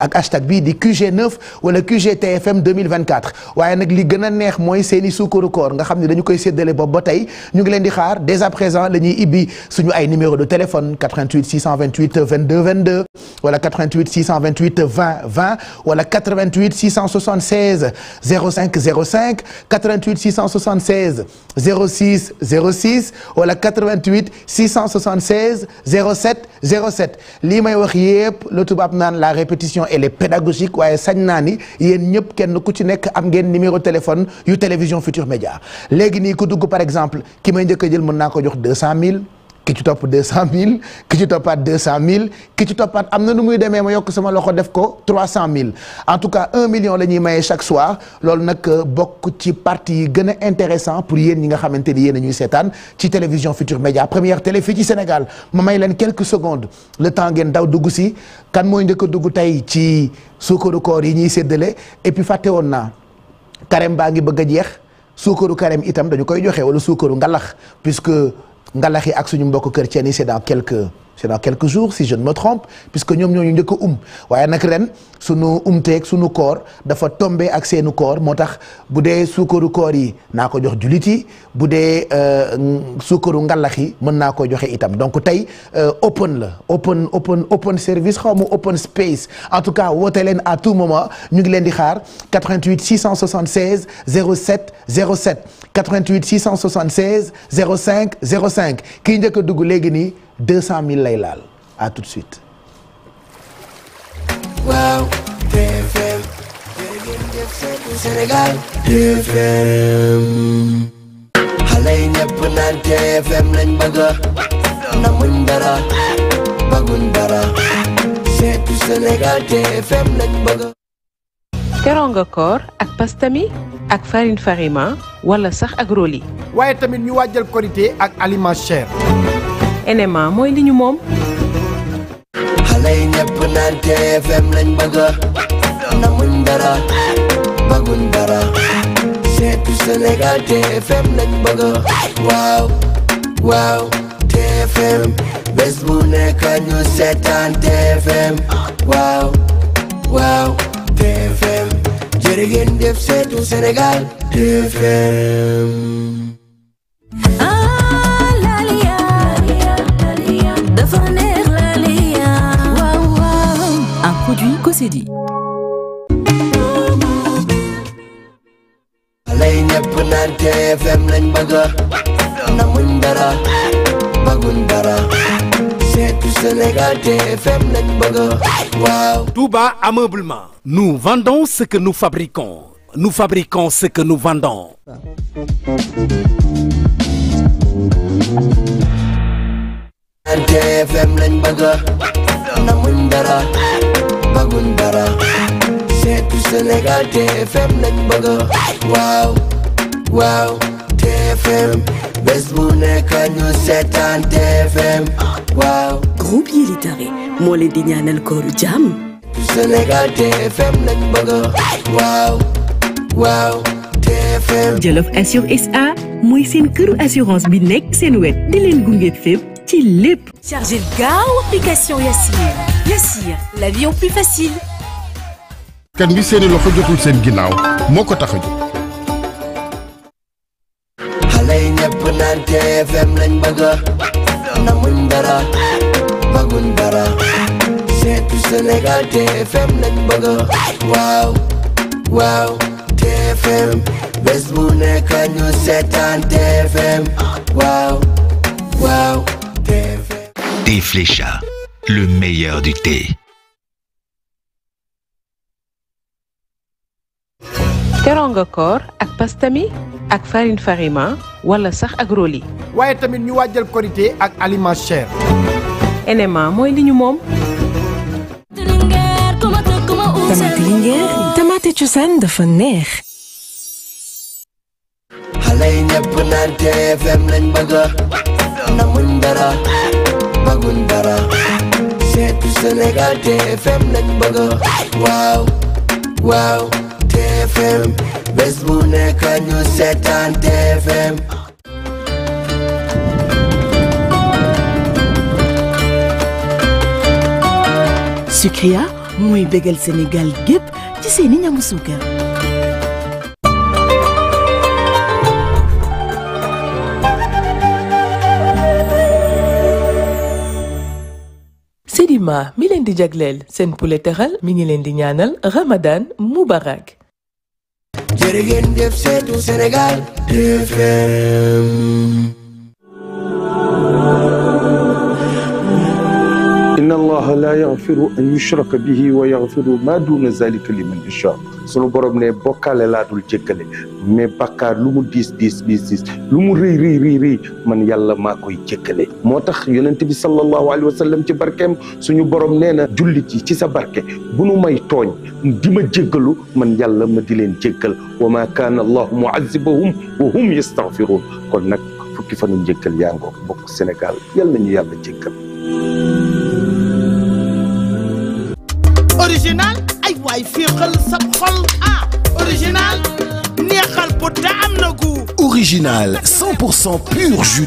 ak hashtag bi di QG9 wala QGTFM 2024 waaye nag li gën a neex mooy seeni sukkaru koor nga xam ne dañu koy séddale boobu ba tey ñu ngi leen di xaar dès à présent la ñuy ibbi suñu ay numéro de téléphone 88 628 22 22 wala 88 628 20 20 wala 88 676 05 05 88 676 06 06 wala 88 676 07 07 lii may wax yëpp la tubaab naan la répétition elle est pédagogique waaye sañ naa ni yéen ñëpp kenn ku ci nekk am ngeen numéro téléphone yu télévision Futur Média léegi nii ku dugg par exemple ki may njëkk jël mën naa ko jox deux cent mille ki ci topp deux cent mille ki ci toppaat deux cent mille ki ci toppaat am na nu muy demee ma yokk sama loxo def ko trois cent mille en tout cas un million lañuy ñuy maye chaque soir loolu nag euh, bokk ci parti yi gën a intéressant pour yéen ñi nga xamante ni yéen a ñuy seetaan ci télévision Futur Média première télé fii ci Sénégal ma may leen quelques secondes le temps ngeen daw dugg si kan mooy njëkk a dugg tey ci suukaru koor yi ñuy séddale et puis fàtte woon naa carême baa ngi bëgg a jeex suukaru carême itam dañu koy joxe wala suukaru ngalax puisque ngalaxi ak suñu mbokk kër yi c'est dans quelques c'est na quelques jours si je ne me trompe puisque ñoom ñoo ñu njëkk a um waaye nag ren sunu umteeg sunu koor dafa tombé ak seenu koor moo tax bu dee suukaru koor yi naa ko jox jullit yi bu dee euh, suukaru ngalax yi mën naa ko joxe itam donc tey euh, open la open open open service xaw ma open space en tout cas woote leen à tout moment ñu ngi leen di xaar 88 676 07 07 88 676 05 05 kii njëkk dugg léegi nii. deux cent mille lay laal à tout de suite. waaw TFM. Sénégal TFM. xale yi ñëpp naan TFM lañ dara. baguñ dara. seetu Sénégal TFM lañ bëgg teranga koor ak pastami ak farine farima wala sax ak roli. waaye tamit ñu waajal korité ak aliment NMA mooy li ñu moom. xale yi ñëpp naan TFM lañ bëgg namuñ dara bëgguñ dara seetu Sénégal TFM lañ bëgg waaw waaw TFM bés bu nekk ñu seetaan TFM waaw waaw TFM jërë ngeen jëf seetu TFM. Ah, c'est dit. lay ñëpp naan TFM ameublement. nous vendons ce que nous fabriquons nous fabriquons ce que nous vendons. mën dara seetu Sénégal waaw waaw TFM bés bu nekk ñu seetaan TFM waaw groupe yi litare moo leen di ñaanal kooru jàmm TFM lañ bëgg waaw TFM Jolof Assure SA mooy seen këru assurance bi wet di leen gunge ci lépp. chargé gaaw application Yassir Yassir la vie en plus facile. kan bi seeni loxo jotul seen ginnaaw moo ko tax a jóg. TFM lañ bëgg a. namuñ dara baguñ seetu Sénégal TFM lañ bëgg waaw waaw TFM. bés bu nekk ñu seetaan TFM waaw waaw Thé Flécha, le meilleur ak pastami ak farine sax ak waaye tamit ñu wàjjal korité ak aliment cher. mooy li ñu moom. tamate lingeer tamate cosaan dafa neex. xale yi ñëpp naan TFM na mun xamaguñ waaw waaw TFM bés bu nekk ñu seetaan TFM Sucria mooy bégal Sénégal gépp ci seeni ñamu suukar Rama mi leen di jagleel seen poulet teral mi ngi leen di ñaanal Ramadan Mubarak. jërëjëf seetu Sénégal TFM inna allaha la yaxfiru an yushraka bihi wa yaxfiru ma duna zalika liman yasha sunu borom ne bokkaale laa dul jéggale mais bàkkaar lu mu diis diis diis diis lu mu rëy rëy rëy rëy man yàlla maa koy jéggale moo tax yonent bi sallallahu alayhi wa sallam ci barkeem suñu borom nee na jullit yi ci sa barke bu nu may tooñ di ma jéggalu man yàlla ma di leen jéggal wa ma kaana allahu muazibahum wa hum yastaghfiruun kon nag fukki fanu njéggal yaa ngoog bokk Sénégal yàlla nañu yàlla jéggal Ah, original neexal bu te na gu original 100 pour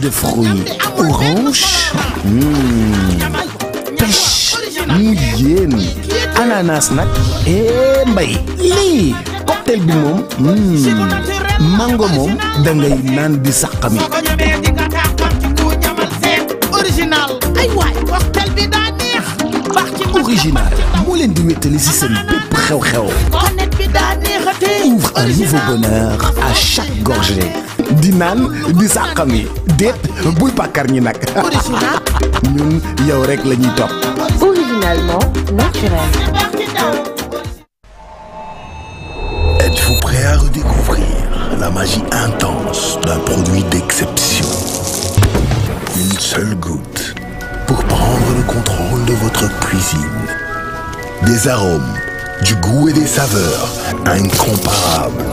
de fruits orange mmh. mu yéen ananas nag e mbay lii cocktail bi moom hmm. mango moom da ngay di saqami original original moo leen di wéttali si seen bépp xew ouvre un nouveau bonheur à chaque gorgée. di naan di sàqam yi déet bul pàkkar ñi nag. ñun yow rek la ñuy topp. originalement naturel. vous prêt à redécouvrir la magie intense d'un produit d'exception? Une seule goutte pour prendre le contrôle de votre cuisine. Des arômes, du goût et des saveurs incomparables.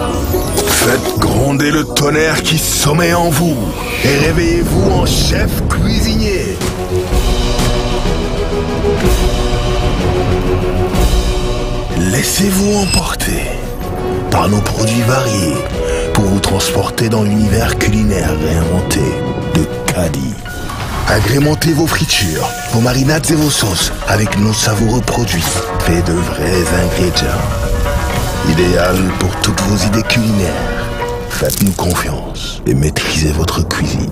Faites gronder le tonnerre qui sommeille en vous et réveillez-vous en chef cuisinier. Laissez-vous emporter par nos produits variés pour vous transporter dans l'univers culinaire réinventé de Caddy. Agrémentez vos fritures, vos marinades et vos sauces avec nos savoureux produits faits de vrais ingrédients. Idéal pour toutes vos idées culinaires. Faites-nous confiance et maîtrisez votre cuisine.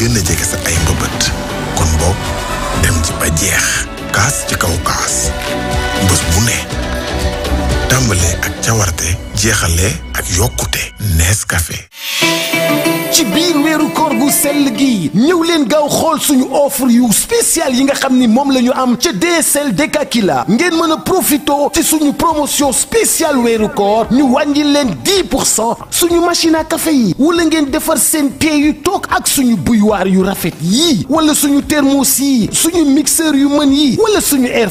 gën a jege sa ay mbëbët kon boog dem ci ba jeex kaas ci kaw kaas bés bu ne tàmbalee ak cawarte jeexale ak yokkute Nescafé ci biir weeru koor gu sell gi ñëw leen gaaw xool suñu offre yu spécial yi nga xam ni moom la ñu am ca DSL Dekakila ngeen mën a profité ci suñu promotion spéciale weeru koor ñu wàññi leen 10 pour cent suñu machine à café yi wala ngeen defar seen thé yu toog ak suñu bouilloire yu rafet yii wala suñu thermos yi suñu mixeur yu mën yi wala suñu air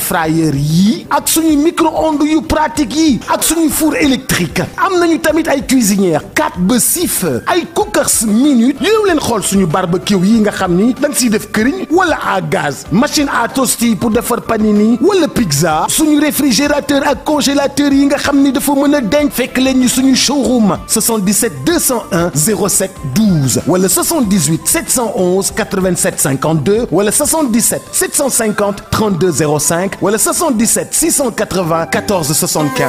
yi ak suñu micro yu pratique yi ak suñu four électrique am na ñu tamit ay cuisinières quatre ba six feux ay cookers minute yow leen xool suñu barbecue yi nga xam ni da siy def këriñ wala à gaz machine à toaster pour defar panini wala pizza suñu réfrigérateur ak congélateur yi nga xam ni dafa mën a denc fekk leen ñu suñu showroom 77 201 07 12 wala 78 711 87 52 wala 77 750 32 05 wala 77 680 14 75.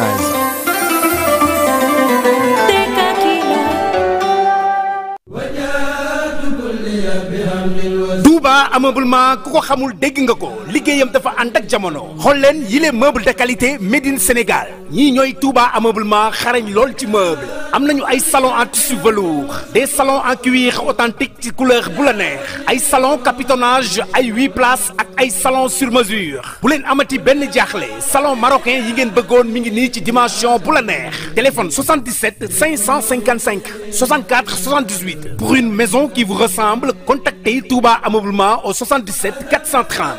ameublement ku ko xamul dégg nga ko liggéeyam dafa ànd ak jamono xool leen yile meuble de kalité made Sénégal ñii ñooy Touba ameublement xarañ lool ci meuble am nañu ay salon en tissu velours des salons en cuir authentique ci couleur bu la neex ay salon capitonage ay huit places ak ay salon sur mesure bu leen amati benn jaaxle salon marocain yi ngeen bëggoon mi ngi nii ci dimension bu la neex téléphone 77 555 64 78 pour une maison qui vous ressemble contactez Touba ameublement au 77 430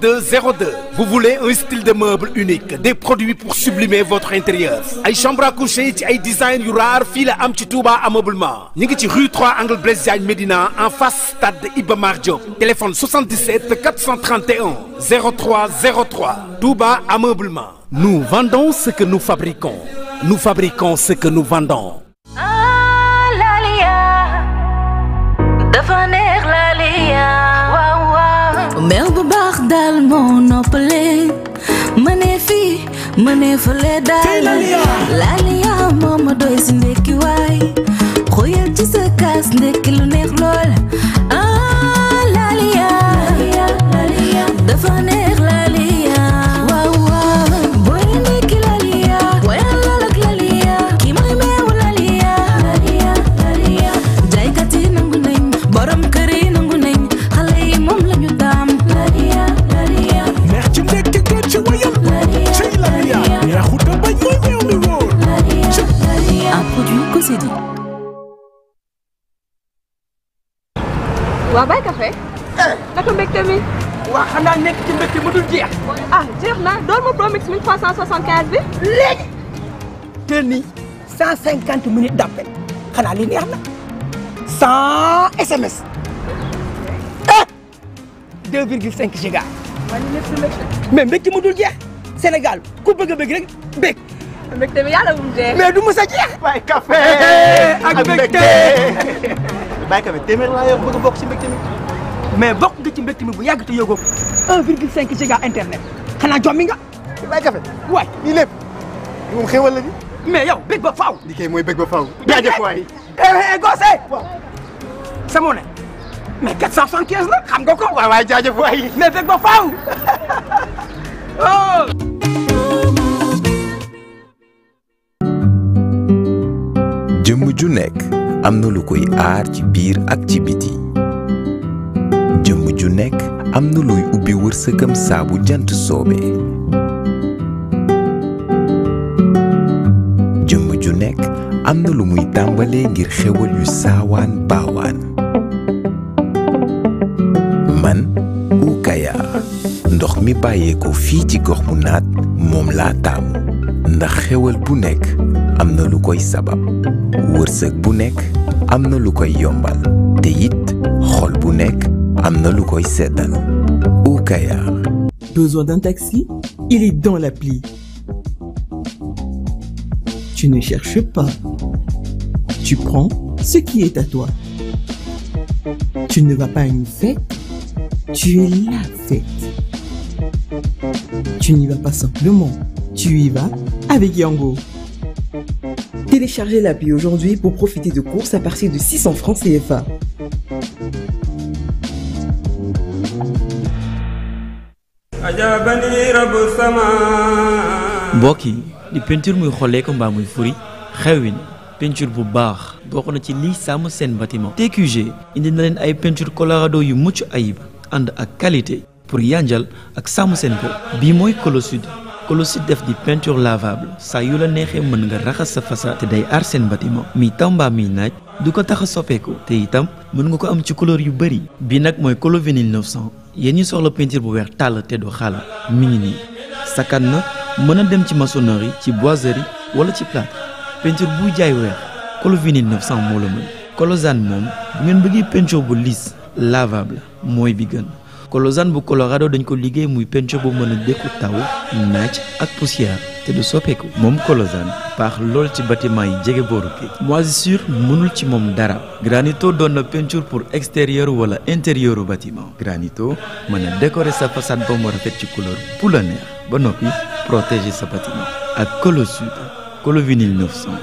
02 02 vous voulez un style de meuble unique des produits pour sublimer votre intérieur ay chambre à coucher ci ay design yu raar fii la am ci Touba ameublement ñu ngi ci rue 3 angle Blaise Diagne Médina en face stade Iba Mar Diop téléphone 77 431 03 03 Touba ameublement nous vendons ce que nous fabriquons nous fabriquons ce que nous vendons mel bu baax daal moo noppale ma ne fii ma ne fële daal la liyaa moo ma doy sa kaas ndekki c'est dit. waa Baye Café. Eh. naka mbégte mi. waa xanaa nekk ci mbégte mu dul jeex. ah jeex na door Promix 1375 bi. léegi. xanaa lii neex na SMS. ah eh. 2,5 mais mbégte mu dul jeex Sénégal ku bëgg a rek bëgg. mbégte bi yàlla bu mu dee. mais du mos a jeex. bay café ak mbégte bay café téeméer laa yor bëgg bokk ci mbégte mi. mais bokk nga ci mbégte mi bu yàgg te yóbboo ko. 1,5 giga internet xanaa jommi nga. bay café waay lii lépp li mu xéwal la ni. mais yow bëgg ba faaw. li kay mooy bëgg ba faaw. jaajëf waay. Eh, eh eh gosse. waaw sama ne. mais 475 la xam nga ko. waaw waay jaajëf waay. mais bëgg ba faaw. Oh. jëmm ju nekk am na lu koy aar ci biir ak ci biti jëmm ju nekk am na luy ubbi wërsëgam saabu jant soobee jëmm ju nekk am na lu muy tàmbalee ngir xewal yu saawaan baawaan man Oukaya ndox mi bàyyeekoo fii ci gox bu naat moom laa taamu ndax xewal bu nekk am na lu koy sabab bu nekk am na lu koy yombal xol bu nekk na lu koy seddal Okaya. Besoin d'un taxi? Il est dans l'appli. Tu ne cherches pas. Tu prends ce qui est à toi. Tu ne vas pas une fête, tu es la fête. Tu n'y vas pas simplement, tu y vas avec Yango. Téléchargez l'appli aujourd'hui pour profiter de courses à partir de 600 di peinture muy xollee ko mbaa muy furi xewwi na bu baax bokk na ci lii sàmm seen bâtiment TQG indi na leen ay peinture colorado yu mucc ayib ànd ak qualité pour yanjal ak sàmm seen ko bii mooy colo sud Colossi def di peinture lavable saa yu la neexee mën nga raxas sa façade te day aar seen bâtiment mi taw mbaa miy naaj du ko tax a soppeeku te itam mën nga ko am ci couleur yu bëri bi nag mooy Colo Vinyl 900 yéen ñi soxla peinture bu weex tàll te du xaala mi ngi nii sakkan na mën a dem ci maçonnerie ci yi wala ci plâtre peinture buy jaay weex Colo Vinyl moom bu ngeen bëggee peinture bu lisse lavable mooy bi gën kolozaan bu Colorado dañ ko liggéey muy penco bu mën a dékku taw naaj ak poussière te du soppeeku moom kolozaan baax lool ci bâtiment yi jege booru géej moisissure mënul ci moom dara granito doon na peinture pour extérieur wala intérieur u bâtiment granito mën a sa façade ba mu rafet ci couleur bu ba noppi protéger sa bâtiment ak colo sud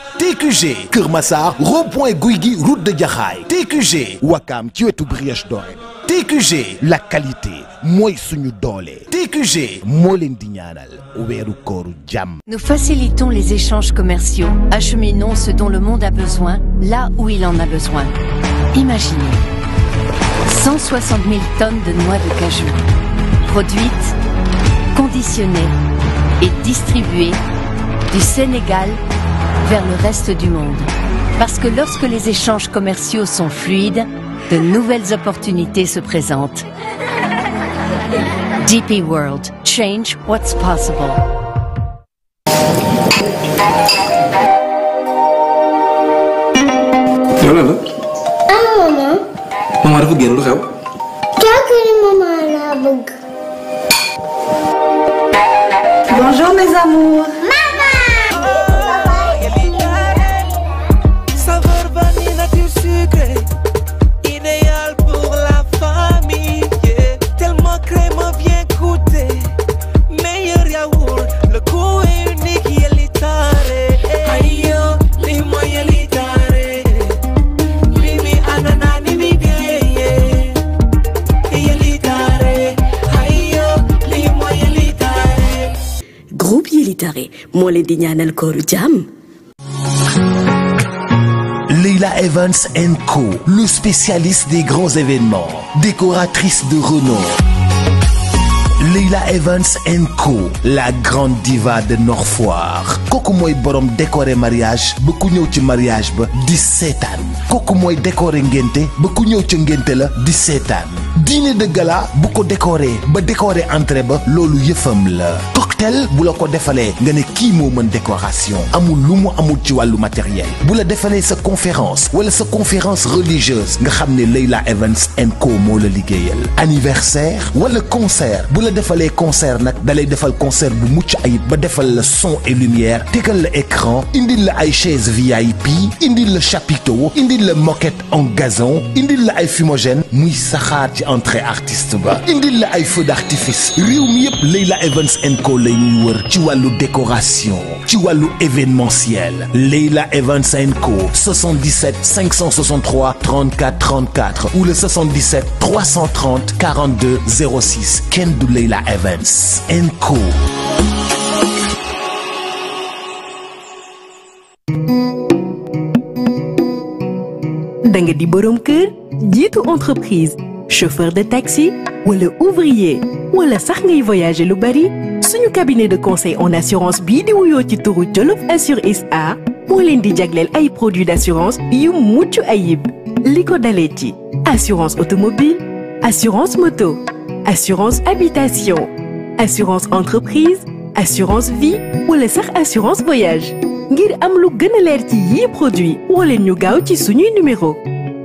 TQG Kër Massar rond-point guy gi route de Jaxaay TQG Wakam ci wetu Brioche Dorée TQG la qualité mooy suñu doole TQG moo leen di ñaanal weeru kooru jàmm. Nous facilitons les échanges commerciaux acheminons ce dont le monde a besoin là où il en a besoin imaginez tonnes de noix de cajou produites conditionnées et distribuées du Sénégal vers le reste du monde. Parce que lorsque les échanges commerciaux sont fluides, de nouvelles opportunités se présentent. DP World, change what's possible. bonjour mes amours. moo leen di ñaanal kooru jàmm. Leila Evans Co, le spécialiste des grands événements, décoratrice de renom. Leila Evans Co, la grande diva de Nord Foire kooku mooy borom décoré mariage ba ku ñëw ci mariage ba di seetaan kooku mooy décoré ngénte ba ku ñëw ci ngénte la di seetaan diine de gala bu ko décorer ba décorer entrée ba loolu yëfam la cocktail bu la ko defalee nga ne kii moo mën décoration amul lu mu amul ci wàllu matériel bu la defalee sa conférence wala sa conférence religieuse nga xam ne Leila Evans and Co moo la liggéeyal anniversaire wala concert bu la defalee concert nag dalay defal concert bu mucc ayib ba defal la son et lumière tegal la écran indil la ay chaise VIP indil la chapiteau indil la moquette en gason indil la ay fumogène muy saxaar rentrée artiste ba indil la ay feux d'artifice réew mi yëpp Evans and Co lay ñuy wër ci wàllu décoration ci wàllu événementiel Leila Evans and Co 77 563 34 34 ou le 77 330 42 06 kenn du Leila Evans and Co. da di boroom kër entreprise chauffeur de taxi wala ouvrier wala sax ngay voyage lu bari suñu cabinet de conseil on assurance bii di ci turu Jolof Assure SA moo leen di jagleel ay produits d'assurance yu mucc ayib li ko dalee ci assurance automobile assurance moto assurance habitation assurance entreprise assurance vie wala sax assurance voyage ngir am lu gën a leer ci yii produit wala ñu gaaw ci suñu numéro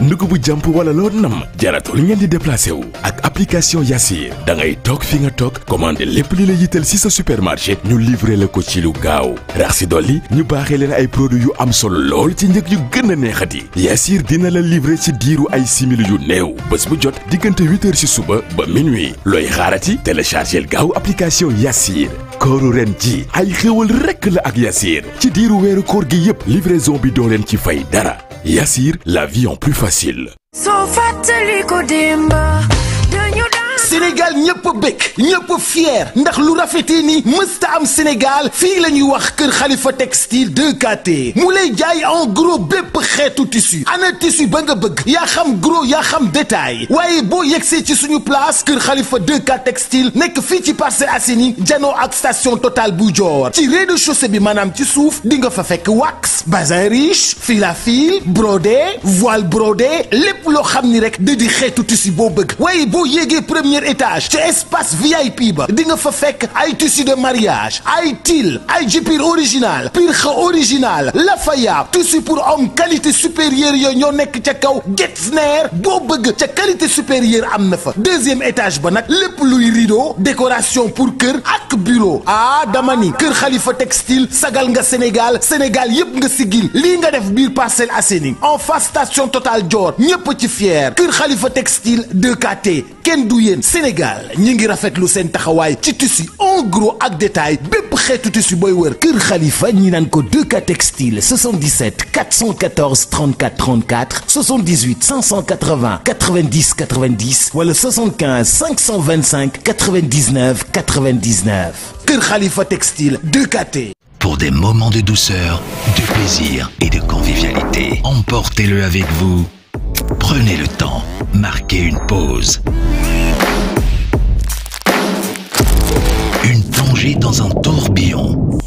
ndugubu jàmp wala loo nam jaratul ngeen di déplacé wu ak application Yassir dangay toog fi nga toog commandé lépp li la yitteel si sa supermarché ñu livré la ko ci lu gaaw rax si dolli ñu baaxee leen ay produits yu am solo lool ci njëg yu gën a neexati Yassir dina la livre ci diiru ay simili yu néew bés bu jot diggante huit heures si suba ba minuit looy xaarati téléchargeel gaaw application Yassir kooru ren ji ay xéwal rekk la ak Yassir ci diiru weeru koor gi yépp livraison bi doo leen ci fay dara Yassir la vie facile. Sénégal ñëpp bëgg ñëpp fier ndax lu rafetee ni mësta am Sénégal fii la ñuy wax kër Khalifa textile 2KT mu lay jaay en gros bépp xeetu tissu ana tissu ba nga bëgg yaa xam gros yaa xam détail waaye boo yegsee ci suñu place kër xalifa 2K textile nekk fii ci parce Parcelles Assainies janoo ak station Total bu joor ci rez-de-chaussée bi maanaam ci suuf di nga fa fekk wax basin riche fil à fil brodé voile brodé lépp loo xam ni rek da di xeetu tissu boo bëgg premier étage ca espace VIP ba di nga fa fekk ay tissu de mariage ay til ay jipir original pirxa original lafaya tissu pour homme qualité supérieure yooyu ñoo nekk ca kaw Getzner boo bëgg ca qualité supérieure am na fa deuxième étage ba nag lépp luy rideau décoration pour kër ak bureau ah dama ni kër Khalifa textile sagal nga Sénégal Sénégal yëpp nga sigil lii nga def biir Parcelles Assainies en face station Total Dior ñëpp ci fier kër Khalifa textile de kt kenn du yéen Sénégal ñi ngi rafetlu seen taxawaay ci tissu en gros ak détail bépp xeetu tissu booy wër Kër Khalifa ñi naan ko 2K Textile 77 414 34 34 78 580 90 90 wala 75 525 99 99 Kër Khalifa Textile 2KT. Pour des moments de douceur, de plaisir et de convivialité, emportez-le avec vous. Prenez le temps, marquez une pause. Une plongée dans un tourbillon.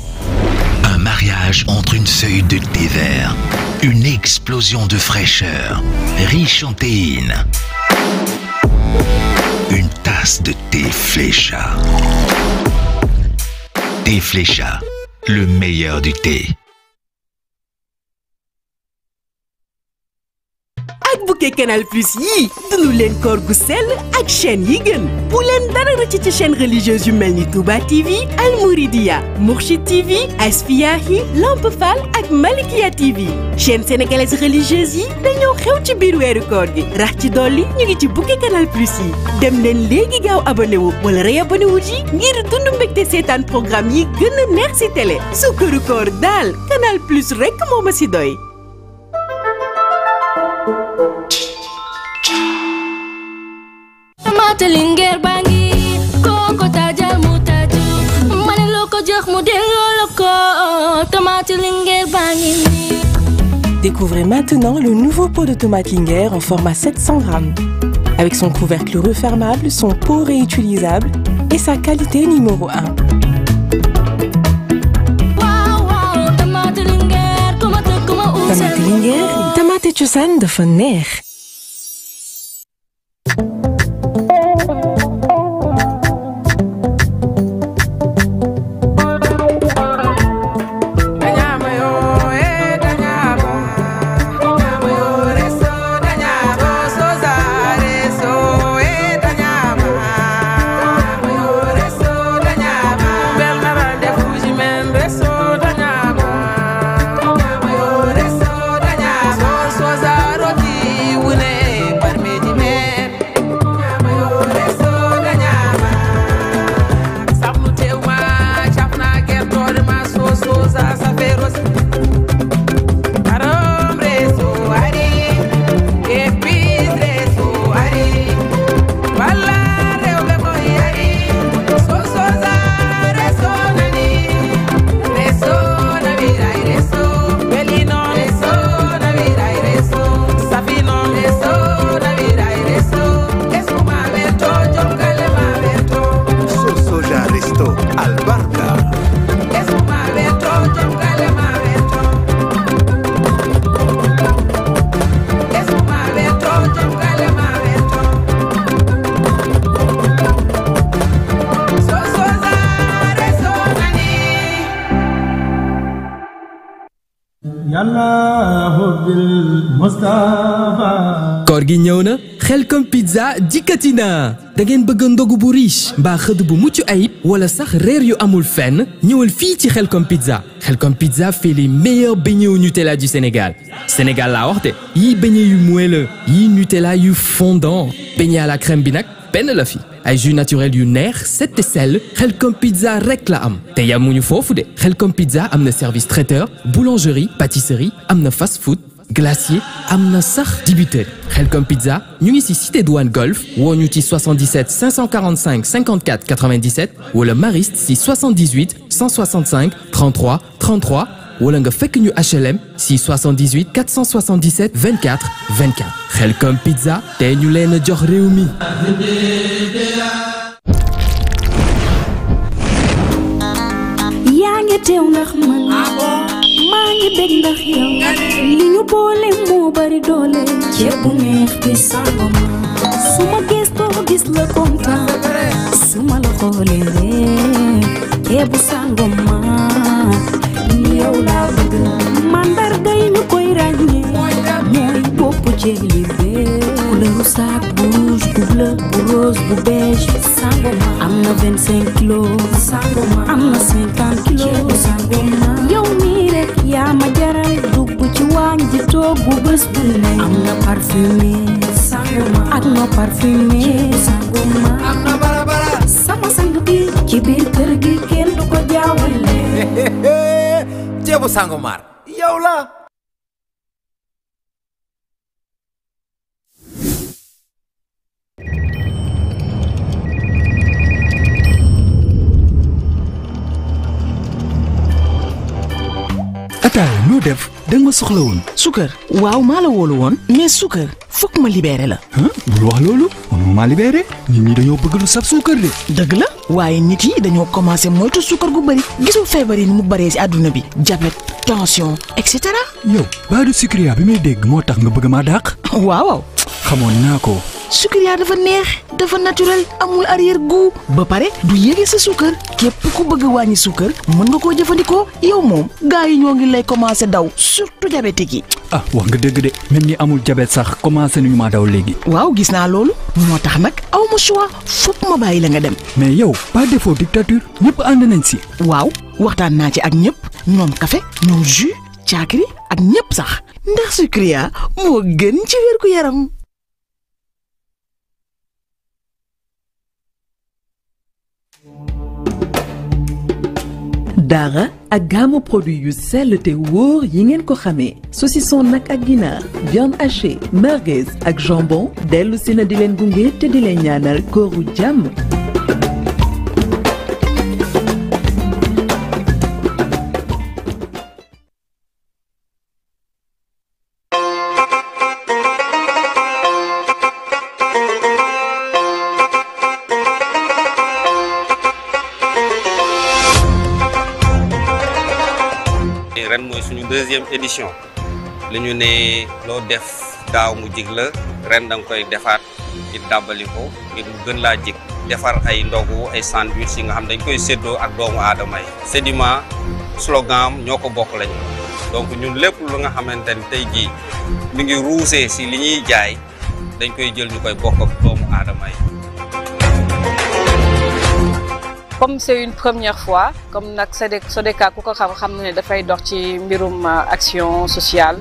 Un mariage entre une feuille de thé vert. Une explosion de fraîcheur, riche en théine. Une tasse de thé flécha. Thé flécha, le meilleur du thé. ak bouquet canal plus yii dund leen koor gu sell ak chaîne yi gën bu leen dara rëcc ci chaine religieuse yu mel ni Touba TV Al Mouridiya Mourchid TV Asfiyahi Lamp Fall ak Malikia TV chaîne sénégalaise religieuse yi dañoo xew ci biir weeru koor gi rax ci dolli ñu ngi ci bouquet canal plus yi dem leen léegi gaaw abonné wala réabonné wu ji ngir dund mbégte seetaan programme yi gën a neex si télé sukkaru koor daal canal plus rek moo ma si doy ne loo ko jox Découvrez maintenant le nouveau pot de tomate linguère en format 700 grammes. Avec son couvercle refermable, son pot réutilisable et sa qualité numéro 1. kor gi ñëw na xelkom pizza dikkati na da ngeen bëgg ndogu bu riche mbaa bu mucc ayib wala sax reer yu amul fenn ñëwal fii ci xelkom pizza xelkom pizza fait les meilleurs beignets Nutella du Sénégal Sénégal laa waxte yii beignet yu moelleux yii Nutella yu fondant beignet à la crème bi nag benn la fi ay jus naturel yu neex set te sell Xelcom Pizza rek la am te yamuñu foofu de Xelcom Pizza am na service traiteur boulangerie pâtisserie am na fast food glacier am na sax dibiteri Xelcom Pizza ñu ngi ci cité douane golf woo ñu ci 77 545 54 97 wala Mariste ci 78 165 33 33 wala nga fekk ñu HLM si 78 477 24 24 Xelcom Pizza te ñu leen a jox réew mi. yaa ngi teew ndax man maa ngi bég ndax yow li boole moo bari doole ceeb bu neex bi sàmm ma su ma gëstoo gis la su ma la xoolee ceebu sàmm ma. yow laa bëgg mandarga yi ñu koy ràññee mooy bopp Cherlysé couleur sac bu rouge bu bleu bu rose bu beige am na vingt cinq kilos Sangoma am na cinquante kilos Sangoma yow mii ma jaral dugg ci waañ toog bu bés bu ne am na parfumé Sangoma ak ci biir kër gi kenn du ko jaawale bu Sangomar yow la ataaya noo def da ma soxla woon. sukar waaw maa la woolu woon mais sukar foog ma libeere la. bul wax loolu mënoo maa libéré nit ñi dañoo bëgg lu saf suukar de. dëgg la waaye nit yi dañoo commencé moytu sukar gu bëri gisoo feebar yi ni mu bëree si àdduna bi diabète tension et cetera. yow baadu sucria bi may dégg moo tax nga bëgg maa dàq. waaw waaw xamoon naa ko. sucria dafa neex dafa naturel amul arrière goût ba pare du yéege sa suukar képp ku bëgg wàññi suukar mën nga koo jëfandikoo yow moom gaa yi ñoo ngi lay commencé daw surtout diabétique yi. ah wax nga dégg de même ñi amul diabète sax commencé nañu maa daw léegi. waaw gis naa loolu moo tax nag aw ma choix foog ma bàyyi la nga dem. mais yow par défaut dictature ñëpp ànd nañ si. waaw waxtaan naa ci ak ñëpp ñoom café ñoom jus caakiri ak ñëpp sax ndax sucria daara ak gamu produit yu sell te wóor yi ngeen ko xamee saucisson nag ak ginaar viande hachée merguez ak jambon dellu si na di leen gunge te di leen ñaanal kooru jàmm deuxième édition li ne loo def daaw mu jig la ren da koy defaat ngir dàbbali ko ngir gën laa jig defar ay ndogu ay sandwich yi nga xam dañ koy séddoo ak doomu aadama yi Sedima slogan ñoo ko bokk lañu donc ñun lépp lu nga xamante ni tey jii mi ngi ruusee si li ñuy jaay dañ koy jël ñu koy bokk ak doomu aadama yi comme c'est une première fois comme nag SODECA ku ko xam xam na ne dafay dox ci mbirum euh, action sociale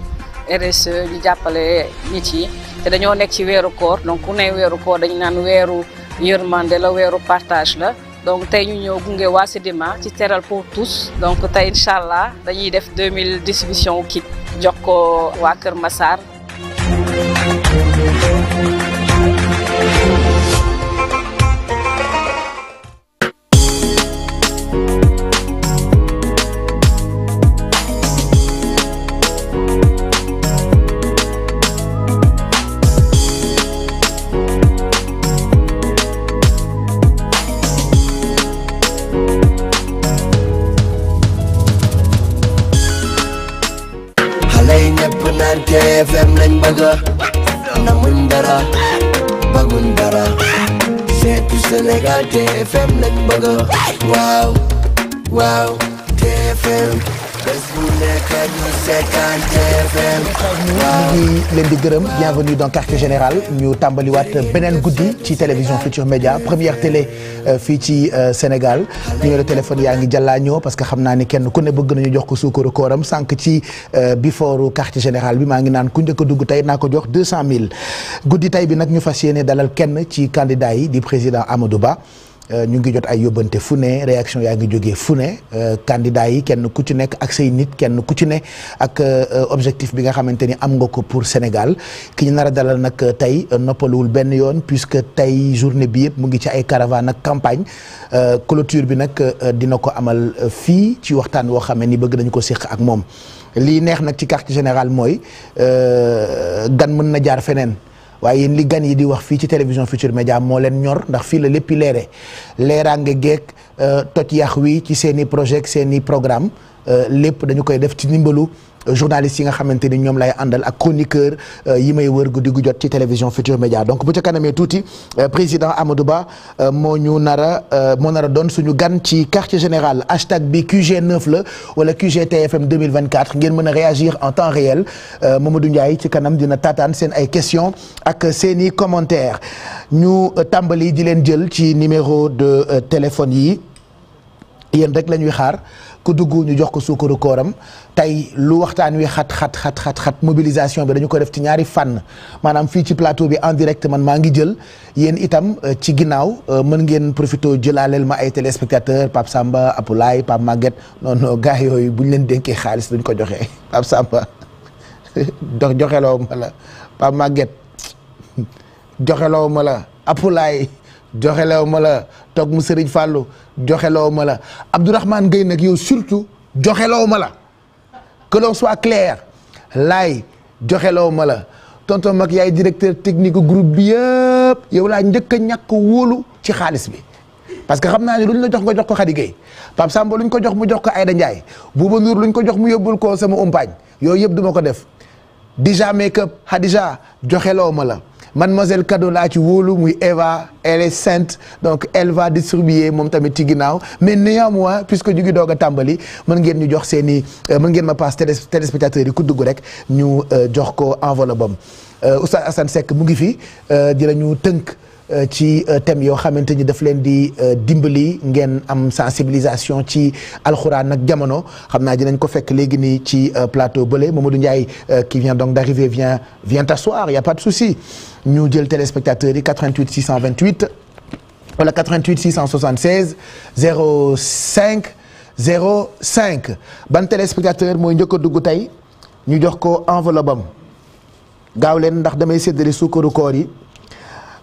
RSE ñu jàppale nit yi te dañoo nekk ci weeru koor donc ku ne weeru koor dañu naan weeru yërmande la weeru partage la donc tey ñu ñëw gunge waa Sedima ci teral pour tous donc tey incha allah dañuy def 2000 distribution kit jox ko waa Kër Massar TFM lañ bëgg waaw waaw TFM ñu ngi leen di gërëm bienvenue dans quartier général ñu tàmbaliwaat beneen guddi ci télévision Futur Média première télé euh, fii ci euh, Sénégal numéro téléphone yaa ngi jàllaañoo parce que xam naa ni kenn ku ne bëgg nañu jox ko suukaru kooram sànq ci euh, biforu quartier général bi maa ngi naan ku njëkk dugg tey naa ko jox deux cent mille guddi tey bi nag ñu fas yéene dalal kenn ci candidat yi di président Amadou Ba. Euh, ñu ngi jot ay yóbbante fu ne réaction yaa ngi jógee fu ne euh, candidat yi kenn ku ci nekk ak say nit kenn ku ci ne ak euh, objectif bi nga xamante ni am nga ko pour Sénégal ki ñu nar a dalal nag tey noppaluwul benn yoon puisque tey journée bi yëpp mu ngi ci ay caravane ak campagne clôture bi nag dina ko amal fii ci waxtaan woo xam ni bëgg nañu ko séq ak moom lii neex nag ci quartier général mooy gan mën na jaar feneen waaye yéen li gan yi di wax fii ci télévision Futur Média moo leen ñor ndax fii la lépp leere leeraange geeg euh, toj yàq wi ci seen i projet seen i programme euh, lépp dañu koy def ci ndimbalu journalistes yi nga xamante ni ñoom lay àndal ak chroniqueur euh, yi may wër guddi diggu jot ci télévision Futur Média donc bu ca kanamee tuuti euh, président Amadou Ba euh, moo ñu nar a moo nar doon suñu gan ci quartier général hashtag bi QG9 la wala QGTFM 2024 ngeen mën a réagir en temps réel Mamadou Ndiaye ci kanam dina taataan seen ay questions ak seen i commentaires ñu tàmbali di leen jël ci numéro de téléphone yi yéen rek lañuy xaar ku dugg ñu jox ko suukaru kooram tey lu waxtaan wi xat xat xat xat xat mobilisation bi dañu ko def ci ñaari fànn maanaam fii ci plateau bi en direct man maa ngi jël yéen itam euh, ci ginnaaw euh, mën ngeen profité jëlaaleel ma ay téléspectateurs Pape Samba Apulaay Pape Maguette non non bu ñu leen dénkee xaalis duñ ko joxe Pape Samba jox joxeloo ma joxeloo ma la Apulaay joxeloo toog mu Serigne Fallou joxeloo ma la Abdourahmane Gueye nag yow surtout joxeloo ma la. que l'on soit clair laay joxeloo ma la tonton mag yaay directeur technique groupe bi yëpp yow laa njëkk a ñàkk wóolu ci xaalis bi parce que xam naa ne luñ la jox nga jox ko Khady Gueye Pape Samba luñ ko jox mu jox ko ay Aïda Ndiaye Bouba Ndour luñ ko jox mu yóbbul koo sama umpaañ yooyu yëpp duma ko def déjà make up Khadija joxeloo ma la mademoiselle Kado laa ci wóolu muy Eva elle est sainte donc elle va distribuer moom tamit ci ginnaaw mais néanmoins puisque ñu ngi doog a tàmbali mën ngeen ñu jox seeni i euh, ngeen ma passe téléspectateurs yi ku dugg rek ñu euh, jox ko enveloppe am euh, Oustaz Assane mu ngi fi di la ñu tënk. ci euh, thèmes yoo xamante ni daf leen di euh, dimbali ngeen am sensibilisation ci alxuraan ak jamono xam naa dinañ ko fekk léegi nii ci euh, plateau bële Mamadou Ndiaye qui vient donc d'arriver vient vient t'asseoir y a pas de souci ñu jël téléspectateurs yi 88 628 wala 88 676 05 05 ban téléspectateur mooy njëkk a dugg tey ñu jox ko enveloppe gaaw leen ndax damay séddale suukaru koor yi.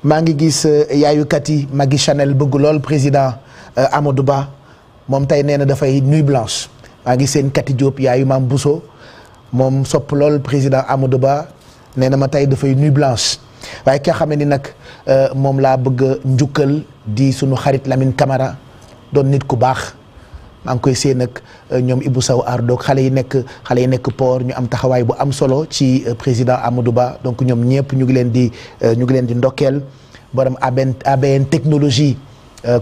maa ngi gis eh, yaayukat yi Magui Chanel bëgg lool président eh, Amadou Ba moom tey nee na dafay nuit blanche maa ngi seen Kati Diop yaayu maam Bousso moom sopp lool président Amadou Ba nee na ma tey dafay nuit blanche waaye ki nga xam ni nag eh, moom laa bëgg njukkal di sunu xarit Lamine Camara doon nit ku baax. maa ngi koy seen ak euh, ñoom Ibou Sow Ardoog xale yi nekk xale yi nekk port ñu am taxawaay bu am solo ci euh, président Amadou Ba donc ñoom ñëpp ñu ngi leen di euh, ñu ngi leen di ndokkeel borom ABN ABN technologie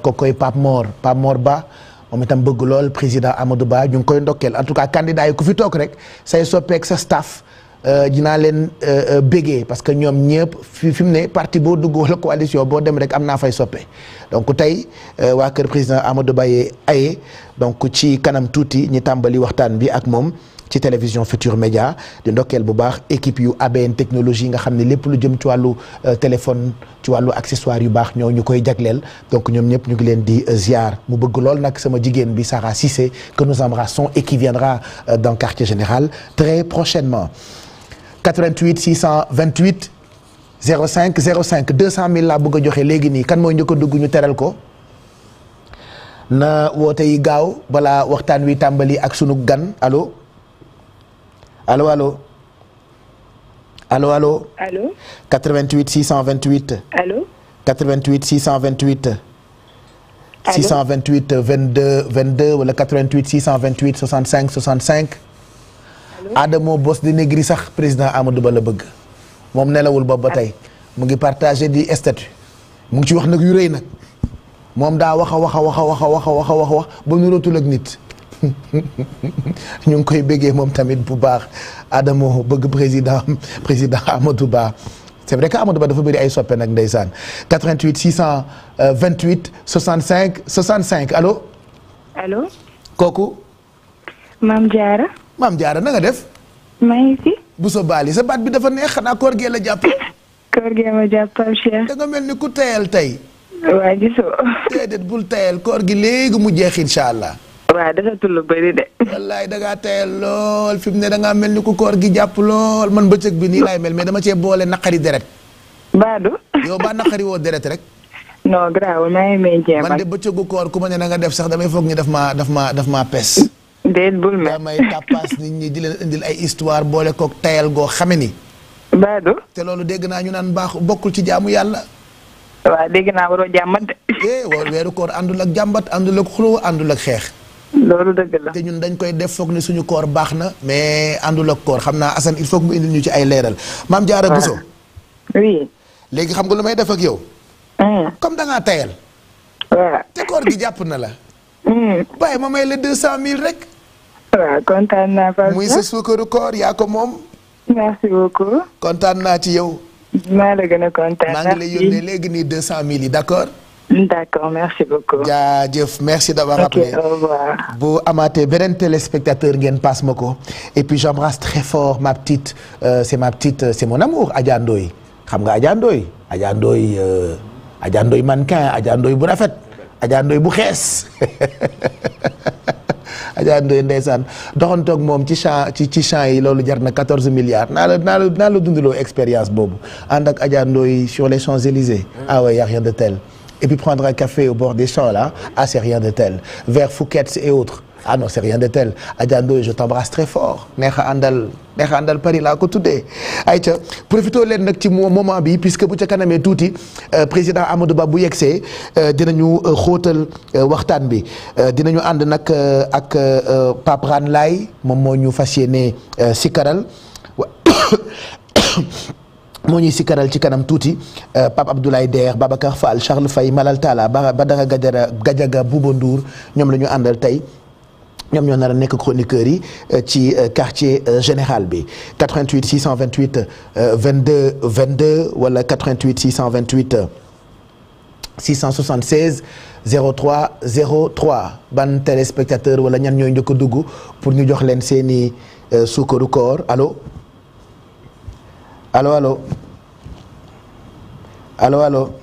ko koy Pape Mor Pape Mor Ba moom itam bëgg lool président Amadou Ba ñu ngi koy ndokkeel en tout cas candidat ku fi toog rek say soppeek sa staff. Euh, dinaa leen euh, euh, bégee parce que ñoom ñëpp fi fi mu ne parti boo duggoo wala coalition boo dem rek am naa fay soppe donc tey waa kër président Amadou Baye aye donc ci kanam tuuti ñi tàmbali waxtaan bi ak moom ci télévision Futur Média di ndokkeel bu baax équipe yu ABN technologie nga xam ne lépp lu jëm ci wàllu téléphone ci wàllu accessoire yu baax ñoo ñu koy jagleel donc ñoom ñëpp ñu ngi leen di ziar mu bëgg lool nag sama jigéen bi Sarah Cissé que nous embrassons et qui viendra général très prochainement 88 628 05 05 200000 laa bëgg a joxe léegi nii kan mooy njëkk a dugg ñu teral ko na woote yi gaaw balaa waxtaan wi tàmbali ak sunu gan allo allo allo allo allo. allo. 88 628. allo. 88 628. allo 628 22 22 wala 88 628 65 65. Adamo Bos de Negri sax président Amadou Ba la bëgg moom nelawul boobu ba ah. tey mu ngi partagé di statut mu ngi ci wax nag yu rëy nag moom daa wax a wax a wax a wax a wax a wax a ba nurootul ak nit ñu ngi koy bëggee moom tamit bu baax Adamo bëgg président président Amadou Ba c'est vrai que Amadou Ba dafa bëri ay soppe nag ndeysaan 88 628 65 65 allo. allo. kooku. Mame Diarra. maam jaara na nga def. maa ngi fi. bu sa baali sa baat bi dafa neex xanaa koor gee la jàpp. koor gee ma jàppal Cheikh. da mel ni ku tayal tey. waa gisoo. déedéet bul tayal koor gi léegi mu jeex incha allah. waaw dafa tullu bëri de. wallaay da ngaa lool fi mu ne da mel ni ku koor gi jàpp lool man bëccëg bi nii laay mel mais dama cee boole naqari deret. baadu. yow baa naqari woo deret rek. non grave maa man de bëccëgu koor ku ma ne na nga def sax damay foog ñu daf maa daf maa daf maa pes. déet bul mel damay tàppaas nit ñi di leen indil ay histoire boole kook tayal goo xame ni. baadu. te loolu dégg naa ñu naan baax bokkul ci jaamu yàlla. waaw dégg naa waroo jàmbat de. eh weeru koor àndul ak jàmbat àndul ak xuloo àndul xeex. loolu dëgg la te ñun dañ koy def foog ni suñu koor baax na mais àndul ak koor xam naa Assane il faut que mu ñu ci ay leeral. maam Diarra Bousso. oui. léegi xam nga lu may def ak yow. Hmm. comme da ngaa tayal. te koor gi jàpp na la. Hmm. bàyyi ma may la deux cent mille rek. waaw kontaan naa Pape muy sa suukaru koor yaa ko moom. merci beaucoup. kontaan naa ci yow. maa la gën a kontaan maa ngi lay yónnee léegi nii deux cent mille yi d' accord. d' accord merci beaucoup. jaajëf merci d' avoir appelé ok au revoir. bu amaatee beneen téléspectateur ngeen passe ma ko et puis j'embrasse très fort ma petite euh, c' est ma petite euh, c' est mon amour Adja Ndoye xam nga Adja Ndoye Adja Ndoye euh, Adja Ndoye mannequin Adja Ndoye bu rafet Adja Ndoye bu xees. Adja Ndoye ndeysaan doxantoog moom ci champs ci ci champs yi loolu jar na 14 milliards naa la naa la naa la dundaloo expérience boobu ànd ak Adja Ndoye sur les Champs-Élysées ah ouais a rien de tel et puis prendre un café au bord des champs là ah c'est rien de tel vers Fouquet's et autres ah non c'est rien de tel Adja Ndoye je t'embrasse très fort neex àndal neex àndal Paris laa ko tuddee ca profité leen nag ci moment bi puisque bu ca kanamee tuuti euh, président Amadou Ba bu yegsee euh, dinañu euh, xootal waxtaan bi dinañu ànd nag ak Pape Lay moom moo ñu fas yéene sikaral moo ñuy sikaral ci kanam tuuti Pape Abdoulaye Der Babacar Fall Charles Faye Malal Talla Badara Gadiaga Gadiaga Bouba Ndour ñoom la ñu àndal tey ñoom ñoo nar a nekk chroniqueurs yi euh, ci euh, quartier euh, général bi 88 628 22 22 wala 88 628 676 03 03 ban téléspectateur wala ñan ñooy njëkk a dugg pour ñu jox leen seeni suukaru koor allo allo allo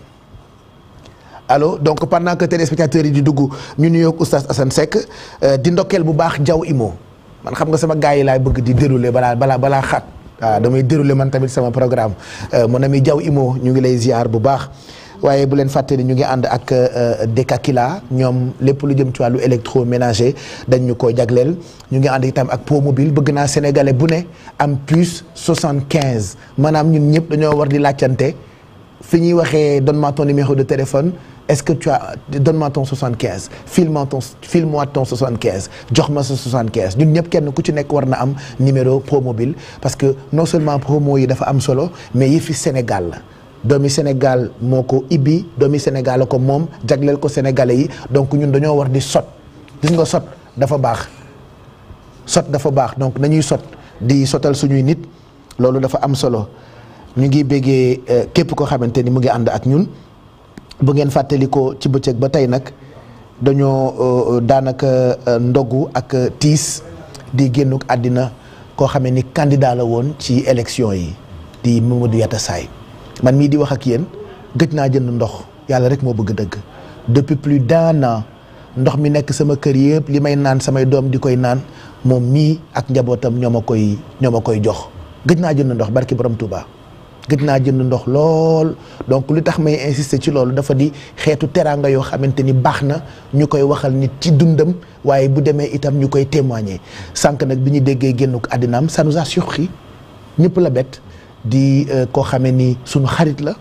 alo donc pendant que téléspectateurs yi di dugg ñu nuyoog oustaz Assane Seck euh, di ndokkeel bu baax Diaw Imo man xam nga sama gars yi laay bëgg di dérouler balaa balaa balaa xat waaw ah, damay dérouler man tamit sama programme euh, mon ami Diaw Imo ñu ngi lay ziar bu baax. waaye bu leen fàtte ni ñu ngi ànd ak euh, Dekakila ñoom lépp lu jëm ci wàllu électroménager dañ ñu ko jagleel ñu ngi ànd itam ak Pau Mobile bëgg naa sénégalais bu ne am puce soixante-quinze maanaam ñun ñëpp dañoo war di laajante fi ñuy waxee donne-moi ton numéro de téléphone. est-ce que tu as donne-moi ton 75 file-moi ton file-moi ton jox ma sa 75 ñun ñëpp kenn ku ci nekk war na am numéro Promobile parce que non seulement promo yi dafa am solo mais yi fi Sénégal la doomi Sénégal moo ko ibbi doomi Sénégal la ko moom jagleel ko sénégalais yi donc ñun dañoo war di sot gis nga sot dafa baax sot dafa baax donc dañuy sot di sotal suñuy nit loolu dafa am solo ñu ngi béggee euh, képp koo xamante ni mu ngi ànd ak ñun. bu ngeen fàttalikoo ci bëccëg ba tey nag dañoo euh, daanaka euh, ndogu ak tiis di génnuk àddina koo xamee ni candidat la woon ci élection yi di Mamadou saay man mii di wax ak yéen gëj naa jënd ndox yàlla rek moo bëgg dëgg depuis plus d'un an ndox mi nekk sama kër yëpp li may naan samay doom di koy naan moom mii ak njabootam ñoo ma koy ñoo ma koy jox gëj naa jënd ndox barki borom tubaa gëj naa jënd ndox lool donc lu tax may insister ci loolu dafa di xeetu teraanga yoo xamante ni baax na ñu koy waxal nit ci dundam waaye bu demee itam ñu koy témoigner sànq nag bi ñu déggee génnuk àddinaam ça nous a surpris ñëpp la bett di euh, koo xamee ni sunu xarit la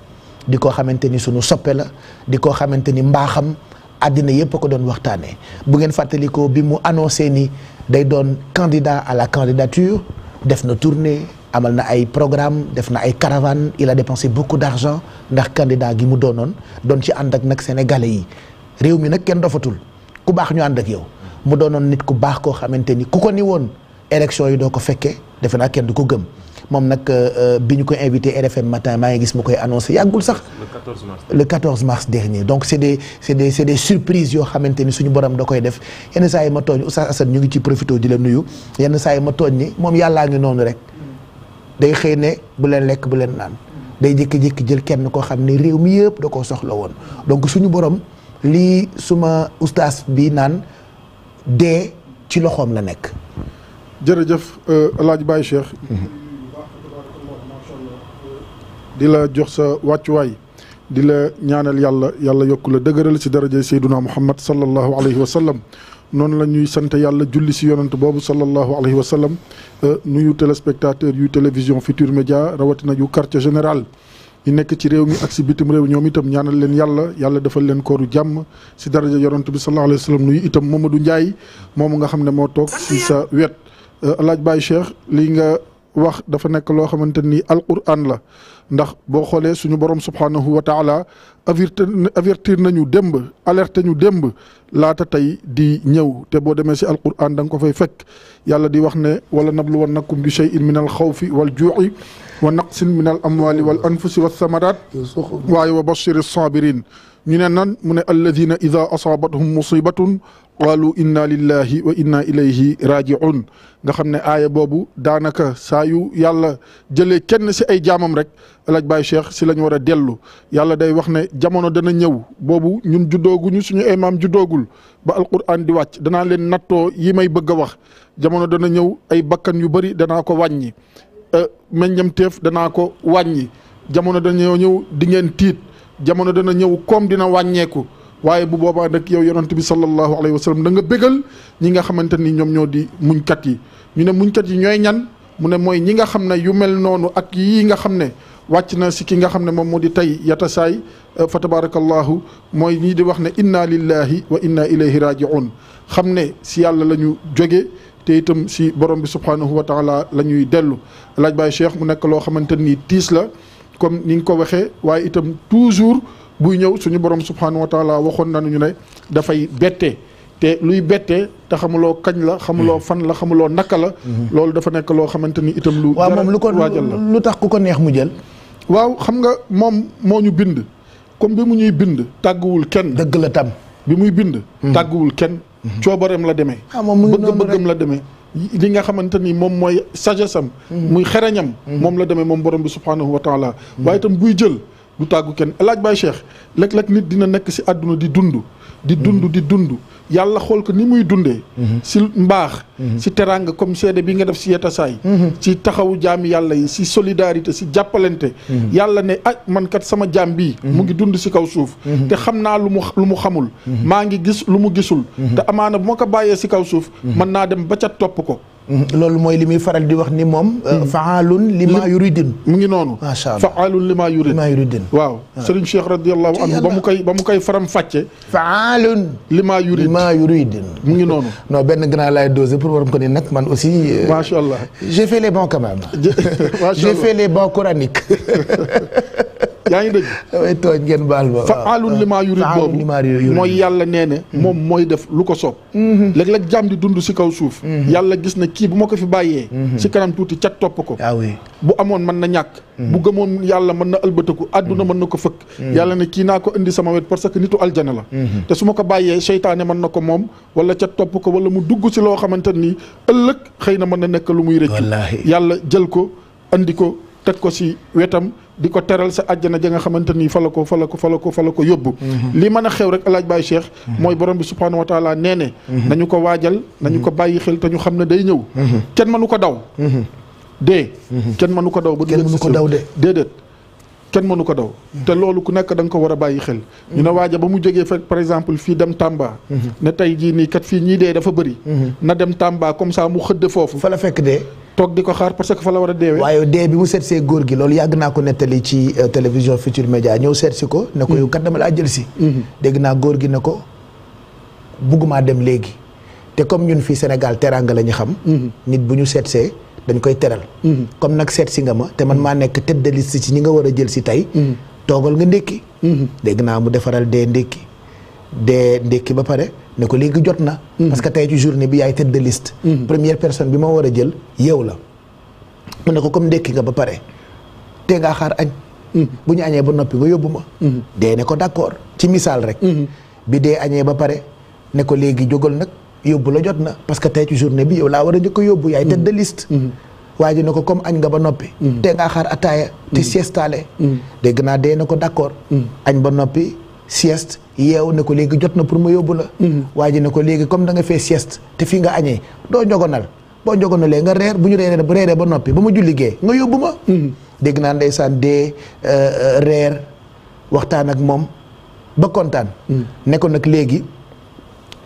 di koo xamante ni sunu soppe la di koo xamante ni mbaaxam àddina yëpp a ko doon waxtaanee bu ngeen fàttalikoo bi mu annoncé ni day doon candidat à la candidature def na tournée amal na ay programme def na ay caravane il a dépensé beaucoup d'argent ndax candidat gi mu doonoon doon ci ànd ak nag sénégalais yi réew mi nag kenn dofatul ku baax ñu ànd ak yow mu doonoon nit ku baax koo xamante ni ku ko ni woon élection yi doo ko fekkee defe naa kenn du ko gëm moom nag euh, euh, bi ñu ko invité RFM matin maa ngi gis mu koy annoncé yàggul sax. le mars dernier donc c' est des c' est yoo xamante ni suñu borom da koy def yenn saa yi ñu ngi ci profité di la nuyu yenn saa yi ma tooñ ni moom rek. day xëy ne bu leen lekk bu leen naan day jékki-jékki jël kenn koo xam ni réew mi yëpp da koo soxla woon donc suñu borom lii suma ustaas bi naan dee ci loxoom la nekk jërëjëf euh, El Hadj Baye di la jox sa wàccuwaay di la ñaanal yàlla yàlla yokku la dëgëral ci daraja Seyduna Muhammad sallallahu alayhi wa sallam noonu la ñuy sant yàlla julli si yonant boobu sallallahu alayhi wa sallam euh, nuyu téléspectateur yu télévision Futur Média rawatina ju quartier général yi nekk ci réew mi ak si bitim réew ñoom itam ñaanal leen yàlla yàlla defal leen kooru jàmm si daraja yonant bi sallallahu alayhi wa sallam nuyu itam moom Mamadou Ndiaye moomu nga xam ne moo toog si sa wet euh, laaj Baye Cheikh lii nga wax dafa nekk loo xamante ni alquran la ndax boo xoolee suñu borom subhanahu wa taala avertir avertir nañu démb alerter ñu démb laata tey di ñëw te boo demee si alquran da nga ko fay fekk yàlla di wax ne wala nablu wannakum bi cheyin min al xawfi wal juuci wa naqsin min al amwali wal anfusi wa thamarat waaye wa bashiri sabirin ñu ne nan mu ne alladina ida asaabathum musibatun qaalu inna lillahi wa inna ilayhi rajiun nga xam ne aaya boobu daanaka saa yu yàlla jëlee kenn si ay jaamam rek El Hadj Baye Cheikh si la ñu war a dellu yàlla day wax ne jamono dana ñëw boobu ñun juddooguñu suñu ay maam juddoogul ba alquran di wàcc danaa leen nattoo yi may bëgg a wax jamono dana ñëw ay bakkan yu bëri danaa ko wàññi e, meññemteef danaa ko wàññi jamono dana ñëw di ngeen tiit jamono dana ñëw koom dina wàññeeku waaye bu boobaa nag yow yonent bi sallallahu alayhi wa sallam da nga bégal ñi nga xamante ni ñoom ñoo di muñkat yi ñu ne muñkat yi ñooy ñan mu ne mooy ñi nga xam ne yu mel noonu ak yii nga xam ne wàcc na si ki nga xam ne moom moo di tey yatasaay eh, fa tabarakallahu mooy ñii di wax ne inna lillahi wa inna ilayhi rajiun xam ne si yàlla la ñu jóge te itam si borom bi subhanahu wa taala la ñuy dellu laaj baay cheikh mu nekk loo xamante ni tiis la comme ni nga ko waxee waaye itam toujours buy ñëw suñu borom subhanahu wa taala waxoon ñu ne dafay bette te luy bette te xamuloo kañ la xamuloo fan la xamuloo naka la mhm. loolu dafa nekk loo xamante ni itam lu waaw moom lu ko waajal lu tax ku ko neex mu jël waaw xam nga moom moo ñu bind comme bi mu ñuy bind tàgguwul kenn dëgg la tam bi muy bind mhm. tàgguwul kenn mhm. coobareem la demee ah, bëgg-bëggam la demee li nga xamante ni moom mooy sagesse muy xereñam moom la demee moom borom bi subhanahu wa taala waaye itam buy jël du tàggu kenn El Hadj Baye Cheikh léeg nit dina nekk si àdduna di dund. di dund mhm. di dund yàlla xool ko ni muy dundee. si mhm. mbaax. si mhm. teraanga comme seede bi nga def si yetasaay. ci taxawu jaami yàlla yi si solidarité si jàppalante. yàlla ne ah man kat sama jaam bi mu ngi dund si kaw suuf. te xam naa lu mu lu mu xamul. maa ngi gis lu mu gisul. te amaana bu ma ko bàyyee si kaw suuf. mën naa dem ba ca topp ko. loolu mooy li muy faral di wax ni moom. Euh, mm. faalun lima yuridin. mu ngi noonu. macha allah faalun lima yuridin. waaw ah. Serigne Cheikh radiyallahu anhu ba mu koy ba mu koy faram fàcce. faalun. lima yuridin lima yuridin. mu ngi noonu. non benn grand laay dosé pour waram ko ni nag man aussi. Euh, macha allah j'ai fait les bons quand même. macha allah j'ai fait les bons coraniques. yaa ngi dëgg. damay tooñ ngeen baal ma. fa boobu mooy yàlla nee na hmm. moom mooy def lu ko soob. Hmm. léeg-léeg jaam di dund si kaw suuf. Hmm. yàlla gis na kii bu ma ko fi bàyyee. si kanam tuuti cat topp ko. Ah bu amoon mën na ñàkk. bu gëmoon yàlla mën na ëlbatiku àdduna mën na ko fëkk. yàlla ne kii naa ko indi sama wet parce que nitu aljana la. te su ma ko bàyyee seytaane mën na ko moom wala cat topp ko wala mu dugg ci loo xamante nii ëllëg xëy na mën na nekk lu muy rëccu. yàlla jël ko andi teg ko si wetam di ko teral sa àjjana ja nga xamante ni fa la ko fa la ko fa la ko fa la ko yóbbu mhm. li mën a xew rek alaaj Baye Cheikh mhm. mooy borom bi subhaanahu wa taala nee ne mhm. nañu ko waajal nañu ko bàyyi xel te ñu xam ne day ñëw kenn mënu ko daw dee kenn mënu ko daw ba kenn mënu ko daw de déedéet kenn mënu ko daw te loolu ku nekk da nga ko war a bàyyi xel ñu ne waaja ba mu jógee fekk par exemple fii dem Tamba ne tey jii nii kat fii ñii dee dafa bëri na dem Tamba comme ça mu xëdd foofu fa la fekk dee toog di ko xaar parce que fa la war a deewee. waaye dee bi mu seet góor gi loolu yàgg naa ko nettali ci euh, télévision Futur Média ñëw seet si ko. ne ko mm-hmm. yow kat laa jël si. Mm-hmm. dégg naa góor gi ne ko buggumaa dem léegi te comme ñun fii Sénégal teraanga la ñu xam. Mm-hmm. nit bu ñu seet see dañ koy teral. comme nag seet si nga ma te man maa nekk tête de ci ñi nga war a jël si tey. toogal nga ndékki. dégg naa mu defaral dee ndékki dee ndékki ba pare. ne ko léegi jot na. Mm-hmm. parce que tey ci journée bi yaay tête de liste. Mm-hmm. première personne bi ma war a jël yow la. mu ne ko comme ndekki nga ba pare te ngaa xaar añ. Mm-hmm. bu ñu añee ba noppi nga yóbbu ma. dee ne ko d'accord ci misaal rek. bi dee añee ba pare ne ko léegi jógal nag yóbbu la jot na parce que tey ci journée bi yow laa war a njëkk a yóbbu yaay tête de liste. waa ji ne ko comme añ nga ba noppi. te ngaa xaar ataaya. te siestaale. dégg naa dee ne ko d'accord. añ ba noppi sieste. yeew ne ko léegi jot na pour ma yóbbu la mhm. waa ji ne ko léegi comme da nga fee sieste te fii nga añee doo njogonal boo njogonalee nga reer bu ñu reeree bu reeree ba noppi ba ma julli gee nga yóbbu ma mhm. dégg naa ndeysaan dee euh, euh, reer waxtaan ak moom ba kontaan mhm. ne ko nag léegi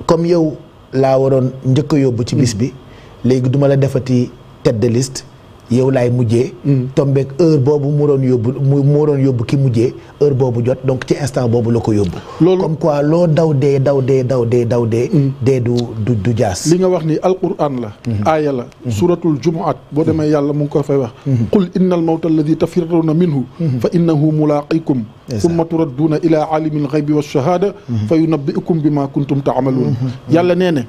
comme yow laa waroon njëkk yóbbu ci bis bi léegi duma la defati tête de liste yow laay mujjee mm. tombeeg heure boobu mu doon yóbbu mu doon yóbbu ki mujjee heure boobu jot donc ci instant boobu la ko yóbbu loolu comme quoi loo daw dee daw dee daw dee daw dee mm. dee du du du jaas li nga wax ni alquran la mm-hmm. aaya la mm-hmm. suratul jumuat boo demee mm-hmm. yàlla mu ngi ko fay wax qul inna al mawta alladi tafirruuna minhu fa innahu mulaaqikum summa turadduuna ila aalimi alxaybi walshahada fa yunabbiukum bima kuntum taamaluun yàlla nee ne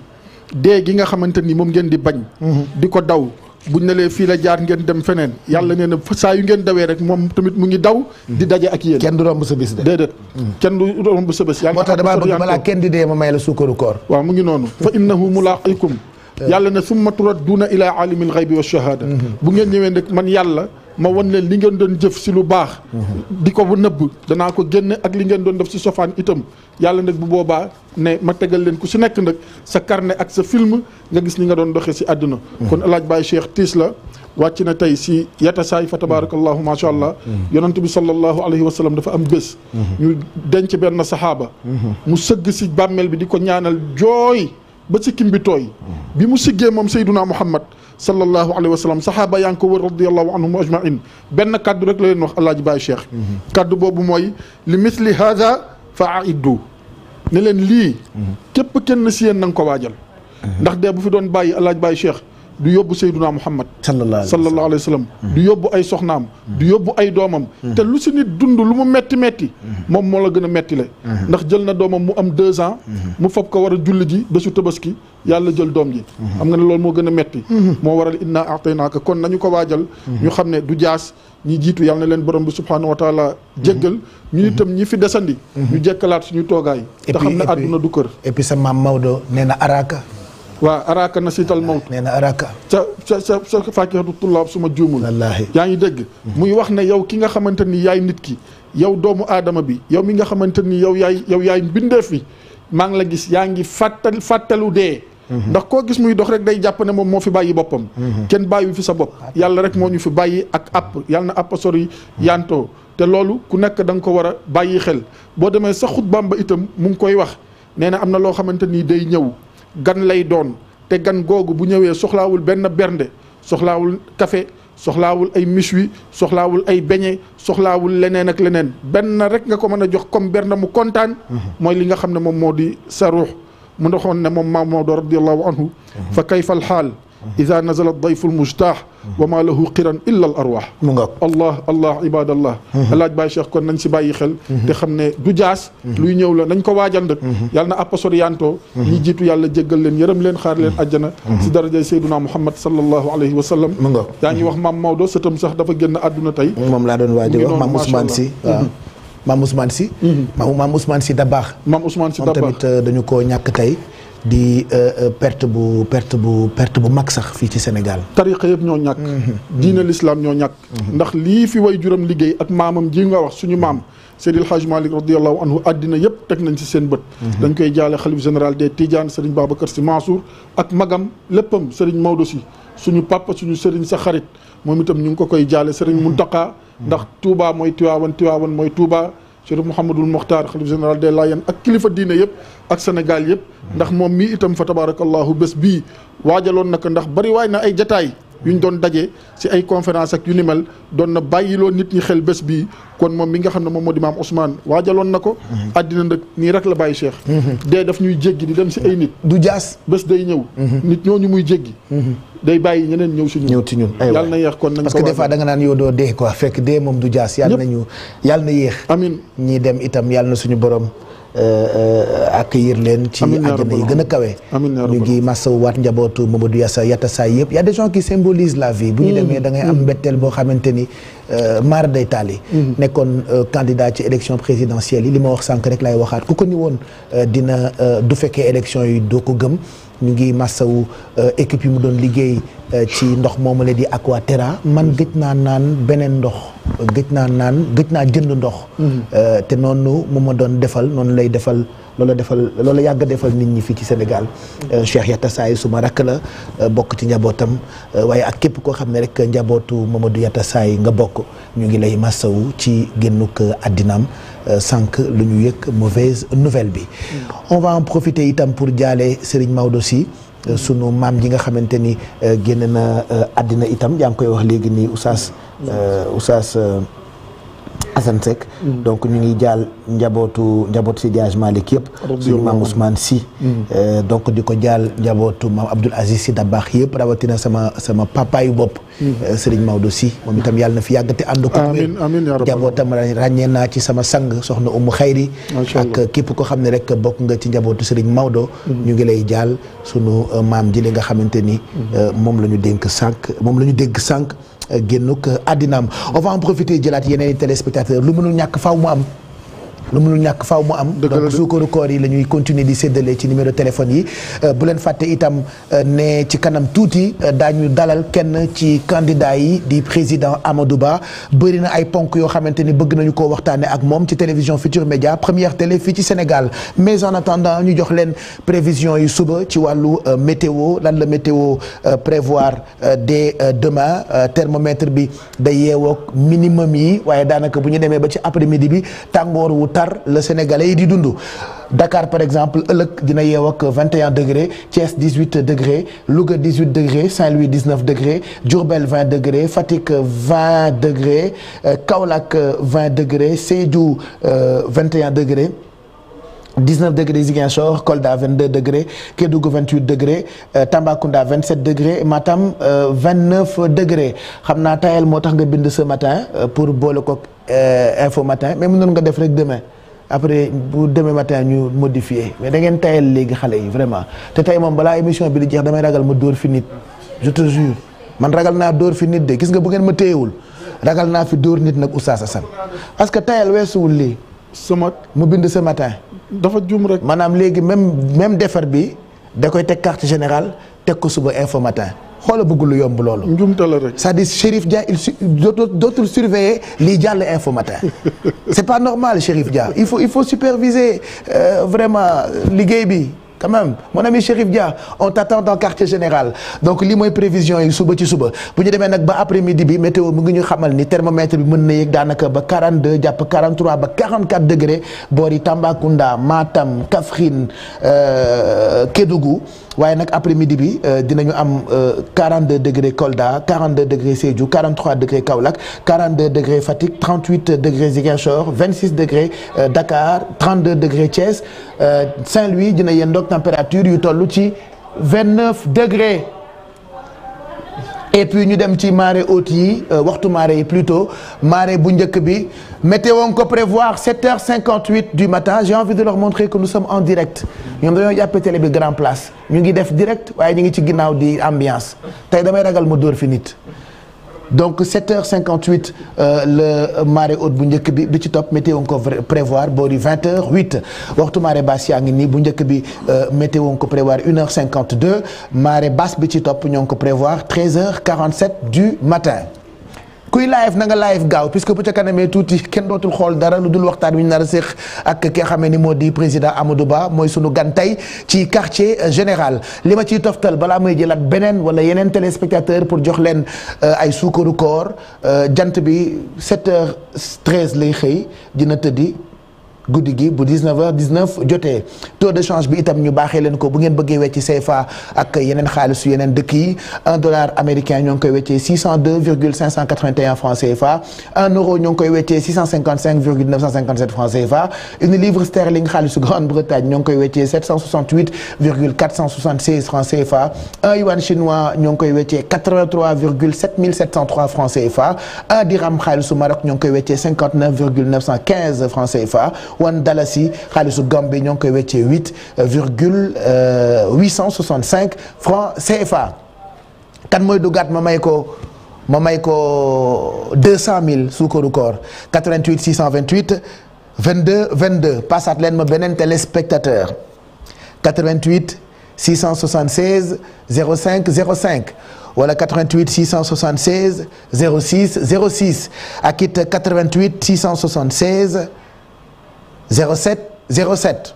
dee gi nga xamante ni moom ngeen di bañ di ko daw bu ne lee fii la jaar ngeen dem feneen yàlla nee na saa yu ngeen dawee rek moom tamit mu ngi daw di daje ak yéen kenn du romb sa de déedéet kenn du romb sa bés yaa moo tax damaa di dee ma may la suukaru koor waaw mu ngi noonu fa innahu mulaaqikum yàlla ne summa turadduuna ilaa aalimil xaybi wa shahaada mm-hmm. bu ngeen ñëwee nag man yàlla ma wan leen li ngeen doon jëf si lu baax di ko nëbb danaa ko génn ak li ngeen doon def si sofaan itam yàlla nag bu boobaa ne ma tegal leen ku si nekk nag sa carnet ak sa film nga gis ni nga doon doxee si àdduna kon alaaj baay Cheikh tiis la wàcc na tey si yatasaay fa tabarakallahu macha allah yonent bi sallallahu alayhi wa sallam dafa am bés ñu denc benn saxaaba mu sëgg si bàmmeel bi di ko ñaanal jooy ba si kimbi tooy bi mu siggee moom Seyduna Muhammad sallallahu alayhi wa sallam saxaaba yaa ngi ko wër radiallahu anhum ajmain benn kàddu rek la leen wax alaaji baay cheikh kàddu boobu mooy li misli hada fa aiddu ne leen lii mhm. képp kenn si yéen na nga ko waajal mhm. ndax dee bu fi doon bàyyi alaaji baay cheikh du yóbbu Seydunaa Muhammad sallallahu alayhi wa sallam mm-hmm. du yóbbu ay soxnaam mm-hmm. du yóbbu ay doomam mm-hmm. te lu si nit dund lu mu metti metti moom moo la gën a metti le ndax jël na doomam mu am deux ans mu fab ko war a julli ji bésu tabaski yàlla jël doom ji xam nga ne loolu moo gën a metti moo waral inna a'taynaaka kon nañu ko waajal ñu xam ne du jaas ñi jiitu yàlla na leen borom bi subhaanahu wa taala jéggal ñu itam ñi fi desandi ñu jekkalaat suñu toogaay te xam ne àdduna du kër et puis sa maam Maodo nee na araaka waaw araka na siital mawt nee na araka ca ca ca ca faakihatu tullaab suma juumul wallaahi yaa ngi dégg mhm. muy wax ne yow ki nga xamante ni yaay nit ki yow doomu aadama bi yow mi nga xamante ni yow yaay yow yaay mbindeef yi maa ngi la gis yaa ngi fàttal fàttalu dee mhm. ndax koo gis muy dox rek day jàpp ne moom moo fi bàyyi boppam mhm. kenn bàyyi fi sa bopp yàlla rek moo ñu fi bàyyi ak app yàlla na app sori yantoo te loolu ku nekk danga ko war a bàyyi xel boo demee sa xutbaam ba itam mu ngi koy wax nee na am na loo xamante ni day ñëw gan lay doon te gan googu bu ñëwee soxlaawul benn bernde soxlaawul kafe soxlaawul ay méchoui soxlaawul ay beñe soxlaawul leneen ak leneen benn rek nga ko mën a jox comme bernde mu kontaan mhm. mooy li nga xam ne moom moo di sa ruux mu ndoxoon ne moom Maam Maodo radiallahu anhu mhm. fa kayfa alxaal ida nazala dayfu wa maa lahu qiran illa al arwaax mu nga allah allah ibadallah alaaj baay cheikh kon nañ si bàyyi xel te xam ne du jaas luy ñëw la nañ ko waajal nag yal na appasoor yantoo ñi jiitu yàlla jéggal leen yërëm leen xaar leen ajjana si darajay sayduna muhammad sallallahu alayhi wa sallam mu nga yaa ngi wax maam Maodo sëtam sax dafa génn àdduna tey moom laa doon waaj wax maam Ousmane si mm-hmm. waaw maam Ousmane si mm-hmm. maam Ousmane si da baax maam Ousmane si da baax moom tamit euh, dañu koo ñàkk tey di euh, euh, perte bu perte bu perte bu mag sax fii ci Sénégal. tariqa yëpp ñoo ñàkk. Mhm. Mhm. diine l'islam ñoo ñàkk. Mhm. ndax lii fi way juróom liggéey ak maamam ji nga wax suñu maam. Seydil Hadj Malick radiyallahu anhu àddina yëpp teg nañ ci seen bët. dañ koy jaale xalif général des Tidiane Serigne Babacar Sy Mansour ak magam léppam Serigne Maodo si suñu papa suñu Serigne sa xarit moom itam ñu ngi ko koy jaale Serigne Mountakha. ndax Touba mooy Tiwaawan Tiwaawan mooy tuubaa Cheikh Mouhamadul Mokhtar xalif général des Layènes ak kilifa diine yëpp ak Sénégal yëpp ndax moom mii itam fa tabaarakallahu bés bii waajaloon na ko ndax bari waay na ay jataay yu ñu doon dajee si ay conférence ak yu ni mel doon na bàyyiloo nit ñi xel bés bii kon moom mi nga xam ne moom moo di maam Ousmane waajaloon na ko. Mhm. àddina nag nii rek la bàyyi Cheikh. Mhm. dee daf ñuy jéggi di dem si ay nit. du jaas bés day ñëw. Mhm. nit ñooñu muy jéggi. day bàyyi ñeneen ñëw si ñun ñëw si ñun yàlla na yéex kon na ko parce que des fois da nga naan yow doo dee quoi fekk dee moom du jaas. yàlla na ñu yàlla na yéex. amiin ñii dem itam yàlla na suñu borom. Euh, euh, accueillir leen ci àjjana yi gën a kawe ñu ngi masawuwaat njabootu Mamadou Yassa Yatassay yëpp y a des gens qui symbolisent la vie bu ñu mm. demee da ngay am mm. mbetteel boo xamante ni euh, maar day taali mm. nekkoon candidat ci élection présidentielle yi li ma wax sànk rek laay waxaat ku ko ni woon dina du fekkee élection yi doo ko gëm ñu ngi masawu équipe yi mu doon liggéey ci ndox moomu la di Aquaterra man gëj naa naan beneen ndox gëj naa naan gëj naa jënd ndox mhm. te noonu mu ma doon defal noonu lay defal loola defal loola yàgg defal nit ñi fii ci Sénégal mhm. euh, Cheikh Yatta su ma rakk la euh, bokk ci njabootam euh, waaye ak képp koo xam ne rek njabootu Mamadou Yatta Saay nga bokk ñu ngi lay massawu ci génnuk àddinaam sànq lu ñu yëg mauvaise nouvelle bi mhm. on va itam pour jaale sëriñ Maodo Sy Euh, sunu maam ji nga xamante ni euh, génn na euh, àddina itam yaa ngi koy wax léegi nii Oustaz Oustaz Assane Seck mm. donc ñu ngi jaal njabootu njabootu Seydi Hadji Malick yëpp suñu maam Ousmane Sy mm. euh, donc di ko jaal njabootu maam Abdoul Aziz Sy Dabakh yëpp rawatina sama sama papa yu bopp mm. euh, sëriñ Maodo si moom itam yàlla na fi yàgg te ànd ko njabootam ràññee naa ci sama sang soxna Umu Xayri ak képp ko xam ne rek bokk nga ci njabootu Serigne Maodo ñu ngi lay jaal sunu euh, maam ji nga xamante ni moom lañu dénk sànq moom lañu ñu dégg sànq génnuk àddinaam on va en profiter jëlaat yeneen i téléspectateurs lu mënul ñàkk faw mu am. lu mënul ñàkk faaw mu am donc suukaru koor yi la ñuy continuer di séddale ci numéro téléphone yi euh, bu leen fàtte itam euh, ne ci kanam tuuti euh, daañu dalal kenn ci candidat yi di président Amadou Ba bëri na ay ponk yoo xamante ni bëgg nañu ko waxtaane ak moom ci télévision Futur Média première télé fii ci Sénégal mais en attendant ñu jox leen prévision yi suba ci wàllu météo lan la météo prévoir des demain thermomètre bi day yeewoog minimum yi waaye daanaka bu ñu demee ba ci après bi tar le sénégalais yi di dundu Dakar par exemple ëllëg dina yeew ak 21 degré Thiès 18 degré Louga 18 degré Saint-Louis 19 degré Diourbel 20 degré Fatick 20 degré euh, Kaolack 20 degré Sédhiou 21 degré 19 degré Ziguinchor Kolda 22 degré Kédougou 28 degré euh, Tambacounda 27 degré Matam 29 euh, degré xam naa tayal moo tax nga bind ce matin pour boole ko. Euh, info matin mais mënoon nga def rek demain après bu demain matin ñu modifier mais da ngeen tayal léegi xale yi vraiment te tey moom balaa émission bi di jeex damay ragal ma dóor fi nit je te jure man ragal naa dóor fi nit de gis nga bu ngeen ma téyewul ragal naa fi dóor nit nag sa Assane parce que tayal weesuwul lii. sama mu bind ce matin. dafa juum rek. maanaam léegi même même defar bi da koy teg carte général teg ko suba info matin. xoola bëgg yomb loolu. njumte la rek. c'est-à-dire Chérif Dia dootul surveiller liy jàll info matin c'est pas normal Chérif Dia il faut il faut superviser euh, vraiment euh, liggéey bi. quand moo mon ami Chérif Dia on t'attend dans quartier général donc lii mooy prévision yi suba ci suba bu ñu demee nag ba après midi bi météo mu ngi ñu xamal ni thermomètre bi mën na yëg daanaka ba 42 jàpp 43 ba 44 degré boori Tambacounda Matam Kaffrine euh, Kédougou. waaye nag après midi bi euh, dinañu am 42 euh, degré Kolda 42 degré Sédhiou 43 degré Kaolack 42 degré Fatick 38 degré Ziguinchor 26 degré euh, Dakar 32 degré Thiès Saint-Louis dina yendoog température yu toll ci 29 degré. et ñu dem ci marée haute yi euh, waxtu marée yi plutôt mare bu njëkk bi météo ngi ko prévoir 7h58 du matin j'ai envie de leur montrer que nous sommes en direct ñoom dañoo jàppee télé bi grand place ñu ngi def direct waaye ñu ngi ci ginnaaw di ambiance tey damay ragal ma dóor fi nit donc 7h58 euh, le marée haute bu njëkk bi bi ci topp météo nga ko prévoir boori 20h08 waxtu marée basse yaa ngi nii bu njëkk bi euh, météo nga ko prévoir 1h52 marée bi ci topp ñoo ngi ko prévoir 13h47 du matin. kuy live na nga live gaaw puisque que ca kanamee tuuti kenn dootul xool dara lu dul waxtaan wi ñu nar a séq ak ki nga xam ni moo di président Amadou Ba mooy sunu gan ci quartier général li ma ciy toftal balaa may jëlaat beneen wala yeneen téléspectateur pour jox leen euh, ay suukaru koor euh, jant bi 7 heures 13 lay xëy dina tëddi. guddi gi bu 19h19 jotee taux de change bi itam ñu baaxee leen ko bu ngeen bëggee wecci CFA ak yeneen xaalisu yeneen dëkk yi 1 dollar américain ñoo ngi koy weccee 602 virgule 581 francs CFA 1 euro ñoo ngi koy weccee 655 virgule 957 francs CFA une livre sterling xaalisu Grande-Bretagne ñoo ngi koy weccee 768 virgule 476 francs CFA 1 yuan chinois ñoo ngi koy weccee 83 virgule 7703 francs CFA 1 dirham xaalisu Maroc ñoo ngi koy weccee 59 virgule 915 francs CFA wan dalasi xaalisu Gambie ñoo ngi koy weccee huit euh, virgule euh, huit cent soixante cinq franc CFA. kan mooy dugaat ma may ko ma may ko deux cent mille suukaru koor 88 628 22 22 passaat leen ma beneen téléspectateur 88 676 05 05. wala 88 676 06 06 ak it 88 676 07 07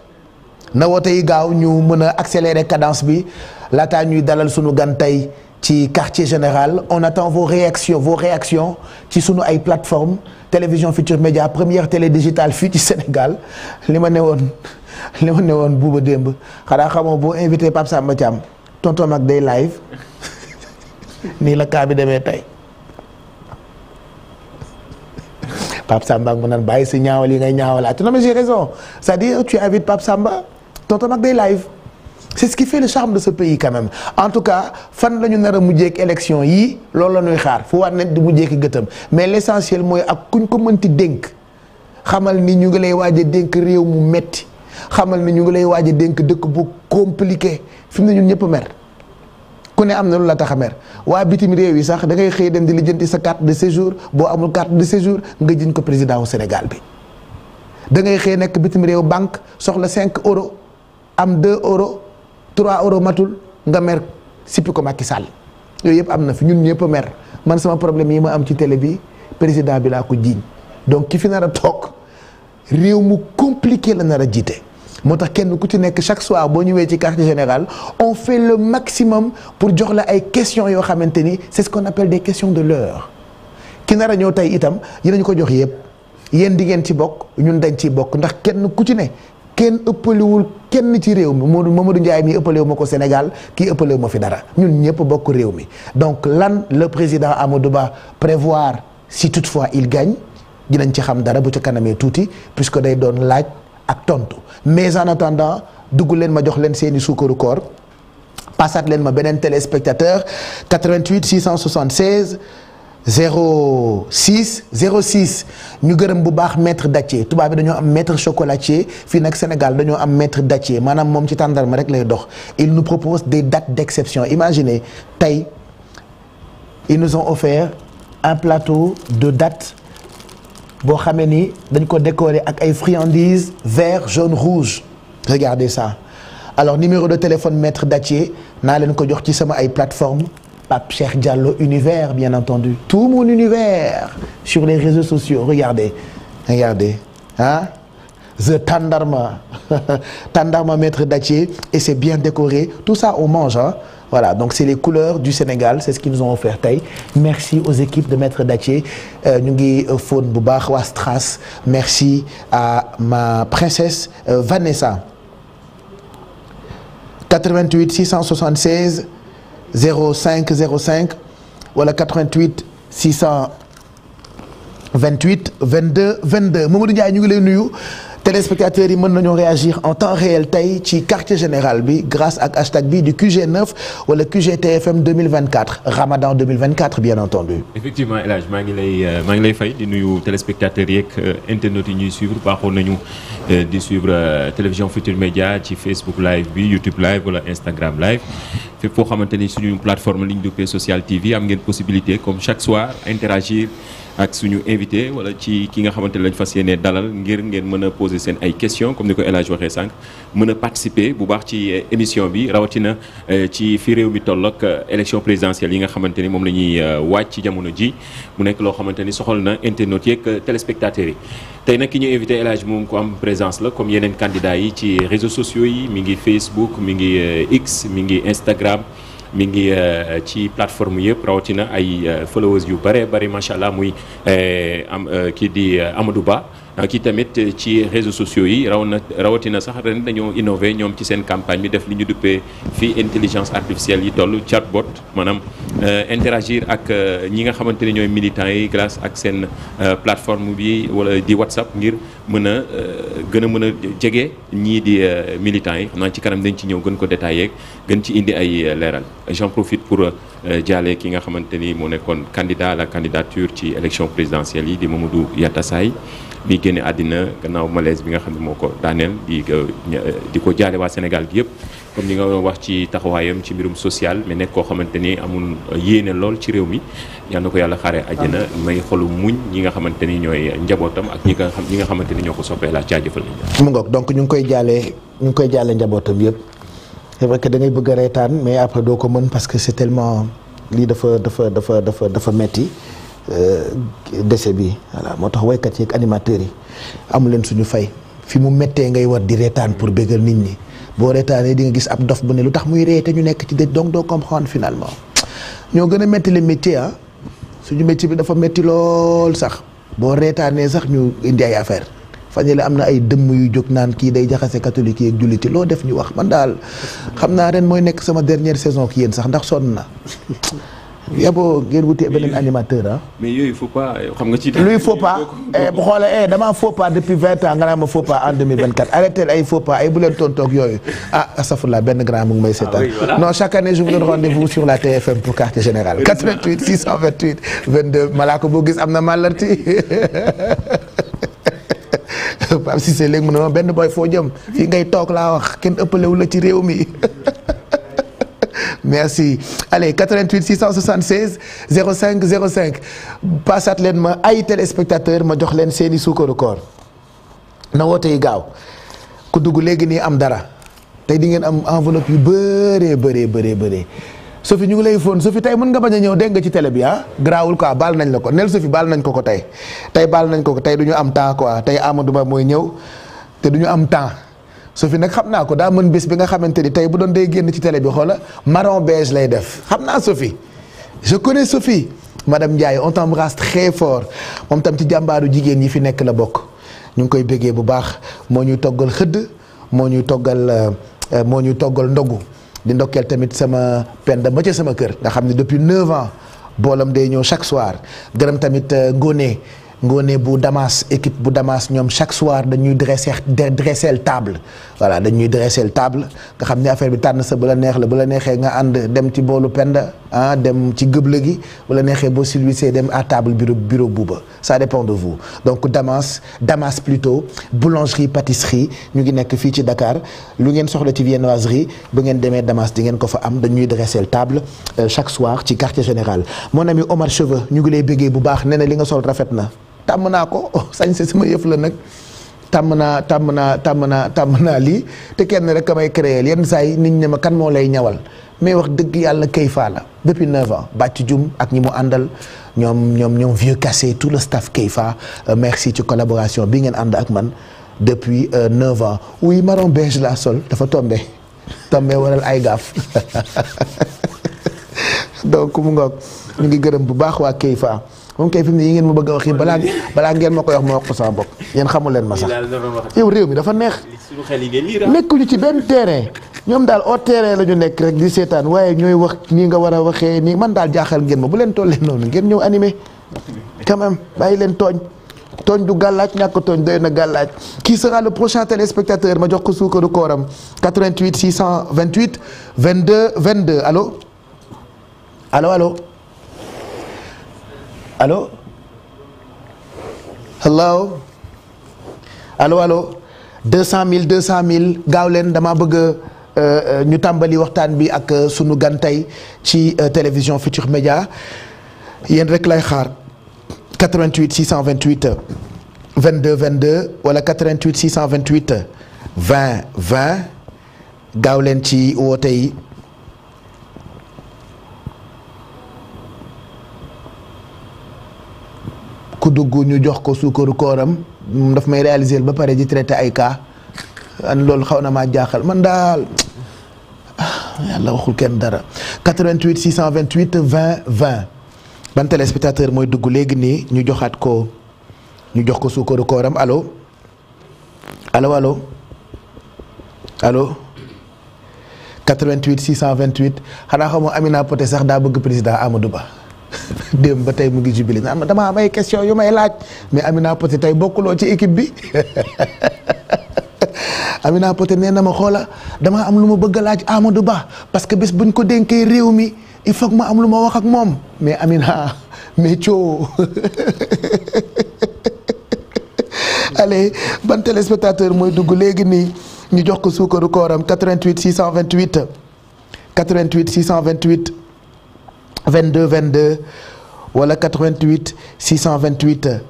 na woote yi gaaw ñu mën a accélérer cadence bi laataa ñuy dalal sunu gan tey ci quartier général on attend vos réactions vos réactions ci sunu ay plateformes télévision Futur Média première télé digitale fii ci Sénégal li ma ne woon li ma ne woon buuba démb xanaa xamoo boo invité Pape Samba Thiam tonton mag day live nii la kaa bi demee tey. Pape Samba ak naan bàyyi si ñaawal yi ngay ñaawal ah tu mais j'ai raison c'est-à-dire tu invites Pape Samba tonton mag day live. c'est ce qui fait le charme de sa pays quand en tout cas fan la ñu nar mu mujjeek élection yii loolu la ñuy xaar foo war ne di mujjeeki gëtam mais l'essentiel mooy ak kuñ ko mënti dénk xamal ni ñu ngi lay waaja dénk réew mu metti xamal ni ñu ngi lay waaj dénk dëkk bu compliqué fi mu ne ñun ñëpp mer. ku ne am na lu la tax a mer waa bitim réew yi sax dangay xëy dem di lijjanti sa carte de séjour boo amul carte de séjour nga jiñ ko président wu Sénégal bi da ngay xëy nekk bitim réew banque soxla cinq euros am 2 euro 3 euro matul nga mer sippi ko Macky Sall yooyu yëpp am na fi ñun ñëpp a mer man sama problème yi ma am ci télé bi président bi laa ko jiiñ donc ki fi nar a toog réew mu compliqué la nar a jiite. moo tax kenn ku ci nekk chaque soir boo ñëwee ci quartier général on fait le maximum pour jox la ay questions yoo xamante ni c'est ce qu'on appelle des questions de l'heure ki nar a ñëw tey itam dinañ ko jox yépp yéen di ngeen ci bokk ñun dañ ciy bokk ndax kenn ku ci ne kenn ëppaliwul kenn ci réew mi Modou Mamadou Ndiaye mi ëppalewu ma ko Sénégal kii ëppalewu ma fi dara ñun ñëpp bokk réew mi donc lan le président Amadou Ba prévoir si toutefois il gagne dinañ ci xam dara bu ci kanamee tuuti puisque day doon laaj ak tontu mais en attendant dugg leen ma jox leen seeni sukkaru koor passaat leen ma beneen téléspectateur 88 676 06 06 ñu gërëm bu baax maître dattier tubaab bi dañoo am maître chocolatier fii nag Sénégal dañoo am maître dattier maanaam moom ci tàndarma rek lay dox il nu propose des dates d'exception imaginez tey ils nous ont offert un plateau de dates boo xamee ni dañ ko décorer ak ay friandises vert jaune rouge regardez ça alors numéro de téléphone maître Dathier naa leen ko jox ci sama ay plateformes Pape Cheikh Diallo univers bien entendu tout mon univers sur les réseaux sociaux regardez regardez ah the tandarma, tandarma maître dattier, bien décoré. Tout ça, on mange. Voilà, donc les couleurs du Sénégal, c'est ce tey merci aux équipes de maître Dathier euh, ñu ngi fóon bu baax waa Stras merci à ma princesse euh, Vanessa. 88 676 05 05 wala 88 628 22 22 Mamadou Ndiaye ñu ngi lay nuyu. téléspectateurs yi mën nañoo réagir en temps réel tey ci quartier général bi grâce ak hashtag bi du QG9 wala QGTFM 2024 Ramadan 2024 bien entendu effectivement El Hadj maa ngi lay euh, maa ngi lay fay di nuyu téléspectateurs yeeg euh, internautes yi ñuy suivre nañu euh, di suivre télévision Futur Média ci Facebook live bi YouTube live wala Instagram live fépp foo xamante ni suñu plateforme ligne de paix sociale TV am ngeen possibilité comme chaque soir interagir. ak suñu invité wala ci ki nga xamante ne lañ fas yéenee dalal ngir ngeen mën a poser seen ay questions comme ni ko El Hadj waxee sànq mën a participer bu baax ci eh, émission bi rawatina eh, ci fi réew mi toll ak eh, élection présidentielle yi nga xamante ni moom la ñuy waaj ci jamono ji mu nekk loo xamante ni soxal na internautes yeeg téléspectateurs yi. tey nag ki ñu invité El Hadj moom ko am présence la comme yeneen candidats yi ci réseaux sociaux yi mi ngi Facebook mi ngi X mi ngi Instagram. mi ngi eh, ci plateforme yëpp rawatina ay eh, followers yu bare bare macha allah muy eh, am kii di Amadou Ba. kii tamit ci réseaux sociaux yi raw na rawatina sax ren dañoo innové ñoom ci seen campagne bi def li ñu duppee fii intelligence artificielle yi toll chatbot maanaam euh, interagir ak euh, ñi nga xamante ne ñooy militants yi grâce ak seen euh, plateforme bi wala di WhatsApp ngir mën a gën a mën a jege ñii di militants yi xam naa ci kanam dañ ci ñëw gën ko détaillé gën ci indi ay leeral j'en profite pour jaale ki nga xamante ni moo nekkoon candidat à la candidature ci élection présidentielle yi di Mamadou Yatassaye mi génne àddina gannaaw malaise bi nga xam ne moo ko daaneel di di ko jaale waa Sénégal gi yëpp comme li nga wax ci taxawaayam ci mbirum social mais nekk koo xamante ni amul yéene lool ci réew mi yal na ko yàlla xaaree àjjana may xolu muñ ñi nga xamante ni ñooy njabootam ak ñi nga xam ñi nga xamante ni ñoo ko soppee laa jaajëfal nañ mu ngoog donc ñu ngi koy jaale koy jaalee njabootam yëpp c'est vrai que da ngay bëgg a reetaan mais après doo ko mën parce que c'est tellement lii dafa dafa dafa dafa dafa metti Euh, décès bi voilà moo tax waykat yi ak animateurs yi amu leen suñu fay fi mu mettee ngay war di reetaan pour bégal nit ñi boo reetaanee di nga gis ab dof bu ne lu tax muy ree te ñu nekk ci dëj donc doo comprendre finalement ñoo gën a métti le métier ah. suñu métier bi dafa métti lool sax boo reetaanee sax ñu indi ay affaire fañele am na ay dëmm yu jóg naan kii day jaxase catholique yi julliti loo def ñu wax man daal xam naa ren mooy nekk sama dernière saison ki yéen sax ndax sonn na yaboo ngeen wutee beneen animateur ah. Eh, xam nga ci. luy faut pas eh, bu xoolee eh, damaa faut pas depuis vingt ans nga naan ma faut pas en deux mille vingt quatre arrêté ay faut pas ay bu leen tontoog yooyu ah astafurlah benn grand mu ngi may seetaan. Ah non chaque année je vous donne rendez-vous sur la TFM pour quartier général. 88 boo gis am na malarti Pape Cissé léegi mu ne ma benn booy foo jëm fii ngay toog laa wax kenn ëppalewu la ci réew mi. merci allez 88 676 05 cinq passaat leen ma ay téléspectateur ma jox leen seeni suukaru koor na woote yi gaaw ku dugg léegi nii am dara tey di ngeen am enveloppe yu bëree bëree bëree bëree Sophie ñu ngi lay fóon Sophie tey mën nga bañ a ñëw dégg nga ci télé bi ah garaawul quoi baal nañ la ko nel Sophie baal nañ ko ko tey tey baal nañ ko ko tey du ñu am temps quoi tey Amadou Ba mooy ñëw te du ñu am temps. su fi nag xam naa ko daa mën bis bi nga xamante ni tey bu doon day génn ci télé bi xoola marron beige lay def xam naa Sophie je connais Sophie madame Ndiaye on t'embrasse très fort moom tam ci jàmbaaru jigéen yi fi nekk la bokk ñu ngi koy béggee bu baax moo ñuy toggal xëdd moo ñuy toggal euh, moo ñuy toggal ndogu di ndokkeel tamit sama penda ma ca sama kër nga xam ne depuis 9 ans boolam day ñëw chaque soir gërëm tamit euh, ngóone ngoone bu Damas équipe bu Damas ñoom chaque soir dañuy dresser dresser table voilà dañuy dresser table nga xam ne affaire bi tànn sa bu la neex la bu la neexee nga ànd dem ci boolu penda ah dem ci gëble gi bu la neexee boo silwisee dem à table bureau bureau buuba ça dépend de vous donc Damas Damas plutôt boulangerie pâtisserie ñu ngi nekk fii ci Dakar lu ngeen soxla ci viennoiserie bu ngeen demee Damas di ngeen ko fa am dañuy dresser table euh, chaque soir ci quartier général mon ami Omar ñu ngi lay bëggee bu baax nee na li nga sol rafet na tàmm naa ko oh, sañ si sama yëf la nag tàmm naa tàmm naa tàmm naa tàmm naa lii te kenn rek ka may créer yenn saa nit ñi ma kan moo lay ñawal mais wax dëgg yàlla Kayfa la depuis 9 ans bàcc jum ak ñi mu àndal ñoom ñoom ñoom vieux cassé tout le staff Kayfa euh, merci ci collaboration bi ngeen ànd ak man depuis 9 euh, ans oui marron beige la sol dafa tombé tombé waral ay gaaf donc mu ngoog ñu ngi gërëm bu baax waa Kayfa moom kay fi ne yi ngeen ma bëgg a wax yi balaa balaa ngeen ma koy wax ma wax ko bopp yéen xamul leen ma sax yow réew mi dafa neex nekkuñu ci benn terrain ñoom daal au terrain la ñu nekk rek di seetaan waaye ñooy wax nii nga war a waxee nii man daal jaaxal ngeen ma bu leen tollee noonu ngeen ñëw animé quand même bàyyi leen tooñ tooñ du gàllaaj ñàkk tooñ doy na gàllaaj qui sera le prochain téléspectateur ma jox ko suukaru kooram 88 628 22 22 allo allo allo allo hello allo allo 200000 200000 gaaw leen damaa bëgg a euh, euh, ñu tàmbali waxtaan bi ak euh, sunu gan ci télévision Futur Média yéen rek lay xaar 88 628 22 22 wala 88 628 20 20 gaaw leen ci woote yi. ku dugg ñu jox ko suukaru kooram mm, daf may réaliser ba pare di traité ay ka an loolu xaw na maa jaaxal man daal ah, yàlla waxul kenn dara 88 628 20 20 ban téléspectateur mooy dugg léegi nii ñu joxaat ko ñu jox ko suukaru kooram allo allo allo allo 88 628 xanaa xamoo Amina Poté sax daa bëgg président Amadou Ba. démb ba tey mu ngi jubili na am dama am ay question yu may laaj mais Amina Poté tey bokkuloo ci équipe bi Amina Poté nee na ma xoola damaa am lu ma bëgg a laaj Amadou Ba parce que bés buñ ko dénkee réew mi il faut ma am lu ma wax ak moom mais Amina mais coo allez ban téléspectateur mooy dugg léegi nii ñu jox ko suukaru kooram 88 628 88 628 22 22 wala 88 628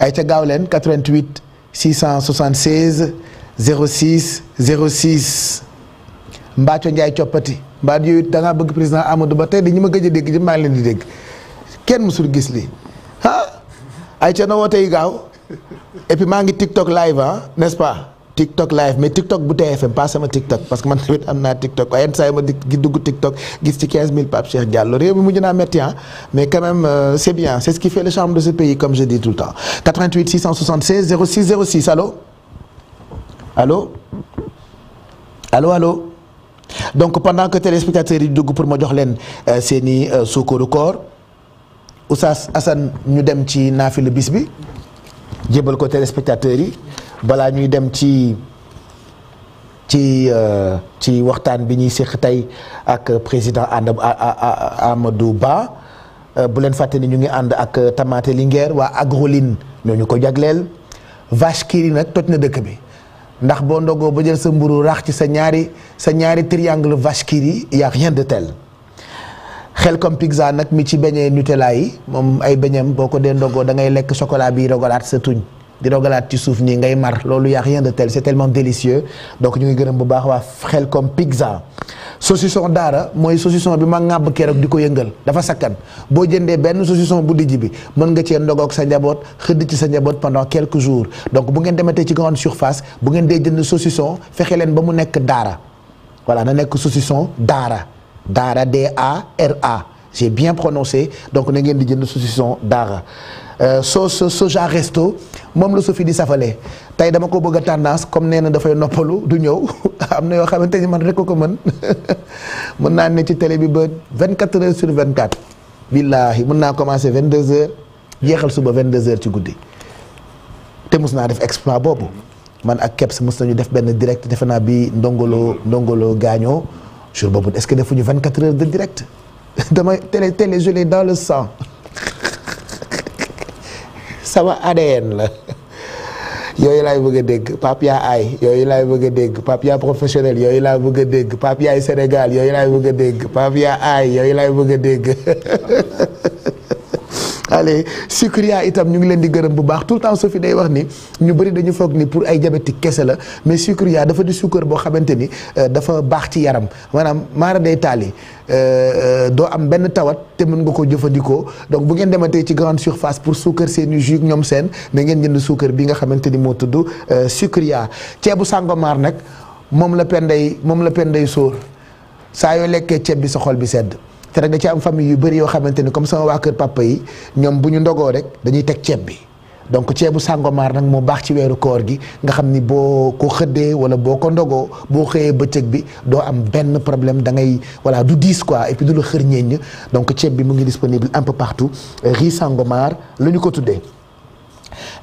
ay ca gaaw leen 88 676 06 06 Mbaaco Ndiaye coppati mbaa yooyu da ngaa bëgg président Amadou Ba tey di ñu ma gëj a dégg maa ngi leen di dégg kenn mësul gis li ah ay ca na woote gaaw et maa ngi TikTok live ah n'est-ce pas. TikTok live mais TikTok bu TFM pas sama TikTok parce que man tamit am naa TikTok waaye yenn saa yi ma di dugg TikTok gis ci 15000 Pape Cheikh Diallo réew mi mujj naa métti mais quand même euh, c' est bien c' ce qui fait le charme de ce pays comme je donc pendant que téléspectateurs yi dugg pour ma jox leen euh, seen i euh, sukkaru koor Oustaz Assane ñu dem ci naafilu bis bi jébal ko téléspectateurs yi. balaa ñuy dem ci ci euh, ci waxtaan bi ñuy séq tey ak président ànd Amadou Ba euh, bu leen fàtte ni ñu ngi ànd ak Tamaate Linguère waa Agroline ñoo ñu ko jagleel vache qui nag toj na dëkk bi ndax boo ndogoo ba jël sa mburu rax ci sa ñaari sa ñaari triangle vache qui rit y a de tel xel comme pizza nag mi ci beñee Nutella yi moom ay beñam boo ko dee ndogoo da ngay lekk chocolat bi rogalaat sa tuñ di dogalaat ci suuf nii ngay mar loolu yaa a rien de tel c'est tellement délicieux donc ñu ngi gërëm bu baax waa xel comme pizza saucisson daara mooy saucisson bi ma ŋàbb keroog di ko yëngal dafa sakkan boo jëndee benn saucisson bu dijj bi mën nga cee ndogoog sa njaboot xëdd ci sa njaboot pendant quelques jour donc bu ngeen dematee ci grande surface bu ngeen dee jënd saucisson fexe leen ba mu nekk daara voilà na nekk saucisson daara daara D A R A j'ai bien prononcé donc na ngeen di jënd saucisson daara soo euh, so so resto moom la su fi di safalee tey dama ko bëgg a comme nee na dafay noppalu du ñëw am na yoo xamante ni man rekk ko ko mën mën naa ne ci télé bi ba 24 heures sur 24 billaahi mën naa commencé 22 heures jeexal suba 22 heures ci guddi te mus naa def exploit boobu man ak Kebs mus nañu def benn direct defe naa bi ndongolo ndongolo gaañoo jour boobu est-ce que defuñu 24 heures de direct damay télé télé je l'ai dans sama ADN la yooyu laay bëgg a dégg Pape yaa aay yooyu laay bëgg a dégg Pape yaa professionnel yooyu laay bëgg a dégg Pape yaay Sénégal yooyu laay bëgg a dégg Pape yaa yooyu laay bëgg a dégg. allez sucria itam ñu ngi leen di gërëm bu baax tout le temps Sophie day wax ni ñu bëri dañu foog ni pour ay diabétique kese la mais sucria dafa di suukar boo xamante ni euh, dafa baax ci yaram maanaam maara day taali euh, euh, doo am benn tawat te mën nga ko jëfandikoo donc bu ngeen dematee ci grande surface pour suukar seeni i ñoom seen da ngeen jënd suukar bi nga xamante ni moo tudd sucria ceebu sangomar nag moom la penday moom la penday sóor saa yoo lekkee ceeb bi sa xol bi sedd te nag da ci am famille yu bëri yoo xamante ni comme sama waa kër papa yi ñoom bu ñu ndogoo rek dañuy teg ceeb bi donc ceebu sàngomaar nag moo baax ci weeru koor gi nga xam ni boo ko xëddee wala boo ko ndogoo boo xëyee bëccëg bi doo am benn problème da ngay voilà du diis quoi et puis du la xër ñeeñ donc ceeb bi mu ngi disponible un peu partout riz sàngomaar la ñu ko tuddee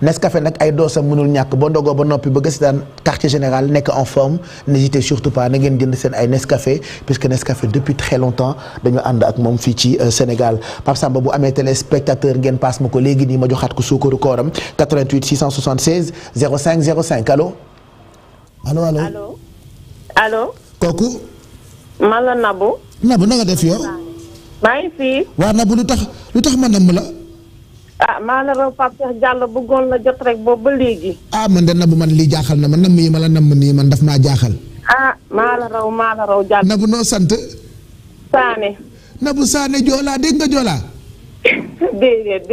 Nescafé nag ay doosam mënul ñàkk ba ndogoo ba noppi bëgg si daan quartier général nekk en forme n'hésitez surtout pas na ngeen jënd seen ay Nescafé puisque Nescafé depuis très longtemps dañu ànd ak moom fii ci euh, Sénégal Pape bu amee téléspectateur ngeen paas ma ko léegi nii ma joxaat ko suukaru kooram 88 676 05 05 allo. allo allo allo. allo. kooku. man la Nabou. def yow. maa ngi lu tax lu tax ma namm la. ah maa la raw Pape Cheikh Diallo bëggoon la jot rek boobu ba léegi. ah man de nabu man lii jaaxal na man namm yi ma la namm nii man daf maa jaaxal. ah maa la raw maa nabu noo sant. Saane. nabu Saane Joola dégg nga Joola. déedéet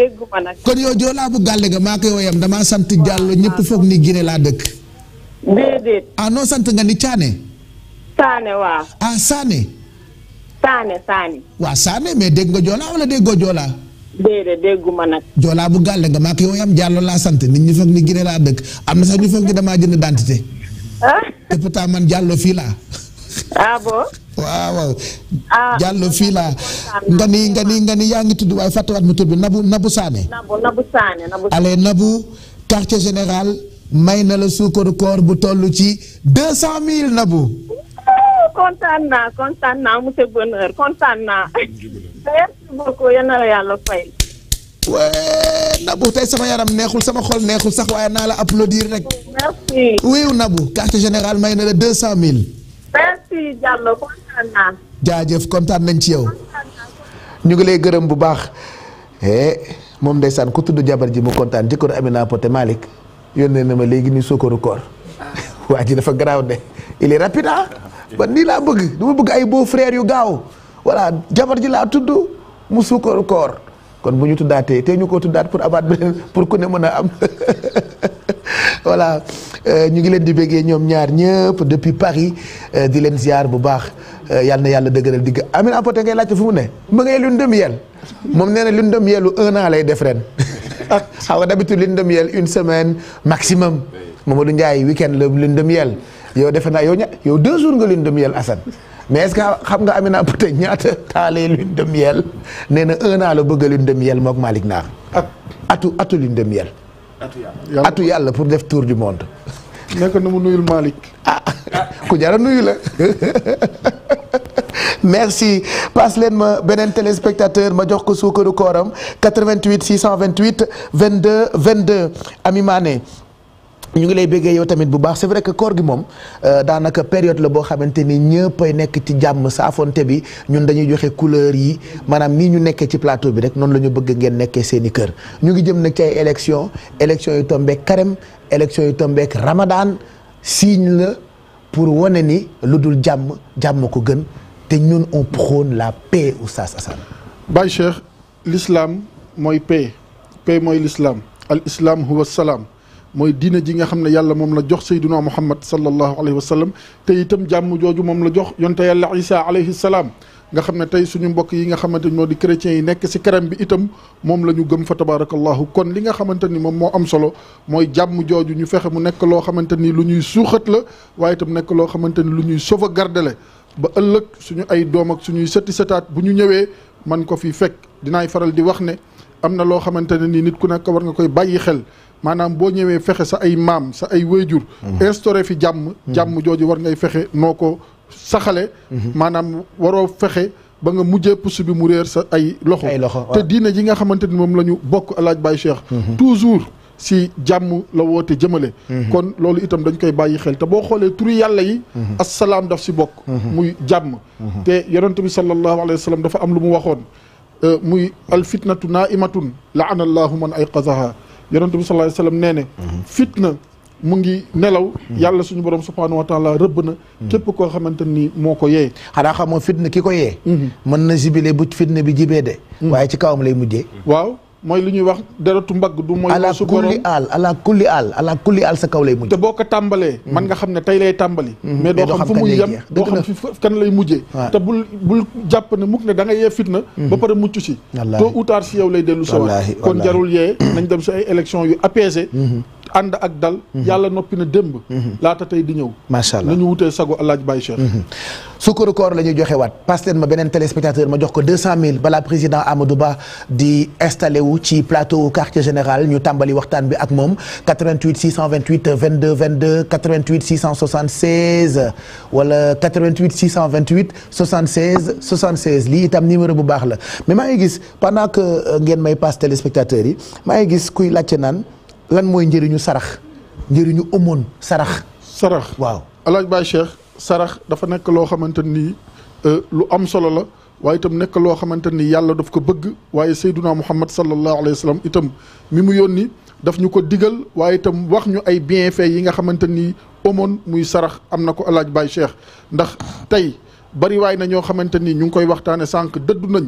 laa dëkk. ah noo sant nga ni Caane. Saane waaw. Ah, Saane. mais dégg nga Joola wala déggoo Joola. joolaa bu gàlle nga maa ko yow laa sant nit ñi foog ni Guinée laa dëkk am na sax ñu foog ni damaa jënd identité. ah. te pourtant man jàllo fii laa. Ah waaw waaw. ah jàllo nga ni nga ni nga ni yaa ngi tudd waaye fàttewaat ma tur bi Nabou nabu Sané. Nabou Nabou quartier général may na la suukaru koor bu toll ci deux cent mille Nabou. kontaan naa kontaan naa monsieur na la yàlla sama yaram neexul sama xol neexul sax waaye naa la applaudir rek. merci. oui Nabou carte générale may na la deux mille. merci kontaan nañ ci yow. ñu ngi lay gërëm bu baax. Eh, moom ndeysaan ku tudd jabar ji mu kontaan jëkkër Amina Poté Malick yónnee na ma léegi ni sukkaru koor waa ji dafa garaaw de il est rapide ah. man nii laa bëgg dama bëgg ay beau frère yu gaaw voilà jabar ji laa tudd mu suukar koor kon bu ñu tuddaatee te ñu ko tuddaat pour abaat beneen pour ku ne mën a am voilà euh, ñu ngi leen di béggee ñoom ñaar ñëpp depuis Paris euh, di leen ziar bu baax euh, yàlla na yàlla dëgëral digg Amine Apote ngay laajte fu mu ne ma ngay lune de miel moom nee na lune de miel lu un an lay def ren xaw nga d'habitude lune de miel une semaine maximum Mamadou Ndiaye week-end la lune de miel yow defe naa yow ña yow deux jours nga lune de miel Assane mais est-ce que xam nga Amina Poté ñaata taalee lune de miel nee na un la bëgg lune de miel mook Malick naa ak atu atu lune de miel. atu yàlla pour def tour du monde. nekk na mu nuyul Malick. ah ku jara nuyu merci pass leen ma beneen téléspectateur ma jox ko suukaru kooram 88 628 22 22 Ami Mané ñu ngi lay béggee yow tamit bu baax c'est vrai que koor gi moom euh, daanaka période la boo xamante ni ñëppay nekk ci jàmm saafonte bi ñun dañuy joxe couleur yi maanaam nii ñu nekkee ci plateau bi rek noonu lañu ñu bëgg ngeen nekkee seeni kër ñu ngi jëm nag ci ay élection élection yu tombeek carême élection yu tombeek ramadan signe la pour wane ni lu dul jàmm jàmm ko gën te ñun on prône la paix oustaz Assane Baye Cheikh l'islam mooy paix paix mooy l'islam al islam salaam mooy diine ji nga xam ne yàlla moom la jox sayduna muhammad sallallahu alayhi wa sallam te itam jàmm jooju moom la jox yonte yàlla isa alayhi salaam nga xam ne tey suñu mbokk yi nga xamante ñoo di chrétiens yi nekk si kerem bi itam moom la ñu gëm fa tabarakallahu kon li nga xamante ni moom moo am solo mooy jàmm jooju ñu fexe mu nekk loo xamante ni lu ñuy suuxat la waaye itam nekk loo xamante ni lu ñuy sauvegarder la ba ëllëg suñu ay doom ak suñuy sëti bu ñu ñëwee man ko fi fekk dinaay faral di wax ne am na loo xamante ne ni nit ku nekk war nga koy bàyyi xel maanaam boo ñëwee fexe sa ay maam sa ay wéyjur mhm. instauré fi jàmm mhm. jàmm jooju war ngay fexe noo ko saxale mhm. maanaam waroo fexe ba nga mujjee pusu bi mu réer sa ay loxo te diine ji nga xamante ni moom la ñu bokk alaaj Baye Cheikh toujours si jàmm la woote jëmale kon loolu itam dañ koy bàyyi xel te boo xoolee turu yàlla yi assalaam daf si bokk muy jàmm te yonent bi sallallahu alayhi wa sallam dafa am lu mu waxoon euh, muy alfitnatu naimatun laana allahu man ayqazaha yonent bi sallallahu alayhi wasallam nee ne mhm. fitna mu ngi nelaw mhm. yàlla suñu borom subhanahu wa taala rëbb na mhm. képp koo xamante ni moo ko yee xanaa xamoo fitna ki ko yee mën na jibile bu fitna bi jibee de waaye ci kawam lay mujjee waaw mooy lu ñuy wax deretu mbagg du mooy la su aal ala kulli aal ala kulli aal sa kaw lay mujj te boo ko tàmbalee mm. man nga xam ne tey lay tàmbali mm. mais doo xam fu muy yem doo xam fi kan lay mujjee te bul bul jàpp ne mukk ne da nga yee fitna ba mm. pare mucc si tôt ou tard si yow lay dellu sowat kon jarul yee nañ dem si ay élection yu apaisé mm-hmm. ànd ak dal. Mhm. yàlla noppi na démb. Mhm. laata tey di ñëw. macha allah nañu wutee sago alaaj Baye Cheikh. Mhm. su koor la ñuy joxe waat pastel ma beneen téléspectateur ma jox ko 200000 balaa président Amadou Ba di installé wu ci plateau quartier général ñu tàmbali waxtaan bi ak moom 88 628 22 22 88 676 wala 88 628 76 76 lii itam numéro bu baax la mais maa ngi gis pendant que euh, ngeen may passe téléspectateur yi maa ngi gis kuy laajte naan. lan mooy njëriñu sarax njëriñu aumône sarax. sarax waaw alaaj baay cheikh sarax dafa nekk loo xamante ni euh, lu am solo la waaye itam nekk loo xamante ni yàlla daf ko bëgg waaye sayduna muhammad sallallahu alayhi wa sallam itam mi mu yónni daf ñu ko digal waaye itam wax ñu ay bienfait yi nga xamante nii aumône muy sarax am na ko alaaj baay cheikh ndax tey bari waay na ñoo xamante ni ñu ngi koy waxtaane sànq dëddu nañ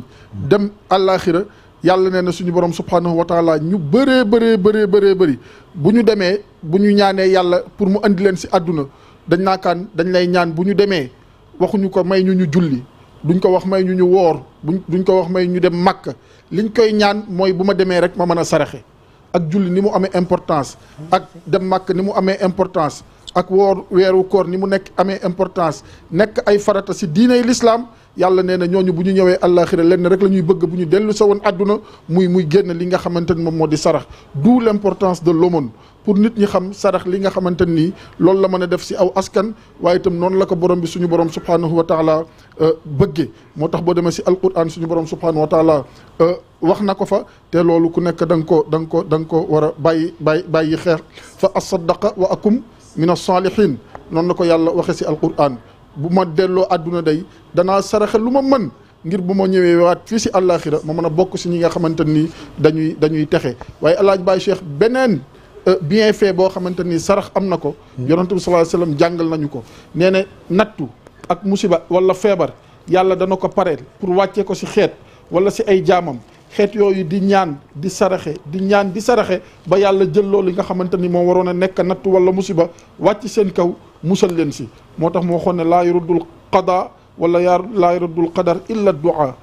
dem àllaaxira yàlla nee na suñu borom subhanahu wa taala ñu bëree bëree bëree bëree bëri bu ñu demee bu ñu ñaanee yàlla pour mu indi leen si àdduna dañ naakaan dañ lay ñaan bu ñu demee waxuñu ko may ñu ñu julli duñ ko wax may ñu ñu woor buñ duñ ko wax may ñu dem màkk liñ koy ñaan mooy bu ma demee rek ma mën a saraxe ak julli ni mu amee importance ak dem màkk ni mu amee importance ak woor weeru koor ni mu nekk amee importance nekk ay farata si diiney l'islam yàlla nee na ñooñu bu ñu ñëwee àllaaxira lenn rek la ñuy bëgg bu ñu dellu sa woon àdduna muy muy génn li nga xamante ni moom moo di sarax d'où l'importance de l'aumône pour nit ñi xam sarax li nga xamante nii loolu la mën a def si aw askan waaye itam noonu la ko borom bi suñu borom subhanahu wa taala euh, bëggee moo tax boo demee si alquran suñu borom subhanahu wa euh, wax na ko fa te loolu ku nekk da nga ko da nga ko da ko war a bàyyi bàyyi bàyyi xeex fa asaddaqa wa akum min as-salihin noonu la ko yàlla waxee si alquran bu ma delloo àdduna day danaa saraxe lu ma mën ngir bu ma ñëwee waat fii si àllaaxira ma mën a bokk si ñi nga xamante nii dañuy dañuy texe waaye alaaj baay cheikh beneen euh, bien fait boo xamante ni sarax am na ko hmm. yonante bi sallallahu jàngal nañu ko nee na nattu ak musiba wala feebar yàlla dana ko pareel pour wàccee ko si xeet wala si ay jaamam xeet yooyu di ñaan di saraxe di ñaan di saraxe ba yàlla jël loolu nga xamante ni moom waroon a nekk natt wala musiba wàcc seen kaw musal leen si moo tax mu waxoon ne laa yuradul qada wala yaa laa yuradul qadar illa du'a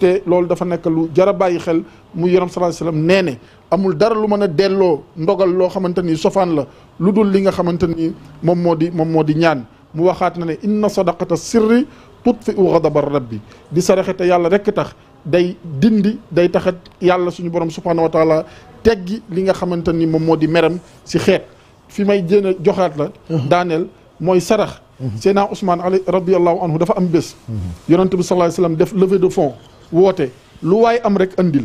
te loolu dafa nekk lu jar a bàyyi xel mu yaram sallallahu alayhi wasallam nee ne amul dara lu mën a delloo ndogal loo xamante ni sofaan la lu dul li nga xamante ni moom moo di moom moo di ñaan mu waxaat na ne inna sadaqata sirri tutfi'u ghadaba rabbi di saraxe te yàlla rekk tax day dindi day taxat yàlla suñu borom subhaanahu wa taala teggi li nga xamante ni moom moo di meram si xeet fi may jéem joxaat la mhm. daaneel mooy sarax mhm. Seydina Ousmane ali radiallahu anhu dafa am bés mhm. yonent bi sallallahu alayhi wasallam def levée de fonds woote lu waay am rek andil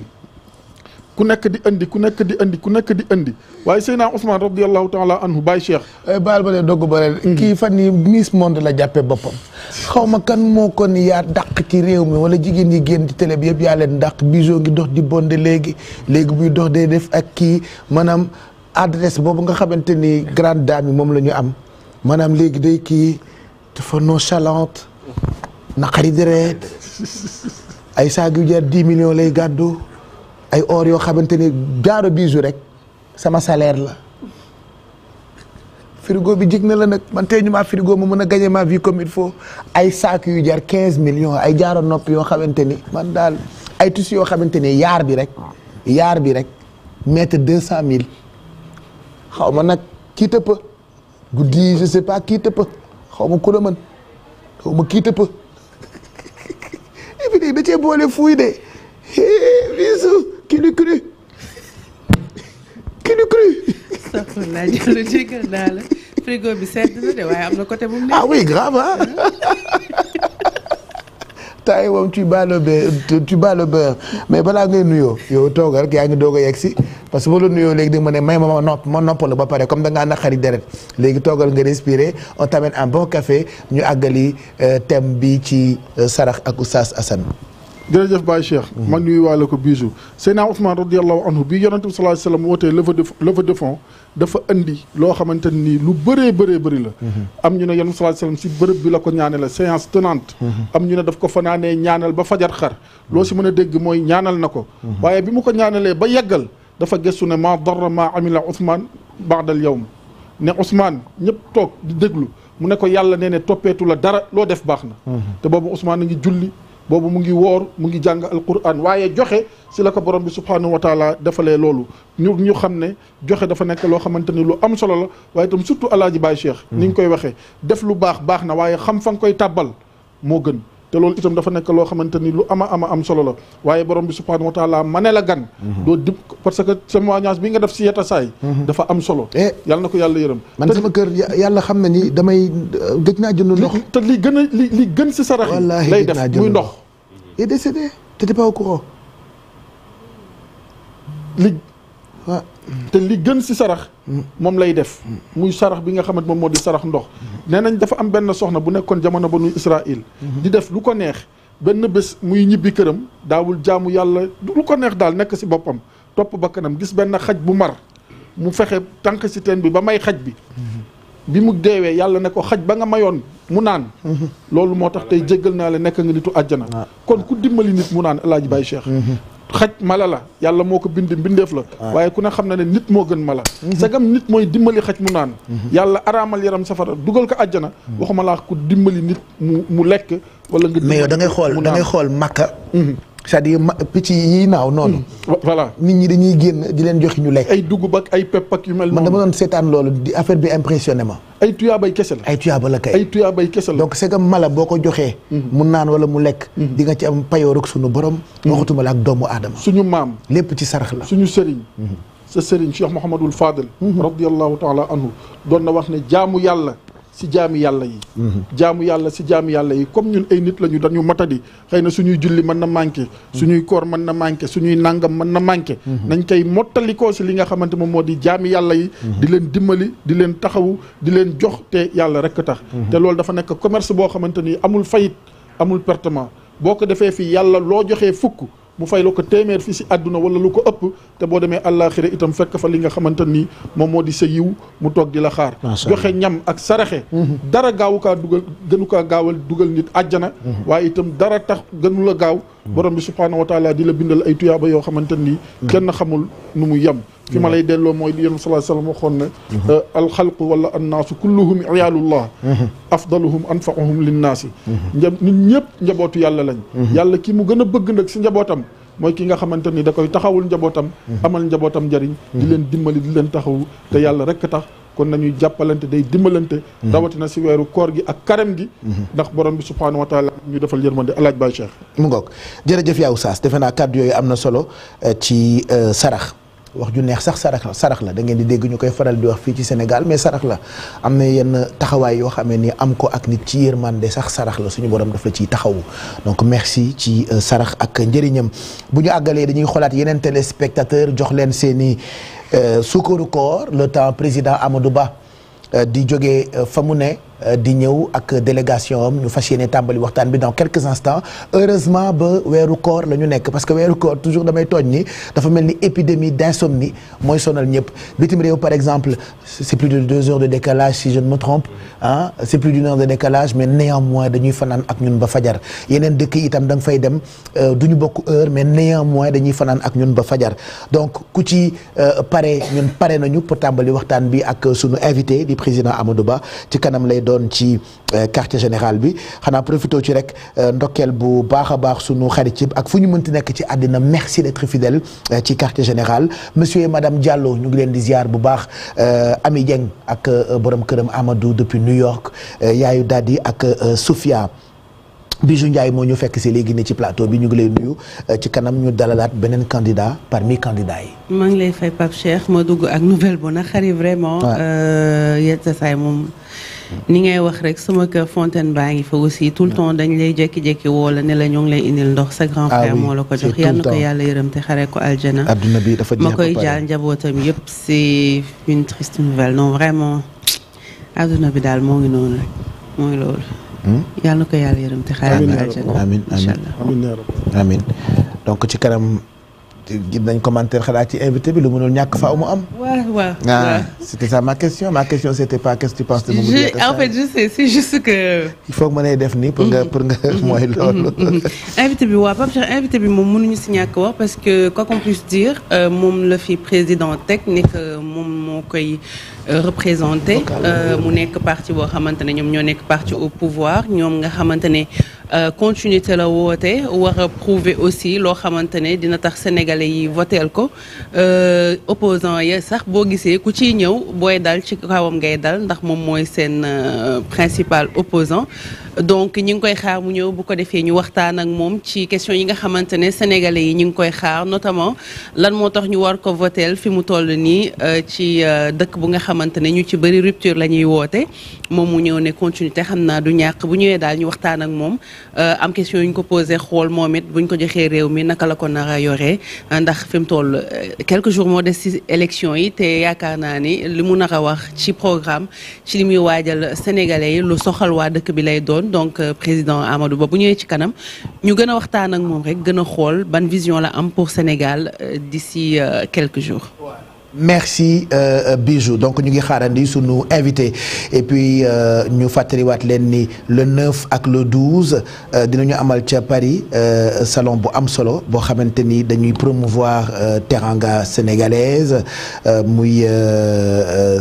ku nekk di indi ku nekk di indi ku nekk di indi waaye Seydina Ousmane radiyallahu taala anhu Baye Cheikh. Eh, baal ba leen dogg ba leen. Hmm. kii fan yii Miss Monde la jàppee boppam. xaw ma kan moo ko ni yaa daq ci réew mi wala jigéen ñi génn ci télé bi yëpp yaa leen dàq biso ngi dox di bonde léegi léegi buy dox day def ak kii maanaam adresse boobu nga xamante ni grande dame yi moom la ñu am maanaam léegi day kii dafa nonchalante naqari deret ay saag yu jar dix lay gàddu. ay or yoo xamante ni jaaro bisu rek sama salaire la frigo bi jig na la nag man tey ñu maa frigo ma mën a gagner ma vie comme il faut ay saak yu jar quinze millions ay jaaro nopp yoo xamante ni man daal ay tissu yoo xamante ni yaar bi rek yaar bi rek mètre deux cent mille xaw ma nag kii tëpp guddi je sais kii tëpp xaw ma ku la mën xaw ma kii tëpp et boole fuuy de bisu qui l'eût cru qui l'eût cru. soxna Diallo jéggal bi sedd waaye am na côté bu mu ah oui grave balaa ngay nuyoo yow toogal rek yaa ngi doog a yegg si parce que bu la nuyoo léegi da ma ne may ma ma nopp ma noppalu ba pare comme da naqari deret léegi toogal nga respirer on tamit un bon café ñu àggali euh, thème bi ci euh, sarax ak oustaz Assane. jërëjëf Baye Cheikh mhm. ma nuyu waale ko bijou Seydina Ousmane radiallahu anhu bii yonente bi sallallahu alayhi wasallam wootee def de levée de fonds dafa indi loo xamante nii lu bëree bëree bëri la mhm. am ñu ne yonente bi sallallahu si bërëb bi la ko ñaane la séance mhm. am ñu ne daf ko fanaanee ñaanal ba fajar xar loo si mën a dégg mooy ñaanal na ko waaye bi mu ko ñaanalee ba yeggal dafa gëstu ne maa darra maa amila Ousmane baadal yawm ne Ousmane ñëpp toog di mu ne ko yàlla nee ne toppeetu la dara loo def baax na te a ngi boobu mu ngi woor mu ngi jàng alquran waaye joxe si la ko borom bi subhanahu wa taala defalee loolu ñu ñu xam ne joxe dafa nekk loo xamante ni lu am solo la waaye tam surtout alaaji baay cheikh ni ñu koy waxee def lu baax baax na waaye xam fa nga koy tàbbal moo gën te loolu itam dafa nekk loo xamante ni lu ama ama am solo la waaye borom bi subhanahu wa taala mane la gan mhm. doo dib parce que témoignage bi nga def si yeta saay mhm. dafa am solo eh. yàlla na ko yàlla yërëm man sama kër yàlla xam na ni damay euh, gëj naa jënd ndox te li gën a li li gën si sarax yi lay def muy ndox est décédé te t'es pas au courant te li gën si sarax moom lay def muy sarax bi nga xamante moom moo di sarax ndox nee nañ dafa am benn soxna bu nekkoon jamono ba nuy Israël di def lu ko neex benn bés muy ñibbi këram daawul jaamu yàlla lu ko neex daal nekk si boppam topp ba kanam gis benn xaj bu mar mu fexe tànk si teen bi ba may xaj bi bi mu deewee yàlla ne ko xaj ba nga mayoon mu naan loolu moo tax tey jéggal naa la nekk nga nitu àjjana ah. kon ku dimbali nit mu naan El Hadj Baye Cheikh mm-hmm. xaj mala la yàlla moo ko bind mbindeef la ah. waaye ku ne xam na ne nit moo gën mala mhm. sagam nit mooy dimbali xaj mu naan mhm. yàlla araamal yaram safara dugal ko àjjana mhm. waxuma laa ku dimbali nit mu mu lekk wala nga mais yow da ngay xool da ngay xool makka c'est-à-dire picc yi naaw noonu. Hmm. voilà nit ñi dañuy génn di leen jox ñu lekk. ay dugub ak ay pepp ak yu mel noonu. man doon seetaan loolu di affaire bi impressionné ma. ay tuyaabay kese ay tuyaaba la kay. ay tuyaabay kese la donc c'est mala boo ko joxee. Hmm. mu naan wala mu lekk. Hmm. dinga nga ci am payoor ak sunu borom. waxatuma la ak doomu aadama. suñu maam lépp ci sarax la. suñu sëriñ. sa sëriñ Cheikh Mouhamadul Fadel. radiyallahu taala anhu doon na wax ne jaamu yàlla. si jaami yàlla yi mhm. jaamu yàlla si jaami yàlla yi comme ñun ay nit lañu dañu matadi xëy na suñuy julli mën na manqué mhm. suñuy koor mën na manqué suñuy nàngam mën na manqué mhm. nañ kay mottalikoo si li nga xamante moom moo di jaami yàlla yi di leen dimbali di leen taxawu di leen jox te yàlla rekk tax te loolu dafa nekk commerce boo xamante ni amul fayit amul pertement boo ko defee fii yàlla loo joxee fukk mu fay la ko téeméer fii si àdduna wala lu ko ëpp te boo demee àllaaxira itam fekk fa li nga xamante ni moom moo di sa yiw mu toog di la xaar joxe ñam ak saraxe mm-hmm. dara gaawu kaa dugal gënu kaa gaawal dugal nit àjjana mm-hmm. waaye itam dara tax gënu la gaaw borom bi subhaanahu wa taala di la bindal ay tuyaaba yoo xamante ni kenn xamul nu mu yem fi ma lay delloo mooy li yonent sallallahu alayhi wa sallam waxoon ne mhm. alxalqu wala annaasu kulluhum iyaalullah mhm. afdaluhum anfauhum linnaasi mhm. nja nit ñëpp njabootu yàlla lañ yàlla kii mu gën a bëgg nag si njabootam mooy ki nga xamante ni da koy taxawul njabootam amal njabootam njariñ di leen dimbali di leen taxawu te yàlla rekk tax kon nañuy jàppalante day dimbalante mhm. rawatina si weeru koor gi ak karam gi mhm. ndax borom bi subhaanahu wa taala ñu defal yërmande alaaj baay cheikh mu ngoog jërëjëf yaa oustaz defe naa kàddu yooyu am na solo eh, ci eh, sarax wax ju neex sax sarax la sarax la da ngeen di dégg ñu koy faral di wax fii ci Sénégal mais sarax la am na yenn taxawaay yoo xamee ni am ko ak nit ci yërmande sax sarax la suñu borom daf la ciy taxawu donc merci ci euh, sarax ak njëriñam bu ñu àggalee dañuy xoolaat yeneen téléspectateur jox leen seeni euh, sukkaru koor le temps président Amadou Ba euh, di jóge fa mu ne Euh, di ñëw ak délégation am ñu fas yéene tàmbali waxtaan bi dans quelques instants heureusement ba weeru koor la ñu nekk parce que weeru koor toujours damay tooñ ni dafa mel ni épidémie d'insomnie mooy sonal ñëpp bitim réew par exemple c'est plus de deux heures de décalage si je ne me trompe ah c'est plus d'une heure de décalage mais néanmoins dañuy fanaan ak ñun ba fajar yeneen dëkk itam da nga fay dem euh, du ñu bokk heure mais néanmoins dañuy fanaan ak ñun ba fajar donc ku ci euh, pare ñun pare nañu pour tàmbali waxtaan bi ak sunu invité di président Amadou Ba ci kanam lay doon ci euh, quartier général bi xanaa profité ci rek euh, ndokkeel bu baax a baax sunu xarit ci ak fu ñu mënti nekk ci àddina merci d'être fidèle euh, ci quartier général monsieur et madame Diallo ñu ngi leen di ziar bu baax Ami Dieng ak boroom këram Amadou depuis New York yaayu Dadi ak Soufia Bijou Ndiaye moo ñu fekk si léegi ne ci plateau bi ñu ngi lay nuyu ci kanam ñu dalalaat beneen candidat parmi candidats yi. yi moom. ni ngay wax rek sama kër fontaine baa ngi fa si tout le temps dañ lay jékki-jékki woo la ne la ñu ngi lay indil ndox sa grand ah frère moo la ko jox yal na ko yàlla yërëm te xaree ko aljana adduna bi dafa ma koy jaal njabootam yëpp si une triste nouvelle non vraiment adduna bi daal moo ngi noonu moo ngi loolu hmm? yal na ko yàlla yërëm te xaree ko aljana amiin amiin amiin donc ci kanam gis nañ commentaire xalaat ci invité bi ñàkk faaw am. waaw ah, ma question ma question c'était pas qu'est-ce que de Mamadou Diatta c'est juste que. il faut que mënay def nii pour nga pour nga mooy loolu. invité bi waaw bi moom mënuñu si ñàkk wax parce que quoi qu'on euh, la fi président teg nekk moom moo koy euh, représenté. Euh, mu nekk parti boo xamante ne ñoom ñoo nekk parti au pouvoir ñoom nga xamante ne. Euh, continuité la woote war a aussi loo xamante ne dina tax sénégalais yi voteel ko euh, opposant ya sax boo gisee ku ci ñëw booy dal ci kawam ngay dal ndax moom mooy seen euh, principal opposant donc ñi ngi koy xaar mu ñëw bu ko defee ñu waxtaan ak moom ci question yi nga xamante ne sénégalais yi ñu ngi koy xaar notamment lan moo tax ñu war ko voteel fi mu toll nii ci dëkk bu nga xamante ne ñu ci bëri rupture la ñuy woote moom mu ñëw ne continuté xam naa du ñàkk bu ñëwee daal ñu waxtaan ak moom Euh, am question yu ñu ko posé xool moom it bu ñu ko joxee réew mi naka la ko nar a yoree euh, ndax fi mu toll euh, quelques jour moo des ci élection yi te yaakaar naa ni li mu nar a wax ci programme ci li muy waajal sénégalais yi lu soxal waa dëkk bi lay doon donc président Amadou Ba bu ñëwee ci kanam ñu gën a waxtaan ak moom rek gën a xool ban vision la am pour Sénégal di d'ici quelque jour merci euh, euh, Bijou donc ñu ngi xaarandi sunu invité et puis euh, ñu fàttaliwaat leen ni le 9 ak le 12 euh, dinañu amal ca Paris salon bu am solo boo xamante ni dañuy promouvoir teranga sénégalaise muy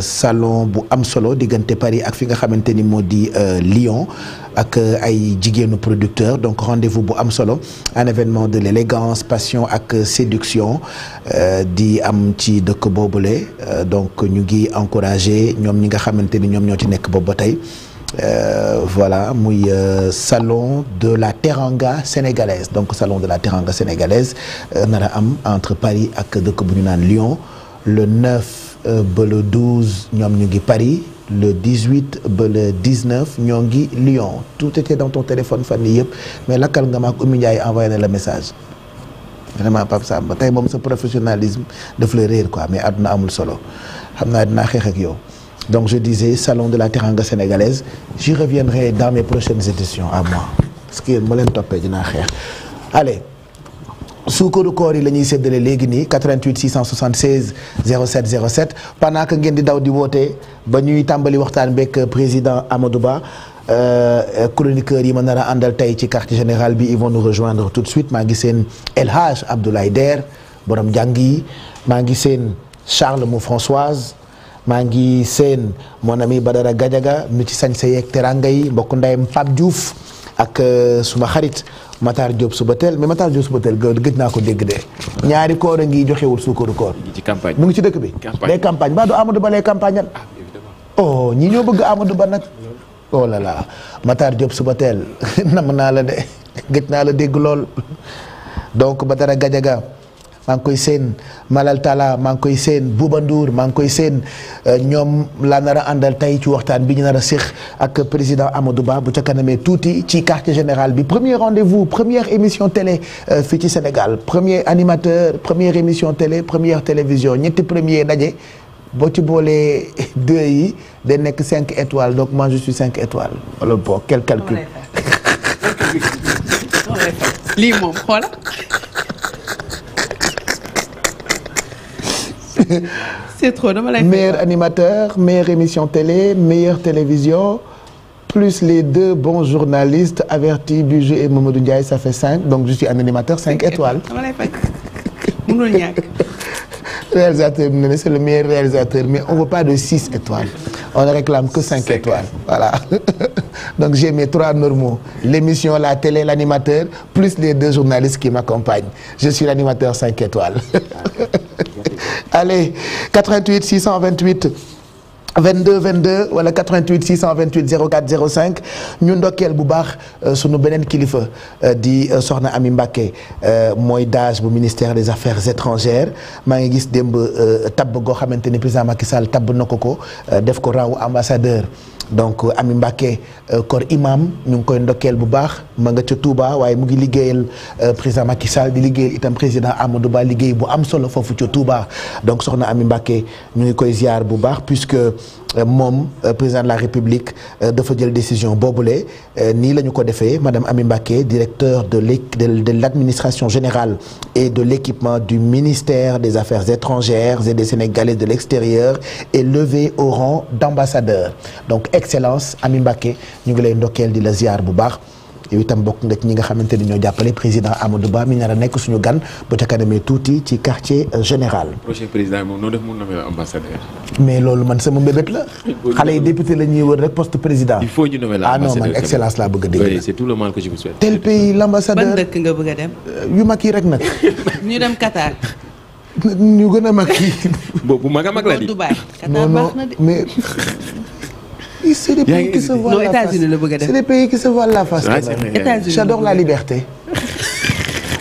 salon bu am solo diggante Paris ak fi nga xamante ni moo di Lyon. ak euh, ay jigéenu producteur donc rendez-vous bu am solo un événement de l'élégance passion ak séduction euh, di am ci dëkk boobule euh, donc ñu ngi encourager ñoom ñi nga xamante ni ñoom ñoo ci nekk boobu ba tey voilà muy salon de la teranga sénégalaise donc salon de la teranga sénégalaise nara am entre Paris ak dëkk bu ñu naan Lyon le 9 ba le 12 ñoom ñu ngi Paris le 18 ba le 19 ñoo ngi Lyon tout était dans ton téléphone fan yii yëpp mais lakkal nga ma ak Oumy Ndiaye envoyé na la message vraiment Pape ba tey moom sa professionnalisme daf la réer quoi mais adduna amul solo xam naa dina xeex ak yow. donc je disais salon de la Teranga sénégalaise j'y reviendrai dans mes prochaines éditions à moi parce que yéen ma leen toppee dinaa xeex allez. suukaru koor yi la ñuy séddale léegi nii 88 676 07 07 pendant ngeen di daw di woote ba ñuy tàmbali waxtaan beeg président Amadou Ba euh, chroniqueurs yi ma nar a àndal tey ci quartier général bi ils vont nous rejoindre tout de suite maa ngi seen El Hadj Abdoulaye Der borom jàng yi maa ngi seen Charles Mou Françoise maa ngi seen mon ami Badara Gadiaga nu ci sañse yeeg teranga yi mbokk ndeyam Pape Diouf ak euh, suma xarit Matar Diop suba teel mais Matar Diop suba teel gëj naa ko dégg de. ñaari koor a ngi joxewul suukaru koor. ci campagne mu ngi ci dëkk bi. campagne day campagne mbaa du Amadou Ba lay campagne al. ñi ñoo bëgg Amadou Ba nag. oh là là Matar suba teel nam naa la de gëj naa la dégg lool donc ba dara gajaga maa ngi koy seen Malal Talla maa ngi koy seen Bouba Ndour maa ngi koy seen euh, ñoom laa nar a àndal tey ci waxtaan bi ñu nar a séq ak président Amadou Ba bu ca kanamee tuuti ci quartier général bi premier rendez-vous première émission télé euh, fii ci Sénégal premier animateur première émission télé première télévision ñetti premier daje boo ci boolee deux yi day nekk cinq étoiles donc moi je suis cinq étoiles wala bon quel calcul lii moom xoolal c'est trop dama lay meilleur animateur meilleure émission télé meilleure télévision plus les deux bons journalistes avertis Bijou et Mamadou Ndiaye ça fait cinq donc je suis un animateur cinq étoiles. dama lay fay mënul ñàkk. réalisateur bi ne c'est le meilleur réalisateur mais on veut pas de six étoiles on ne réclame que cinq étoiles voilà donc j'ai mes trois normaux l'émission la télé l'animateur plus les deux journalistes qui m'accompagnent je suis l'animateur cinq étoiles allez vingt 628 22 22 wala 88 628 04 05 ñu ndokkeel bu baax euh, sunu beneen kilifa euh, di euh, soxna Ami Mbacké mooy DAGE bu ministère des affaires étrangères maa ngi gis démb tabb goo xamante ni président Macky Sall tabb na ko ko def ko rang ambassadeur donc Ami Mbacké kor imam ñu ngi koy ndokkeel bu baax ma nga ca Touba waaye mu ngi liggéeyal président Macky Sall di liggéeyal itam président Amadou Ba liggéey bu am solo foofu ca Touba donc soxna Ami Mbacké ñu ngi koy ziar bu baax puisque Euh, moom euh, président de la république euh, dafa jël décision boobule nii la ñu ko defee madame Amy Mbacké directeur de de l'administration générale et de l'équipement du ministère des affaires étrangères et des sénégalais de l'extérieur est levée au rang d'ambassadeur donc excellence Amy Mbacké ñu ngi lay ndokkeel di la ziar bu baax yow itam bokk nga ci ñi nga xamante ni ñoo jàppale président Amadou Ba mi nar a nekk suñu gan ba ca kanamee tuuti ci quartier euh, général. projet président mais loolu man sama mbébét la. xale yi député la ñuy wër rek poste président. il faut ñu nommer la ah tel pays l'ambassadeur euh, yu mag yi rek nag. ñu dem Qatar. ñu gën a mag yi. boobu mag a mag la di. baax na de. mais. c'est des pays qui se voient la face c'est des pays qui se voient la face. j'adore la liberté.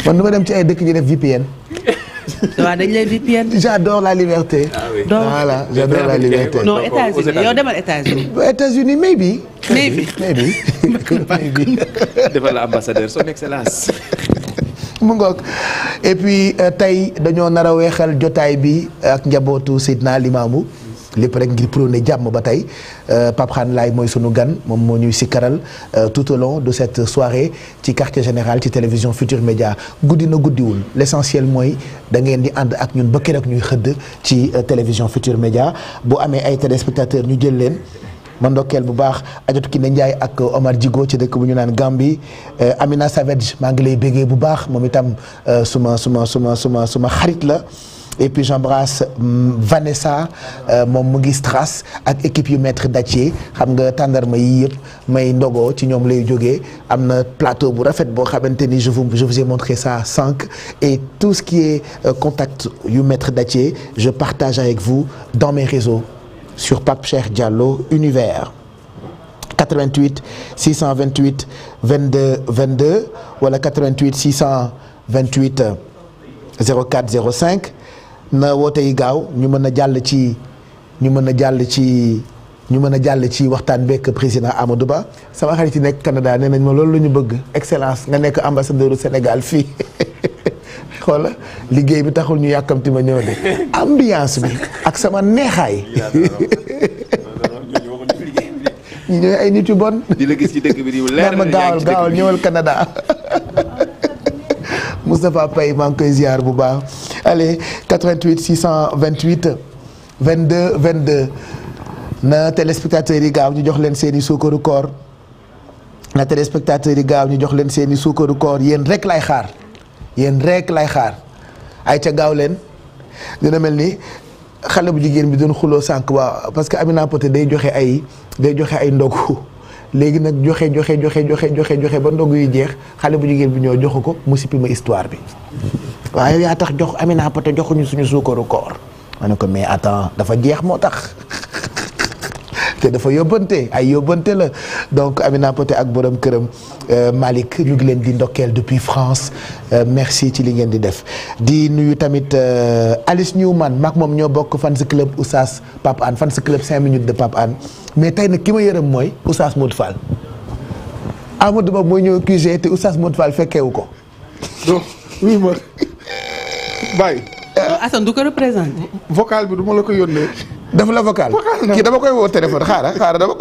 man dama dem ci ay dëkk ñu def VPN. waaw dañ lay VPN. j'adore la ah la liberté. non États-Unis yow demal États-Unis. États-Unis maybe. maybe maybe. defal la ambassadeur son excellence. mu ngoog et euh, dañoo nar a weexal jotaay bi ak njabootu Seydina Limamou. lépp rek ngir prôné jàmm ba tey euh, Pape Xaan Laay mooy sunu gan moom moo ñuy sikkaral euh, tout au long de cette soirée ci quartier général ci télévision Futur Média guddi na guddiwul l' essentiel mooy da ngeen di ànd ak ñun ba keroog ñuy xëdd ci euh, télévision Futur Média bu amee ay téléspectateurs ñu jël leen. man ndokkeel bu baax ajatu ki ne Ndiaye ak Omar jigo ci dëkk bu ñu naan Gambie Amina Savage maa ngi lay béggee bu baax moom itam suma suma suma suma suma xarit la. et puis j'embrasse mm, Vanessa euh, moom mu ngi Stras ak équipe yu maître Dathier xam nga tàndarma yi yëpp may ndogoo ci ñoom lay jógee am na plateau bu rafet boo xamante ni je vous je vous ai montré ça cinq et tout ce qui est euh, contact yu maître Dathier je partage avec vous dans mes réseaux sur Pape Cheikh Diallo Univers 88 628 22 22 wala 88 628 04 05 na woote yi gaaw ñu mën a jàll ci ñu mën a jàll ci ñu mën a jàll ci waxtaan bekk président Amadou Ba sama xarit yi nekk Canada nee nañ ma loolu lañu bëgg excellence nga nekk ambassadeur du Sénégal fii xoola liggéey bi taxul ñu yàkkamti ma ñëw de ambiance bi ak sama neexaay. ñooy ay nit yu bon. di ma gaawal gaawal ñëwal Canada. Moustapha Paye maa ngi koy ziar bu baax allez 88 628 22 22 na téléspectateurs yi gaaw ñu jox leen seeni suukaru koor na téléspectateurs yi gaaw ñu jox leen seeni suukaru koor yéen rek lay xaar yéen rekk lay xaar ay ca gaaw leen dina mel ni xale bu jigéen bi doon xuloo sànq waaw parce que Amina Poté day joxe ay day joxe ay ndogu. léegi nag joxe joxe joxe joxe joxe joxe ba ndog yu jeex xale bu jigéen bi ñëw joxu ko mu sippi ma histoire bi waaye yaa tax jox Amina Poté joxuñu suñu suukaru koor ma ne ko mais attends dafa jeex moo tax te dafa yóbbante ay yóbbante la donc Amina Poté ak borom këram euh, Malick ñu ngi leen di ndokkeel depuis France euh, merci ci li ngeen di def di nuyu tamit euh, Alice Newman maak moom ñoo bokk fan si club Oustaz Pape Hann fan si club 5 minutes de Pape Hann mais tey nag ki ma yërëm mooy Oustaz Modou Fall Amadou Ba ñëw QG te Oustaz Modou Fall ko. donc oui euh, ko représenté. vocal bi du la ko yónnee. dafa la vocal kii dama koy woo téléphone xaaral xaaral ko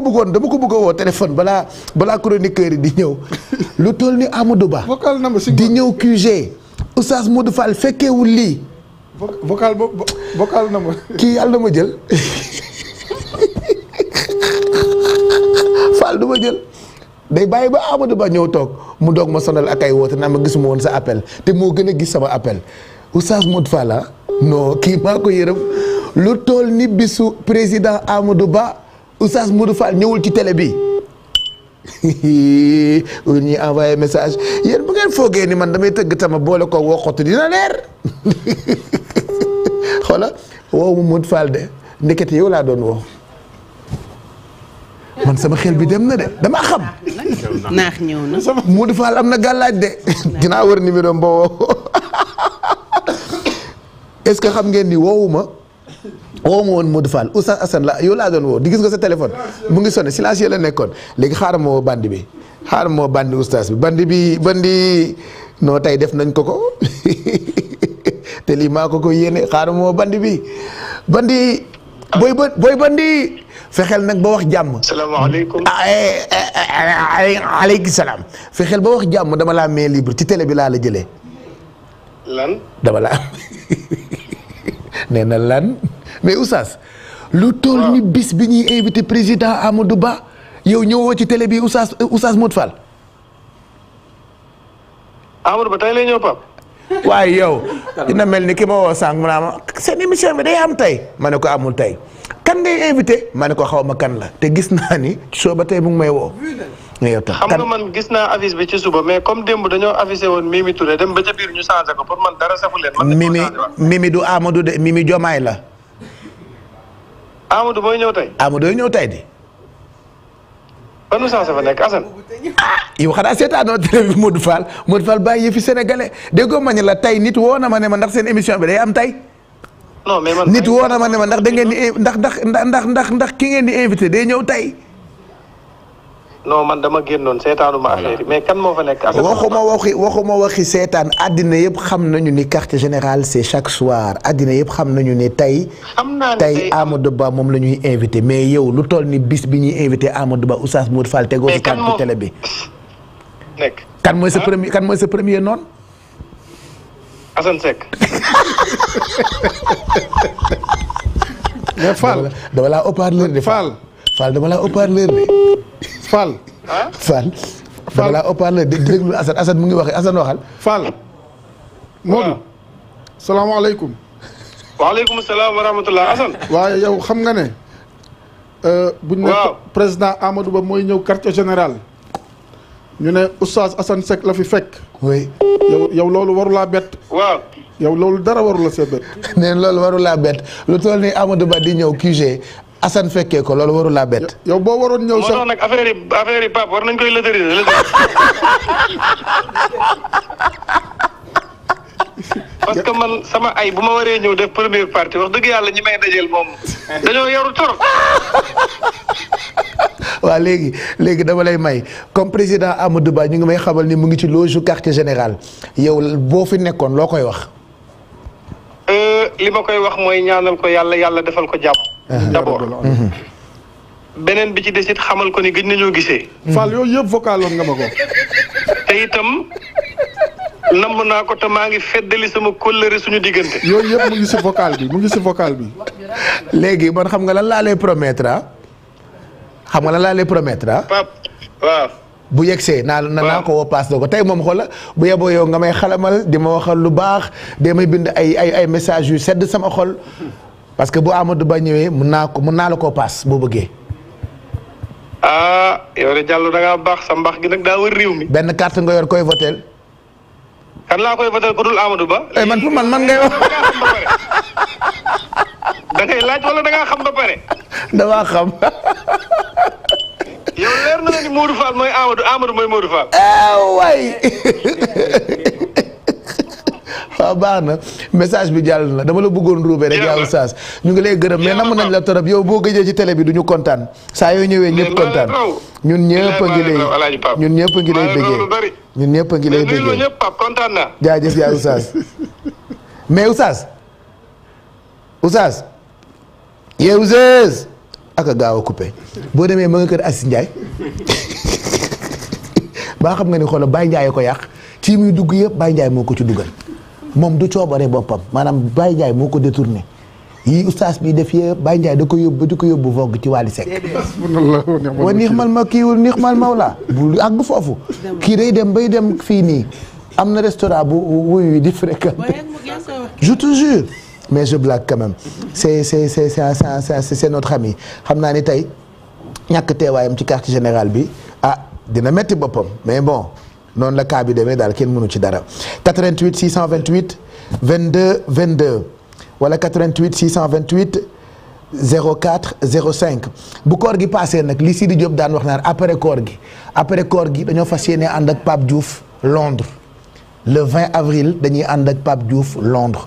bëggoon dama bëgg a woo balaa balaa chroniqueur yi di ñëw lu toll ni Amadou Ba. vocal na si di ñëw QG Oustaz Modou Fall fekkeewul lii. vocal na ma. kii yàlla ma jël. Fall du jël day bàyyi ba Amadou Ba ñëw toog mu doog ma sonal ak ay woote naa ma gisuma woon sa appel te moo gën a gis sama appel Oustaz Modou Fall ah kii maa ko yërëm lu tool ni bisu président Amadou Ba Oustaz Modou Fall ñëwul ci télé bi ñuy envoyé message yéen bu ngeen foogee ni man damay tëgg tama boole ko waxatu dina leer xoola woowu Modou Fall de ndekete yow laa doon woo man sama xel bi dem na de damaa xam. naax ñëw am na gàllaaj de. dinaa war numéro am est-ce que xam ngeen ni woowu ma woo woon Modou Fall Oustaz asan la yow laa doon woo di gis nga sa téléphone mu ngi sonné silence la nekkoon léegi xaaral ma woo bi xaaral ma woo bi bandi tey def nañ ko ko te lii maa bi booy bandi. fexeel nag ba wax jàmm. salaamaaleykum ah, eh, eh, eh, aleykum salaam. fexeel ba wax jàmm dama laa mais libre ci télé bi laa la jëlee. lan. dama laa nee na lan mais Oustaz. lu toll bis bi ñuy invité président Amadou Ba yow ñëwoo ci télé bi Oustaz Oustaz Modou Fall. Amadou Ba tey lay ñëw Pape. waaye yow dina mel ni ki ma wax sànq mu naa ma seen émission mi day am tey ma ne ko amul tey kan ngay invité ma ne ko xaw ma kan la te gis naa ni soo ba tey mu may woo. yow tax xam nga man gis naa avis bi mais comme démb dañoo avisé woon Mimi Touré dem ba ca biir ñu changé ko pour man dara safu leen. Mimi Mimi du Amadou de Mimi Jomaay la. Amadou mooy ñëw tey. Amadou mooy ñëw tey di. ban oustaz nekk Assane. Ah! yow xanaa seetaanoo télé bi Modou Fall Modou Fall bàyyi yëfi sénégalais déggoo ma ne la tey nit woo na ma ne ma ndax seen émission bi day am tey. non mais man nit woo na ma ne ma ndax da ngeen di ndax ndax ndax ndax ki ngeen di invité day ñëw tey. non man dama génnoon seetaanu ma mais kan moo fa nekk. waxuma waxi waxuma waxi seetaan àddina yëpp xam nañu ni quartier général c'est chaque soir àddina yëpp xam nañu ni tey. xam naa ne tey Amadou moom la ñuy invité mais yow lu toll ni bis bi ñuy invité Amadou Ba Oustaz Modou Fall tegoo si kàddu télé bi. nekk kan mooy sa ah? premier kan mooy mais Fall dama la dama la haut-parleur Fall dama laa haut-parleur de. Fall. ah Fall. dama laa haut ngi waxee Assane waxal. Fall. Modou. waaw salaamaaleykum. waaleykum salaam wa waaye yow xam nga ne. Euh, buñ ne président Amadou Ba mooy ñëw quartier général. ñu ne oustaz Assane Seck la fi fekk. oui. yow yow loolu waru laa bett. waaw. yow loolu dara waru la see bett. nee loolu waru laa bett lu toll nii Amadou Ba di ñëw QG Assane fekkee ko loolu waru laa bett. yow boo waroon ñëw sax moo tax nag affaire yi affaire yi Pape war nañ parce que man sama ay ma waree ñëw def première partie wax dëgg yàlla ñi may moom dañoo yaru trop. waaw léegi léegi dama lay may comme président Amadou Ba ñu ngi may xamal ni mu ngi ci loge quartier général yow boo fi nekkoon loo koy wax. Euh, li ma koy wax mooy ñaanal ko yàlla yàlla defal ko jàpp. d'abord mhm. beneen bi ci des it xamal ko ni gëj nañoo gisee. Mhm. Fall yooyu yëpp vocaloon nga ma ko. te itam namm naa ko te maa ngi feddali sama kóllëre suñu diggante. yooyu yëpp mu ngi si vocal bi mu ngi si vocal bi. léegi man xam nga lan laa lay promettre ah? xam nga lan laa lay promettre ah? bu Pape see bu naa na naa ko woo paas ko tey moom xoola bu yeboo yow nga may xalamal di ma waxal lu baax de may bind ay ay ay messages yu sedd sama xol. parce que boo Amadou Ba ñëwee mun naa ko mun naa la koo paas boo bëggee. ah yow de baax sa mbaax gi nag daa wër réew mi. benn carte nga yor koy votel kan laa koy votel ku dul Amadou Ba. Eh, man pour man man ngay wax. da xam ba pare. damaa xam. yow leer na ni Modou Fall mooy Amadou Amadou mooy Modou Fall. Eh, waay. waaw baax na message bi jàll na dama la bëggoon ruube rek yaa oustaz ñu ngi lay gërëm mais namm nañ la torop yow boo gëjee ci télé bi du ñu kontaan saa yoo ñëwee ñëpp kontaan ñun ñëpp a ngi lay ñun ñëpp a ngi lay bëggee ñun ñëpp a ngi lay bëggee jaajëf yaa oustaz mais oustaz oustaz yow oustaz aka gaaw a coupé boo demee ma nga kër Assis njaay baa xam nga ni xoolal Baye Ndiaye ko yàq ci muy dugg yëpp Baye njaay moo ko ci dugal moom du coobare boppam maanaam Baye Ndiaye moo ko détourné yii ustaas bi def yëpp Baye Ndiaye da ko yóbbu du ko yóbbu vogue ci Wally Seck wa nix mal ma kii wul nix mal mawla bu àgg foofu kii day dem bay dem fii nii am na restaurant bu wuy wi di fréquenté je te jure mais je blague quand même c'est c'est c'est c'est c'est notre xam naa ni tey ñàkk teewaayam ci quartier général bi ah dina metti boppam mais bon noonu la cas bi demee daal kenn mënu ci dara 88 628 22 22 wala 88 628 04 05 bu koor gi paasee nag li di Diop daan wax naan après koor gi après koor gi dañoo fas yéene ànd ak Pape Diouf Londres le 20 avril dañuy ànd ak Pape Diouf Londres.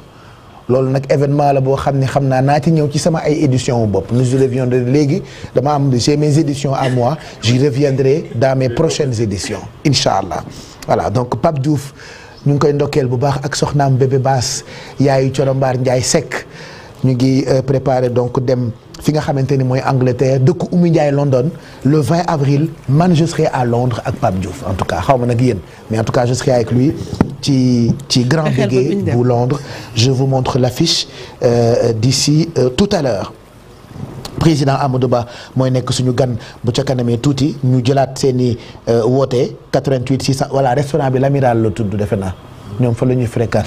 loolu nag événement la boo xam ne xam naa naa ci ñëw ci sama ay édition bopp nous reviendrons léegi dama am j'ai mes éditions à mois j'y reviendrai dans mes prochaines éditions incha allah voilà donc Pape Diouf ñu ngi koy ndokkeel bu baax ak soxnaam bébé baas yaay Corombaar Ndiaye Seck ñu ngi euh, préparé donc dem fi nga xamante ni mooy Angleterre dëkk Oumy Ndiaye London le 20 avril man je serai à Londres ak Pape Diouf en tout cas xaw ma nag yéen mais en tout cas je serai avec lui ci ci Grand Béguet bu Londres je vous montre l'affiche euh, d'ici euh, tout à l'heure président Amadou Ba mooy nekk suñu gan bu ca kanamee tuuti ñu jëlaat seen i euh, woote 88 600 voilà restaurant bi l'amiral la tudd defe naa ñoom fa la ñuy fréquent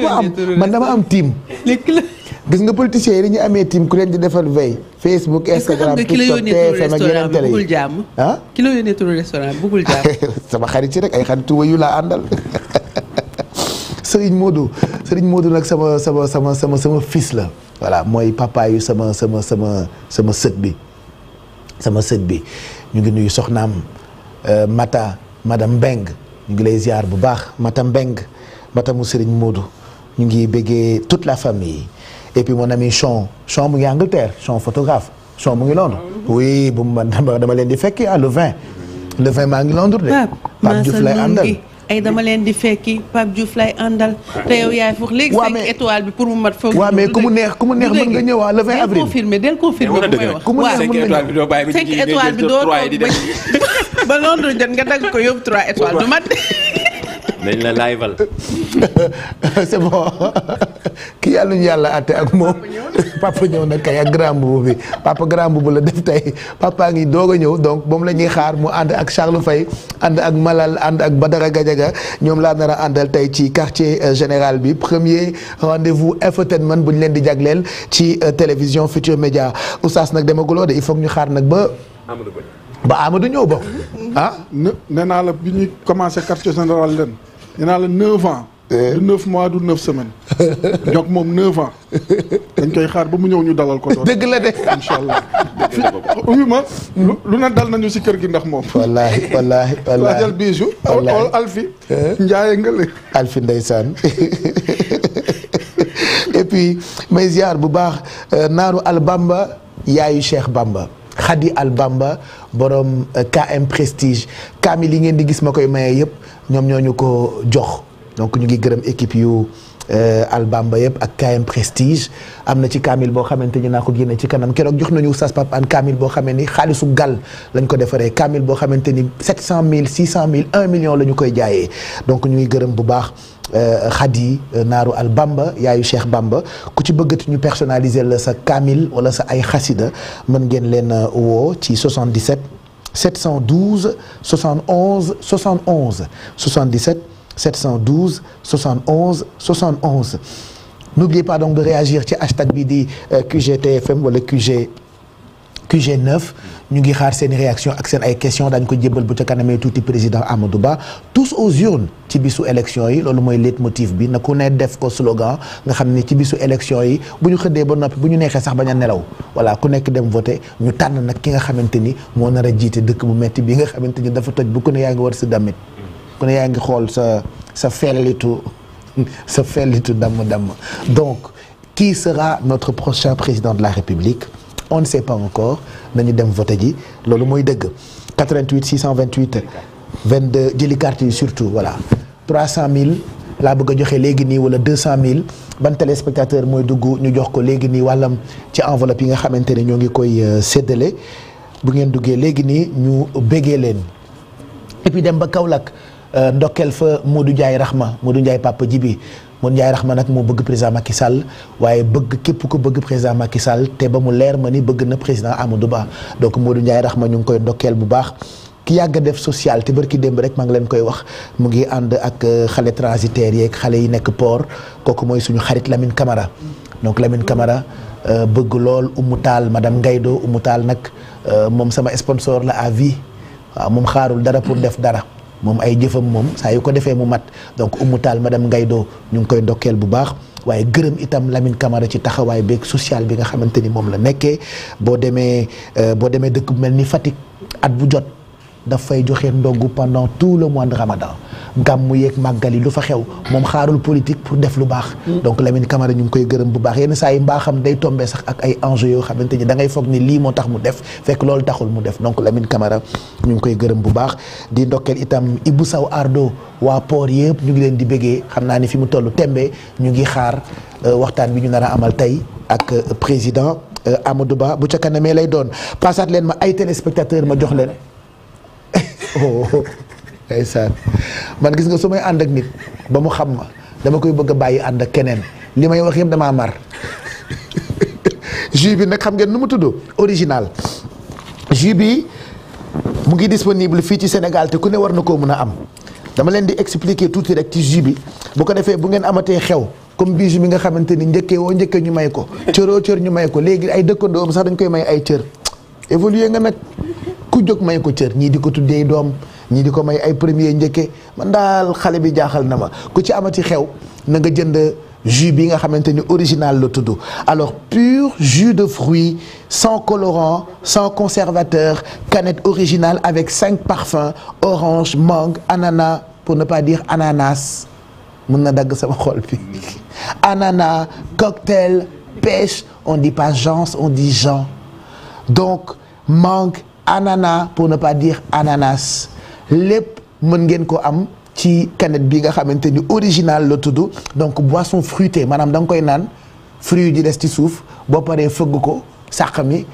dama am man dama am team. gis nga politiciens yi dañuy amee team ku leen di defal veille Facebook Instagram TikTok TFM ak yeneen télé yi ah ki la yónnee turu restaurant bëggul sama xarit yi rek ay xaritu wayu laa àndal Serigne Modou Serigne Modou nag sama sama sama sama sama fils la voilà mooy papa yu sama sama sama sët bi sama sët bi ñu ngi nuyu soxnaam euh, Mata madame Mbeng ñu ngi lay ziar bu baax Mata Mbeng Mata mu Serigne Modou ñu ngi béggee toute la famille et mon ami Chon Chon Angleterre Chon photographe Chon mu Londres oui bu ma dama leen di fekki ah le 20 le 20 maa ngi Londres de Pape Diouf lay àndal ay dama leen di fekki Pape Diouf lay àndal te yow yaay foofu léegi cinq étoiles bi pour mu mat foofu waaw mais ku mu neex ku mu neex mën nga ñëwaat ah, le 20 avril del confirmé del confirmé bu may wax ku mu neex mën nga ñëw cinq étoiles bi Londres la liveal. c'est bon ki yàlla ñu yàlla àtte ak moom papa ñëw na kay ak grand boubou bi papa grand boubou la def tey papa ngi doog a ñëw donc moom la ñuy xaar mu ànd ak Charles Faye ànd ak Malal ànd ak Badara Gadiaga ñoom laa nar a àndal tey ci quartier euh, général bi premier rendez-vous infotainment bu ñu leen di jagleel ci euh, télévision Futur Média oustaz nag demaguloo de il faut ñu xaar nag ba. ba ñëw ba. ah. nee naa la bi ñuy commencé quartier général leen. nee la neuf ans. Eh. du neuf mois du neuf semaine donc moom neuf ans. dañ koy xaar ba mu ñëw ñu dalal ko doon. dëgg la de incha lu na dal nañu si kër gi ndax moom. wallaahi wallaahi wallaahi laajal bijou. wallaahi alfi. Eh? njaaye nga le. alfi ndeysaan. et puis may ziar bu baax euh, naaru al bamba yaayu Cheikh Bamba. Khady Al Bamba borom euh, KM Prestige kaami li ngeen di gis ma koy maye yëpp ñoom ñoo ñu ko jox donc ñu ngi gërëm équipe yu. Euh, albamba yëpp ak KM Prestige am na ci kaamil boo xamante ni naa ko génne ci kanam keroog jox nañu Oustaz Pape Hann kaamil boo xamee ni xaalisu gal lañ ko defaree kaamil boo xamante ni 700000 600000 1 million la ñu koy jaayee donc ñuy gërëm bu baax. Euh, Khadi euh, naaru al Bamba yaayu Cheikh Bamba ku ci bëggati ñu personnaliser la sa kaamil wala sa ay xasida mën ngeen leen woo ci 77 712 71 71 77. 712 71 71 n'oubliez pas donc de réagir ci hashtag bi di euh, QGTFM wala QG QG9 ñu ngi xaar seen réaction ak seen ay question dañ ko jébbal bu ca kanamee tuuti président Amadou Ba tous aux urnes ci bisu élection yi loolu mooy leitmotiv bi na ku ne def ko slogan nga xam ni ci bisu élection yi bu ñu xëddee ba noppi bu ñu neexee sax bañ nelaw voilà ku nekk dem voté ñu tànn nag ki nga xamante ni moo nar a jiite dëkk bu metti bi nga xamante ni dafa toj bu ku ne yaa ngi war ku ne yaa ngi xool sa sa fellitu sa fellitu damm-damm donc qui sera notre prochain président de la République on ne sait pas encore nañu dem voté ji loolu mooy dëgg 88 628 22 jëli carte yi surtout voilà mille laa bëgg a joxe léegi nii wala mille ban téléspectateur mooy dugg ñu jox ko léegi nii wàllam ci enveloppe yi nga xamante ne ñoo ngi koy euh, séddale bu ngeen duggee léegi nii ñu bégee leen et puis dem ba Kaolack. Euh, ndokkeel fa mu du Modou Ndiaye Rahma Modou Ndiaye Papa Djibi Modou rax ma nag moo bëgg président Macky Sall waaye bëgg képp ko bëgg président Macky Sall te ba mu leer ma ni bëgg na président Amadou Ba donc Modou rax ma ñu ngi koy ndokkeel bu baax. ki yàgg def social te barki démb rek maa ngi leen koy wax mu ngi ànd ak euh, xale transitaires yeeg xale yi nekk port kooku mooy suñu xarit Lamine kamara donc Lamine Camara euh, bëgg lool Oumou Tall madame Ngaydo Oumou Tall nag moom sama sponsor la à vie waaw moom xaarul dara pour def dara. moom ay jëfam moom saa yi ko defee mu mat donc ma dem madame Ngaydo ñu ngi koy ndokkeel bu baax waaye gërëm itam Lamine Camara ci taxawaay beeg social bi nga xamante ni moom la nekkee boo demee euh, boo demee dëkk bu mel ni Fatick at bu jot. daf fay joxe ndogu pendant tout le mois de Ramadan gàmmu yeeg màggal yi lu fa xew moom xaarul politique pour def lu baax. donc Lamine Camara ñu ngi koy gërëm bu baax yenn saa yi mbaaxam day tombé sax ak ay enjeux yoo xamante ni da foog ni lii moo tax mu def fekk loolu taxul mu def donc Lamine Camara ñu ngi koy gërëm bu baax. di ndokkeel itam Ibou Saw Ardo waa port yëpp ñu ngi leen di bëggee xam naa ni fi mu tollu tembe ñu ngi xaar euh, waxtaan bi ñu nar a amal tey ak euh, président euh, Amadou Ba bu ca kanamee lay doon paasaat leen ma ay téléspectateur ma jox leen. oh ndeysaan man gis nga su may ànd ak nit ba mu xam ma dama koy bëgg a bàyyi ànd ak keneen li may wax yëpp damaa mar jus bi nag xam ngeen nu mu tudd original jus bi mu ngi disponible fii ci Sénégal te ku ne war na koo mën a am dama leen di expliquer tuuti rek ci jus bi bu ko defee bu ngeen amatee xew comme bijou bi nga xamante ni njëkkee woo njëkkee ñu may ko cëroo cër ñu may ko léegi ay dëkkandoom sax dañ koy may ay cër évoluer nga nag ku jóg may ko cër ñii di ko tuddee doom ñii di ko may ay premier njëkke man daal xale bi jaaxal na ma ku ci amati xew na nga jënd jus bi nga xamante ni original la tuddu alors pur jus de fruits sans colorant sans conservateur canette originale avec cinq parfums orange mangue ananas pour ne pas dire ananas mën na dagg sama xol bi ananas cocktail pêche on dit pas gens on dit gens donc mangue ananas pour ne pas dire ananas lépp mën ngeen ko am ci canette bi nga xamante ni original la tudd donc boisson fruitée maanaam da nga koy naan fruit yu di des ci suuf boo paree fëgg ko sàq mi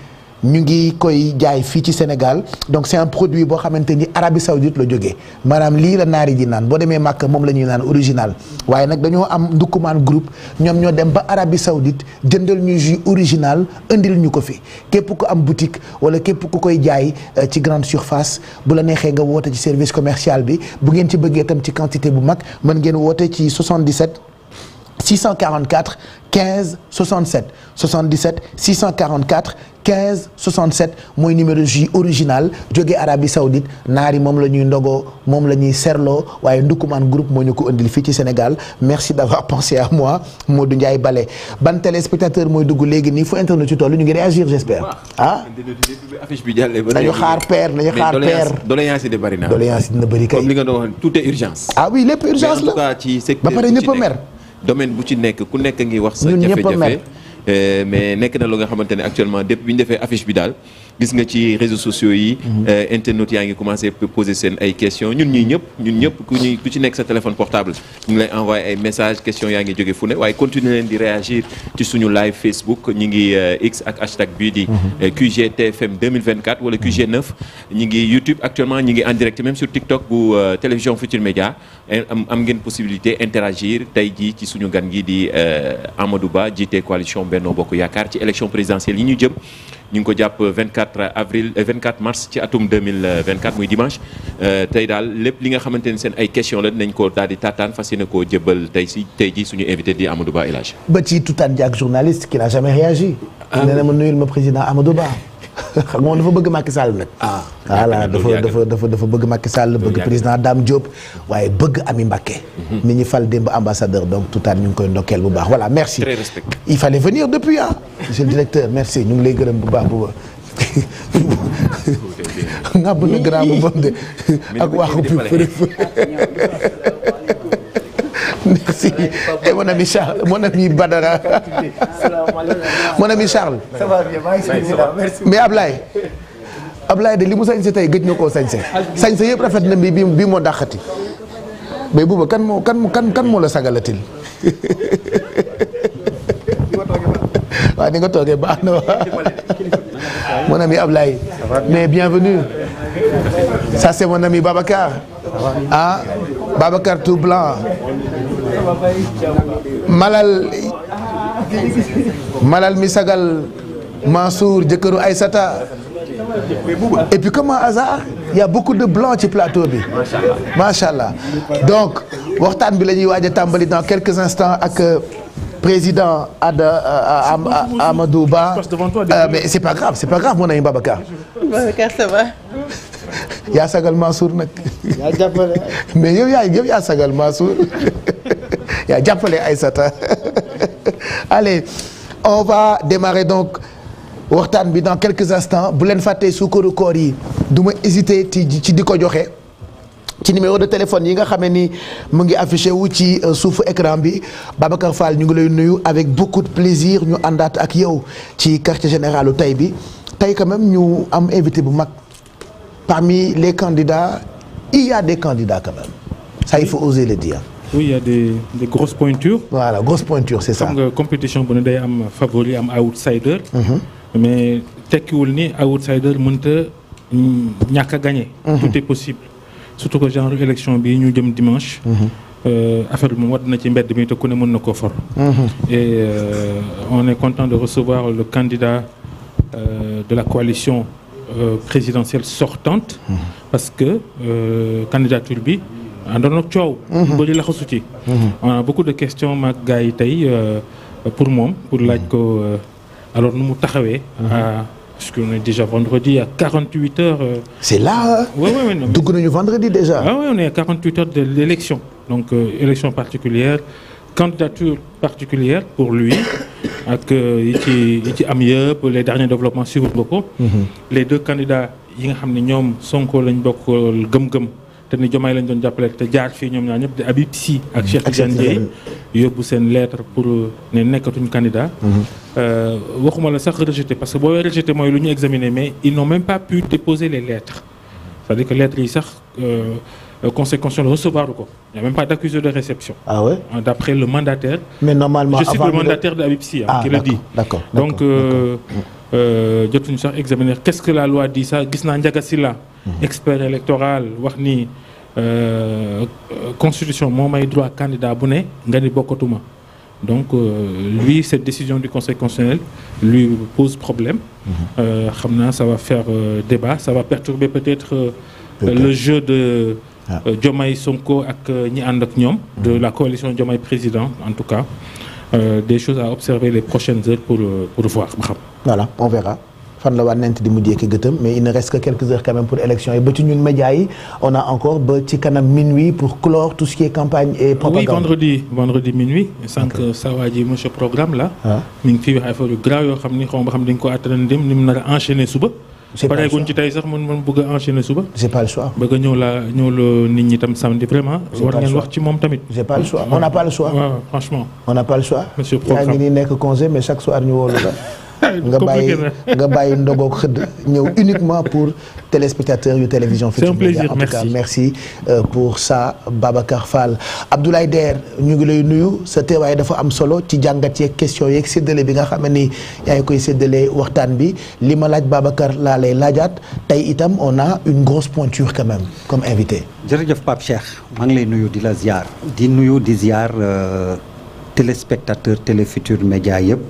ñu ngi koy jaay fii ci Sénégal donc c'est un produit boo xamante ni Arabie Saoudite la jóge maanaam lii la naari di naan boo demee màkk moom la ñuy naan original waaye nag dañoo am ndukkumaan groupe ñoom ñoo dem ba Arabie Saoudite jëndal ñu jus original indil ñu ko fi képp ku am boutique wala képp ku koy jaay euh, ci grande surface bu la neexee nga woote ci service commercial bi bu ngeen ci bëggee tam ci quantité bu mag mën ngeen woote ci 77 644 15 67 77 644 15 67 mooy numéro ju original jóge Arabie Saoudite naar yi moom la ñuy ndogoo moom la ñuy serloo waaye Ndoukoumane groupe moo ñu ko indil fii ci Sénégal merci d'avoir pensé à moi Modou Ndiaye Bale ban téléspectateur mooy dugg léegi nii fu internet ci toll ñu ngi réagir j'espère ah affiche bi jàllee ba nañu xaar père nañu xaar père doléance yi de bari na doléance dina bëri kay li nga doon tout est urgence ah oui lépp urgence la ba pare ñëpp a mer domaine bu ci nekk ku nekk ngi wax sa jafe-jafe eh, mais nekk na lu nga xamante ne actuellement depuis bi ñu defee affice bi daal gis nga ci réseaux sociaux yi. Mhm. Euh, internautes yaa ngi commencé poser seen ay question ñun ñii ñëpp ñun ñëpp ku ñuy ku ci nekk sa téléphone portable ñu ngi lay envoyé ay messages questions yaa ngi jóge fu ne waaye continuer leen di réagir ci suñu live Facebook ñu ngi euh, X ak hashtag bii di. Mhm. Euh, QGTFM 2024 wala QG9 mhm. ñu ngi YouTube actuellement ñu ngi en direct même sur TikTok bu télévision Futur Média am am ngeen possibilité interagir tey jii ci suñu gan gi di Amadou Ba jiite coalition Benno Bokk Yaakaar ci élection présidentielle yi ñu jëm. ñu ngi ko jàpp 24 avril 24 euh, mars ci atum 2024 muy dimanche euh, tey daal lépp li nga xamante ni seen ay question la dinañ ko daal di taataan fas yéene koo jëbal tey si tey ji suñu invité di Amadou Ba El Hadj. ba ci tutaan ji ak journaliste qui n'a jamais réagi. Ah, nee na ma nuyul ma président Amadou Ba. xam moom dafa bëgg Macky Sall nag. ah, ah voilà dafa dafa dafa dafa bëgg Macky Sall bëgg président Dame Diop. waaye bëgg Ami Mbacké. mi mhm. ñu fal démb ambassadeur donc tout à ñu ngi koy ndokkeel bu baax voilà merci. très respecté il fallait venir depuis ah. monsieur le directeur merci ñu ngi lay gërëm bu baax bu baax. nga bëgg grand bu bam de ak waxu bi merci et mon ami Charles mon ami Badara mon ami Charles. ça va bien maa ngi merci de li mu sañse tey gëj na koo sañse. sañse yëpp rafet na bii bi moo dàqati. mais buuba kan moo kan kan kan moo la sagalatil. waaw ni nga toogee a na mon ami Ablaye mais bienvenue ça mon ami ah, Babacar tout blanc malal mi sagal Mansour jëkkëru Aïssata et puis comme un hasard beaucoup de blancs ci plateau bi macha donc waxtaan bi la ñuy waaj dans quelques instants euh, président Ada euh, euh, euh, Amadou Ba mais c'est pas grave c'est pas grave mon ami Babacar. Babacar yaa sagal Mansour nag. mais yow yaa yaa sagal Mansour yaa jàppale Aïssata allez on va démarrer donc waxtaan bi dans quelques instants bu leen fàttee su koor yi du ma hésiter ci di joxe. ci numéro de téléphone yi nga xamee ni mu ngi affiché wu ci euh, suufu écran bi Babacar Fall ñu ngi lay nuyu avec beaucoup de plaisir ñu àndaat ak yow ci quartier généralu tey bi tey quand même ñu am invité bu mag parmi les candidats il y a des candidats quand même ça il faut oser le dire. oui il y a des des grosses pointures. voilà grosses c'est ça. xam nga compétition bu ne day am favori am outsider. Mhm. mais tekkiwul ni outsider mënta mm, ñàkk a gagner. Mhm. tout est possible. surtout que genre élection bi ñu jëm dimanche. Mhm. Euh, affaire bi moom wadd na ci mbedd mi te ku ne mën na koo for. Mhm. et euh, on est content de recevoir le candidat euh, de la coalition présidentielle sortante. Mhm. parce que candidature bi. àndoon ak coow. bëri laxasu ci. beaucoup de questions maag gars yi tey pour moom pour laaj ko alors nu mu taxawee. parce qu'on est déjà vendredi à 48 heures. Euh, C'est là. Hein? Oui, Dugg nañu vendredi déjà. Ah oui, on est heures de l'élection. Donc euh, élection particulière, candidature particulière pour lui ak euh, yi ci yi ci am yëpp les derniers développements suivre nga ko. Les deux candidats yi nga xam ne ñoom Sonko lañ bokk gëm-gëm. te ni Diomaye lañ doon jàppale te jaar fii ñoom ñaar ñëpp di Habib Sy ak mhm. Cheikh Tidiane Dièye yóbbu seen lettre pour euh, ne nekkatuñ candidat. Mhm. Euh, waxuma la sax rejeté parce que boo wee mooy lu ñu examiné mais ils n'ont même pas pu déposer les lettres c'est-à-dire que lettres yi sax conseil euh, constitutionnel recevoir ko il n'y a même pas d'accusé de réception. Ah d'après le mandataire. mais normalement je cite le mandataire de Habib Sy. ah d'accord d'accord donc euh, jotuñu sax examiner qu'est-ce que la loi dit ça gis naa Ndiaga Sylla mhm. expert électoral wax ni constitution moo may droit candidat bu ne nga ni bokkatuma. donc euh, lui cette décision du conseil constitutionnel lui pose problème mhm. euh, xam naa ça va faire euh, débat ça va perturber peut-être euh, le jeu de ah. Diomaye Sonko ak ñi ànd ak ñoom de mhm. la coalition Diomaye président en tout cas des choses à observer les prochaines heures pour pour voir ba xam voilà on fan la wànnent di mujjee gëtëm mais il ne reste que quelques heures pour élection yi ba ci ñun média yi on a encore ba ci kanam minuit pour clore tout ce qui campagne et propagande. oui minuit. sànq saa waa ji monsieur programme la. Ah. mi ngi fi wax affaire yu grave yoo xam ni xaw ma xam dañu ko attan dem ni mu nar a suba. c'est pas le ci tey sax man man bëgg a suba. c'est pas le nit ñi tam samedi vraiment. war ngeen wax ci moom tamit. nga bàyyi nga bàyyi ndogoog xëdd ñëw uniquement pour téléspectateurs yu télévision Futurs Médias en tout cas merci euh, pour ça Babacar Fall Abdoulaye Der ñu ngi lay nuyu sa teewaay dafa am solo ci jàngat yeeg question yeeg séddale bi nga xam ni yaa koy séddale waxtaan bi li ma laaj Babacar laa lay laajaat tey itam on a une grosse pointure quand même comme invité jërëjëf Pape Cheikh maa ngi lay nuyu di la ziar di nuyu di ziar euh, téléspectateur Télé Futurs Médias yëpp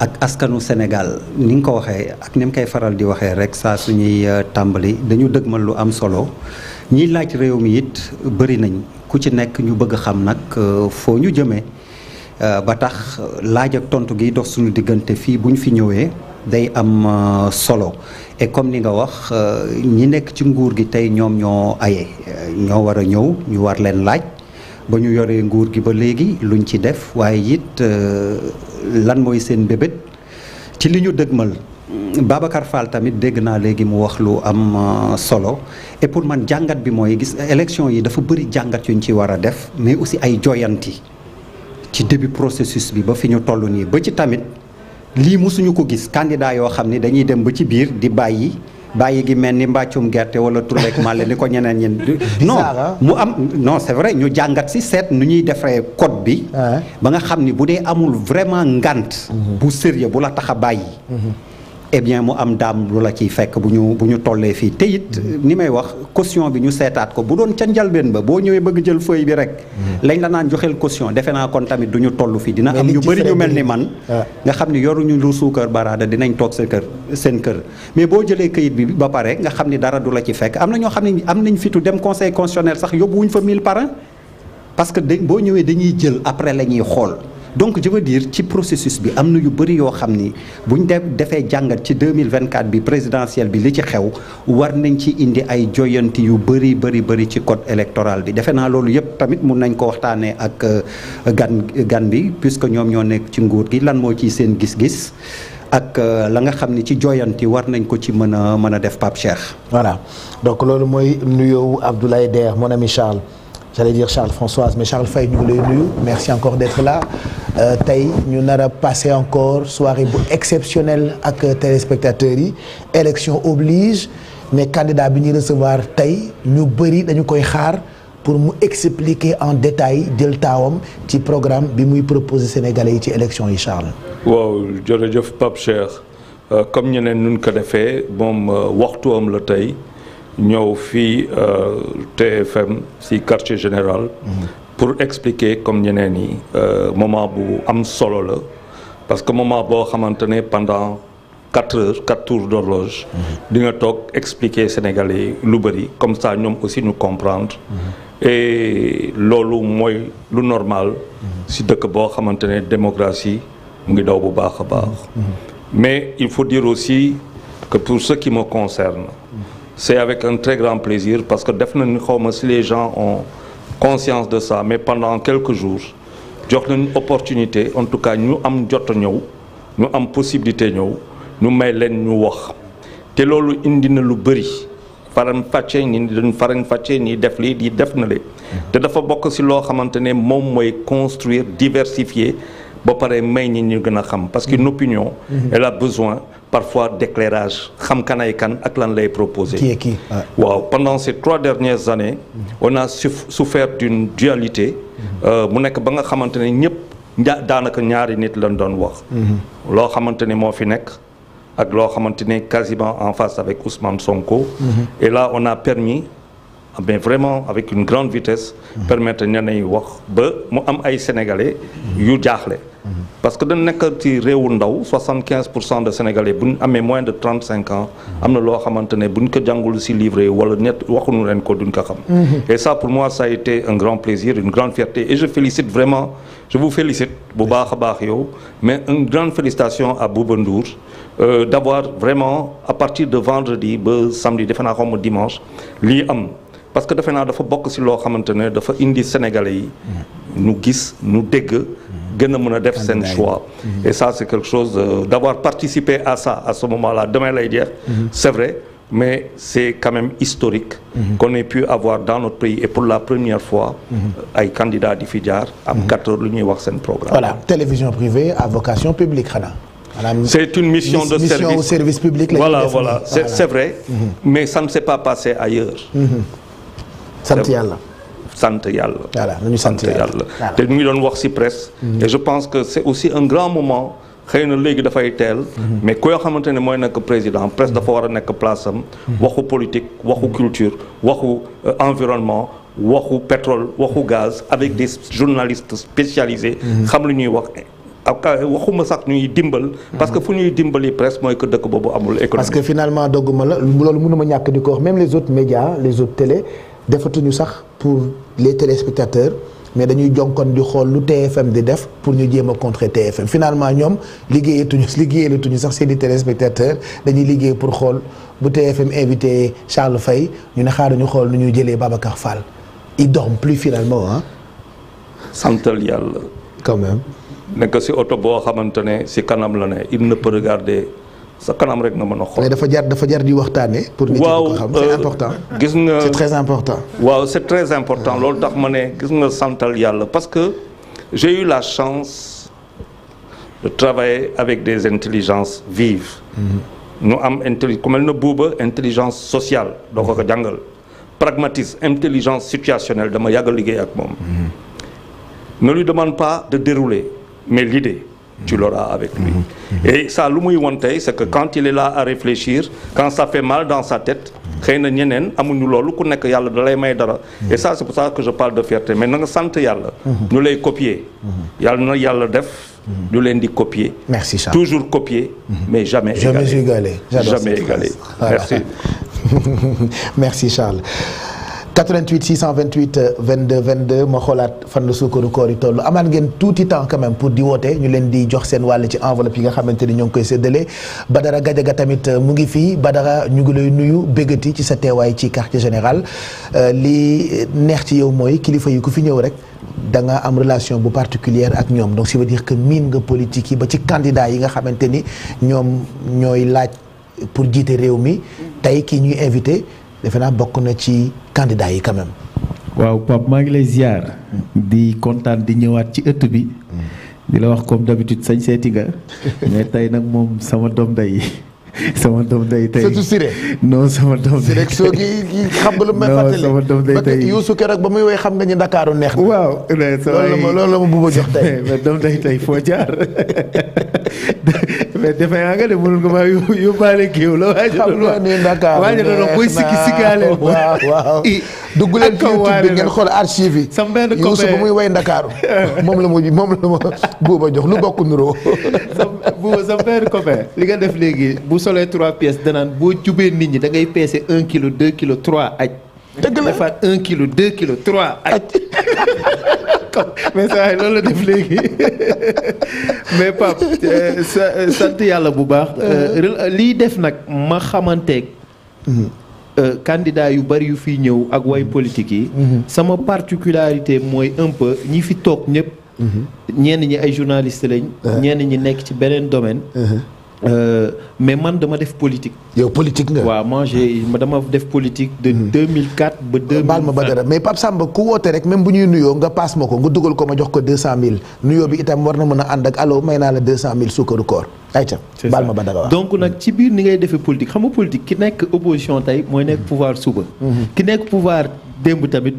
ak askanu Sénégal ni nga ko waxee ak ni mu koy faral di waxee rek saa suñuy euh, tàmbali dañu dëgmal lu am solo ñiy laaj réew mi it bëri nañ ku ci nekk ñu bëgg xam nag euh, foo ñu jëmee euh, ba tax laaj ak tontu gi dox suñu diggante fii bu ñu fi ñëwee day am solo et comme ni nga wax ñi nekk ci nguur gi tey ñoom ñoo aye ñoo war a ñëw ñu war leen laaj ba ñu yoree nguur gi ba léegi lu luñ ci def waaye it euh, lan mooy seen bébét ci li ñu dëgmal Babacar Fall tamit dégg naa léegi mu wax lu am euh, solo et pour man jàngat bi mooy gis élection yi dafa bëri jàngat yu ñu ci war a def mais aussi ay joyanti ci début processus bi ba fi ñu toll nii ba ci tamit lii mosuñu ko gis candidat yoo xam ni dañuy dem ba ci biir di bàyyi. bàyyi gi mel ni mbàccum gerte wala tureek màlle ni ko ñeneen ñen non mu am non c'est vrai ñu jàngat si seet nu ñuy defaree code bi ba nga xam ni bu dee amul vraiment ngant mhm. bu sérieux bu la tax a bàyyi mhm. eh mu am daam lu la ciy fekk bu ñu bu ñu tollee fii te it ni may wax caution bi ñu seetaat ko bu doon ca njalbeen ba boo ñëwee bëgg jël feuille bi rek. Hmm. lañ la naan joxeel caution defe naa kon tamit du ñu toll fii dina am ñu bëri ñu mel ni man. nga xam ni yoruñu lu suukar baraada dinañ toog seen kër seen kër mais boo jëlee kayit bi ba pare nga xam ni dara du la ci fekk am na ñoo xam ne am nañ fitu dem conseil constitutionnel sax yóbbuwuñ fa 1000 parrain parce que boo ñëwee dañuy jël après la ñuy xool. donc je diir ci processus bi am na yu bëri yoo xam ni buñ de defee jàngat ci 2024 bi présidentielle bi li ci xew war nañ ci indi ay joyanti yu bëri bëri bëri ci code électoral bi defe naa loolu yëpp tamit mun nañ ko waxtaanee ak euh, gan gan bi puisque ñoom ñoo nekk ci nguur gi lan moo ciy seen gis-gis ak euh, la nga xam ni ci jooyanti war nañ ko ci mën a mën a def pap Cheikh. voilà donc loolu mooy nuyoo Abdoulaye Der mon ami Charles. j'allais dire Charles Françoise mais Charles Faye ñu ngi lay nuyu merci encore d'être là euh, tey ñu nar a passer encore soirée bu exceptionnelle ak téléspectateurs yi élection oblige mais candidat bi ñuy recevoir tey ñu bëri dañu koy xaar pour mu expliquer en détail jël taawam ci programme bi muy proposer sénégalais yi ci élection yi Charles. waaw jërëjëf Pape Cheikh euh, comme ñeneen nun ko defee moom euh, waxtu am la tey. ñëw fii euh, TFM si quartier général. pour expliquer comme ñeneen yi euh, moment bu am solo la parce que moment boo xamante ne pendant quatre heures quatre tours d'horloge. di nga toog expliquer Sénégalais lu bëri comme ça ñoom aussi ñu comprendre. et loolu moy lu normal. ci dëkk boo xamante ne démocratie mu ngi daw bu baax a baax. mais il faut dire aussi que pour ce qui me concerne. c'est avec un très grand plaisir parce que def nañu xaw ma si les gens ont conscience de ça mais pendant quelque jours jox nañu opportunité en tout cas ñu am jot a ñëw ñu am possibilité ñëw ñu may leen ñu wax te loolu indi na lu bëri faram fàcce ñi farañ faram fàcce def lii di def na le te dafa bokk si loo xamante ne moom mooy construire diversifier ba pare may ñi ñu gën a xam parce qu'une mm-hmm. opinion mm-hmm. elle a besoin parfois d'éclairage xam kan kan ak lan lay proposer kii est qui waaw pendant ces trois dernières années mm-hmm. on a souffert d'une dualité euh, mu nekk ba nga xamante ne ñëpp daanaka ñaari nit lañ doon wax loo xamante ne moo fi nekk ak loo xamante ne quasiment en face avec Ousmane Sonko et là on a permis mais vraiment avec une grande vitesse permettre ñeneen ñi wax ba mu am ay sénégalais yu jaaxle parce que dañ nekk ci réewu ndaw 75 pour cent de sénégalais bu ñu amee moins de 35 ans am na loo xamante ne bu ñu ko jàngul si livre wala ñett waxuñu leen ko ko xam mhm. et ça pour moi ça a été un grand plaisir une grande fierté et je félicite vraiment je vous félicite bu baax baax yow mais une grande félicitation à Bouba Ndour euh, vraiment à partir de vendredi ba samedi defe naa xaw ma dimanche am parce que defe naa dafa bokk si loo xamante ne dafa indi Sénégalais yi nu gis nu dégg gën a mën a def seen choix mhm. et ça c'est quelque chose euh, d'avoir participé à ça à ce moment-là demain lay jeex mhm. c'est vrai mais c'est quand même historique mhm. qu'on ait pu avoir dans notre pays et pour la première fois ay candidats di fi jaar am 14 lu ñuy wax seen programme voilà télévision privée à vocation publique xanaa c'est une mission de service, service public voilà voilà c'est vrai mais ça ne s'est pas passé ailleurs sant yàlla. sant yàlla. voilà nañu sant yàlla te ñu ngi doon wax si presse. Mhm. et je pense que c'est aussi un grand moment. xëy na léegi dafay teel. Mhm. mais koo xamante ne mooy nekk président presse mhm. dafa war a nekk place am. waxu politique waxu culture waxu euh, environnement waxu pétrole waxu gaz avec des journalistes spécialisés. xam lu ñuy wax. ak waxuma sax ñuy dimbal. parce que fu ñuy dimbali presse mooy que dëkk boobu amul économie. parce que finalement dogguma la loolu mënuma ñàkk di ko wax même les les autres télé. defatuñu sax pour les téléspectateurs mais dañuy jonkon di xool lu TFM di def pour ñu jéem a contrer TFM finalement ñoom liggéeyatuñu liggéeyalatuñu sax di téléspectateurs dañuy liggéey pour xool bu TFM invité Charles fay ñu ne xaar ñu xool nu ñuy jëlee Babacar Fall il dort plus finalement ah. santal yàlla. quand même. nekk ci oto boo xamante ne ci kanam la ne il ne peut sa kanam rek nga mën a xool. mais dafa jar dafa jar di waxtaanee. pour nit ñi ko xam c'est euh, important. gis nga c'est très important. waaw c'est très important loolu tax ma ne gis nga santal yàlla parce que j'ai eu la chance de travailler avec des intelligences vives. Mm-hmm. ñu am intelli ku mel na buuba intelligence sociale doo ko ko mm-hmm. jàngal pragmatisme intelligence situationnelle dama yàgg liggéey ak moom. Mm-hmm. ne lui demande pas de dérouler mais l'idée tu l'auras avec lui. Mhm. Mhm. et ça lu muy won tey c'est que quand il est là à réfléchir quand ça fait mal dans sa tête xëy na ñeneen amuñu loolu ku nekk yàlla da lay may dara. Mhm. et ça c'est pour ça que je parle de fierté mais na nga sant yàlla. ñu lay copier. yàlla na yàlla def. du leen di copier. merci toujours copier. mais jamais égalé jamais égalé. jamais égalé merci. merci Charles. 88 628 22 22 ma xoolaat fan la suukaru koor yi toll amaat ngeen tuuti temps quand même pour di woote ñu leen di jox seen wàll ci enveloppe yi nga xamante ni ñoo ngi koy séddale Badara tamit euh, mu ngi fii Badara ñu ngi lay nuyu béggati ci sa teewaay ci quartier général euh, li neex ci yow mooy kilifa yi ku fi ñëw rek da nga am relation bu particulière ak ñoom donc ça veut dire que miin nga politique yi ba ci candidat yi nga xamante ni ñoom ñooy laaj pour jiite réew mi mm-hmm. tey kii ñuy invité defe naa bokk na ci candidat yi quand waaw Pape maa ngi lay ziar. di kontaan di ñëwaat ci ëtt bi. di la wax comme d'habitude sañ seeti nga. mais tey nag moom sama doom day sama doom day tey surtout Siré. non sama soo gi xam nga lu may fàttali. sama doom day tey Youssou keroog ba muy woy xam nga ñu Ndakaaru neex na. waaw loolu la ma loolu jox tey. mais doom day tey foo jaar. mais defe nga de mënul nga maa yóbbaale géew la waaye doon wax wax booy sikki sikkaale waaw waaw dugg leen fi YouTube bi xool archive sam benn copain Youssou ba muy way Ndakaaru moom la mu moom la ma buuba jox lu bokk nuroo buuba sam benn copain li nga def léegi bu solee trois pièces danaan boo jubee nit ñi da ngay peese un kilo deux kilo trois aj dëgg la defaat un kilo deux kilo trois aj kon mais loolu la def léegi mais euh, sa euh, sant yàlla bu baax. Euh, lii def nag ma xamanteeg. Mhm. candidat yu bari yu fiy ñëw ak way mhm. politique yi. Mhm. sama particularité mooy un peu ñi fi toog ñëpp. ñenn ñi ay journaliste lañ. ñenn ñi nekk ci beneen domaine. Euh, mais man dama def politique. yow politique nga. waaw man dama def politique de 2004 hmm. ba 2005. baal ma Badara mais Pape ku woote rek même bu ñuy nuyoo nga paas ma ko nga dugal ko ma jox ko 200000 nuyoo bi itam war na mën a ànd ak allo may naa la 200000 sukkaru koor. ayca baal ma Badara waaw donc nag ci biir ni ngay defee politique xam nga ki nekk opposition tey mooy nekk hmm. pouvoir suba. Hmm. ki nekk pouvoir démb tamit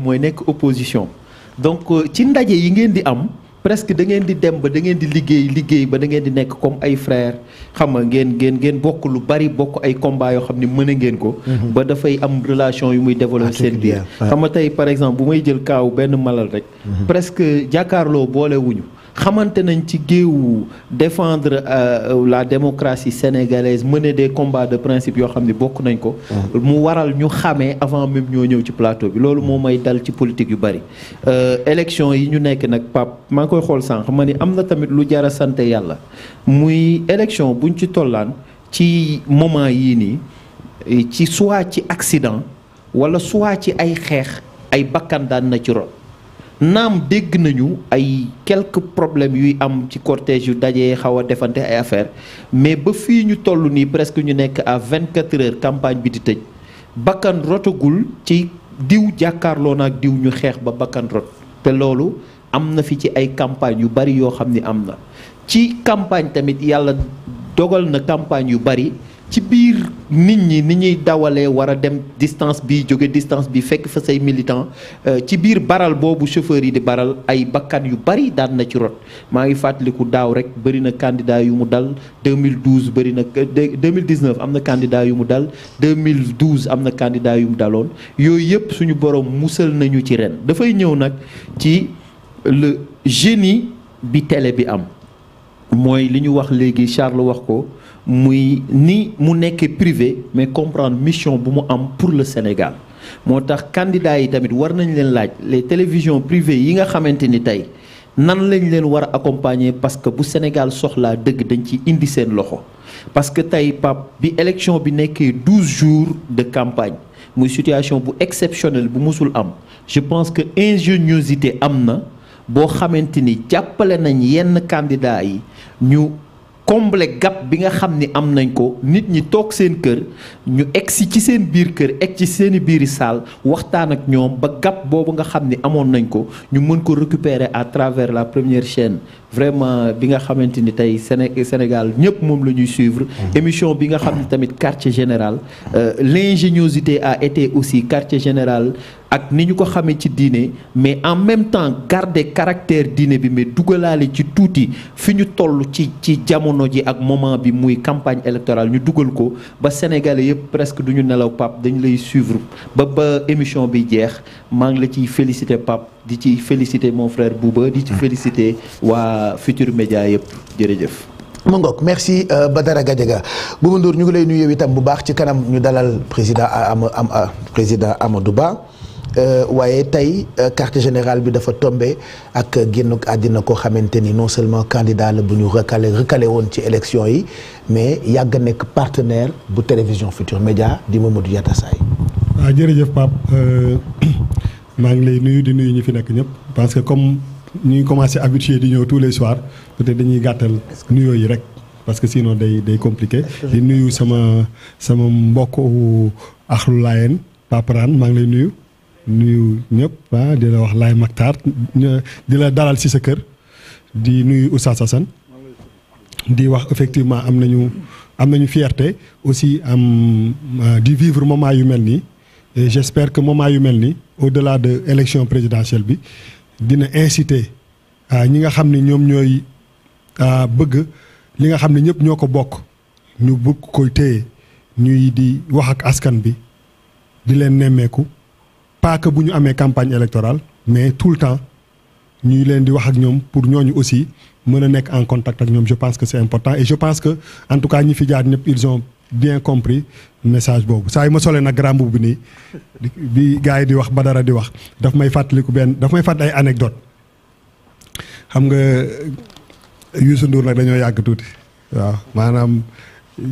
presque da ngeen di dem ba da ngeen di liggéey liggéey ba da ngeen di nekk comme ay frère xam nga ngeen ngeen ngeen bokk lu bari bokk ay combat yoo xam ne mën a ngeen ko. Mhm. ba dafay am relation yu muy développé ah, seen biir. xam nga tey par exemple bu may jël kaaw benn malal rek. Mhm. presque jàkkaarloo boolewuñu. xamante nañ ci géewu défendre euh, la démocratie sénégalaise mener des combats de principe yoo xam ni bokk nañ ko. Mm-hmm. mu waral ñu xamee avant même ñoo ñëw ci plateau bi loolu moo may dal ci politique yu bari. Euh, élection yi ñu nekk nag pap maa ngi koy xool sànq ma ni am na tamit lu jar a sant yàlla muy élection buñ ci tollaan ci moment yii nii ci soit ci accident wala soit ci ay xeex ay bakkan daan na ci rot. naam dégg nañu ay quelques problèmes yuy am ci cortège yu dajee xaw a defante ay affaire mais ba fii ñu toll nii presque ñu nekk vingt quatre heure campagne bi di tëj bakkan rotagul ci diw jàkkaarloo naag diw ñu xeex ba bakkan rot te loolu am na fi ci ay campagne yu bari yoo xam ni am na ci campagne tamit yàlla dogal na campagne yu bari ci biir nit ñi ni ñuy dawalee war a dem distance bi jóge distance bi fekk fa say militant euh, ci biir baral boobu chauffeur yi di baral ay bakkan yu bari daan na ci maa ngi fàttaliku daaw rek bëri na candidat yu mu dal 2012 bëri na 2019 euh, am na candidat yu mu dal 2012 am na candidat yu daloon yooyu yëpp suñu borom musal nañu ci ren dafay ñëw nag ci le génie bi télé bi am mooy li ñu wax léegi Charles wax ko muy ni mu nekkee privé mais comprendre mission bu mu am pour le Sénégal moo tax candidats yi tamit war nañ leen laaj les télévisions privées yi nga xamante ni tey nan lañ leen war a accompagner parce que bu Sénégal soxlaa dëgg dañ ci indi seen loxo parce que tey Pape bi élection bi nekkee douze jours de campagne muy situation bu exceptionnelle bu mosul am je pense que ingéniosité am na boo xamante ni jàppale nañ yenn candidats yi ñu. combler gap bi nga xam ni am nañ ko nit ñi toog seen kër ñu egsi ci seen biir kër egg ci seen i biiri saal waxtaan ak ñoom ba gap boobu nga xam ni amoon nañ ko ñu mën ko récupérer à travers la première chaîne vraiment bi nga xamante ni tey Sénégal ñëpp moom la ñuy suivre. Mhm. émission bi nga xam ne tamit quartier général. Euh, l'ingéniosité a été aussi quartier général. ak ni ñu ko xamee ci diine mais en même temps garder caractère diine bi mais dugalaale ci tuuti fi ñu toll ci ci jamono ji ak moment bi muy campagne électorale ñu dugal ko ba sénégalais yëpp presque du ñu nelaw Pape dañu lay suivre ba ba émission bi jeex maa ngi la ciy féliciter Pape di ci féliciter mon frère Bouba di ci féliciter waa Futur Média yëpp jërëjëf. mu ngoog merci euh, Badara Gadiaga Bouba Ndour ñu ngi lay nuyu itam bu baax ci kanam ñu dalal président am am président Amadou Ba. Euh, waaye tey carte euh, général bi dafa tombé ak génnuk àddina koo xamante ni non seulement candidat la bu ñu recalé recalé woon ci élection yi mais yàgg nekk partenaire bu télévision Futur Média di Mamadou Yatassaye. waaw ah, jërëjëf Pape maa ngi lay nuyu di nuyu ñi fi nekk ñëpp parce comme. ñuy commencé habitué di ñëw tous les soirs peut-être dañuy gàttal nuyoo yi rek parce que sinon day day compliqué di nuyu sama sama mbokk axlu laayeen paparaan maa ngi lay nuyu nuyu ñëpp ah di la wax Laay Maktar di la dalal ci sa kër di nuyu Oustaz Assane di wax effectivement am nañu am nañu fierte aussi am euh, di vivre moment yu mel nii et j'espère que moment yu mel nii au-delà de élection présidentielle bi dina inciter euh, ñi nga xam ne ñoom ñooy euh, bëgg li nga xam ne ñëpp ñoo ko bokk ñu bëgg koy téye ñuy di wax ak askan bi di leen nemmeeku pas que bu ñu amee campagne électorale mais tout le temps ñuy leen di wax ak ñoom pour ñooñu aussi mën a nekk en contact ak ñoom je pense que c'est important et je pense que en tout cas ñi fi jaar ñëpp ils bien compris message boobu saa yu ma solee nag grand bu bu nii bi gars yi di wax ba dara di wax daf may fàttaliku benn daf may fàttali ay anecdote xam nga Youssou Ndour nag dañoo yàgg tuuti waaw maanaam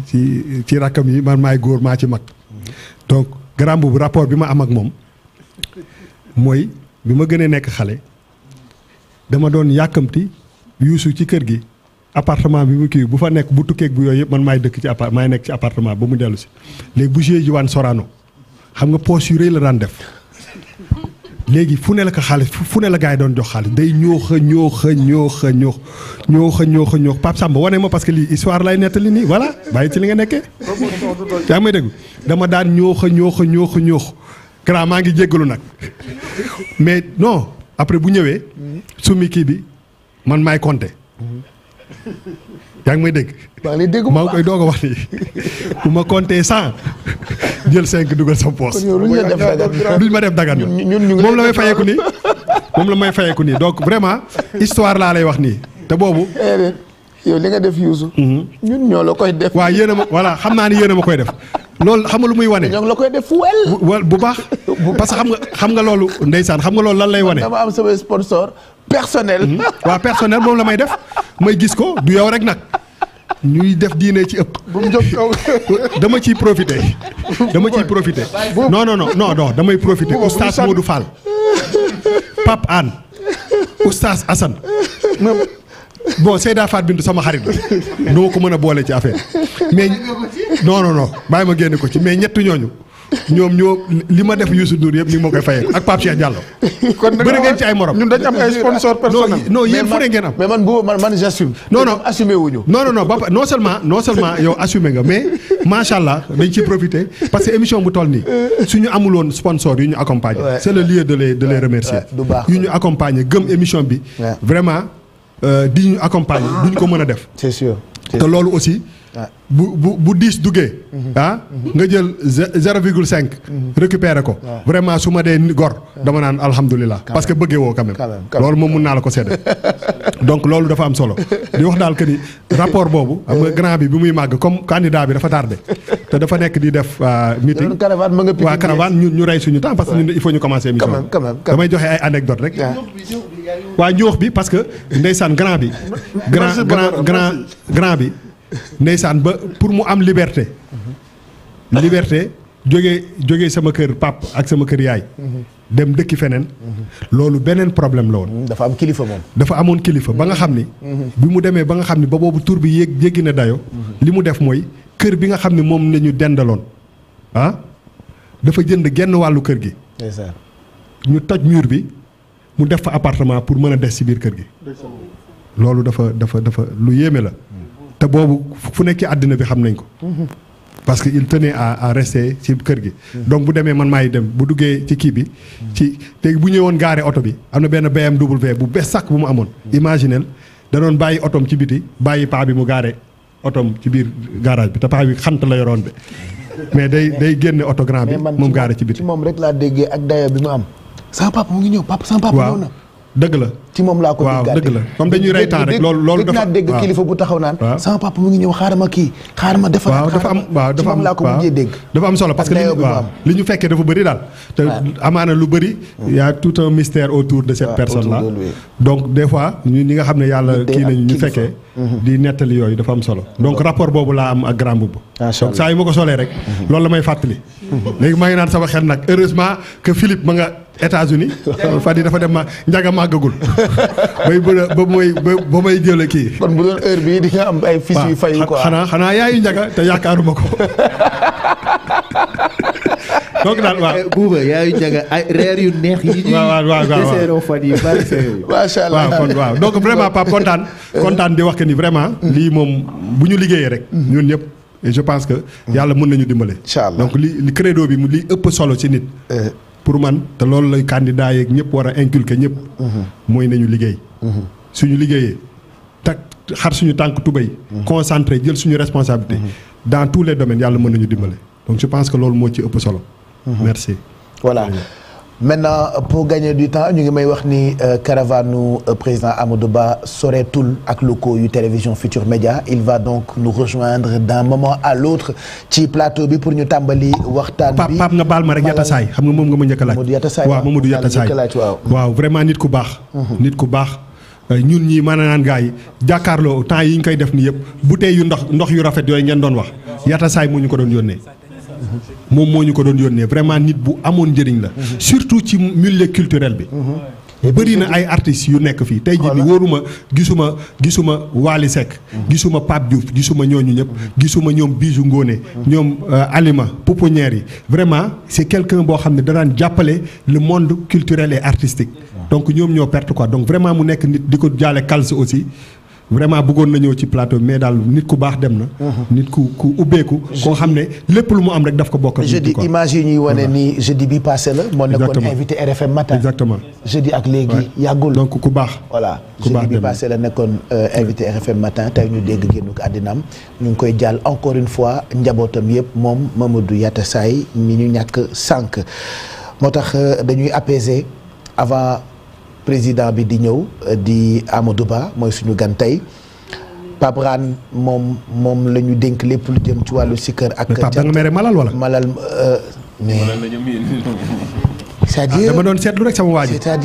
ci ci rakkam yi man maay góor maa ci mag donc grand bu rapport bi ma am ak moom mooy bi ma gënee nekk xale dama doon yàkkamti yuusu ci kër gi apartement bi mu kii bu fa nekk bu tukkeeg bu yooyu yëpp man maay dëkk ci appart maay nekk ci appartement ba mu dellu si léegi bu jiyee jiwaan Sorano xam nga poche yu rëy la daan def léegi fu ne la ko xaalis fu ne la gaa yi doon jox xaalis day ñoox a ñoox a ñoox a ñoox ñoox a ñoox a ñoox Pape Samba wane ma parce que lii histoire lay nettali nii voilà bàyyi ci li nga nekkee. yaa may dégg dama daan ñoox a ñoox a ñoox a ñoox grand maa ngi jéggalu nag mais non après bu ñëwee. sumi kii bi man maay compter. yaa ngi may dégg. maa ngi koy doog wax nii bu ma compter cent jël cinq dugal sa poos. duñ ma def dagan moom la may fayeeku nii moom la may fayeeku nii donc vraiment histoire laa lay wax nii te boobu. Eh, eh, yow li nga def Youssou. Mhm. ñun ñoo koy def. waaw yéen ma voilà xam naa ni yéen a koy def loolu xam nga lu muy wane. ñoo la koy def wel. bu baax parce que xam nga xam nga loolu ndeysaan xam nga loolu lan lay wane. dama am sama sponsor. personnel. Mhm. waaw personnel moom la may def may gis ko du yow rek nag ñuy def diine ci ëpp. bu mu jóg kaw dama ciy profité. dama ciy profité. non non non non non damay profité. oustaz Modou Fall. Pape Anne. oustaz Assane. bon Seyda Faat Bintu sama xarit la. duma ko mën a boole ci affaire mais non non non bàyyi ma génne ko ci mais ñett ñooñu. ñoom ñoo li ma def Youssou Ndour yëpp ñu ngi koy fayee ak Pape Cheikh Diallo. kon bëri ngeen ci ay morom. ñun dañ am ay sponsor personnel. non yéen fu ne ngeen am. mais man bu man man j'assume. non non yow assumé nga mais macha allah dañ ciy profité parce que bu toll nii suñu amuloon sponsor yu ñu accompagner. c' est le lieu de les de les remercier. yu ñu accompagner gëm émission bi. vraiment euh, di ñu accompagner ñu ko mën a def. c' te loolu aussi. bu bu bu dix duggee. Mhm. ah mhm. nga jël zéro virgule cinq. Mhm. récupéré ko. vraiment su ma dee gor. dama naan alhamdulilah. parce que bëggee woo quand même. loolu moom mun naa la ko sedde donc loolu dafa am solo di wax daal que ni boobu. xam nga grand bi bi muy màgg comme candidat bi dafa tardé. te dafa nekk di def euh, meeting. waa caravane ñu ñu rey suñu temps parce que il faut ñu commencer émission damay joxe ay anecdote rek. waa ñoox bi parce que ndeysaan grand bi. grand grand grand bi. ndeysaan ba pour mu am liberté liberté jóge jóge sama kër pàpp ak sama kër yaay dem dëkki feneen loolu beneen problème la woon mm-hmm. dafa am kilifa moom dafa amoon kilifa ba nga xam ni mm-hmm. bi mu demee ba nga xam ni ba boobu tur bi yéeg yéggi na dayo mm-hmm. li mu def mooy kër bi nga xam ni moom la ñu dendaloon ah? dafa jënd genn wàllu kër gi ñu toj mur bi mu def fa appartement pour mën a des ci biir kër gi loolu dafa dafa dafa lu yéeme la te boobu fu nekk àddina bi xam nañ ko. parce que il tenait à à rester ci kër gi. donc bu demee man maay dem bu duggee ci kii bi. ci léegi bu ñëwoon gaare oto bi am na benn BMW bu bees sàkk bu mu amoon. imaginel da doon bàyyi otoom ci biti bàyyi paa bi mu gaare otoom ci biir garage bi te paa bi xant la yoroon bi mais day day génne oto grand bi moom ci biti. ci moom rek laa déggee ak daya mu am. sama papa mu ngi ñëw papa sama papa ñëw dëgg la ci moom laa ko déggaate dëgg la moom dañuy reytaan rek mu ngi ñëw a mm. tout la may fàttali mm-hmm. léegi maa naan sama xel nag heureusement que Philippe ma nga États-Unis Fadi dafa dem ma njaga màggagul bay bëra ba mooy ba may jël kii. kon bu doon heure bii di nga am ay fis yu fay quoi xanaa xanaa yaayu njaga te yaakaaruma ko. donc daal waaw eh, buuba yaayu njaga ay reer yu neex yi. waaw waaw waaw deseeroo fan waaw kon waaw donc vraiment kontaan kontaan di wax que ni vraiment. Mm-hmm. lii moom bu ñu liggéeyee rek. Mm-hmm. ñun ñëpp. je pense que. Mm-hmm. yàlla mën nañu dimbale. incha allah donc li li credo bi li ëpp solo ci nit. Eh. pour man te loolu lay candidat yeeg ñëpp war a inculquer ñëpp. Mhm. mooy nañu liggéey. Mhm. suñu liggéeyee tak xar suñu tànk tubéy. Mhm. concentré jël suñu responsabilité. dans tous les domaines yàlla mën nañu dimbale donc je pense que loolu moo ci ëpp solo. merci. voilà. maintenant pour gagner du temps ñu ngi may wax ni euh, caravane euh, président Amadou Ba soreetul ak locaux yu télévision Futur Média il va donc nous rejoindre d'un moment à l'autre ci plateau bi pour ñu tàmbali waxtaan bi Pape nga baal ma rek Yatasaay xam nga moom nga ma njëkk a laaj Mamadou Yatasaay waaw Mamadou Yatasaay waaw waaw vraiment nit ku baax mhm. nit ku baax euh, ñun ñii maanaam naan gars yi jàkkaarloo temps yi ñu koy def ni yëpp buté yu ndox ndox yu rafet yooyu ngeen doon wax Yatasaay moo ñu ko doon yónnee moom moo ñu ko doon yónnee vraiment nit bu amoon njëriñ la. surtout ci milieu culturel bi. Mm-hmm. bëri na ay artistes yu nekk fii tey jii ni wóoruma gisuma gisuma Waly Seck mm-hmm. gisuma Pape Diouf gisuma ñooñu ñëpp mm-hmm. gisuma ñoom Bijou Ngoné ñoom euh, Alima pouponnière yi vraiment si quelqu'un boo xam ne danaan jàppale le monde culturel et artistique donc ñoom ñoo perte quoi donc vraiment mu nekk nit di ko jaale Kals aussi vraiment bëggoon na ñëw ci plateau mais daal nit ku baax dem na. Uh-huh. nit ku ku ubbeeku. koo xam ne lépp lu mu am rek daf ko bokk. jeudi image yi ñuy wane ni jeudi bi passé la. moo nekkoon invité RFM matin. ku baax. voilà jeudi bi passé la nekkoon euh, invité tey ñu dégg génn ko àddinaam ñu ngi koy jàll encore une fois njabootam yëpp moom Mamadou Yatassaye ni ñu ñàkk sànq moo tax euh, dañuy apaiser avant. président bi di ñëw euh, di Amadou Ba mooy suñu gan tey Pape Rane moom moom la dénk lépp lu jëm ci wàllu sikkër ak. mais Pape da nga mere malal euh, ah, doon seetlu rek sama waa ji cest à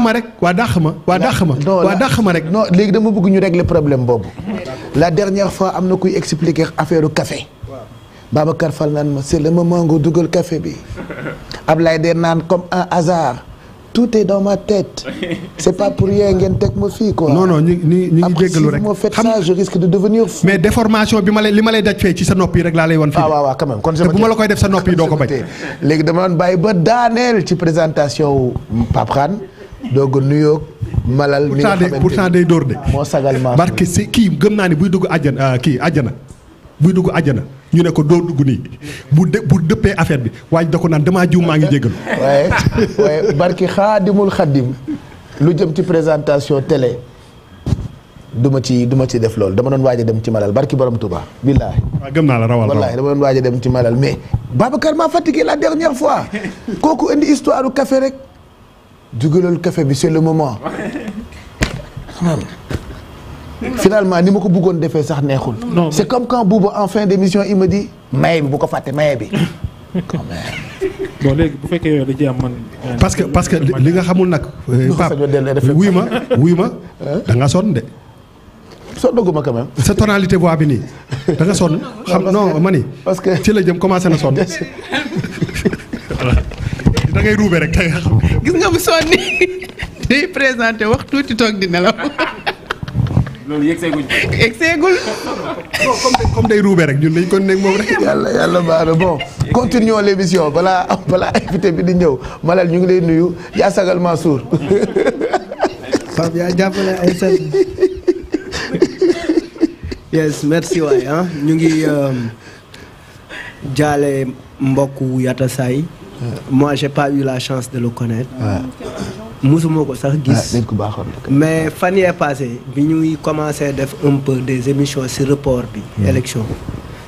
ma rek waa dàq ma waa dàq ma waa dàq rek. léegi dama bëgg ñu régler problème boobu. la dernière fois am na kuy expliquer affaire café Babacar Fall ma c'est le moment nga dugal café bi. ab Ablaye de naan comme un hasard tout est dans ma tête c'est pas pour rien ngeen teg ma fii quoi. non non ñu ngi ñu jéggalu rek après si ça je mais déformation bi ma lay li ma lay daj fee ci sa nopp yi rek laa lay wan. fii ah bu ma la koy def sa nopp yi doo ko bañ. léegi dama doon bàyyi ba daaneel ci présentation wu Pape Khane doog a nuyoo malal. mi nga xamante day dóor de. moo sagal maa barke si kii gëm naa ne buy dugg àjjana euh, kii àjjana. buy dugg àjjana ñu ne ko doo dugg nii bu dë bu dëppee affaire bi waaye da ko naan damaa jiw maa ngi jégal. waaye waaye barki xaadimul xaddim lu jëm ci présentation télé du ma ci du ci def loolu dama doon waaj dem ci malal barki borom Touba. billaahi waaw gëm naa la rawal wallaahi dama doon waaj a dem ci malal mais. Babacar maa fatigué la dernière fois kooku indi histoire u café rek jugalal café bi c'est le moment. finalement ni ma ko bëggoon defee sax neexul. c'est comme quand Bouba en fin d'émission il me dit maye bi bu ko fàtte maye bi. quand même. bu fekkee yooyu da ci euh, parce que parce que li nga xamul nag. Pape wuy ma wuy ma da nga sonn de. soo dogguma quand sa tonalité voix bi nii da son sonn xam non ma ni. parce que ci la jëm commencé na sonn. da ngay rek te nga xam. gis nga bu sonni wax tuuti toog di nelaw. loolu yegg seegul yegg comme day ruube rek ñun dañu ko nekk moom rek. yàlla yàlla baax na bon continuons l' émission balaa balaa invité bi di ñëw Malal ñu ngi lay nuyu yaa sagal Mansour. Pape yaa jàppale ay sel. yes merci waay ah. ñu ngi euh, jaale mbokku Yatassay. moi j'ai pas eu la chance de le connaître. musuma ko sax gis ah, mais fan yee passé bi ñuy commencé def un peu des émissions si report bi mm-hmm. élection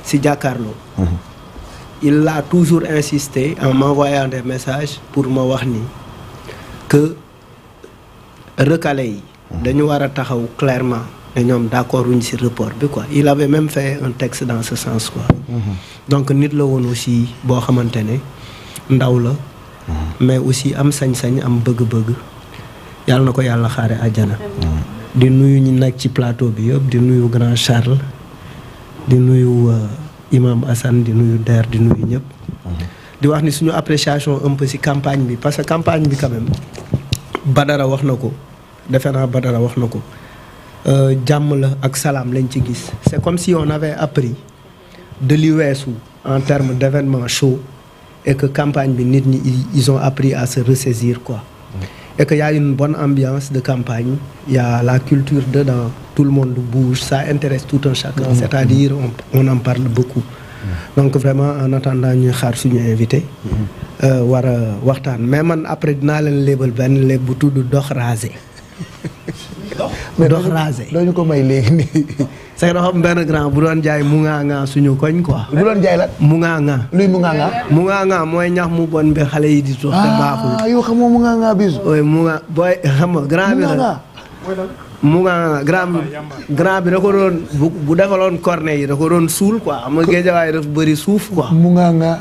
si jàkkaarloo mm-hmm. il a toujours insisté en m'envoyant des messages pour ma wax ni que recalé yi mm-hmm. dañu war a taxaw clairement ne ñoom d'accord ñu si report bi quoi il avait même fait un texte dans ce sens quoi donc nit la woon aussi boo xamante ne ndaw la mais aussi am sañ-sañ am bëgg-bëgg yàlla na ko yàlla xaare àjjana di nuyu ñu nag ci plateau bi yëpp di nuyu grand Charles di nuyu euh, imam Assane di nuyu Der di nuyu ñëpp di wax ni suñu appréciation un si ci campagne bi parce que campagne bi quand Badara wax na ko defe naa Badara wax na ko euh, jàmm la ak salaam lañ ci gis c'est comme si on ave appris de weesu en termes d'événements chauds et que campagne bi nit ñi ils ont appris à se ressaisir quoi. et que y a une bonne ambiance de campagne y a la culture dedans tout le monde bouge sa intéresse tout un chacun. Mm-hmm. c'est-à-dire on, on en parle beaucoup. Mm-hmm. donc vraiment en attendant ñuy xaar suñu invité. Mm-hmm. Euh, war a waxtaan mais man après dinaa leen lébal benn léeb bu tudd dox rasé. dox rasé mais dooñu ko may léegi nii. c'est que dafa am benn grand bu doon jaay mu ngaa ngaa suñu koñ quoi. bu doon jaay lan mu ngaa ngaa. luy mu ngaa ngaa. mu ngaa ngaa mooy ñax mu bon bi xale yi di. suuf te ah, baaxul ah yow xam nga mu ngaa ngaa bis. oui mu nga booy xam nga grand bi la. mu nga grand ah, grand bi da ko doon bu bu defaloon cornet yi da ko doon suul quoi am nga géejawaay daf bëri suuf quoi. mu nga nga.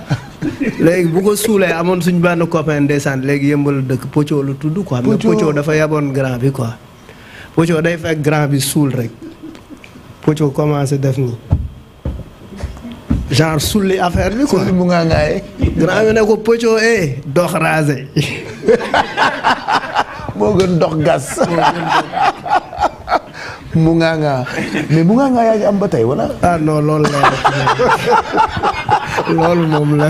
léegi bu ko suulee amoon suñ benn copain ndeysaan léegi yëmbal dëkk Pocho lu tudd quoi. Pocho mais Pocho dafa yaboon grand bi quoi. Pocho day fekk grand bi suul rek Pocho commencé def nii genre sulli affaire bi quoi. bu ngaa ngaaye. grand bi ne ko Pocho eh dox rasé. moo gën dox gas. mu ngaa ngaa mais mu ngaa ngaa yaa am ba tey wala. ah non loolu la loolu moom la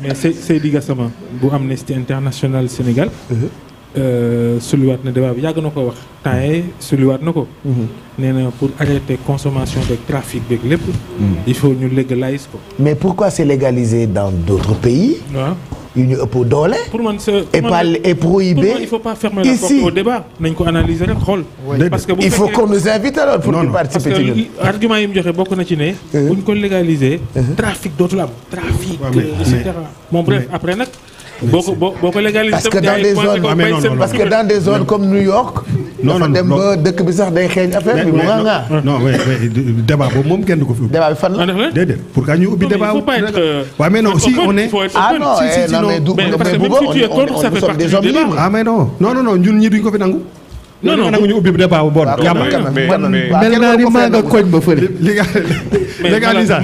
mais Seydi Gassama bu Amnesty International Sénégal. Uh-huh. Euh, sulliwaat na débat bi yàgg na ko wax temps yi sulliwaat na ko. Mhm. nee na pour arrêter consommation de trafic beeg lépp. Mhm. il faut ñu légalise ko. mais pourquoi c'est légalisé dans d'autres pays. waaw yu ñu ëpp doole. pour man c'est et pas et prohibé. il faut pas fermer la porte au débat. nañ ko analyser rek xool. parce que bu fekkee il faut qu'on nous invite alors pour ñu participer ci ñun. argument yi mu joxe bokk na ci ne. Euh. bu ñu ko légaliser. Euh. trafic dootul am. trafic et cetera bon bref après nag. boo ko boo ko légaliser ah, parce que dans des zones parce que dans des zones comme New York. non non dem ba dëkk bi sax day xeeñ affaire bi mu nga nga. non oui oui débat boobu moom kenn ko fi ubbi. débat bi fan la ah, déedéet pour que ñu ubbi débat. waaw euh, mais non si on est. ah, ah non non mais du bu boobaa on est on est on est des hommes libres. ah mais ñii duñ ko fi nangu. non non nangu ñu ubbi débat bu bon yàmm mel naa ni maa nga koñ ba fële li nga légalisa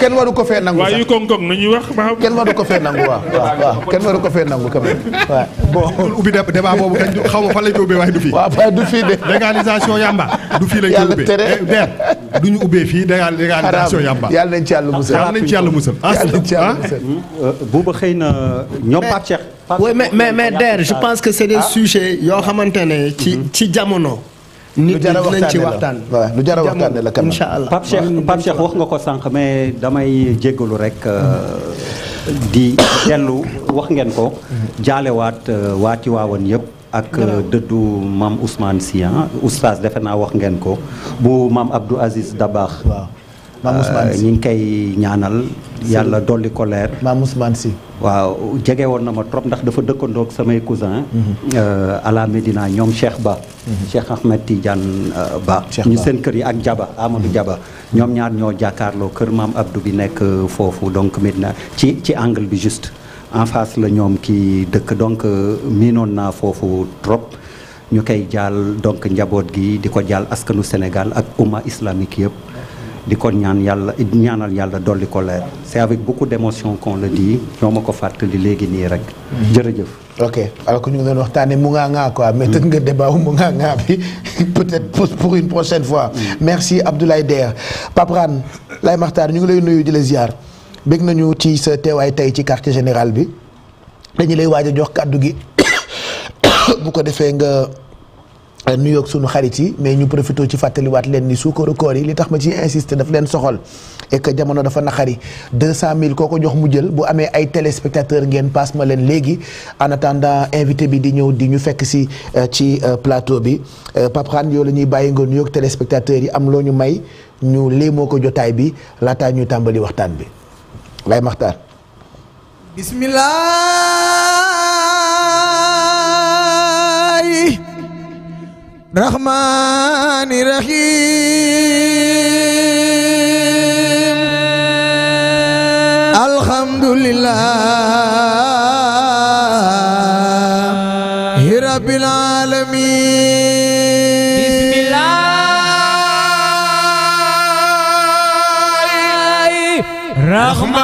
kenn waru ko fee nangu sax kenn waru ko fee nangu waaw kenn ko fee nangu quand même waaw bon ubbi débat boobu kañ xaw ma fa lañ ko ubbee waaye du fii waaw du fii de légalisation yàmba du fii lañ ko ubbee der eh, du ñu ubbee fii légalisation yàmba yàlla nañ ci yàlla musal yàlla nañ ci yàlla musal ah, ah. buuba xëy na ñoom Pape oui mais mais mais Der je pense que c'est des ah. sujets yoo xamante ne ci mhm. ci jamono. nit ñi dinañ ci waxtaan lu jar a waxtaanee la kanam incha allah Pape Cheikh Pape Cheikh wax nga ko sànq mais damay jéggalu rek. Euh, di dellu wax ngeen ko. jaalewaat euh, waa Tiwaawan yëpp. ak euh, dëddu maam Ousmane Sy ah. oustaz defe naa wax ngeen ko bu maam Abdou Aziz Dabakh. maam euh, ñu ngi koy ñaanal. yàlla dolli koleer leer. si. waaw jege woon na ma trop ndax dafa dëkkandoog samay cousin mhm. euh, à la Médina ñoom Cheikh Ba. Mhm. Cheikh Ahmed Tidiane euh, Ba. ñu seen kër yi ak Jaba Amadou mhm. Jaba. ñoom ñaar ñoo jàkkaarloo kër maam Abdou bi nekk foofu donc Médina ci ci angle bi juste en face la ñoom kii dëkk donc miinoon naa foofu trop. ñu koy jaal donc njaboot gi di ko jaal askanu Sénégal ak umma islamique yëpp. di kon ñaan yàlla ñaanal yàlla dolli ko leer c'est avec beaucoup d'émotion qu'on le dit ñoo ma ko fàttali léegi nii rek. jërëjëf. ok alors ko ñu ngi doon waxtaanee mu ngaa ngaa quoi mais tënk nga débat mu ngaa ngaa bi peut-être pour une prochaine fois. Mm. merci Abdoulaye Der Paprane Lay Maxtaar ñu ngi lay nuyu di la ziar bég nañu ci sa teewaay tey ci quartier général bi dañu lay waaj a jox kàddu gi bu ko defee nga. Euh, nuyoo ak sunu xarit yi mais ñu profité ci fàttaliwaat leen ni suukaru koor yi li tax ma ci insisté daf leen soxal et que jamono dafa naqari 200000 koo ko jox mu jël bu amee ay téléspectateur ngeen paas leen léegi en attendant invité bi di ñëw di ñu fekk si euh, ci euh, plateau bi Paprane yow la ñuy bàyyi nga nuyoog téléspectateur yi am loo ñu may ñu léemoo ko jotaay bi laataa ñuy tàmbali waxtaan bi lay maxtaar bismillah الرحمن الرحيم الحمد لله رب العالمين بسم الله الرحمن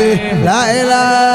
rabbi la ilaha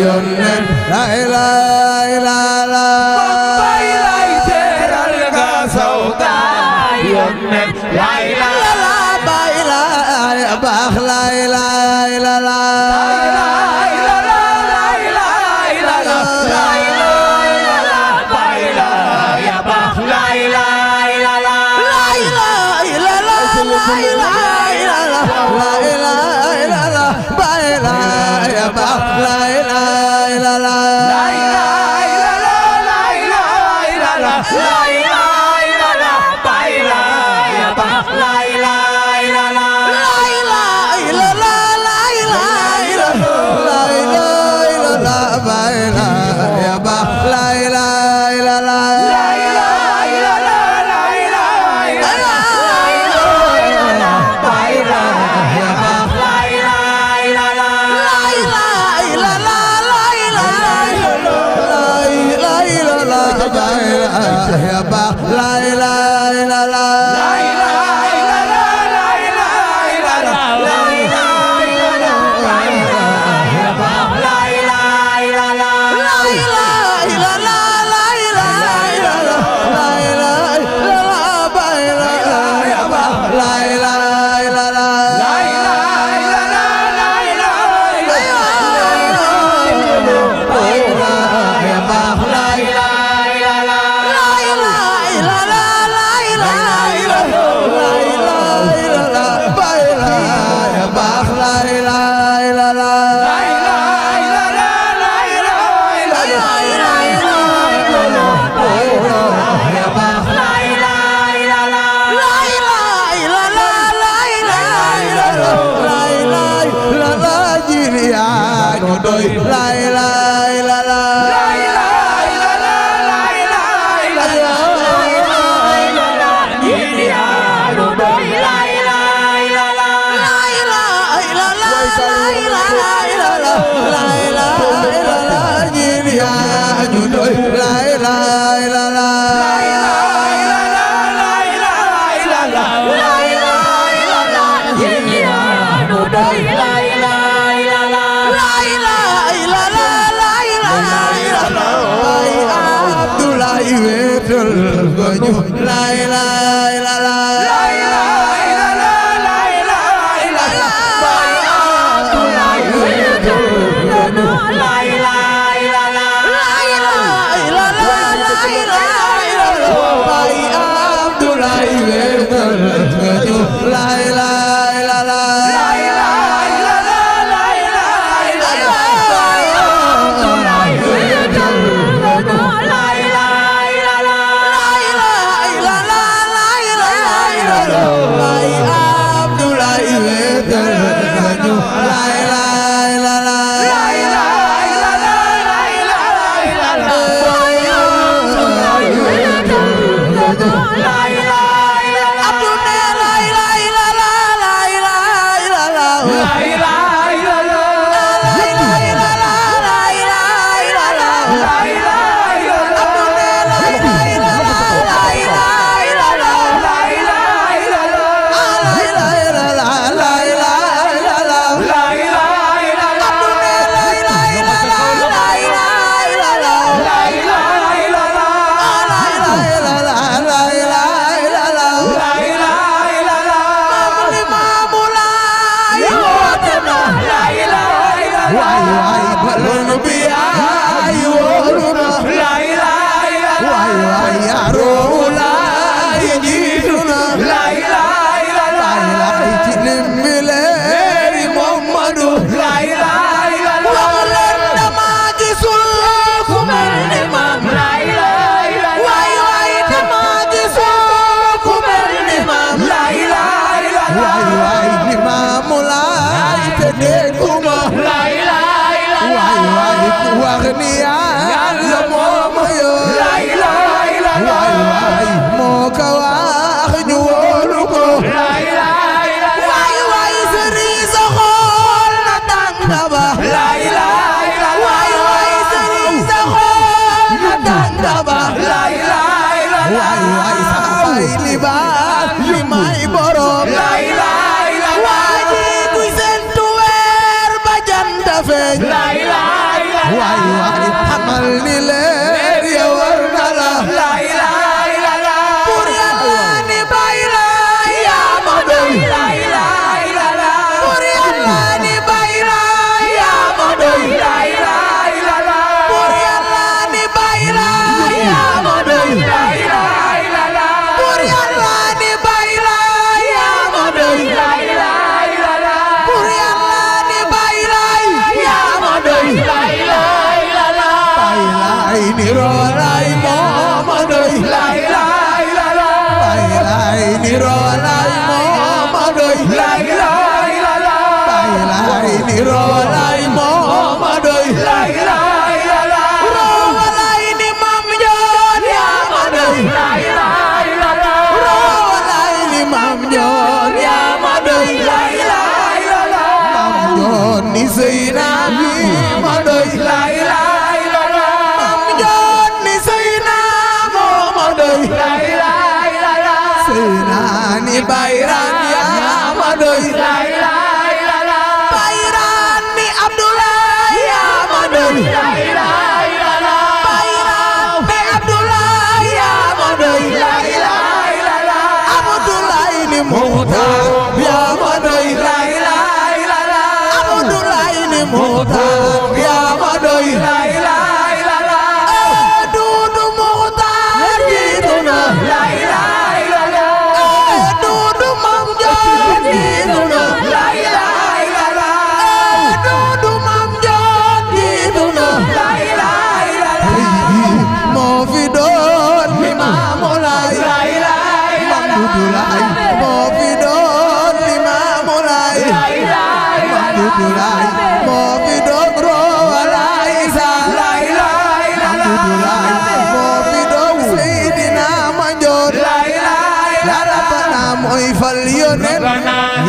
yónneen la ilaha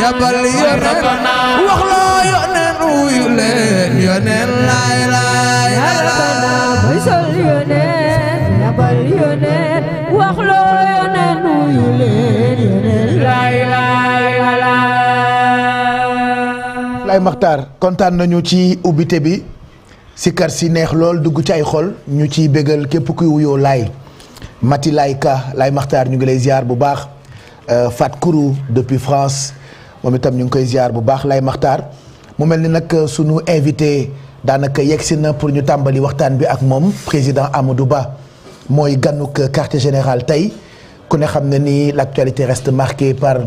yabal yoneen wuyu leen yoneen laay laay lay Maxtaar kontaan nañu ci ubbite bi si sikkar si neex lool dugg ci ay xol ñu ciy bégal képp kuy wuyoo lay Mati lay Ka Laay Maxtaar ñu ngi lay ziar bu baax euh, Fat Kourou depuis France moom itam ñu ngi koy ziar bu baax lay maxtaar mu mel ni nag euh, sunu invité daanaka yegsi na pour ñu tàmbali waxtaan bi ak moom président Amadou Ba mooy ganuk quartier général tey ku ne xam ne ni l'actualité reste marquée par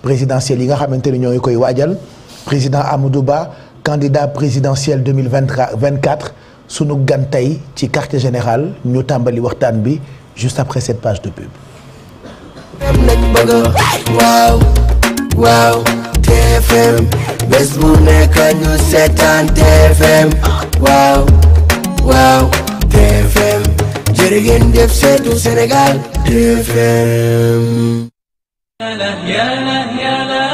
présidentielle yi nga xamante ni ñoo ngi koy waajal président Amadou Ba candidat présidentiel 2024 sunu gan tey ci quartier général ñu tàmbali waxtaan bi juste après cette page de pub. waaw TFM bés bu nekk ñu seetaan TFM waaw waaw TFM jërë ngeen jëf seetu Sénégal TFM yàlla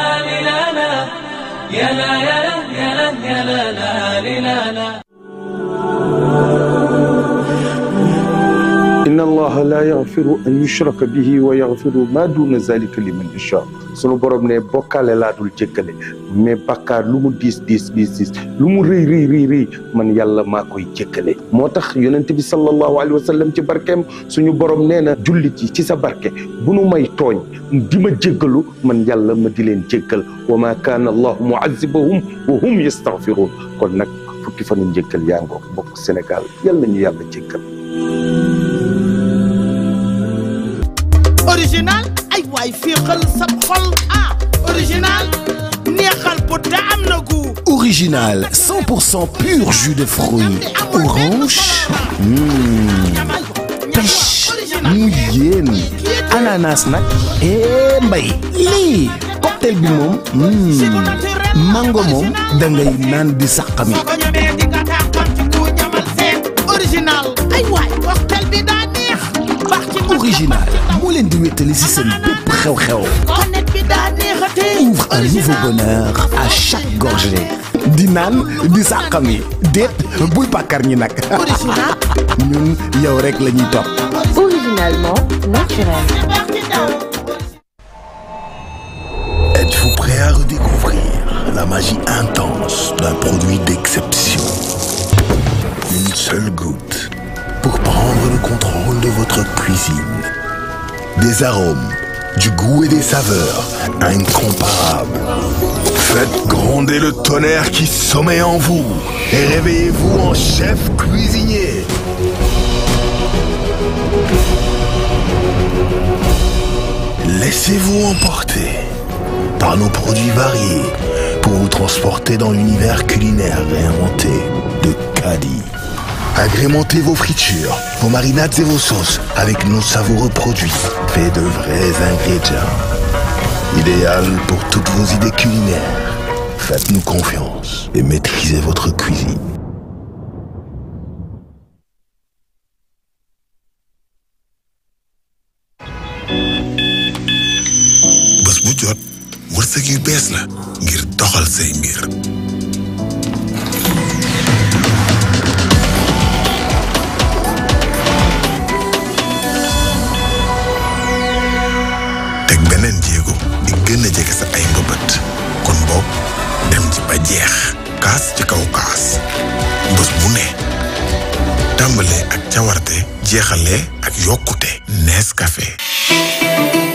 inna allaha la yaxfiru an yushraka bihi wa yaxfiru ma duna zalika liman yasha sunu borom ne bokkaale laa dul jéggale mais bakkaar lu mu diis diis diis diis lu mu rëy rëy rëy rëy man yàlla maa koy jéggale moo tax yonent bi sallallahu alayhi wa sallam ci barkeem suñu borom nee na jullit yi ci sa barke bu nu may tooñ di ma jéggalu man yàlla ma di leen jéggal wa ma kaana allahu muazibahum wa hum yastaghfiruun kon nag fukki fanu njéggal yaa ngoog bokk Sénégal yàlla ñu yàlla jéggal Ah, original neexal pot te na gu original pur jus de fruits orange mmh. mu yéen ananas nag eh mbay lii cocktail bi moom hmm. mango moom da ngay di saqami original original moo leen di wéttali si seen xew-xew ouvre un nouveau bonheur à chaque gorgée di naan di sàqami déet bul bàkkar ñi nag rek la ñuy topp originalement prêt à redécouvrir la magie intense d'un produit d'exception une seule goutte pour prendre le contrôle de votre cuisine. Des arômes, du goût et des saveurs incomparables. Faites gronder le tonnerre qui sommeille en vous et réveillez-vous en chef cuisinier. Laissez-vous emporter par nos produits variés pour vous transporter dans l'univers culinaire réinventé de Caddy. Agrémentez vos fritures, vos marinades et vos sauces avec nos savoureux produits faits de vrais ingrédients. Idéal pour toutes vos idées culinaires. Faites-nous confiance et maîtrisez votre cuisine. gën a jege sa ay mbëbët kon boog dem ci ba jeex kaas ci kaw kaas bés bu ne tàmbalee ak cawarte jeexalee ak yokkute Nescafé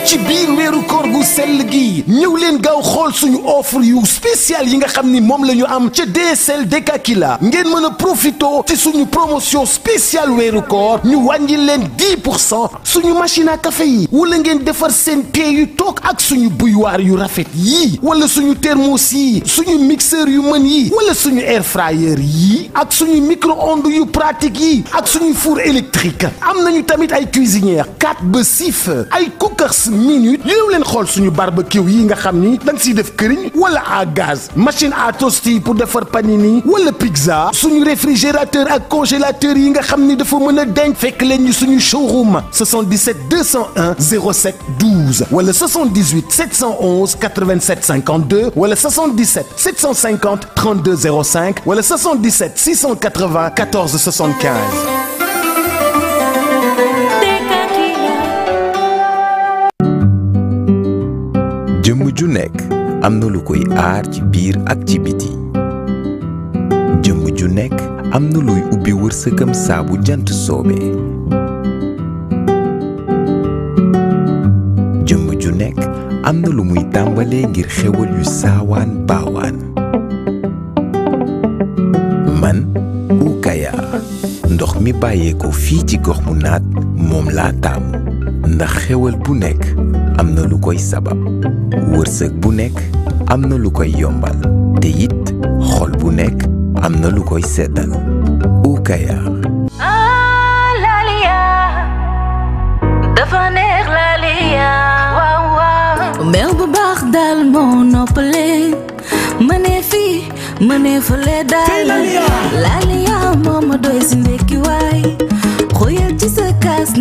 ci biir weeru koor gu sel gi ñëw leen gaaw xool suñu offre yu spécial yi nga xam ni moom la ñu am ca DSL Dekakila ngeen mën a profito ci suñu promotion spéciale weeru koor ñu wàññi leen 10 pour cent suñu machine à café yi wala ngeen defar seen thé yu toog ak suñu bouilloire yu rafet yii wala suñu thermos yi suñu mixeur yu mën yi wala suñu air fryer yi ak suñu micro yu pratique yi ak suñu four électrique am na ñu tamit ay cuisinières quatre ba six feux ay cookers minutes yéew leen xool suñu barbecue yi nga xam ni da nga siy def këriñ wala à gaz machine à toaster pour defar panini wala pizza suñu réfrigérateur ak congélateur yi nga xam ni dafa mën a denc fekk leen ñu suñu showroom 77 201 07 12 wala 78 711 87 52 wala 77 750 32 05 wala 77 680 14 75. ju nekk am na lu koy aar ci biir ak ci biti jëmm ju nekk am na luy ubbi wërsëgam saabu jant soobee jëmm ju nekk am na lu muy tàmbalee ngir xewal yu saawaan baawaan man Oukayaa ndox mi bàyyeekoo fii ci gox mu naat moom laa taamu ndax xéwal bu nekk am na lu koy sabab wërsëg bu nekk am na lu koy yombal te xol bu nekk am na lu koy seddal Kayaar dafa neex ma ma ne ndekki waay xoyal ci sa kaas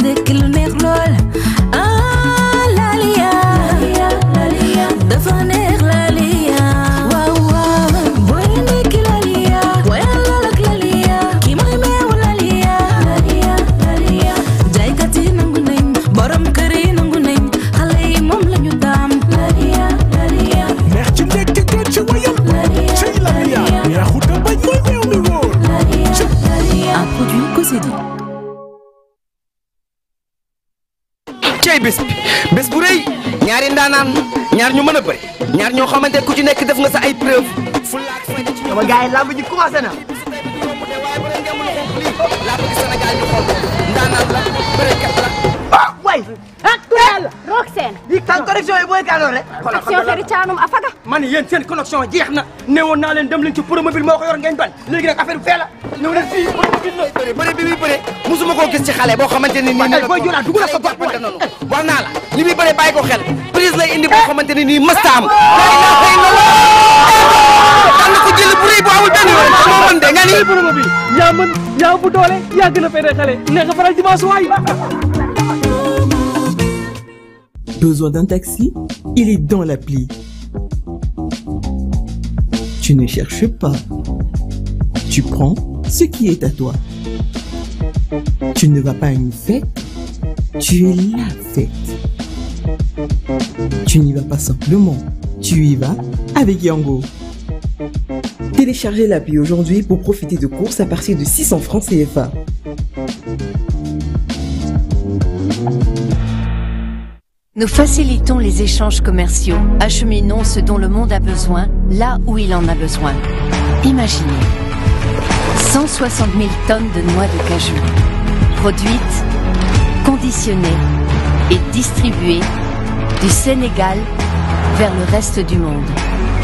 ndaanaan ñaar ñu mën a bëri ñaar ñoo xamante ku ci nekk def nga sa ay preuve fu laak fayda ci sama gars yi na waaye Sénégal ñu xool ndaanaan ah kuréel roog seen. di tan connexion yi booy gàlloon rek. connexion Serigne Thianoum a faga. man yéen seen connexion jeex na newoon naa leen dem leen ci promobile moo ko yor ngeen ban léegi nag affaire bi fee la. ñëw leen fii la. bëre bëre bi muy bëre musuma koo gis ci boo xamante ni. nii nag booy joola dugg na sa bopp wax naa la li muy bëre bàyyi ko xel prise lay indi boo eh, xamante ni nii mësta am. daan eh, eh, na ko jël bu rëy bu amul benn yoon te nga ni. promobile yaa mën yaa bu doole yaa gën a fay a Besoin d'un taxi Il est dans l'appli. Tu ne cherches pas. Tu prends ce qui est à toi. Tu ne vas pas une fête, tu es la fête. Tu n'y vas pas simplement, tu y vas avec Yango. Téléchargez l'appli aujourd'hui pour profiter de courses à partir de 600 francs CFA. Nous facilitons les échanges commerciaux, acheminons ce dont le monde a besoin, là où il en a besoin. Imaginez tonnes de noix de cajou, produites, conditionnées et distribuées du Sénégal vers le reste du monde.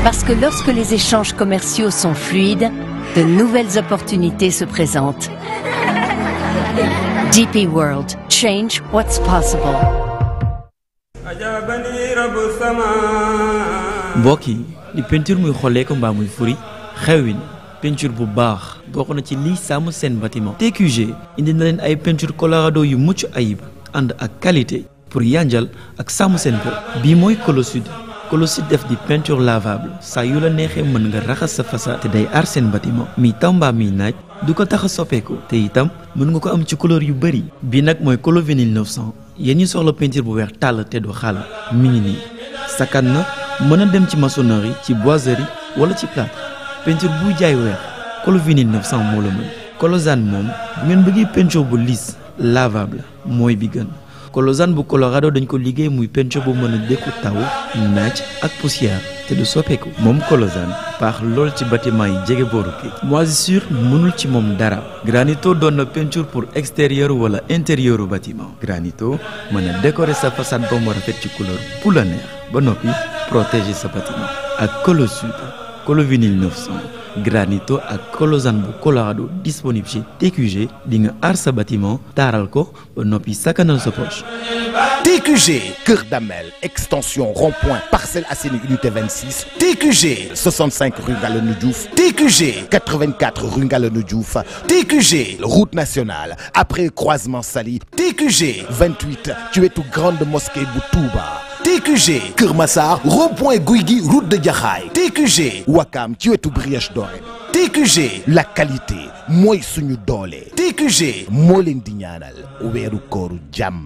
Parce que lorsque les échanges commerciaux sont fluides, de nouvelles opportunités se présentent. DP World, change what's possible. mbokk yi di peinture muy xollee ko mbaa muy furi xewin peinture bu baax bokk na ci liy sàmm seen bâtiment TQG indi na leen ay peinture colorado yu mucc ayib ànd ak qualité pour yanjal ak sàmm seen kër bii mooy colo sud colo sud def di peinture lavable saa yu la neexee mën nga raxas sa façade te day ar seen bâtiment mii taw mbaa mi naaj du ko tax a soppeeku te itam mën nga ko am ci couleur yu bëri bii nag mooy colo yéen ñi soxla peinture bu weex tàll te du xal mi ngi nii sakkan na mën a dem ci maçonnerie ci boiserie wala ci plâtre peinture buy jaay weex Colo Vinyle 900 moo la mën Colosane moom bu ngeen bëggee peinture bu lisse lavable mooy bi gën Colosane bu Colorado dañ ko liggéey muy peinture bu mën a dékku taw naaj ak poussière te du soppeeku moom Colosane baax lool ci bâtiment yi jege booru géej moisissure mënul ci moom dara granito doon na peinture pour extérieur wala intérieur u bâtiment granito mën a décorer sa façade ba mu rafet ci couleur bu ba noppi protéger sa bâtiment ak colo granito ak Colosane bu Colorado disponible chez TQG di nga aar sa bâtiment taaral ko ba noppi sakkanal sa poche TQG Kër Damel extension rond-point Parcelles Assainies unité 26 TQG 65 rue Ngalandou Diouf TQG 84 rue Ngalandou Diouf TQG route nationale après croisement Saly TQG 28 ci wetu grande mosquée bu Touba TQG Kër Massar rond-point Gouy route de Diakhaay TQG Wakam ci wetu Brioche Dorée TQG la qualité mooy suñu doole TQG moo leen di ñaanal weeru kooru jàmm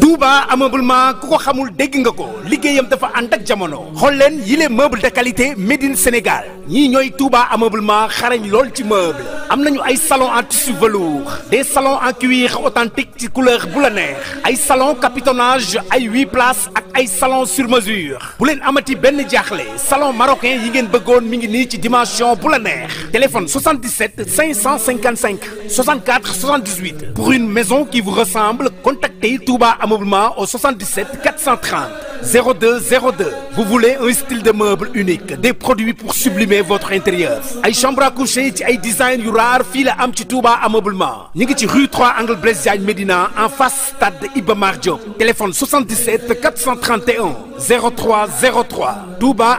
Touba ameublement ku ko xamul dégg nga ko liggéeyam dafa ànd ak jamono xool leen yile meuble de qualité médine in ñii ñooy Touba ameublement xarañ lool ci meuble am nañu ay salon en tissu velours des salons en cuir authentique ci couleur bu la neex ay salon capitonage ay huit places ak ay salon sur mesure bu leen amati benn jaaxle salon marocain terrain yi ngeen bëggoon mi ngi nii ci dimension bu la neex téléphone 77 555 64 78 pour une maison qui vous ressemble contactez Touba Ameublement au 77 430 02 02 vous voulez un style de meuble unique des produits pour sublimer votre intérieur ay chambre à ci ay design yu raar fii la am ci Touba Ameublement ñu ngi ci rue 3 angle Blaise Diagne Médina en face stade Iba Mar Diop téléphone 77 431 03 03 Touba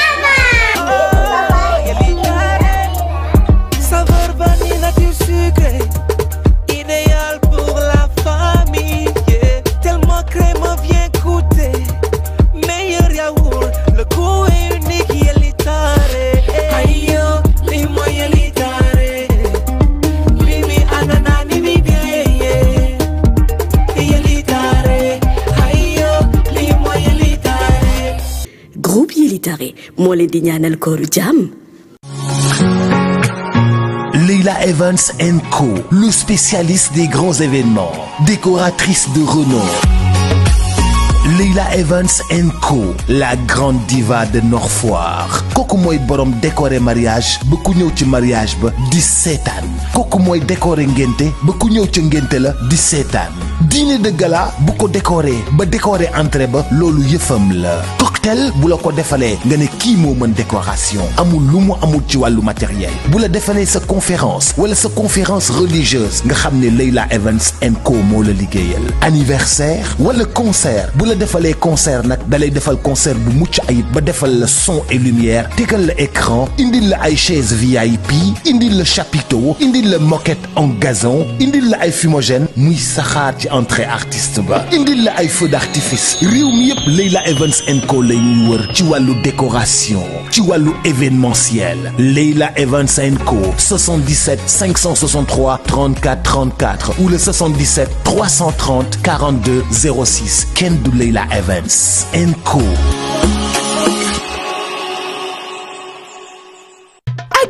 Bichri moo leen di ñaanal kooru jàmm. Leila Evans Co, le spécialiste des grands événements, décoratrice de renom. Leila Evans and Co la grande diva de Nord Foire kooku mooy borom décoré mariage ba ku ñëw ci mariage ba di seetaan kooku mooy décoré ngénte ba ku ñëw ca ngénte la di seetaan dîner de gala bu ko décoré ba décoré entrée ba loolu yëfam la cocktail bu la ko defalee nga ne kii moo mën décoration amul lu mu amul ci wàllu matériel bu la defalee sa conférence wala sa conférence religieuse nga xam ne Leila Evans and Co moo la liggéeyal anniversaire wala concert la defalee concert nag dalay defal concert bu mucc ayib ba defal la son et lumière tegal la écran indi la ay chaise VIP indi la chapiteau indil la moquette en gazon indil la ay fumogène muy saxaar ci entrée artiste ba indil la ay feu d'artifice réew mi yëpp Leila Evans and Co la ñuy wër ci wàllu décoration ci wàllu événementiel Leila Evans and Co 77 563 34 34 ou le 77 330 42 06 kenn du Leila Evans and Co.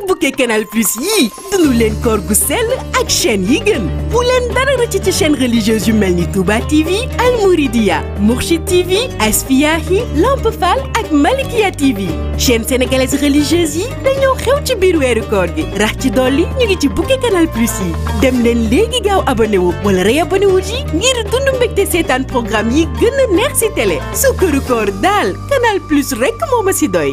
ak bouquet canal plus yii dund leen koor gu sell ak chaîne yi gën bu leen dara rëcc ci chaîne religieuse yu mel ni Touba TV Al Mouridiya Mourchid TV Asfiyahi Lamp Fall ak Malikia TV chaîne sénégalaise religieuse yi dañoo xew ci biir weeru koor gi rax ci dolli ñu ngi ci bouquet canal plus yi dem leen léegi gaaw abonné wu wala réabonné wu ji ngir dund mbégte seetaan programme yi gën a neex si télé sukkaru koor daal canal plus rek moo ma si doy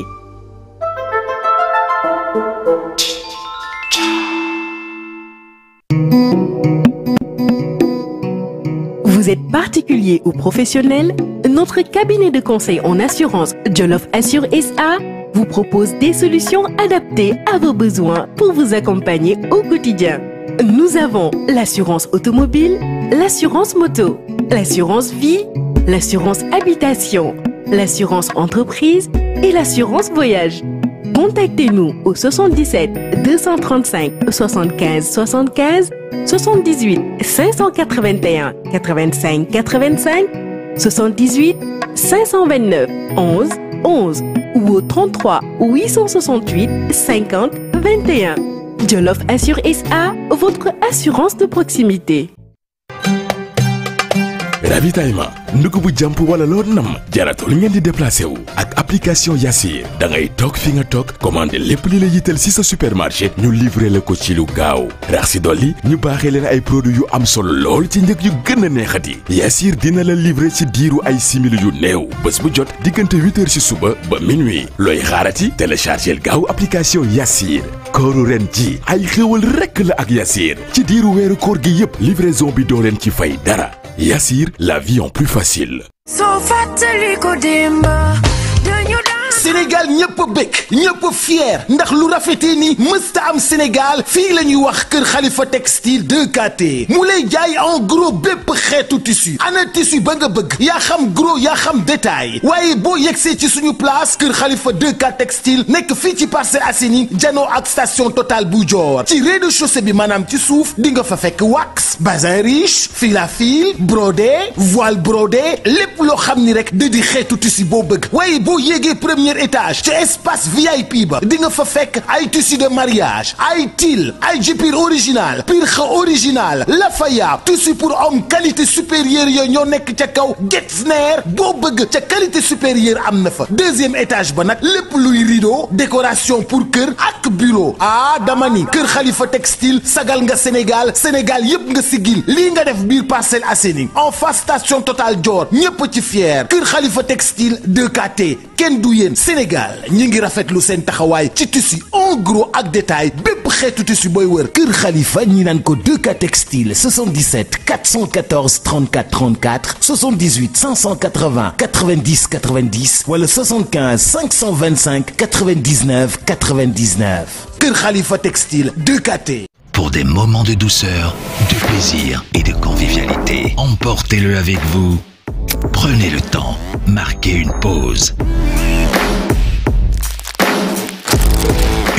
Vous êtes particulier ou professionnel Notre cabinet de conseil en assurance Jolof Assure SA vous propose des solutions adaptées à vos besoins pour vous accompagner au quotidien. Nous avons l'assurance automobile, l'assurance moto, l'assurance vie, l'assurance habitation, l'assurance entreprise et l'assurance voyage. Contactez-nous au 77 235 75 75 78 581 85 85 78 529 11 11 ou au 33 868 50 21. Jolof Assure SA, votre assurance de proximité. ndugg bu jàmp wala loo nam jaratul ngeen di déplacé wu ak application Yassir da ngay toog fi nga toog commandé lépp li la yitteel si sa supermarché ñu livré la ko ci lu gaaw rax si dolli ñu baaxee leen ay produit yu am solo lool ci njëg yu gën a neexati Yassir dina la livré ci diiru ay simili yu néew bés bu jot diggante huit heures si suba ba minuit looy xaarati téléchargeel gaaw application Yassir kooru ren ji ay xéwal rekk la ak Yassir ci diiru weeru koor gi yépp livraison bi doo leen ci fay dara Yassir la vie facile. Sénégal ñëpp a bëgg ñëpp a fier ndax lu rafetee ni mësta am Sénégal fii la ñuy wax kër Khalifa textile 2KT mu lay jaay en gros bépp xeetu tissu ana tissu ba nga bëgg yaa xam gros yaa xam détail waaye boo yegsee ci suñu place kër Khalifa 2KT textile nekk fii ci Parcelles Assainies janoo ak station totale bu joor ci rez-de-chaussée bi maanaam ci suuf di nga fa fekk wax basin riche fil à fil brodé voile brodé lépp loo xam ni rek da di xeetu tissu boo premier étage ca espace VIP ba di nga fa fekk ay tissu de mariage ay til ay jipir original pirxa original lafaya tissu pour homme qualité supérieure yooyu ñoo nekk ca kaw Getzner boo bëgg ca qualité supérieure am na fa deuxième étage ba nag lépp luy rideau décoration pour kër ak bureau ah dama ni kër Khalifa textile sagal nga Sénégal Sénégal yëpp nga sigil lii nga def biir Parcelles Assainies en face station Total Dior ñëpp ci fier kër Khalifa textile 2 yéen Sénégal ñi ngi rafetlu seen taxawaay ci tissu en gros ak détail bépp xeetu tissu booy wër Kër Khalifa ñi naan ko 2K Textile 77 414 34 34 78 580 90 90 wala 75 525 99 99 Kër Khalifa Textile 2KT. Pour des moments de douceur, de plaisir et de convivialité, emportez-le avec vous. Prenez le temps, marquez une pause.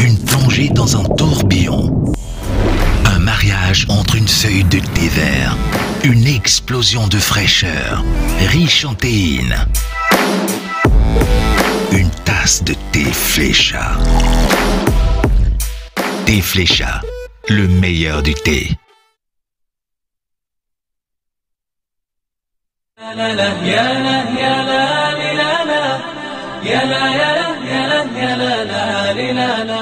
une plongée dans un tourbillon, un mariage entre une feuille de thé vert, une explosion de fraîcheur, riche en théine, une tasse de thé flécha. Thé flécha, le meilleur du thé. يا لا يا لا يا لا يا لا لا لا لا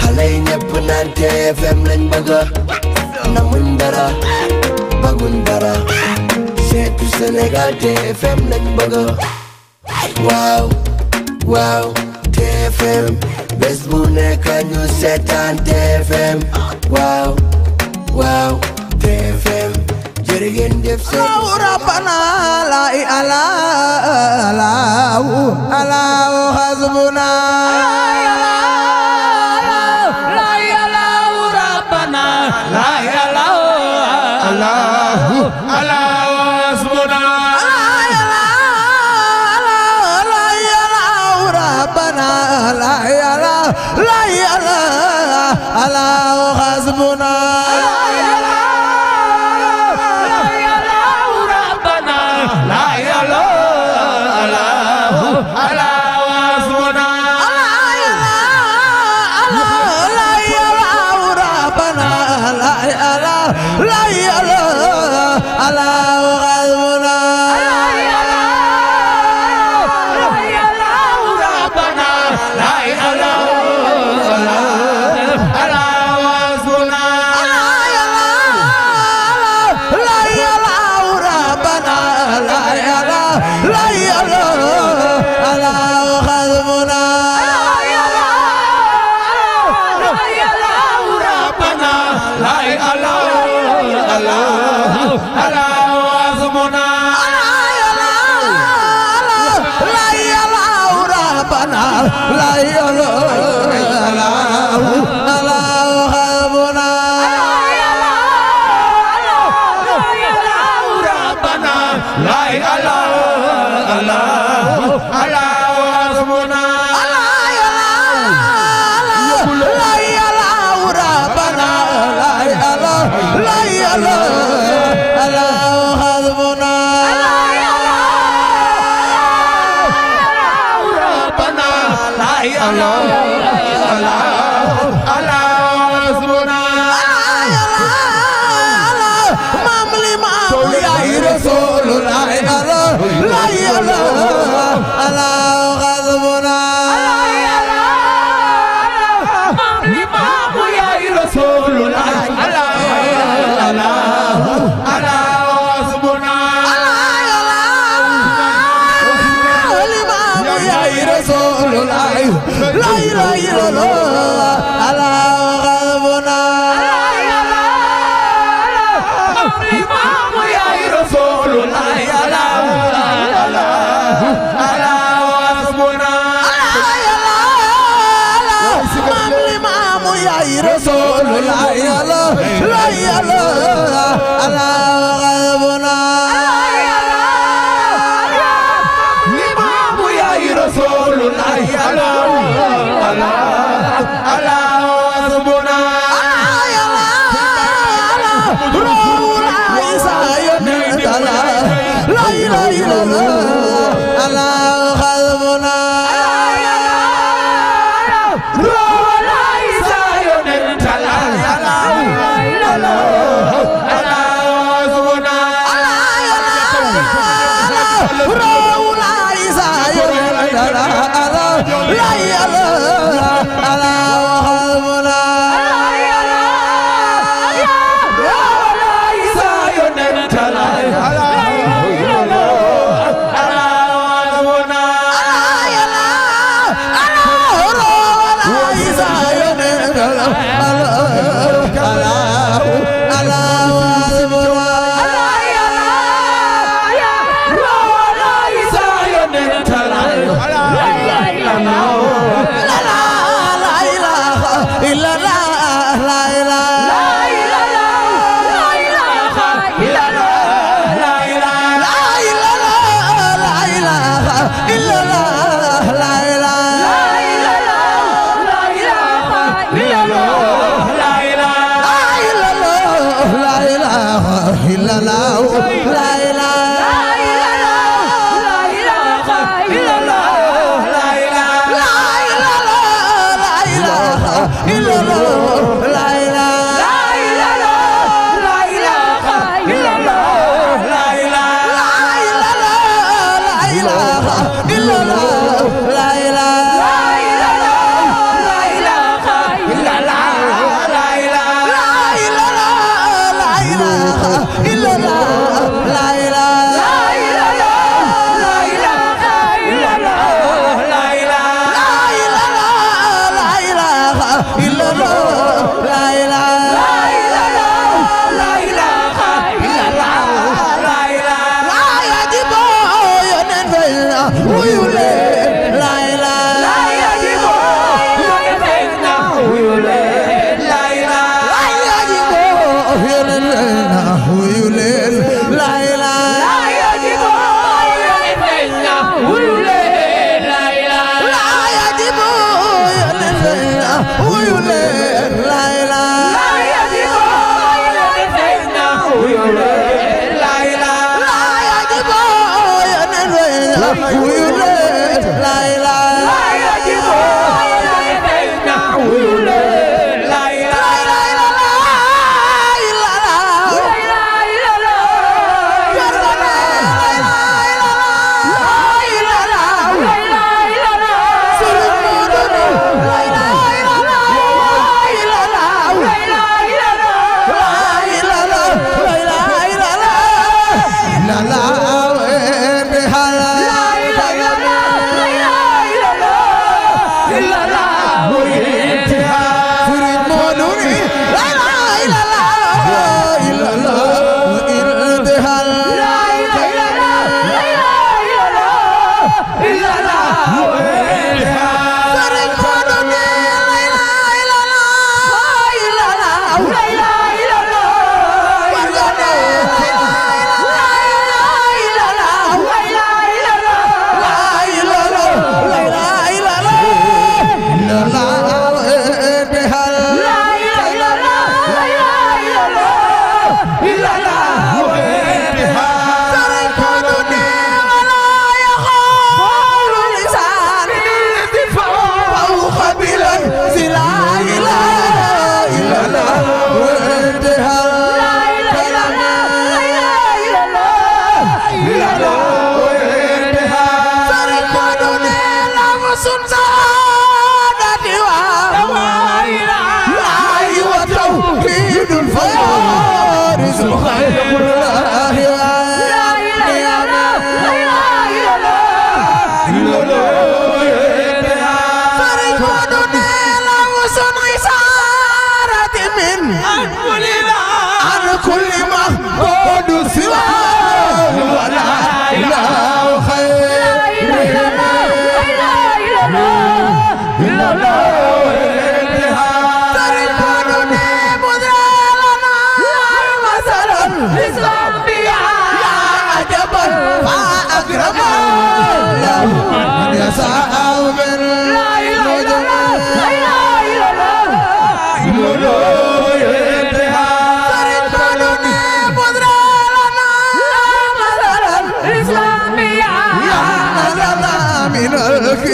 xale ñëpp naan TFM lañ bëgg namuñ dara baguñ dara seetu Sénégal TFM waaw waaw TFM bés bu nekk ñu seetaan TFM waaw waaw TFM jërë ngeen jëf seen rabbana la ilaha illa allah hasbuna la la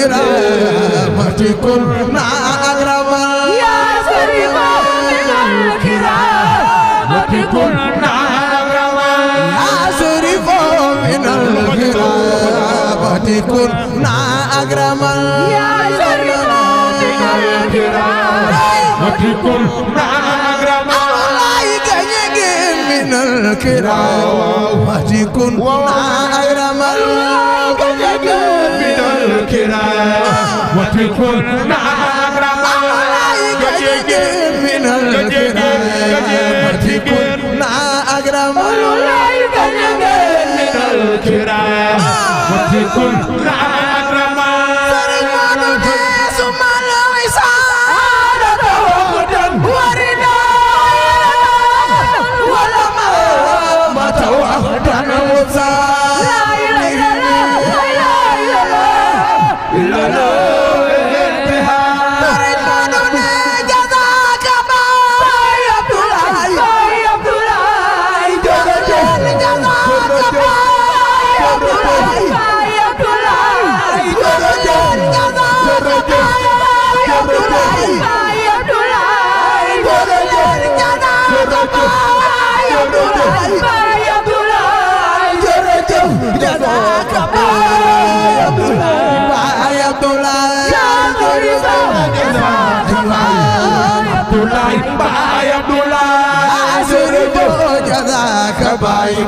برحمتكم ما أغرب يا سليم من الكرامتكم ما أغرب يا سليم من الكرامتكم ما أغرب يا سليم من الكرامتكم ما أغرب عليك يجي من الكرامتكم ما أغرب من الكرام وتكون أكرم كجيك من الكرام وتكون أكرم من الكرام وتكون أكرم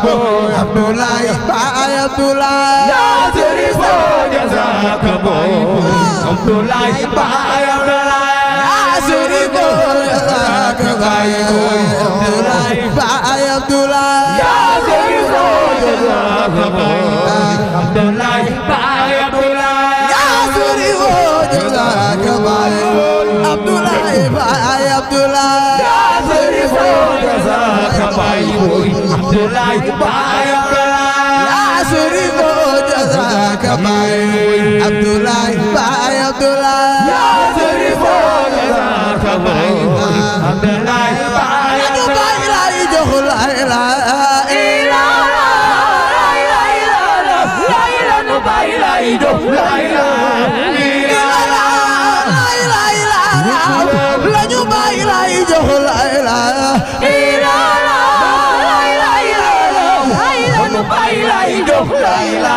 boy Abdoulaye Baye Abdoulaye yaa sëriñ soo jazaaka boy Abdoulaye Baye Abdoulaye yaa sëriñ boy jazaaka Baye boy Abdoulaye Baye Abdoulaye yaa sëriñ soo jazaaka boy Abdoulaye Baye Abdoulaye yaa sëriñ soo jazaaka Baye boy Abdoulaye Baye Abdoulaye la ñu bàyyi lay jox la la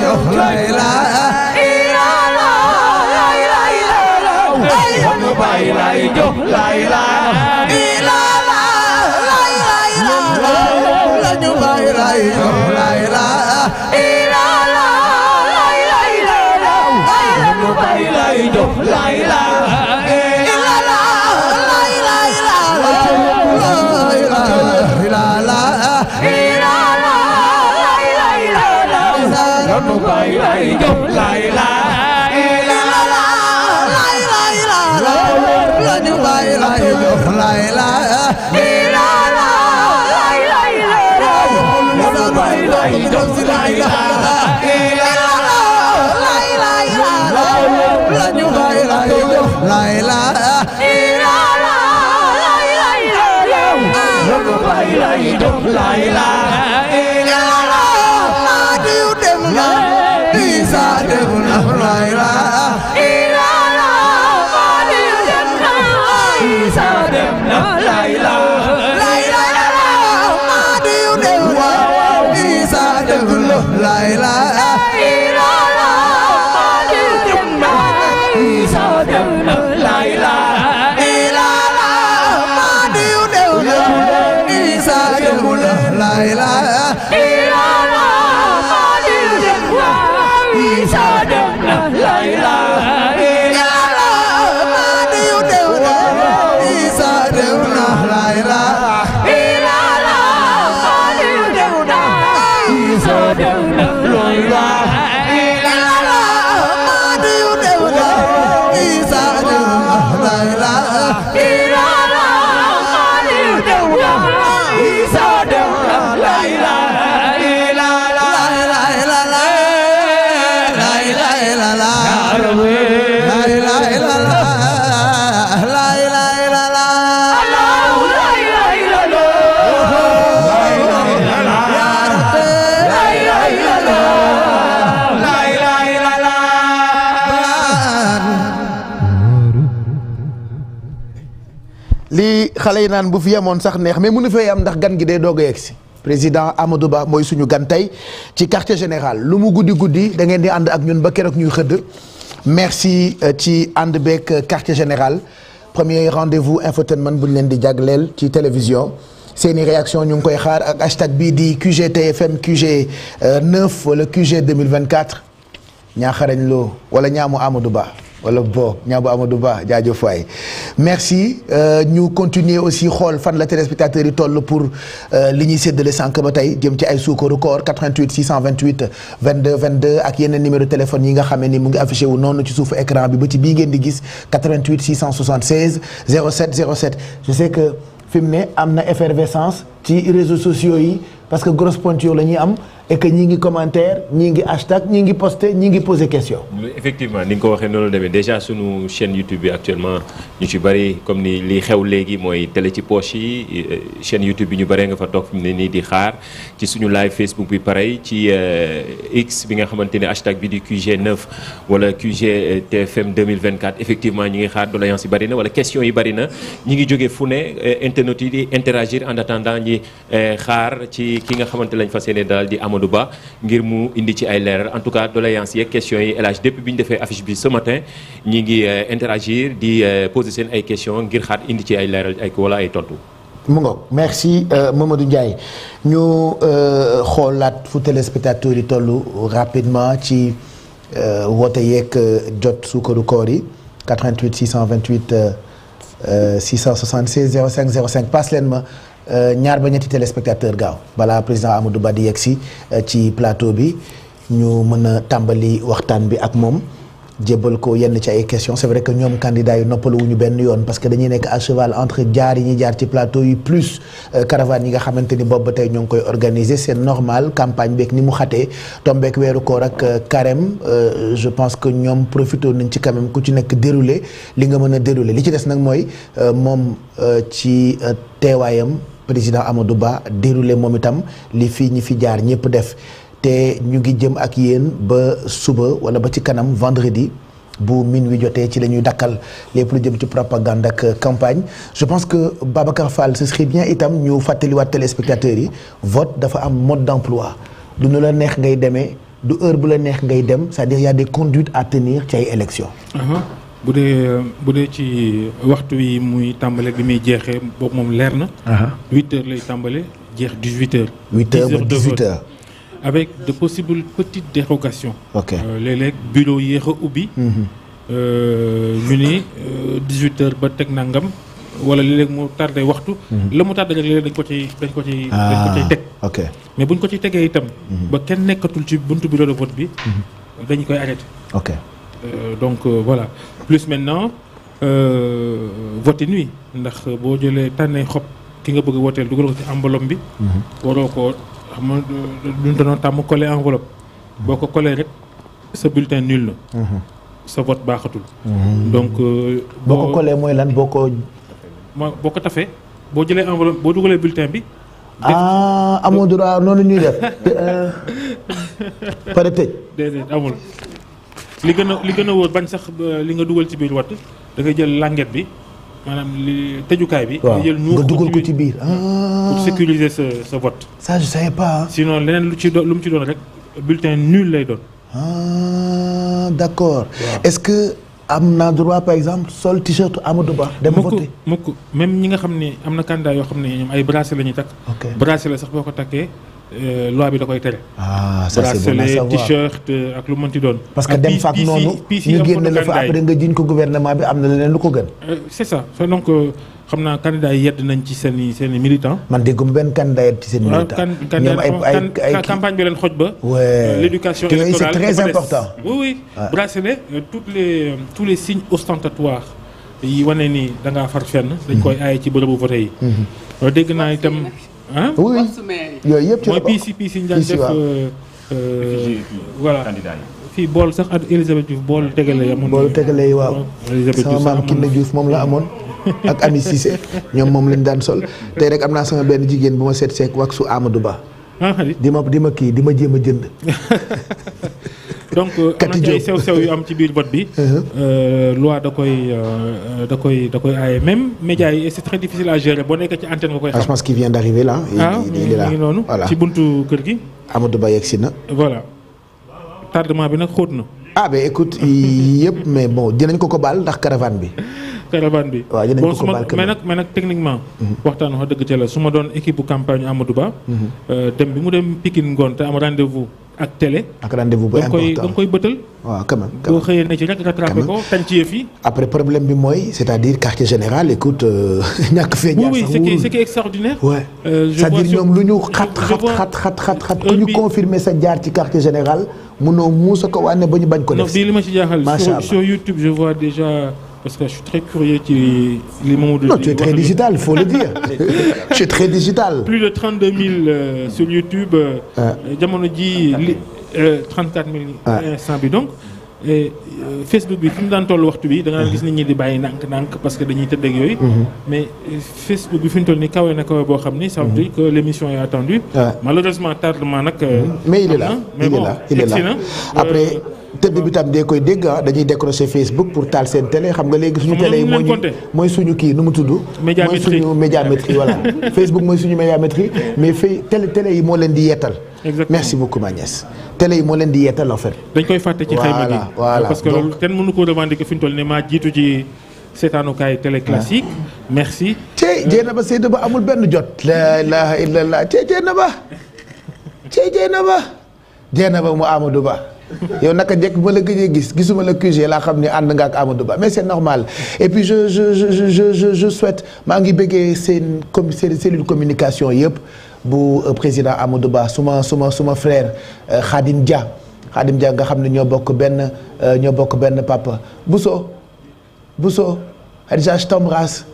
jox layla ila la ila ila la la ilaha illallah xale naan bu fi yemoon sax neex mais a fee am ndax gan gi day doog a yegg si président Amadou Ba mooy suñu gan tey ci quartier général lu mu guddi guddi da ngeen di ànd ak ñun ba keroog ñuy xëdd merci euh, ci ànd beeg quartier général premier rendez-vous infotainment bu ñu leen di jagleel ci télévision seeni réaction ñu ngi koy xaar ak hashtag bii di QGTFM QG 9 euh, wala QG 2024 ñaa xarañ loo wala ñaamu Amadou Ba wala bo ñaamu Amadou Ba jaajëf waay merci euh, ñu continuer aussi xool fan la téléspectateurs yi toll pour euh, li ñuy séddale sànq ba tey jëm ci ay suukaru koor 88 628 22 22 ak yenn numéro téléphone yi nga xam ne ni mu ngi affiché wu noonu ci suufu écran bi ba ci bii ngeen di gis 88 676 07 07 je sais que fi mu ne am na effervescence ci réseaux sociaux yi parce que grosse pointure la ñuy am. et que ñi ngi commentaire ñi ngi hashtag ñi ngi posté ñi ngi posé question. effectivement ni nga ko waxee noonu la demee déjà sunu chaîne YouTube bi actuellement ñu ci bari comme ni li xew léegi mooy télé ci poche yi euh, chaîne bi ñu baree nga fa toog fi mu nii di xaar ci suñu live Facebook bi pareil ci euh, X bi nga xamante ne hashtag bi di QG9 wala QG TFM 2024 effectivement ñi ngi xaar doléance yi bari na wala question yi bari na ñi ngi jóge fu ne euh, internet yi di interagir en attendant ñi xaar ci ki nga xamante lañ fa yéene daal di amoon Amadou Ba ngir mu indi ci ay leeral en tout cas doléance yeeg questions yi El Hadj depuis bi ñu defee affiche bi ce matin ñi ngi euh, interagir di euh, poser seen ay question ngir xaat indi ci ay leeral ay wala ay tontu. mu ngoog merci euh, Mamadou Ndiaye ñu xoolaat fu téléspectateurs yi toll rapidement ci woote yeeg jot suukaru koor yi 88 628 676 05 05 paas leen ma. Euh, ñaar ba ñetti téléspectateur gaaw balaa président Amadou Ba di yegg si euh, ci plateau bi ñu mën a tàmbali waxtaan bi ak moom jébbal ko yenn ci ay question c'est vrai que ñoom candidats yi noppaluwuñu benn yoon parce que dañuy nekk à cheval entre jaar yi ñuy jaar ci plateau yi plus euh, caravane yi nga xamante ni boobu ba tey ñoo ngi koy organiser c'est normal campagne beek ni mu xatee tombeek weeru koor ak carême je pense que ñoom profité nañ ci quand ku ci nekk déroulé li nga mën a déroulé li ci des mooy moom ci teewaayam. président Amadou Ba déroulé moom itam li fii ñi fi jaar ñëpp def te ñu ngi jëm ak yéen ba suba wala ba ci kanam vendredi bu min wi jotee ci la ñuy dakkal lépp lu jëm ci propagande ak campagne je pense que Babacar Fall ce serait bien itam ñu fàttaliwaat téléspectateurs yi vote dafa am mode d'emploi du nu la neex ngay demee du heure bu la neex ngay dem c'est-à-dire y des conduites à ci ay élections. bu dee bu dee ci waxtu yi muy tàmbale bi muy jeexee boobu moom leer na. huit heures lay tàmbale jeex dix huit heures. huit heures ba avec de possibles petites dérogations. ok euh, léeg-léeg bureau yéex a ubbi. Mhm. Euh, ñu ni euh, dix huit ba teg nangam. wala léeg-léeg mu tardé waxtu. Mhm. la mu tardé léeg dañ ko ci dañ ko ci dañ ko ciy ah, teg. mais buñ ko ci tegee itam. Mhm. ba kenn nekkatul ci buntu bi de vote bi. dañ koy arrêté. donc voilà. plus maintenant euh, vote nuit ndax boo jëlee tànnee xob ki nga bëgg a woteel dugal ko ci enveloppe bi. Mhm. waroo mhm. boo ko coller rek sa bulletin nul la. Mhm. sa vote baaxatul. donc euh, boo ko coller mooy lan boo ko. moo boo tafee boo jëlee enveloppe boo dugalee bulletin bi. ah amoo droit amul. li gën a li gën a wóor bañ sax li nga dugal ci biir watt da nga jël langet bi maanaam li tëjukaay bi. waaw nga dugal ko ci biir ah. pour sécuriser sa sa vote. ça je savais pas. sinon leneen lu ci doon lu mu ci doon rek bulletin nul lay doon. ah d' accord. Wow. est ce que am naa droit par exemple sol t-shirt Amadou baax dem voté mukk mukk ñi nga xam ne am na candidat yoo xam ne ñoom ay bracelet la ñuy takk. ok bracelet la sax boo ko takkee. Euh, loi bi da koy tere. ah ça c'est bon euh, que ah, dem faak noonu ñu génne la fa après nga euh, yi nañ ci seen i seen i militants. man déggum benn candidat yedd ci seen ah, militant. ñoom ay ay campagne les tous les signes ostentatoires yi wane ni da ngaa far fenn. dañ koy mhm. aaye ci bërëbu vote yi. Mhm. dégg naa itam. oui yooyu yëpp ci la bokk mooy pii si euh, euh, fii bool sax ak Elisabeth Diouf boolu tegale yi amoon. tegale yi waaw. sama maam Kiné Diouf moom la amoon. ak Ami Cissé ñoom moom lañ daan sol tey rek am naa sama benn jigéen bu ma seet seek wax su Amadou Ba. Ah, di ma di ma kii di ma jéem a jënd. donc euh, am na ay sew sew yu am ci biir boot bi. Uh-huh. Euh, loi da koy euh, da koy da koy aaye même média yi c'est très difficile à gérer boo nekkee ci antenne nga koy xam. Ah, je pense qu'il vient d'arriver là. il ah, est kër gi. Amadou Ba yegsi na. voilà tardement bi nag xóot na. ah mais écoute yëpp mais bon dinañ ko ko baal ndax caravane bi. caravane bi waa dinañ ko ko baal mais nag mais nag techniquement. Mhm. waxtaan wax dëgg ca la su ma doon équipe campagne Amadou Ba. Mhm. dem bi mu dem Pikine ngoon te am rendez-vous. ak télé. ak bu important da nga koy bëtal. waaw quand même boo après problème bi mooy c'est-à-dire quartier général écoute euh, ñàkk fee. ñaar sax wóorul c'est euh, lu ñu xat xat xat xat xat ñu confirmer sa jaar ci quartier général munoo muusa ko wànne ba ñu bañ ko li ma ci jaaxal. macha allah sur parce que je suis très curieux ci li Mamadou. non tu es très digital faut le dire. tu es très digital. plus de 32 000 euh, sur YouTube. Euh, ah. jamono ji li 34 000. instant bi donc. Euh, Facebook bi fi mu daan toll waxtu bi da nga gis nit ñi di bàyyi ndànk-ndànk parce que dañuy tëdd ak yooyu. Mhm. mais euh, Facebook bi fi mu toll nii kawe na kawe boo xam ni. ça veut mhm. dire que l' émission est tam dee koy dégg ah dañuy décrocher Facebook pour taal seen télé xam nga léegi suñu télé yi moo ñu mooy suñu kii nu mu tudd mooy suñu médiamétrie voilà Facebook mooy suñu médiamétrie mais fay yi moo leen di yeetal merci beaucoup Magnès télé yi moo leen di yeetal en fait. dañ koy fàtte ci xayma gi voilà parce que loolu kenn mënu ko revendiquer fi ñu toll nii maa jiitu ci seetaanukaay télé classique. Ah. merci. tey Dieynaba euh. Seydou Ba amul benn jot. la ilaha illallah tey mu Amadou Ba. yow naka njëkk bu ma la gis gisuma la QG laa xam ne ànd nga ak Amadou Ba mais c'est normal et puis je je je maa ngi béggee seen com seen communication yëpp. bu euh, président Amadou Ba suma suma suma frère euh, Khadim Dia Khadim Dia nga xam ne ñoo bokk benn euh, ñoo bokk benn papa Bousso Bousso Adja je t'embrasse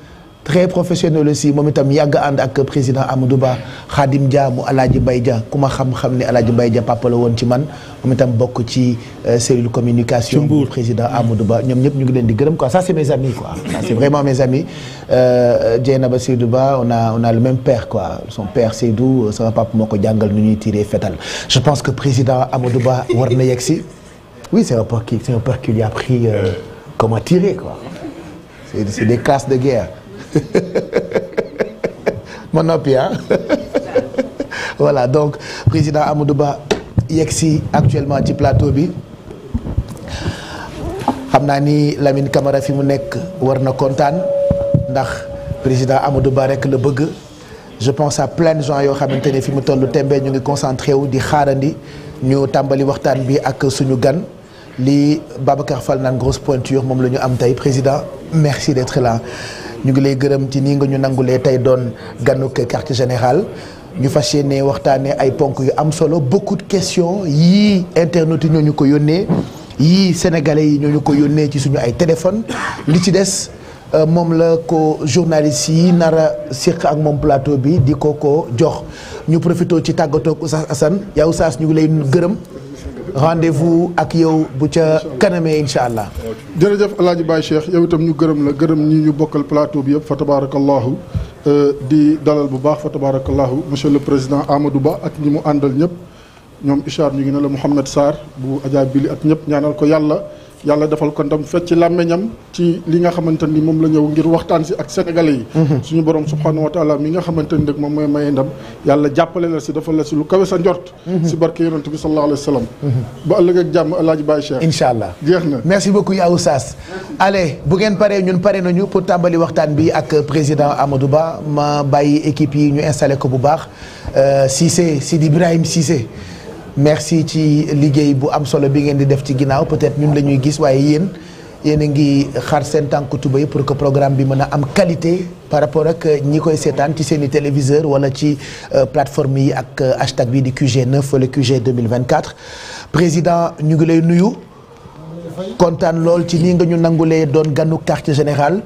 très professionnel aussi moom itam yàgg ànd ak président Amadou Ba Khadim Dia mu Alaaji Bay Dia ku ma xam-xam ne Alaaji mbay Dia papa la woon ci man moom itam bokk ci euh, cellule communication bu président Amadou Ba ñoom ñëpp ñu ngi leen di gërëm quoi ça c'est mes amis quoi ça c'est vraiment mes amis euh, euh, Dieynaba Seydou Ba on a on a le même père quoi son père Seydou sama papa moo ko jàngal nu ñuy tiré fetal je pense que président Amadou Ba war na yegg si oui c'est un père qui c'est un père des classes de guerre ma noppi ah voilà donc président Amadou Ba yegg si actuellement ci plateau bi xam naa ni Lamine Camara fi mu nekk war na kontaan ndax président Amadou Ba rek la bëgg je pense à plein de gens yoo xamante ne fi mu toll tembe ñu ngi concentré wu di xaarandi ñu tàmbali waxtaan bi ak suñu gan li Babacar fal naan grosse pointure moom la ñu am tey président merci d'être là. ñu ngi lay gërëm ci nii nga ñu nangulee tey doon ganuk quartier général ñu fas ne waxtaanee ay ponk yu am solo beaucoup question yii internautes yi ñoo ñu ko yónnee yii sénégalais yi ñoo ñu ko yónnee ci suñu ay téléphone li ci des euh, moom la ko journaliste yi nara a ak moom plateau bi di ko ko jox ñu profité ci tàggatoo ak Oustaz Assane yaa ñu ngi lay gërëm. rendez-vous ak yow bu ca kanamee incha allah. jërëjëf El Hadj Baye Cheikh yow itam ñu gërëm la gërëm ñi ñu bokkal plateau bi yëpp fa tabarakallahu euh, di dalal bu baax fa tabarakallahu monsieur le président Amadou Ba ak ñi mu àndal ñëpp ñoom Ichaar ñu ngi ne la Mouhamed saar bu Adja Bili ak ñëpp ñaanal ko yàlla. yàlla defal ko ndam fekk ci làmmeñam ci li nga xamante ni moom la ñëw ngir waxtaan si ak sénégalais yi mhm. suñu borom subhanahu wa taala mi nga xamante ni rek moom mooy maye ndam yàlla jàppale la si defal la si lu kawe sa njort mhm. si barke yonent bi sallallahu alayhi wa sallam mhm. na merci beaucoup yaa Oustaz bu ngeen paree ñun pare nañu pour tàmbali waxtaan bi ak président Amadou Ba ma bàyyi équipe yi ñu installé ko bu baax euh, Cissé Sidi Ibrahim Cissé merci ci liggéey bu am solo bi ngeen di def ci ginnaaw peut-être ñun la ñuy gis waaye yéen yéen a ngi xar seen tànku tubéy pour que programme bi mën a am qualité par rapport ak ñi koy seetaan ci seen i téléviseur wala ci euh, plateforme yi ak euh, hashtag bi di QG9 wala QG 2024 président ñu ngi lay nuyu kontaan lool ci nii nga ñu nangulee doon ganu quartier général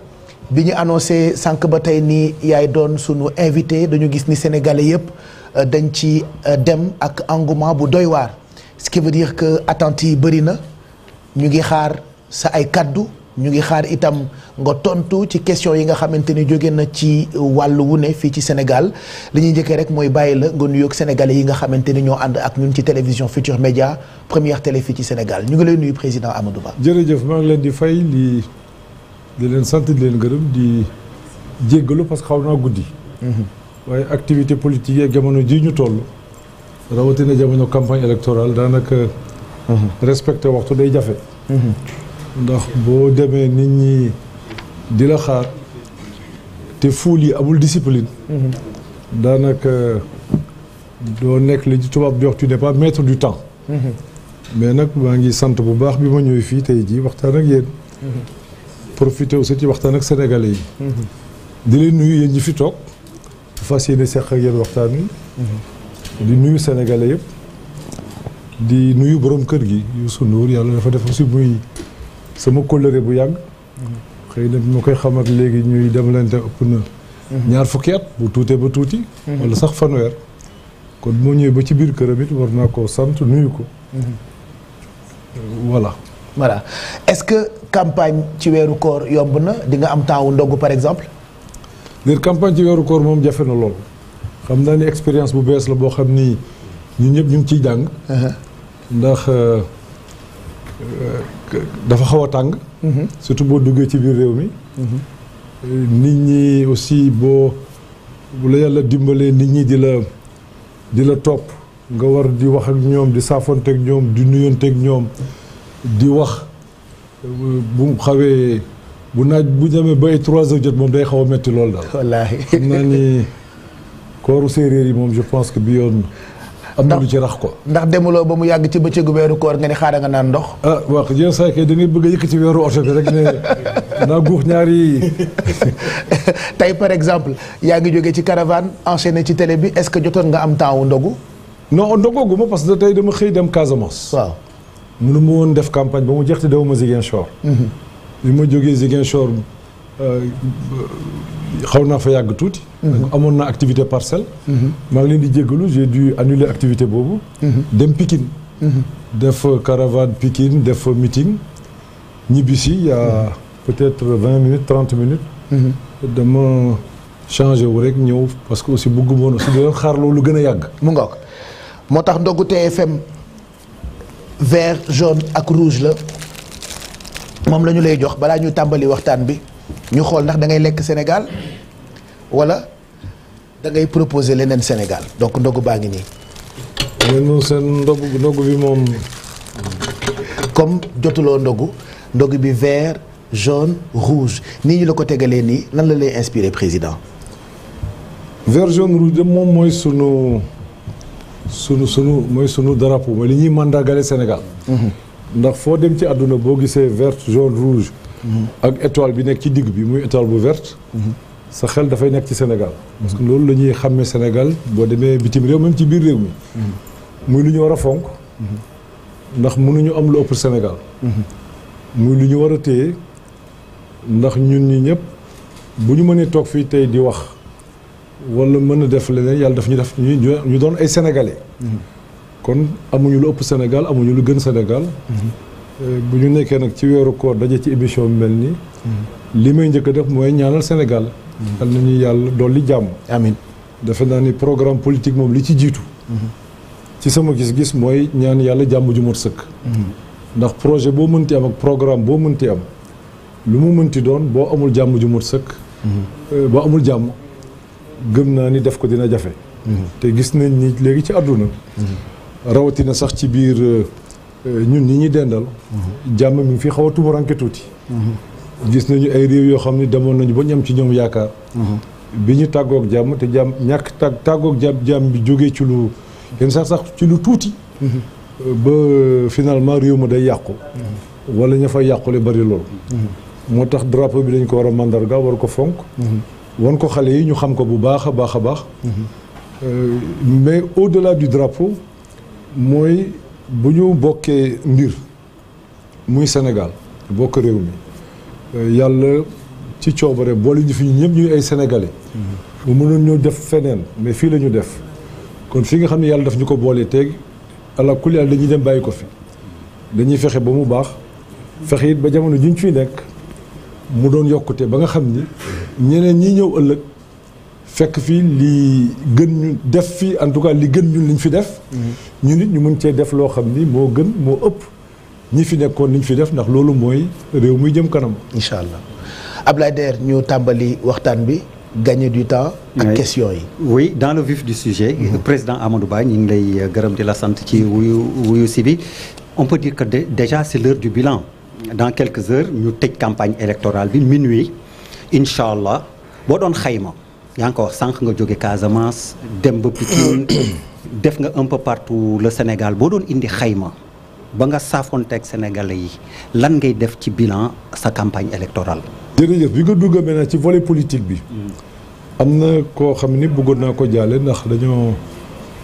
bi ñu annoncé sànq ba tey nii yaay doon sunu invité dañu gis ni sénégalais yëpp Euh, dañ ci euh, dem ak engument bu doy waar ce qui veut dire que attentes yi bëri na ñu ngi xaar sa ay kaddu ñu ngi xaar itam nga tontu ci question yi nga xamante ni jóge na ci wàllu wu ne fii ci Sénégal li ñuy njëkkee rek mooy bàyyi la nga nuyoog sénégalais yi nga xamante ni ñoo ànd ak ñun ci télévision Futur Média première télé fii ci Sénégal ñu ngi lay nuyu président Amadou Ba. jërëjëf maa ngi leen di fay di di leen sant di leen gërëm di jéggalu parce que xaw guddi. Mhm. waaye activité politique yeeg jamono ji ñu toll rawatina jamono campagne électorale daanaka respecté waxtu day jafe ndax boo demee nit ñi di la xaar te fuul yi amul discipline daanaka doo nekk li ci tubaab di wax tu n'es pas maître du temps mais nag maa ngi sant bu baax bi ma ñëw fii tey jii waxtaan ak yéen profité aussi ci waxtaan ak sénégalais yi di leen nuyu yéen ñi fi toog fas yéene seq ak yéen waxtaan wi mhm. di nuyu sénégalais yëpp di nuyu borom kër gi Youssou Ndour yàlla dafa def aussi muy sama kóllëre bu yàgg mhm. xëy na bi ma koy xam ak léegi ñuy demlante ëpp na mhm. ñaar fukki at bu tuutee ba tuuti wala sax fanweer kon moo ñëwee ba ci biir këram it war naa ko sant nuyu ko voilà voilà est-ce que campagne ci weeru koor yomb na di nga am temps wu par exemple ngir campagne ci weeru koor moom jafe na lool xam naa ni expérience bu bees la boo xam ni ñun ñëpp ñu ngi ciy jàng. Uh-huh. ndax uh, uh, dafa xaw a tàng. Uh-huh. surtout boo duggee ci biir réew mi. Uh-huh. nit ñi aussi boo bu la yàlla dimbalee nit ñi di la di la topp nga war di wax ak ñoom di saafonteeg ñoom di nuyonteeg ñoom di wax uh, bu xawee. bu naaj bu demee ba ay trois heures jot moom day xaw a métti loolu daal. wallaahi xam naa ni kooru séeréer yi moom je pense que bi yoon. am na lu ci rax ko. ndax demuloo ba mu yàgg ci bëccëgu weeru koor nga ni xaaral nga naan ndox. ah waaw yenn saa kay da ngay bëgg a yëkkati ñaari. tey par exemple yaa ngi jóge ci caravane enchaîné ci télé bi est-ce que jotoon nga am temps wu ndogu. non ndogoogu ma parce que tey dama xëy dem Casamance. waaw mënu ma woon def campagne ba mu jeex te dawuma Ziguinchor. Mhm. li ma jógee Ziguinchor euh, xaw naa fa yàgg tuuti. Mhm. amoon naa activité parcelle. Mhm. maa ngi leen di jéggalu j'ai dû annuler activité boobu. Mhm. dem Pikine. def caravane Pikine def meeting. ñibbisi il y a peut-être vingt minutes trente minutes. dama changé wu rek ñëw parce que aussi bëggu moon aussi doon xaar loolu gën a yàgg. mu ngoog moo tax ndogu TFM vert jaune ak rouge la. moom la ñu lay jox balaa ñu tàmbali waxtaan bi ñu xool ndax dangay lekk Sénégal wala dangay ngay proposer leneen Sénégal donc ndogu baa ngi nii. mais seen ndogu ndogu bi moom. comme jotuloo ndogu ndogu bi vert jaune rouge nii ñu la ko tegalee nii lan la lay inspiré président. vert jaune rouge de moom mooy sunu sunu sunu mooy sunu drapeau mooy li ñuy mandargale Sénégal. Mhm. ndax foo dem ci àdduna boo gisee verte jaune rouge. Mhm. ak étoile bi nekk ci digg bi muy étoile bu verte. Mhm. sa xel dafay nekk ci Sénégal. parce que loolu la ñuy xàmmee Sénégal boo demee bitim réew même ci biir réew mi. Mhm. muy lu ñu war a fonk. ndax mënuñu am lu ëpp Sénégal. muy lu ñu war a téye ndax ñun ñi ñëpp bu ñu mënee toog fii tey di wax walla mën a def leneen yàlla daf ñu def ñu doon ay sénégalais. kon amuñu lu ëpp Sénégal amuñu lu gën Sénégal. Euh, bu ñu nekkee nag ci weeru ko daje ci émission bi mel nii. li may njëkk a def mooy ñaanal Sénégal. na nañu yàlla dool li jàmm. amiin defe naa ni programme politique moom li ci jiitu. ci sama gis-gis mooy ñaan yàlla jàmm ju mot sëkk. ndax projet boo mënti am ak programme boo mënti am lu mu mënti doon boo amul jàmm ju mot sëkk. Euh, boo amul jàmm gëm naa ni def ko dina jafe. te gis nañ ni léegi ci àdduna. rawatina sax ci biir euh, ñun ñi ñuy dendal. jàmm mi ngi fi xaw a tumuranke tuuti. gis nañu ay réew yoo xam ni demoon nañu ba ñu ci ñoom yaakaar. bi ñu tàggoog jàmm te jàmm ñàkk tàgg tàggoog jàmm jàmm bi jógee ci lu yenn sax sax ci lu tuuti. ba finalement réew ma day yàqu. wala ña fa yàqule bari lool. moo tax drapeau bi dañ ko war a mandarga war ko fonk. wan ko xale yi ñu xam ko bu baax a baax a baax. Euh, mais au-delà du drapeau. mooy bu ñu bokkee mbir muy Sénégal bokk réew mi euh, yàlla ci coobare boole ñu fi ñëpp ñuy ay sénégalais. Mm-hmm. mu mënoon ñoo def feneen mais fii la ñu def kon fi nga xam ne yàlla daf ñu ko boolee teeg ala kulli yàlla dañuy dem bàyyi ko fi dañuy fexe ba mu baax fexe it ba jamono ji fi nekk mu doon yokkute ba nga xam ni ñeneen ñi ñëw ëllëg. fekk fii li gën ñu def fii en tout cas li gën ñun liñ fi def. Mm-hmm. ñu nit ñu mën cee def loo xam ni moo gën moo ëpp ñi fi nekkoon liñ fi def ndax loolu mooy réew muy jëm kanam. incha allah Ablaye Der ñu tàmbali waxtaan bi. gagner du temps ak question yi. oui dans le vif du sujet. Mm-hmm. président Amadou Ba ñu ngi lay gërëm di la sant ci wuyu wuyu si bi on peut dire que déjà c'est l'heure du bilan. dans quelques heures ñu tëj campagne électorale bi minuit incha allah boo doon xayma. yaa ngi ko wax sànq nga jóge Casamance dem ba Pikine def nga un peu partout le Sénégal boo doon indi xayma ba nga teg sénégalais yi lan ngay def ci bilan sa campagne électorale. jërëjëf bi nga dugg maintenant ci volet politique bi. Hmm. am na koo xam ni bëggoon naa ko jaale ndax dañoo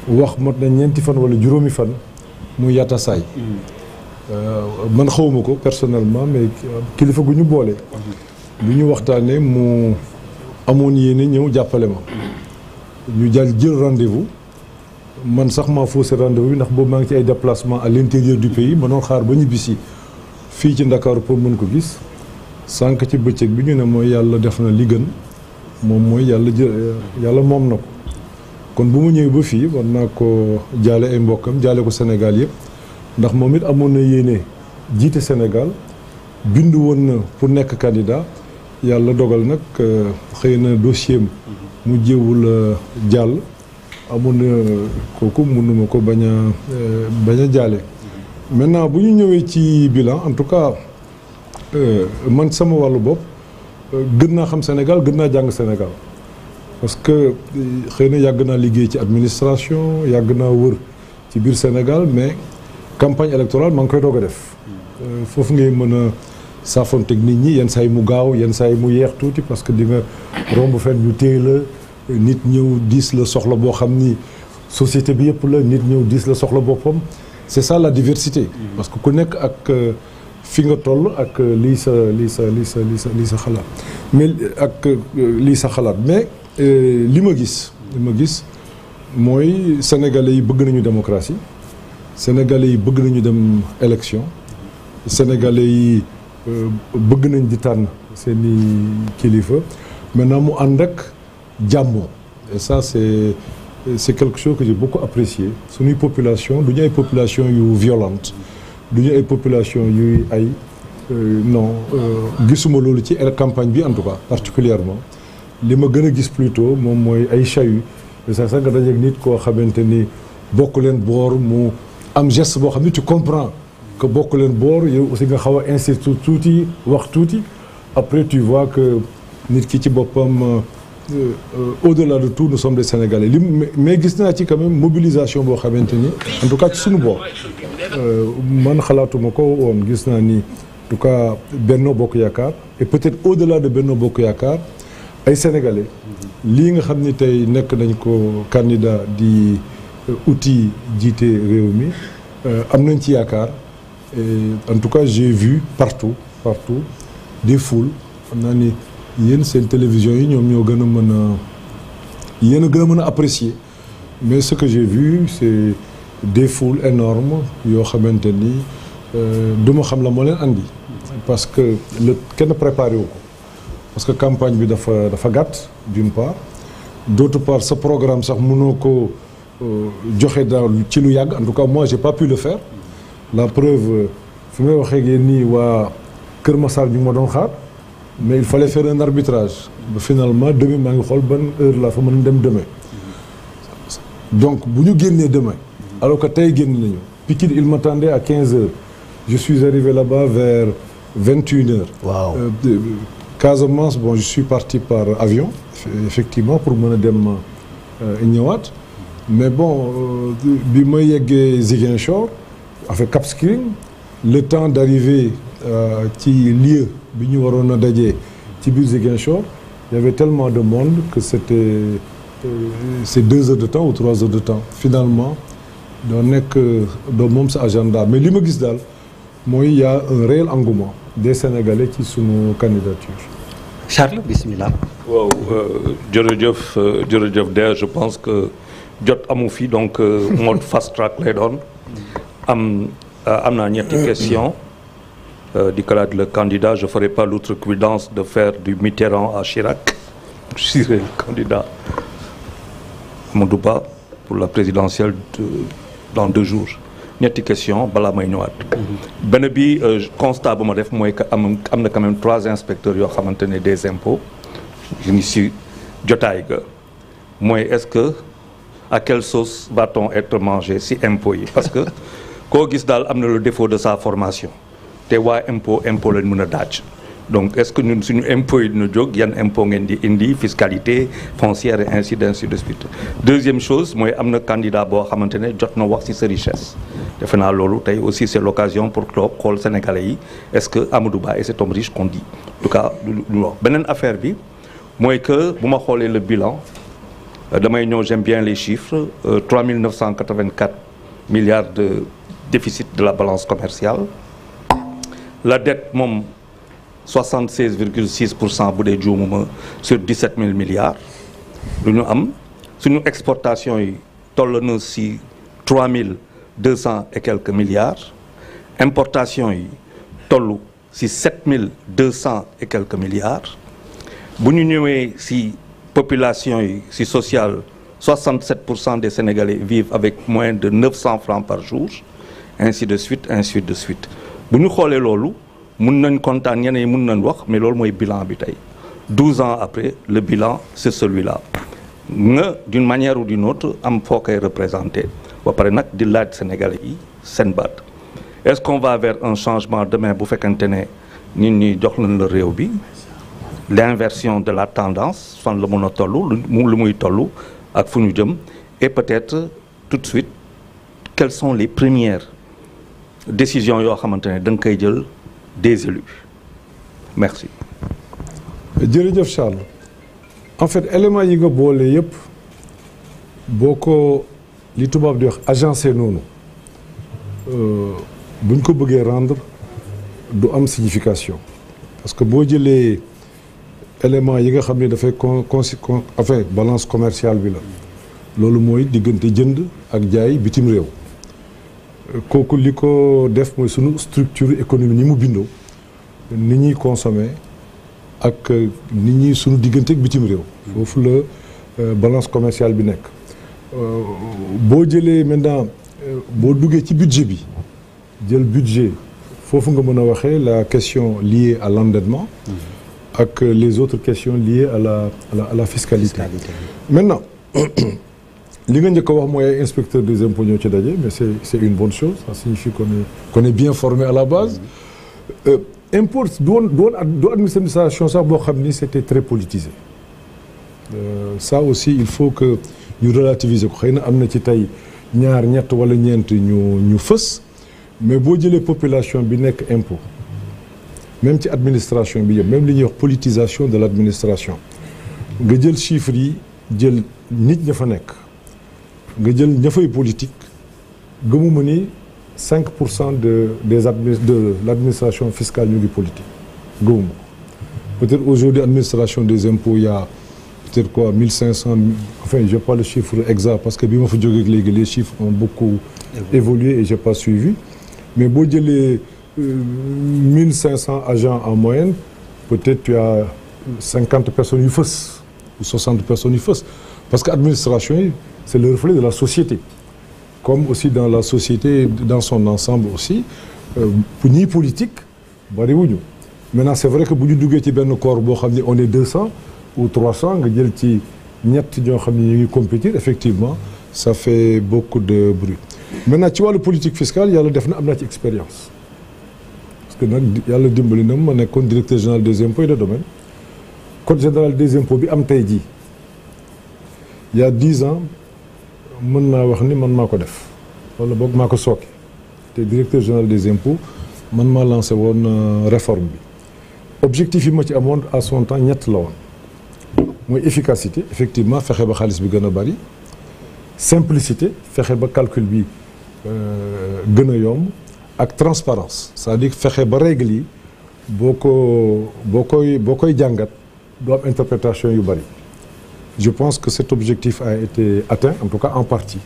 wax mot na ñeenti fan wala juróomi fan mu yatta saay hmm. euh, man xawma ko personnellement mais kilifa gu ñu boole. Hmm. bu ñu waxtaanee mu. amoon yéene ñëw jàppale ma ñu jàll jël rendez man sax maa faussé rendez-vous bi ndax boobu maa ngi ci ay déplacement à l'intérieur du pays ma xaar ba ñu bisi fii ci Ndakaaru pour mën ko gis sànq ci bëccëg bi ñu ne mooy yàlla def na li gën moom mooy yàlla jë yàlla moom na ko kon bu mu ñëwee ba fii war naa ko jaale ay mbokkam jaale ko Sénégal yëpp ndax moom it amoon na yéene jiite Sénégal bindu woon na pour nekk candidat yàlla dogal nag euh, xëy na dossier mu jéewul euh, jàll amoon na kooku mënuma ko bañ a euh, bañ a jaale maintenant bu ñu ñëwee ci bilan en tout cas man sama wàllu bopp gën naa xam Sénégal gën naa jàng Sénégal parce que xëy na yàgg naa liggéey ci administration yàgg naa wër ci biir Sénégal mais campagne électorale maa koy doog a def foofu ngay mën saafonteeg nit ñi yenn saay mu gaaw yenn saay mu yeex tuuti parce que di nga romb fen ñu téye la nit ñëw diis la soxla boo xam ni société bi yëpp la nit ñëw diis la soxla boppam c'est ça la diversité mm-hmm. parce que ku nekk ak euh, fi nga toll ak euh, lii sa lii sa lii sa lii sa lii sa xalaat mais euh, lii sa xalaat mais li ma gis li ma gis mooy sénégalais yi bëgg nañu démocratie sénégalais yi bëgg nañu dem élection sénégalais yi Euh, bëgg nañ di tànn seen i kilifa maintenant mu ànd rek jàmmoo et ça c'est c'est quelque chose que j'ai beaucoup suñuy population du ñu ay population yu violente du ñu ay population yuy ay euh, non euh, gisuma loolu ci er, campagne bi en tout cas particulièrement li ma gën a gis plutôt moom mooy ay chahut saa sax nga dajeeg nit koo xamante ni bokk leen boor mu am geste boo xam ne tu comprends que bokk leen boor yow aussi nga xaw a insister tuuti wax tuuti après tu vois que nit ki ci boppam euh, euh, au-delà de tout nous sommes des Sénégalais li mais gis naa ci quand même boo xamante ni en tout cas ci suñu euh, man xalaatuma ko woon gis naa ni en tout cas Benno Yaakaar et peut-être au-delà de Benno Yaakaar ay Sénégalais lii nga xam ni tey nekk nañ ko candidat di outil jiite réew mi am nañ ci yaakaar en tout cas j'ai vu partout partout des foules xam naa ni yéen seen télévision yi ñoom ñoo gën a mën a yéen a gën a mën a apprécier mais ce que j'ai vu c'est des foules énormes yoo xamante ni euh, du ma xam la moo leen andi parce que le kenn préparé wu ko parce que campagne bi dafa dafa gàtt d'une part d'autre part ce programme sax munoo ko euh, joxe daal ci lu yàgg en tout cas moi j'ai pas pu le faire la preuve fi may waxee ak nii waa Kër Massar ñu ma doon xaar mais il fallait faire un arbitrage ba finalement demain maa ngi xool ban heure la fa mën dem demain donc bu ñu génnee demain alors que tey génn nañu Pikine il m'attendait à 15 heures je suis arrivé là-bas vers 21 heures. waaw euh, Casamance bon je suis parti par avion effectivement pour mën a dem euh, ñëwaat mais bon euh, bi ma yeggee Ziguinchor. affaire Cap Skirring le temps d'arriver euh, ci lieu bi ñu waroon a dajee ci biir Ziguinchor il y avait tellement de monde que c'était euh, c'est deux heures de temps ou trois heures de temps finalement doo nekk doo moom sa agenda mais li ma gis daal mooy y a un réel engouement des Sénégalais ci sunu candidature. Charles bismillah. waaw euh, jërëjëf jërëjëf de je pense que jot amu fi donc mode fast track lay doon. am euh, am naa ñetti euh, question euh, di kalaat le candidat je ferai pas l'outrecuidance de faire du Mitterrand à Chirac je serai le candidat Amadou Ba pour la présidentielle de, dans deux jours ñetti question balaa may ñëwaat. Mm-hmm. benn bi constat bu ma def mooy que am am na quand même trois inspecteurs yoo xamante ne des impôts yu ngi si jotaay ga mooy est-ce que à quelle sauce va-t-on être mangé si impôts yi parce que koo gis daal am na le défaut de sa formation te waa impôt impôt lañ mën a daaj donc est-ce que ñun suñu impôt yi dina jóg yan impôt ngeen di indi fiscalité foncière et d' ainsi de suite deuxième chose mooy am na candidat boo xamante ne jot na wax si sa richesse defe naa loolu tey aussi c' est pour toog xool sénégalais yi est-ce que Amadou Ba et cet homme riche qu'on dit en beneen affaire bi mooy que bu ma xoolee le bilan damay ñëw j'aime bien les chiffres 3 euh, 984 milliards de déficit de la balance commerciale la dette moom 76 virgule 6 pour cent bu dee juumuma sur 17 000 milliards lu ñu am suñu exportation yi toll na si 3 200 et quelques milliards importation yi toll si 7 200 et quelques milliards bu ñu ñëwee si population yi si sociale 67 pour cent des Sénégalais vivent avec moins de 900 francs par jour ainsi de suite ainsi de suite bu ñu xoolee loolu mun nañ kontaan ñeneen yi mun nañ wax mais loolu mooy bilan bi tey 12 ans après le bilan c'est celui-là nga d'une manière ou d'une autre am foo koy représenté ba pare nag di laaj Sénégalais yi seen baat est-ce qu'on va vers un changement demain bu fekkante ne nit ñi jox lañ le réew bi l'inversion de la tendance fan la mën a toll lu muy toll ak fu ñu jëm et peut-être tout de suite quelles sont les premières décision yoo xamante ne da nga koy jël des élus merci. jërëjëf Charles en fait éléments yi nga boole yëpp boo ko li tubaab di wax agencé noonu euh, buñ ko bëggee rendre du am signification parce que boo jëlee éléments yi nga xam ne dafay con enfin balance commerciale bi la loolu mooy diggante jënd ak jaay bitim réew. kooku li ko def mooy sunu structure économique ni mu bindoo ni ñuy consommer ak nit ñi suñu diggante ak bitim réew. foofu la euh, balance commerciale bi nekk. Euh, boo jëlee maintenant euh, boo duggee ci budget bi jël budget foofu nga mën a waxee la question liée à ak les autres questions liées à la à la, à la fiscalité. li nga njëkk wax mooy ay inspecteur des impôts ñoo ci daje mais c' est c' est une bonne chose ça signifie qu'on est qu'on est bien formé à la base euh, impôt doon doon doon administration sax boo xam ni c' était très politisé euh, ça aussi il faut que ñu relativiser ko xëy na am na ci tey ñaar ñett wala ñeent ñu ñu fës mais boo jëlee population bi nekk impôt même ci administration bi yëpp même li ñuy wax politisation de l' administration nga jël chiffres yi jël nit ña fa nekk nga jël ña fay politique ma ni cinq pour cent de des admi de l' administration fiscale ñu ngi politique gëmuma ko peut-être aujourd'hui administration des impôts y a peut quoi mille cinq cent enfin j'ai pas le chiffre exact parce que bi ma fa jógeeg léegi les chiffres on beaucoup évolué et j'ai pas suivi mais boo jëlee euh, mille cinq cent agents en moyenne peut-être tu as personnes yu fës ou soixante personnes yu fës parce que administration yi c'est le reflet de la société comme aussi dans la société dans son ensemble aussi ñii euh, politique bariwuñu maintenant c'est vrai que bu ñu duggee ci benn corps boo xam ne on est 200 ou 300 nga jël ci ñett ñoo xam ne ñu ngi compétir effectivement ça fait beaucoup de bruit maintenant ci wàllu politique fiscale yàlla def na am naa ci expérience parce que nag yàlla dimbali na ma nekkoon directeur général des impôts et des domaines code général des impôts bi am tey jii il a ans mën naa wax ni man maa ko def wala boog maa ko sooke te directeur général des impôts man maa lancé woon euh, réforme bi objectif yi ma ci amoon à son ñett la woon mooy efficacité effectivement fexe ba xaalis bi gën a bari simplicité fexe ba calcul bi euh, gën a yomb ak transparence c'est-à-dire fexe ba règle yi boo ko boo koy boo koy jàngat doo am interprétation yu bari je pense que cet objectif a été atteint en tout cas en partie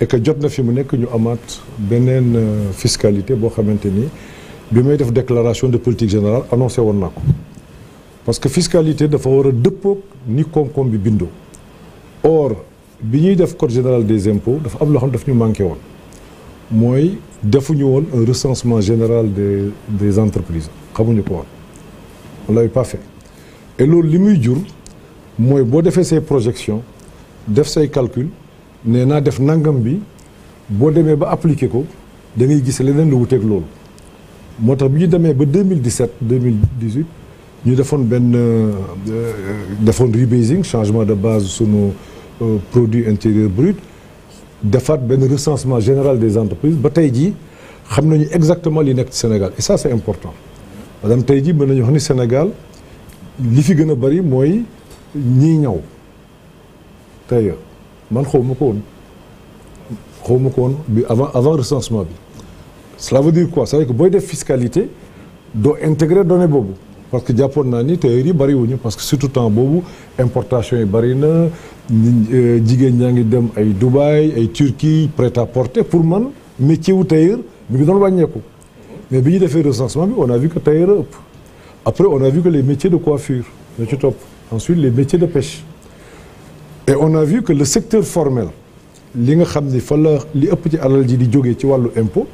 et que jot na fi mu nekk ñu amaat beneen euh, fiscalité boo xamante ni bi may def déclaration de politique générale annoncé woon naa ko parce que fiscalité dafa war a dëppook ni koom-koom bi bindoo or bi ñuy def code général des impôts dafa am loo xam daf ñu manqué woon mooy defuñu woon un recensement général des des entreprises xamuñu ko woon on l'avait pas et loolu li muy jur mooy boo defee say projection def say calcul nee naa def nangam bi boo demee ba appliquer ko da ngay gis leneen lu wuteeg loolu moo tax bi ñu demee ba 2017 2018 ñu defoon benn euh, euh, defoon rebasing changement de base sunu euh, produit intérieur brut defaat benn recensement général des entreprises ba tey jii xam nañu exactement li nekk Sénégal et ça c'est important maanaam tey jii mën nañu wax ni Sénégal li fi gën a bari mooy. ñii ñëw tey man xaw ma ko woon xaw ma ko woon bi avant avant recensement bi cela veut dire quoi c'est-à-dire booy def fiscalité doo intégrer données boobu parce que jàppoon naa ni tailleurs yi bari parce que surtout temps boobu importation yi bari na euh, jigéen ñaa ngi dem ay Dubaï ay Turquie prêt à porter pour man métier wu tailleur mi ngi doon wàññeeku mais bi ñu defee recensement bi on a vu que tailleur a ëpp après on a vu que les métiers de coiffure na ci topp ensuite les métiers de pêche et on a vu que le secteur formel li nga xam ni fa la li ëpp ci alal ji di jógee ci wàllu impôt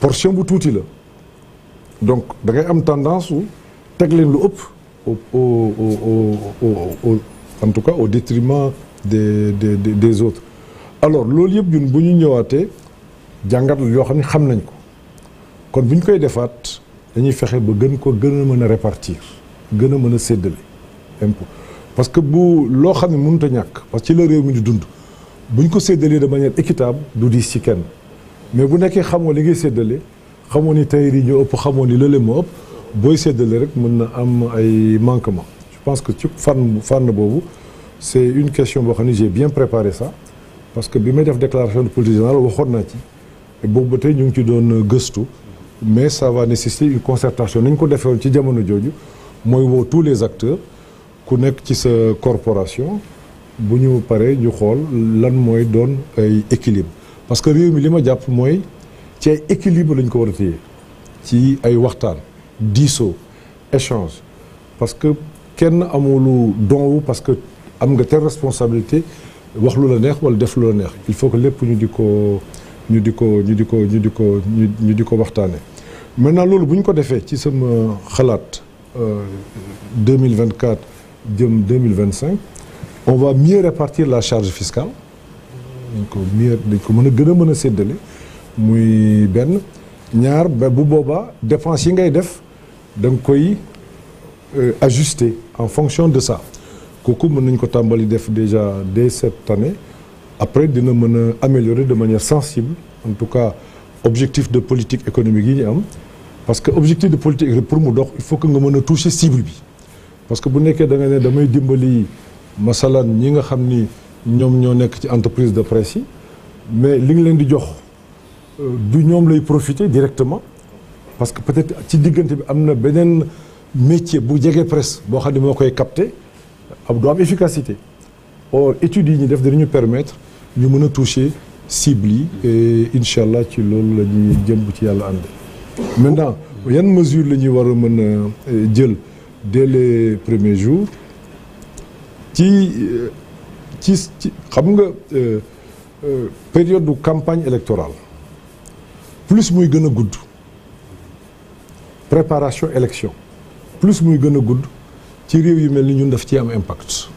portion bu tuuti la donc da ngay am tendance u teg leen lu ëpp au au au en tout cas au détriment des des des autres alors loolu yëpp ñun bu ñu ñëwaatee jàngat yoo xam ne xam nañ ko kon bu ñu koy defaat dañuy fexe ba gën ko gën a mën a répartir gën a mën a séddale impôt parce que bu loo xam ne munut a ñàkk parce que ci la réew mi di dund buñ ko séddalee de manière équitable du diis ci kenn mais bu nekkee xamoo li ngay séddale xamoo ni tey yi ñoo ëpp xamoo ni lële moo ëpp booy séddale rek mën na am ay manquement je pense que ci fànn fànn boobu c'est une question boo xam ne j'ai bien préparé sax parce que bi may def déclaration de politique waxoon naa ci boobu ba tey ñu ngi ci doon gëstu mais ça va nécessiter une concertation ko defewoon ci jamono jooju mooy woo tous les acteurs ku nekk ci sa corporation bu ñu paree ñu xool lan mooy doon ay équilibre parce que réew mi li ma jàpp mooy ci ay équilibre lañ ko war a ci ay waxtaan diisoo échange parce que kenn amulu donwu parce que am nga telle responsabilité wax lu la neex wala def lu la neex il faut que lépp ñu di ko ñu di ko ñu di ko ñu di ko ñu di ko waxtaanee maintenant loolu bu ñu ko defee ci sama xalaat 2024 euh, jëm 2025 on va mieux répartir la charge fiscale dañ ko dañ ko mën a gën a mën a séddale muy benn ñaar ba bu boobaa dépense yi ngay def da nga koy euh, ajuster en fonction de ça kooku mën nañ ko tàmbali def déjà dès cette année après dina mën a améliorer de manière sensible en tout cas objectif de politique économique yi ñu am parce que objectif de politique pour mu dox il faut que nga mën a toucher cible bi parce que bu nekkee da nga ne damay dimbali masalan ñi nga xam ni ñoom ñoo nekk ci entreprise de presse yi mais li nga leen di jox euh, du ñoom lay profiter directement parce que peut-être ci diggante bi am na beneen métier bu jege presse boo xam ne moo koy capter ab du am efficacité or études yi ñu def dañu permettre ñu mën a toucher cible yi et incha allah ci loolu la jëm bu ci yàlla ànd maintenant yan mesure la ñuy war a mën a euh, jël dès les premiers jours ci ci ci xam nga euh, euh, période du campagne électorale plus muy gën a gudd préparation élection plus muy gën a gudd ci réew yu mel ni ñun daf ci am impact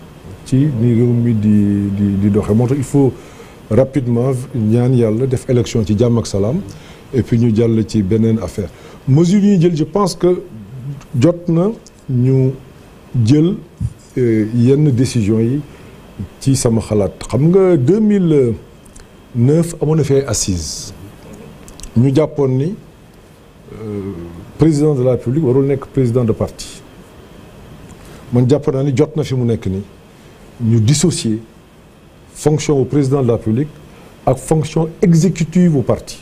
ci ni réew mi di di di doxee moo tax il faut rapidement ñaan yàlla def élection ci jàmm salaam et puis ñu jàll ci beneen affaire mesure yi jël je pense que jot na ñu jël euh, yenn décision yi ci sama xalaat xam nga 2009 amoon na fee assise ñu jàppoon ni euh, président de la République warul nekk président de parti man jàpp naa ni jot na fi mu nekk ni ñu dissocier fonction au président de la République ak fonction exécutive au parti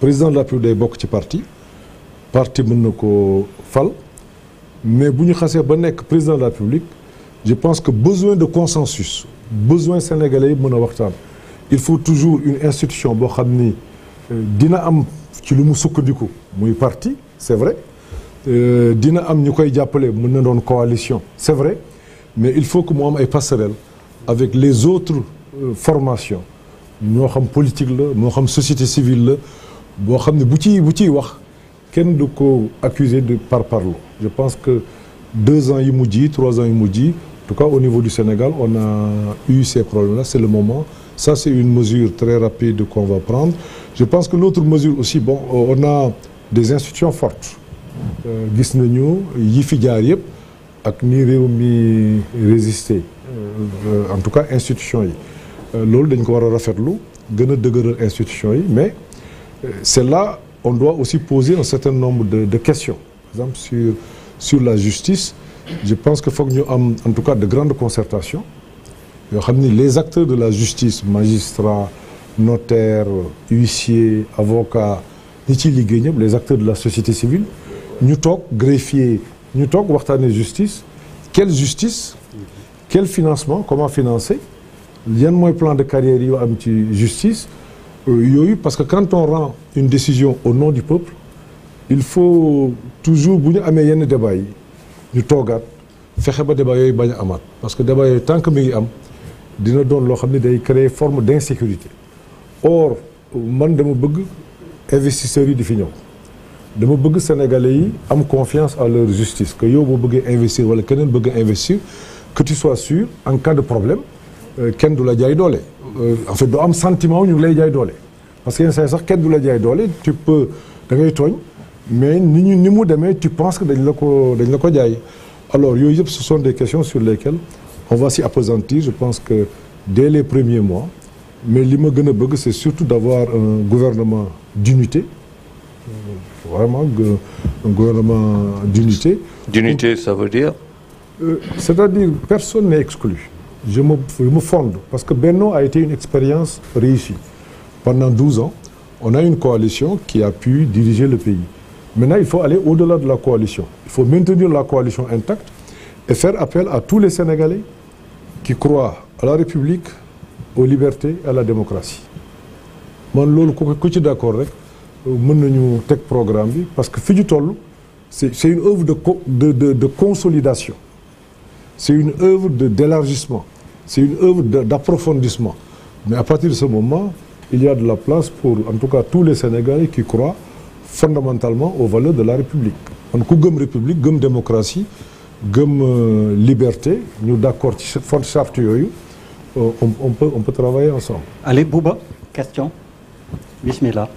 président de la République day bokk ci parti partie mun na ko fal mais bu ñu xasee ba nekk président de la République je pense que besoin de consensus besoin sénégalais yi mën a waxtaan il faut toujours une institution boo xam ni euh, dina am ci lu mu sukkandiku muy parti c'est vrai euh, dina am ñu koy jàppale mën na doon coalition c'est vrai mais il faut que mu am ay passerelles avec les autres euh, formations ñoo xam politique la moo xam société civile la boo xam ne bu ci bu ciy wax kenn du ko accuser de par par parlo je pense que deux ans yu mujj yi trois ans yu mujj yi en tout cas au niveau du Sénégal on a eu ces problèmes là c'est le moment ça c'est une mesure très rapide qu'on va prendre je pense que l'autre mesure aussi bon euh, on a des institutions fortes euh, gis nañu yi fi jaar yëpp ak ni réew mi résister euh, en tout cas institution yi loolu dañ ko war a rafetlu gën a dëgëral institution yi mais c'est là on doit aussi poser un certain nombre de, de questions par exemple sur sur la justice je pense que foog ñu am en tout cas de grandes concertations yoo xam ni les acteurs de la justice magistrats notaires huissiers avocats ñi ciy liggéey ñëpp les acteurs de la société civile ñu toog greffier ñu toog waxtaanee justice quelle justice quel financement comment financer yan mooy plan de carrière yu am ci justice yooyu parce que quand on rend une décision au nom du peuple il faut toujours bu ñu amee yenn débat yi ñu toogaat fexe ba débat yooyu bañ a amaat parce que débat yooyu tant que mi ngi am dina doon loo xam ne day créer forme d'insécurité or man dama bëgg investisseurs yi di fi ñëw dama bëgg sénégalais yi am confiance à leur justice que yow boo bëggee investir wala keneen bëgg investir que tu sois sûr en cas de problème euh, kenn du la jaay doole. Euh, en fait doo am sentiment ñu ngi lay jaay doole parce que yenn sax kenn du la jaay doole tu peux da ngay tooñ mais ni ñu ni mu demee tu penses que dañ la ko dañ la ko jaay alors yooyu yëpp ce sont des questions sur lesquelles on va s'y appesantir je pense que dès les premiers mois mais li ma gën a bëgg c'est surtout d'avoir un gouvernement d'unité vraiment un gouvernement d'unité d'unité ça veut dire euh, c'est-à-dire personne n'est exclu je me, je fonde parce que Benno a été une expérience réussie. Pendant 12 ans, on a une coalition qui a pu diriger le pays. Maintenant, il faut aller au-delà de la coalition. Il faut maintenir la coalition intacte et faire appel à tous les Sénégalais qui croient à la République, aux libertés et à la démocratie. loolu ku ku ci d'accord rek mën nañu teg programme bi parce que fi ñu toll c'est c'est une œuvre de de de de consolidation c'est une œuvre de d'élargissement C'est une œuvre d'approfondissement. Mais à partir de ce moment, il y a de la place pour, en tout cas, tous les Sénégalais qui croient fondamentalement aux valeurs de la République. On ku gëm République gëm démocratie gëm euh, liberté ñu d'accord ci fond charte yooyu euh, on peut on peut travailler ensemble. Allez Bouba question bismillah.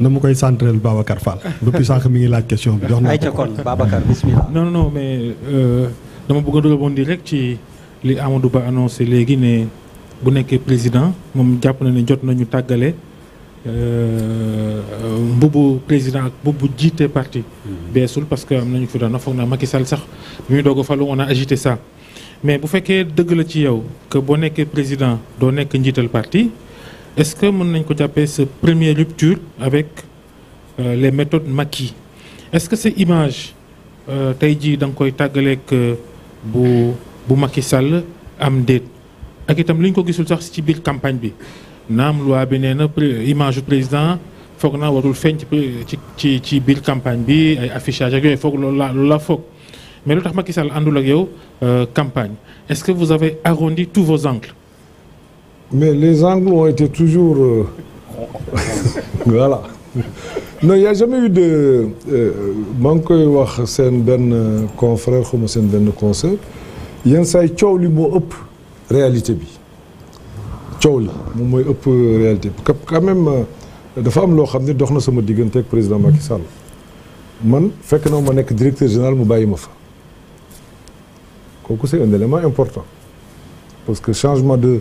na mu koy centre Babacar Fall depuis sànq mi ngi laaj question bi jox na ayca kon Babacar mais euh, dama bëgg a di rek ci li Amadou Ba annoncé léegi ne bu nekkee président moom jàpp na ne jot nañu tàggale euh, mbubbu président ak mbubbu jiite parti hmm. beesul parce que am nañu fi doon foog naa Macky sax bi muy doog a falu on a agité saa mais bu fekkee dëgg la ci yow que boo nekkee président doo nekk njiital parti est-ce que mën nañ ko jàppee sa première rupture avec euh, les méthodes Macky est-ce que ces images euh, tey jii da nga koy tàggaleek euh, bu bu Macky Sall am déet ak itam li ñu ko gisul sax ci biir campagne bi naam waa bi nee image du président foog naa warul feeñ ci ci ci biir campagne bi ay affichage ak yooyu foog loolu la foog mais lu tax Macky Sall àndul ak yow euh, campagne est-ce que vous avez arrondi tous vos angles Mais les Anglo ont été toujours... Euh... voilà. non jamais eu de euh, maa ngi koy wax seen benn confrère xuma seen benn conseil yan say coow li moo ëpp réalité bi coow li moom mooy ëpp réalité bi quand même euh, dafa am loo xam ne dox na sama diggante ak président Macky man fekk na ma nekk directeur général mu bàyyi ma fa kooku c' est un élément important parce que changement de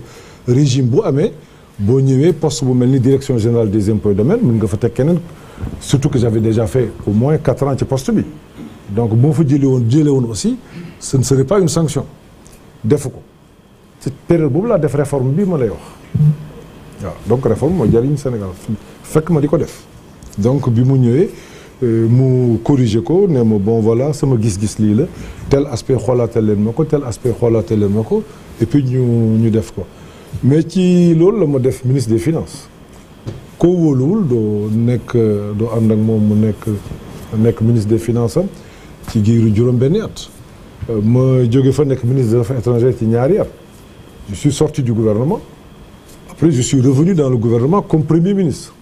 régime bu amee boo ñëwee poste bu mel ni direction générale des impôts et domaines mën nga fa teg keneen surtout que j'avais déjà fait au moins quatre ans ci poste bi donc boo fa jëlee woon jëlee woon aussi ce ne serait pas une sanction defu ko ci période boobu laa def réforme bi ma lay wax waaw donc réforme moo jariñ Sénégal fekk ma di ko def donc bi mu ñëwee euh, mu corriger ko ne ma bon voilà sama gis-gis lii la tel aspe xoolaatal leen ma ko tel aspect xoolaatal leen ma ko et ñu ñu def ko mais ci loolu la ma def ministre des finances koo wóoluwul doo nekk doo ànd ak moom mu nekk nekk ministre des finances am ci giiru juróom-benni at. ma fa nekk ministre des affaires étrangères ci ñaari at je suis sorti du gouvernement après je suis revenu dans le gouvernement comme premier ministre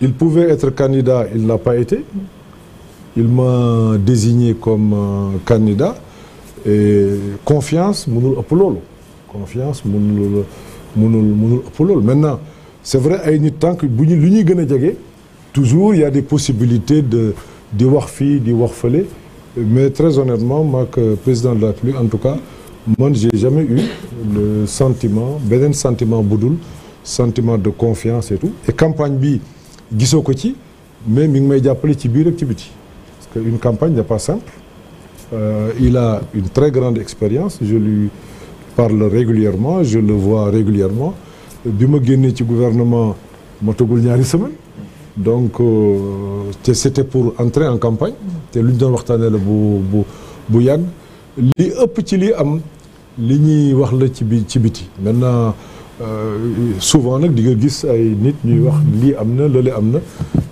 il pouvait être candidat il n'a pas été il m'a désigné comme euh, candidat et confiance mënul ëpp loolu confiance mënul mënul mënul ëpp loolu maintenant c'est vrai ay nit tànk bu ñu lu ñuy gën a jege toujours il y possibilité de di wax fii di wax fale mais très honnêtement maak président de la République en tout cas man j'ai jamais eu le sentiment beneen sentiment bu dul sentiment de confiance et tout et campagne bi gisoo ko ci mais mi ngi may jàppale ci biir ak ci biti parce que une campagne n'est pas simple euh, il a une très grande expérience je lui parle régulièrement je le vois régulièrement bi ma génnee ci gouvernement matagul ñaari semaine donc euh, te c'était pour entrer en campagne te lu ñu doon waxtaanee la bu bu bu yàgg li ëpp ci lii am li ñuy wax la ci bi ci biti maintenant euh, souvent nag di nga gis ay nit ñuy wax lii am na lële am na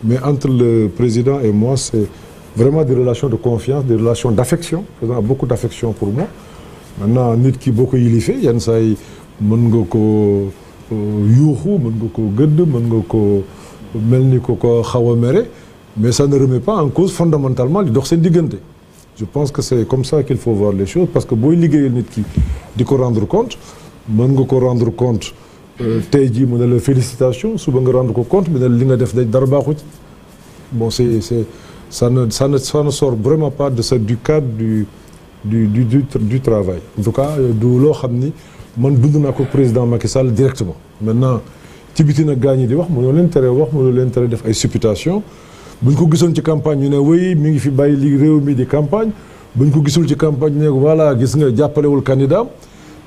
mais entre le président et moi c'est vraiment des relations de confiance des relations d'affection président a beaucoup d'affection pour moi maintenant nit ki boo ko yilifee yenn saa yi mën nga ko euh, yuuxu mën nga ko gëdd mën nga ko mel ni ko ko xaw a mere mais ça ne remet pas en cause fondamentalement li dox seen diggante je pense que c'est comme ça qu'il faut voir les choses parce que booy liggéeyal nit ki di ko rendre compte mën nga ko rendre compte euh, tey jii mu ne la félicitation suba nga rendre ko compte mu ne li nga def day dara baaxu ci boo c'est c'est ça ne ça ne ça ne sort vraiment pas de ça du cadre du du du du travail en tout euh, du loo xam ni man dund naa ko président Macky Sall directement maintenant ci biti nag gaañ yi di wax mënoo leen tere wax mënoo leen tere def ay supputation buñ ko gisoon ci campagne ñu ne wéy mi ngi fi bàyyi li réew mi di campagne buñ ko gisul ci campagne ñu ne gis nga jàppalewul candidat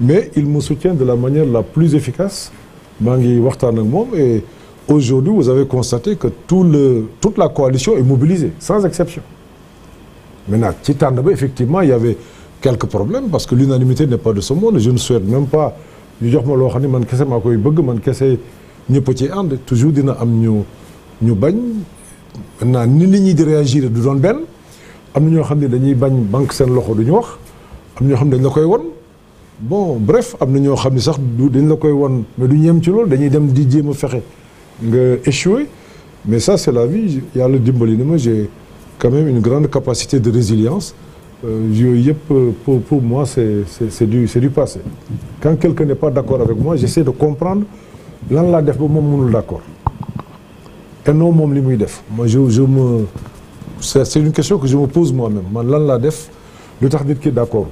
mais il me soutient de la manière la plus efficace maa ngi waxtaan ak moom et aujourd'hui vous avez constaté que tout le toute la coalition est mobilisée sans exception Maintenant, ci tànn ba effectivement il y avait quelques problèmes parce que l'unanimité n'est pas de ce monde je ne souhaite même pas ñu jox ma loo xam ne man kese maa koy bëgg man kese ñëpp ci ànd toujours dina am ñu ñu bañ maintenant ni nit ñi di réagir du doon ben am na ñoo xam ne dañuy bañ banque seen loxo du ñu wax am na xam ne dañ la koy won bon bref am na ñoo xam ne sax du dañ la koy won mais du ñeem ci loolu dañuy dem di jéem a fexe nga échoué mais ça c'est la vie yàlla dimbali na ma j'ai quand même une grande capacité de résilience euh, yooyu yëpp euh, pour pour moi c'est c'est c'est du c'est du passé quand quelqu'un n'est pas d'accord avec moi j'essaie de comprendre lan laa def ba moom mënul d'accord et non moom li muy def moi je je me c'est une question que je me pose moi-même man lan laa def lu tax nit ki d'accord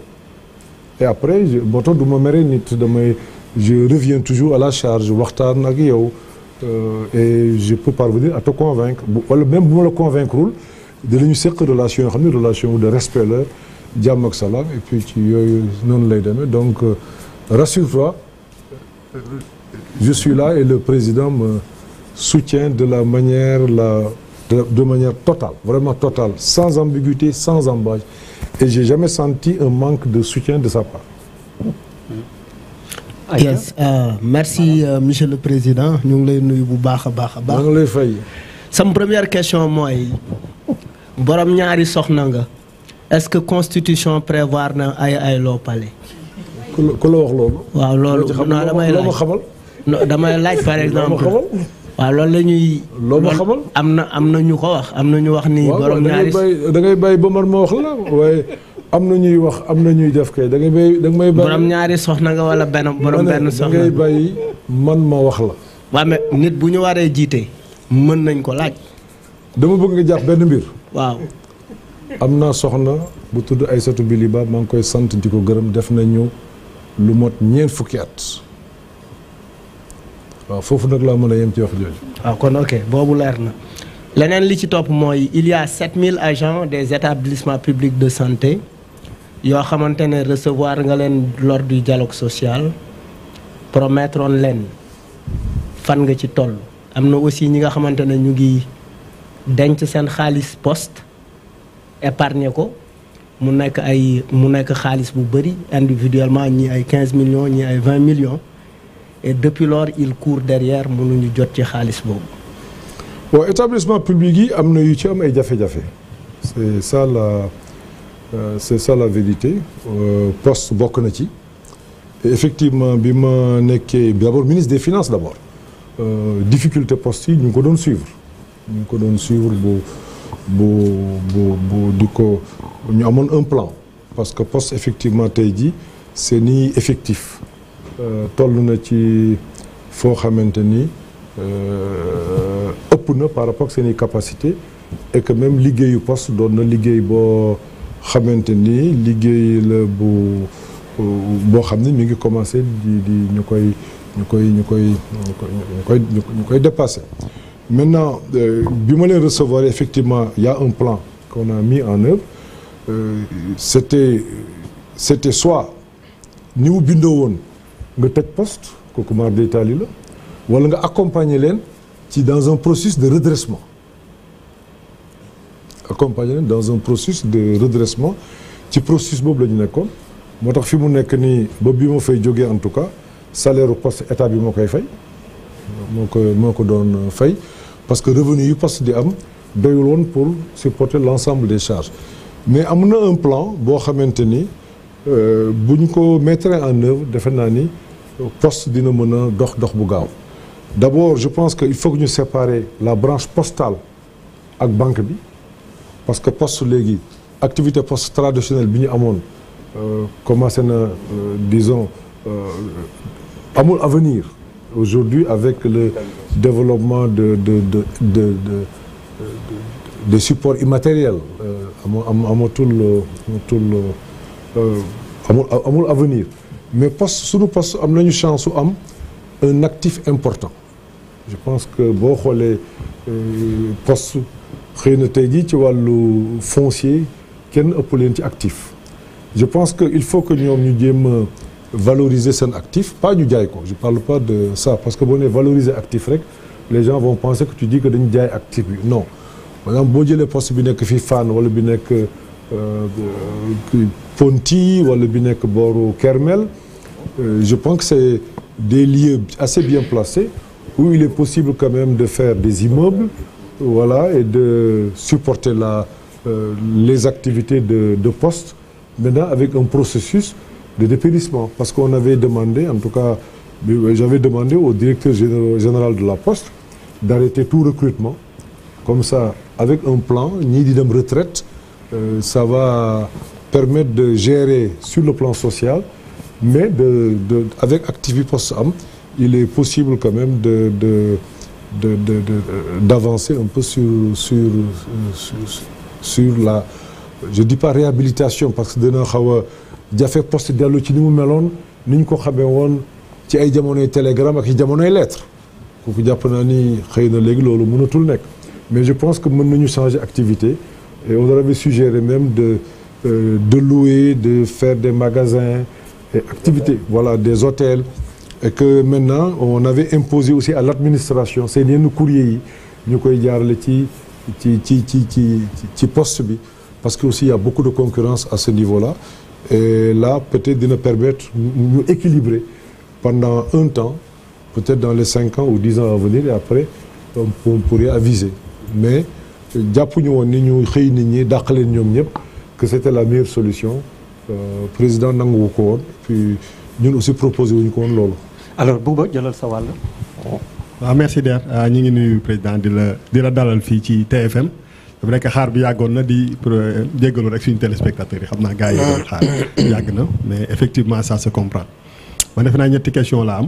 et après moo tax du ma mere nit damay je reviens toujours à la charge waxtaan ak yow euh, et je peux parvenir à te convaincre bu wala même bu ma la convaincrewul dinañu seq relation yoo xam ne relation de respect la jàmm ak salaam et puis ci yooyu noonu lay demee donc euh, rassure-toi je suis là et le président me soutien de la manière la de, de manière totale vraiment totale sans ambiguïté sans ambages et j'ai jamais senti un manque de soutien de sa part yes euh, merci euh, monsieur le président ñu ngi lay nuyu bu baax a baax a baax. maa ngi lay fay. sama première question mooy boroom ñaari soxna nga est-ce que constitution prévoir na ay ay loo pale. ku ku la wax loolu. waaw loolu non laaj xamal. damay laaj par loolu la ñuy. loo ma xamal am na am na ñu ko wax am na ñu wax ni. borom ñaari da ngay bàyyi ba man wax la waaye am na ñuy wax am na ñuy def da ngay bàyyi da nga may bàyyi. ñaari soxna nga wala benn borom benn soxna. da ngay bàyyi wax la. waaw nit bu ñu waree jiite mën nañ ko laaj. dama bëgg nga jàpp benn mbir. waaw. am naa soxna bu tudd ay Aïssatou Biliba maa ngi koy sant di ko gërëm def nañu lu mot ñeent fukki at. waaw foofu nag laa mën a yem ci wax jooju. waaw ah, kon ok boobu leer na leneen li ci topp mooy il y mille 7000 agents des établissements publics de santé yoo xamante ne recevoir nga leen lors du dialogue social promettroon leen fan nga ci toll am na aussi ñi nga xamante ñu ngi. denc seen xaalis poste épargner ko mu nekk ay mu nekk xaalis bu bëri individuellement ñi ay 15 millions ñi ay 20 millions et depuis lors il court derrière mënuñu jot ci xaalis boobu. bon établissement public yi am na yu ci am ay jafe-jafe c'est ça la euh, c'est ça la vérité euh, poste bokk na ci effectivement bi ma nekkee d'abord ministre des finances d'abord euh, difficulté poste yi ñu ngi ko doon suivre. ñu ngi ko doon suivre bu bu bu bu di ko ñu amoon un plan parce que poste effectivement tey jii seen i effectif euh, toll na ci foo xamante ni euh, ëpp na par rapport ak seen i capacité et que même liggéeyu poste doon na liggéey boo xamante ni liggéey la bu boo xam ne ñu ngi commencé di di ñu koy ñu koy ñu koy ñu koy ñu koy dépassé maintenant euh, bi ma leen recevoir effectivement il y un plan qu'on a mis en œuvre euh, c'était c'était soit ni mu bindoo woon nga tëj poste kooku maar day taali la wala nga accompagner leen ci dans un process de redressement accompagner leen dans un processus de redressement ci processus boobu la ñu nekkoon moo tax fi mu nekk nii ba bi ma fay jógee en tout cas salaire post état bi moo koy fay moo ko moo ko doon fay parce que revenu yu poste di am doyul woon pour supporter l'ensemble des charges mais am na un plan boo xamante ni euh, buñ ko mettre en œuvre defe naa ni post dina mën a dox dox bu gaaw d'abord je pense que il faut que ñu séparer la branche postale ak banque bi parce que poste léegi activité post traditionnelle bi ñu amoon euh, commencé na euh, dison amul avenir Aujourd'hui, avec le développement de, de, de, de, de supports immatériels, euh, euh, euh, amul avenir mais poste suñu poste am nañu chance su am un actif important je pense que boo xoolee post xëy na tey jii ci wàllu foncier kenn ëpp leen ci actif je pense que il faut que ñoom ñu jéem a valoriser seen actif pas ñu jaay ko je parle pas de ça parce que boo nee valoriser actif rek les gens vont penser que tu dis que dañu jaay actif bi non maanaam boo jëlee poste bi nekk fii Fann wala bi nekk euh, euh, Ponty wala bi nekk booru Kermel euh, je pense que c'est des lieux assez bien placés où il est possible quand même de faire des immeubles voilà et de supporter la euh, les activités de de poste maintenant avec un processus de dépérissement. Parce qu'on avait demandé, en tout cas, j'avais demandé au directeur général de la Poste d'arrêter tout recrutement. Comme ça, avec un plan, ni d'idem retraite, euh, ça va permettre de gérer sur le plan social, mais de, de avec Activi Poste Am, il est possible quand même de, de euh, d'avancer un peu sur sur, euh, sur sur la je dis pas réhabilitation parce que dina xaw a jafe poste dellu ci nu mu meloon ni ñu ko xamee woon ci ay jamonoy télégramme ak ci jamonoy lettre kooku jàpp naa ni xëy na léegi loolu mënatul nekk mais je pense que mën nañu changer activité et on avait suggéré même de euh, de louer de fair des magasins et activités voilà des hôtels et que maintenant on avait imposé aussi à l'administration seen yenn courrier yi ñu koy jaarale ci ci ci ci ci ci poste bi parce que aussi il a beaucoup de concurrence à ce niveau-là et là peut dina permettre ñu équilibrer pendant un temps peut dans les cinq ans ou dix ans à venir et après on, on aviser mais jàppuñu woon ni ñu xëy nit ñi dàq leen ñoom ñëpp que c'était la meilleure solution euh, président nanguwu ko woon puis ñun aussi proposé wuñu ko woon loolu. alors Bouba jëlal sa wàll. waaw ah, merci Der ah, ñu ngi nuyu président di la di la dalal fii ci TFM. dafa nekk xaar bi yàggoon na di euh, jéggalu rek suñu téléspectateurs yi xam naa gars yi doon xaar yàgg na mais effectivement ça se comprend man defe naa ñetti question la am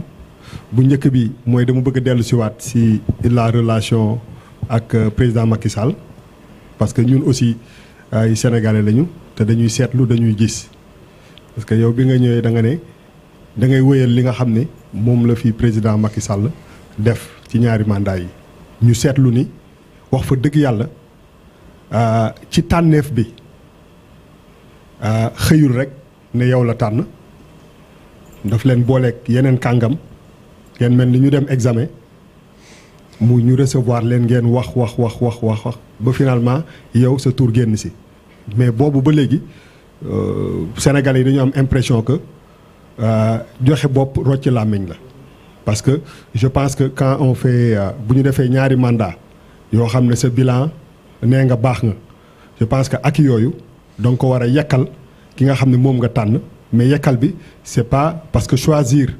bu njëkk bi mooy dama bëgg a dellu si waat si la relation ak euh, président Macky Sall parce que ñun aussi ay sénégalais lañu te dañuy seetlu dañuy gis parce que yow bi nga ñëwee da nga ne da ngay wéyal li nga xam ne moom la fi président Macky Sall def ci ñaari mandat yi ñu seetlu ni wax fa dëgg yàlla. Euh, ci tànneef bi euh, xëyul rek ne yow la tànn daf leen booleek yeneen kàngam ngeen mel ni ñu dem examen mu ñu recevoir leen ngeen wax wax wax wax wax ba finalement yow sa tour génn si mais boobu ba léegi euh, sénégal yi dañu am impression que joxe bopp rocc làmmiñ la parce que je pense que quand on fait bu ñu defee ñaari mandat yoo xam ne sa bilan nee nga baax nga je pense que ak yooyu danga ko war a yekkal ki nga xam ne moom nga tànn mais yekkal bi c'est pas parce que choisir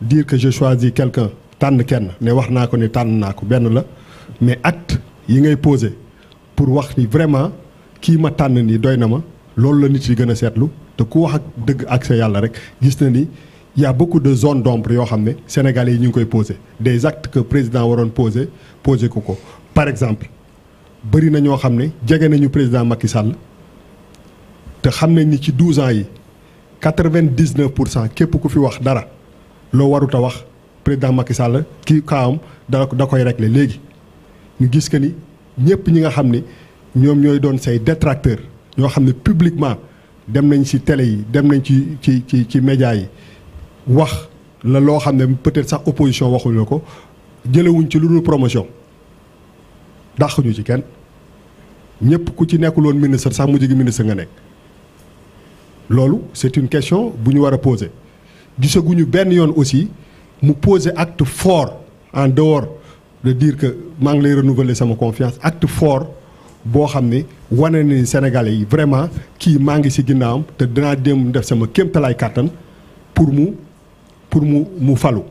dire que je choisis quelque tànn kenn ne wax naa ko ne tànn naa ko benn la mais at yi ngay poser pour wax ni vraiment kii ma tànn nii doy na ma loolu la nit yi gën a seetlu te ku wax ak dëgg ak sa yàlla rek gis na ni yaa a beaucoup de zones d'ombre yoo xam ne Sénégalais yi ñu ngi koy poser des actes que président waroon poser poser ko ko par exemple bëri na ñoo xam ne jege nañu président Macky Sall te xam nañ ni ci 12 ans yi 99 pour cent képp ku fi wax dara loo warut wax président Macky Sall kii kaawam da da koy régler léegi. ñu gis que ni ñëpp ñi nga xam ne ñoom ñooy doon say détracteur ñoo xam ne publiquement dem nañ ci télé yi dem nañ ci ci ci ci média yi wax la loo xam ne peut-être sax opposition waxuñu ko jëlewuñ ci lu dul promotion. dàquñu ci kenn ñëpp ku ci nekkuloon ministre sax mujj gi ministre nga nekk loolu c'est une question bu ñu war a poser gisaguñu benn yoon aussi mu poser acte fort en dehors de diir que maa ngi lay renouveler sama confiance acte fort boo xam ni wane ni Sénégalais yi vraiment kii maa ngi ci ginnaawam te dinaa dem def sama kéemtalaay kàttan pour mu pour mu mu falu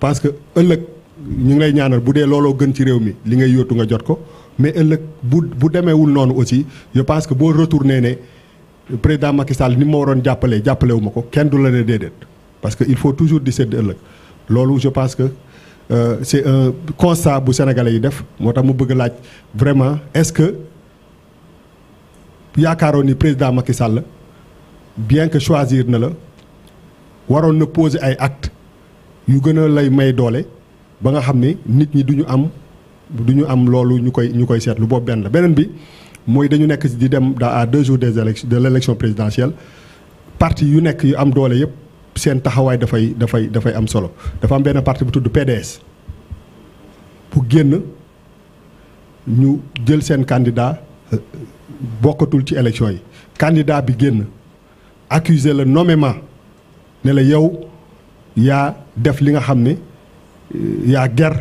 parce que ëllëg. ñu ngi lay ñaanal bu dee looloo gën ci réew mi li ngay yóotu nga jot ko mais ëllëg bu bu demeewul noonu aussi je pense que boo retourné ne président Macky Sall ni ma waroon jàppalee jàppale wu ma ko kenn du la ne déedéet parce que il faut toujours di sedd ëllëg loolu je pense que euh, c'est un constat bu sénégalais yi def moo tax mu bëgg laaj vraiment est-ce que yaakaaroon ni président Macky Sall bien que choisir na la waroon na poser ay at yu gën a lay may doole. ba nga xam ni nit ñi du ñu am duñu am loolu ñu koy ñu koy seetlu boobu benn la beneen bi mooy dañu nekk di dem daa à deux jours des élections de l' élection présidentielle parti yu nekk yu am doole yëpp seen taxawaay dafay dafay dafay am solo dafa am benn parti bu tudd PDS bu génn ñu jël seen candidat euh, bokkatul ci élection yi candidat bi génn accuser la nommément ne la yow yaa def li nga xam ne yaa ger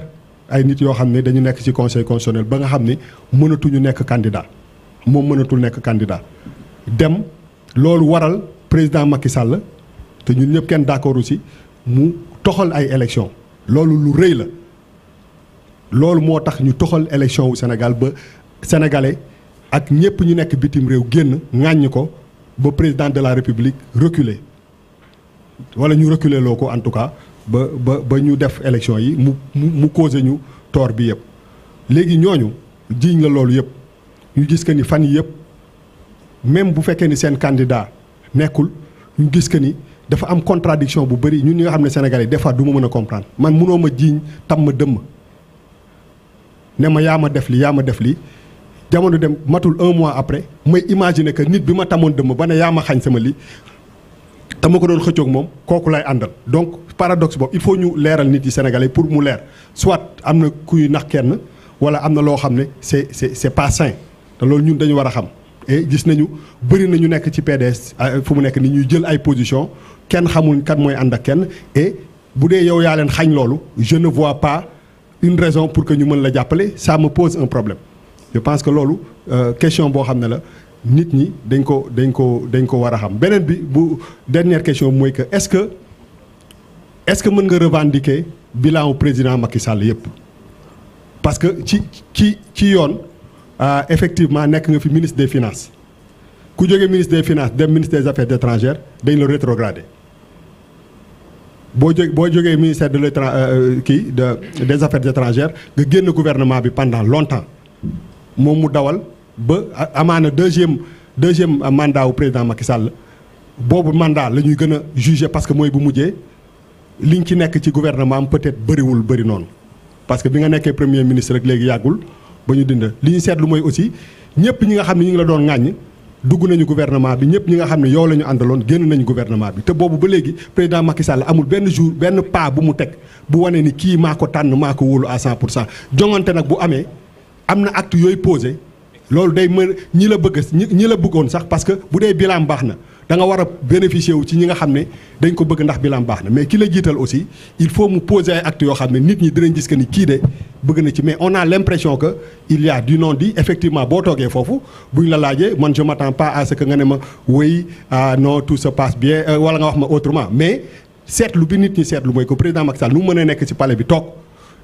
ay nit yoo xam ne dañu nekk ci conseil constitutionnel ba nga xam ne mënatuñu nekk candidat moom mënatul nekk candidat dem loolu waral président Macky Sall te ñun ñëpp kenn d'accordu si mu toxal ay élection loolu lu rëy la loolu moo tax ñu toxal élection wu Sénégal ba sénégalais ak ñëpp ñu nekk bitim réew génn ŋàññ ko ba président de la république reculer wala ñu reculer loo ko en tout cas ba ba ba ñu def élection yi mu mu mu causé ñu tort bi yëpp léegi ñooñu jiiñ la loolu yëpp ñu gis que ni fan yi yëpp même bu fekkee ni seen candidat nekkul ñu gis que ni dafa am contradiction bu bëri ñun ñi nga xam ne Sénégalais yi des fois du ma mën a comprendre man munoo ma jiiñ tam ma dëmm ne ma yaa ma def li yaa ma def li jamono dem matul un mois après may imagine que nit bi ma tamoon dëmm ba ne yaa ma xañ sama li te ma ko doon xëccoog moom kooku lay àndal donc paradox boobu il faut ñu leeral nit yi sénégalais pour mu leer soit am na kuy nax kenn wala am na loo xam ne c'est c'est c'est pas sain te loolu ñun dañu war a xam et gis nañu bëri na ñu nekk ci PDS euh, fu mu nekk nit ñuy jël ay position kenn xamul kan mooy ànd ak kenn et bu dee yow yaa leen xañ loolu je ne vois pas une raison pour que ñu mën la jàppale ça me pose un problème je pense que loolu euh, question boo xam ne la nit ñi dañ ko dañ ko dañ ko war a xam beneen bi bu dernière question mooy que est-ce que est-ce que mën nga revendiquer bilan président Macky Sall yëpp parce que ci ci ci yoon euh, effectivement nekk nga fi ministre des finance ku jógee ministre des finances dem ministre des affaires étrangères dañ la rétrogradé boo jóg boo jógee ministère de l'étra euh, euh, kii des affaires étrangères nga génn gouvernement bi pendant longtemps moom mu dawal. ba amaana deuxième deuxième mandat wu président Macky Sall boobu mandat la ñuy gën a juger parce que mooy bu mujjee liñ ci nekk ci gouvernement am peut-être bëriwul bëri noonu parce que bi nga nekkee premier ministre ak léegi yàggul ba ñu dind li ñu seetlu mooy aussi ñëpp ñi nga xam ne ñu ngi la doon ŋàññ dugg nañu gouvernement bi ñëpp ñi nga xam ne yow la ñu àndaloon génn nañu gouvernement bi te boobu ba léegi président Macky Sall amul benn jour benn pas bu mu teg bu wane ni kii maa tànn maa ko wóolu à 100 pour cent joŋante nag bu amee am na acte yooyu posé loolu day mën ñi la bëgg ñi ñi la bëggoon sax parce que bu dee bilan baax na da war a bénéficier wu ci ñi nga xam ne dañ ko bëgg ndax bilan baax na mais ki la jiital aussi il faut mu poser ay actes yoo xam ne nit ñi dinañ gis ni kii de bëgg na ci mais on a l' impression que il y a effectivement boo toogee foofu buñ la laajee man je m' attends pas à que nga ne ma oui ah non tout se passe bien euh, wala nga wax ma autrement mais seetlu bi nit ñi seetlu mooy que président Macky Sall nu mën a nekk ci palais bi toog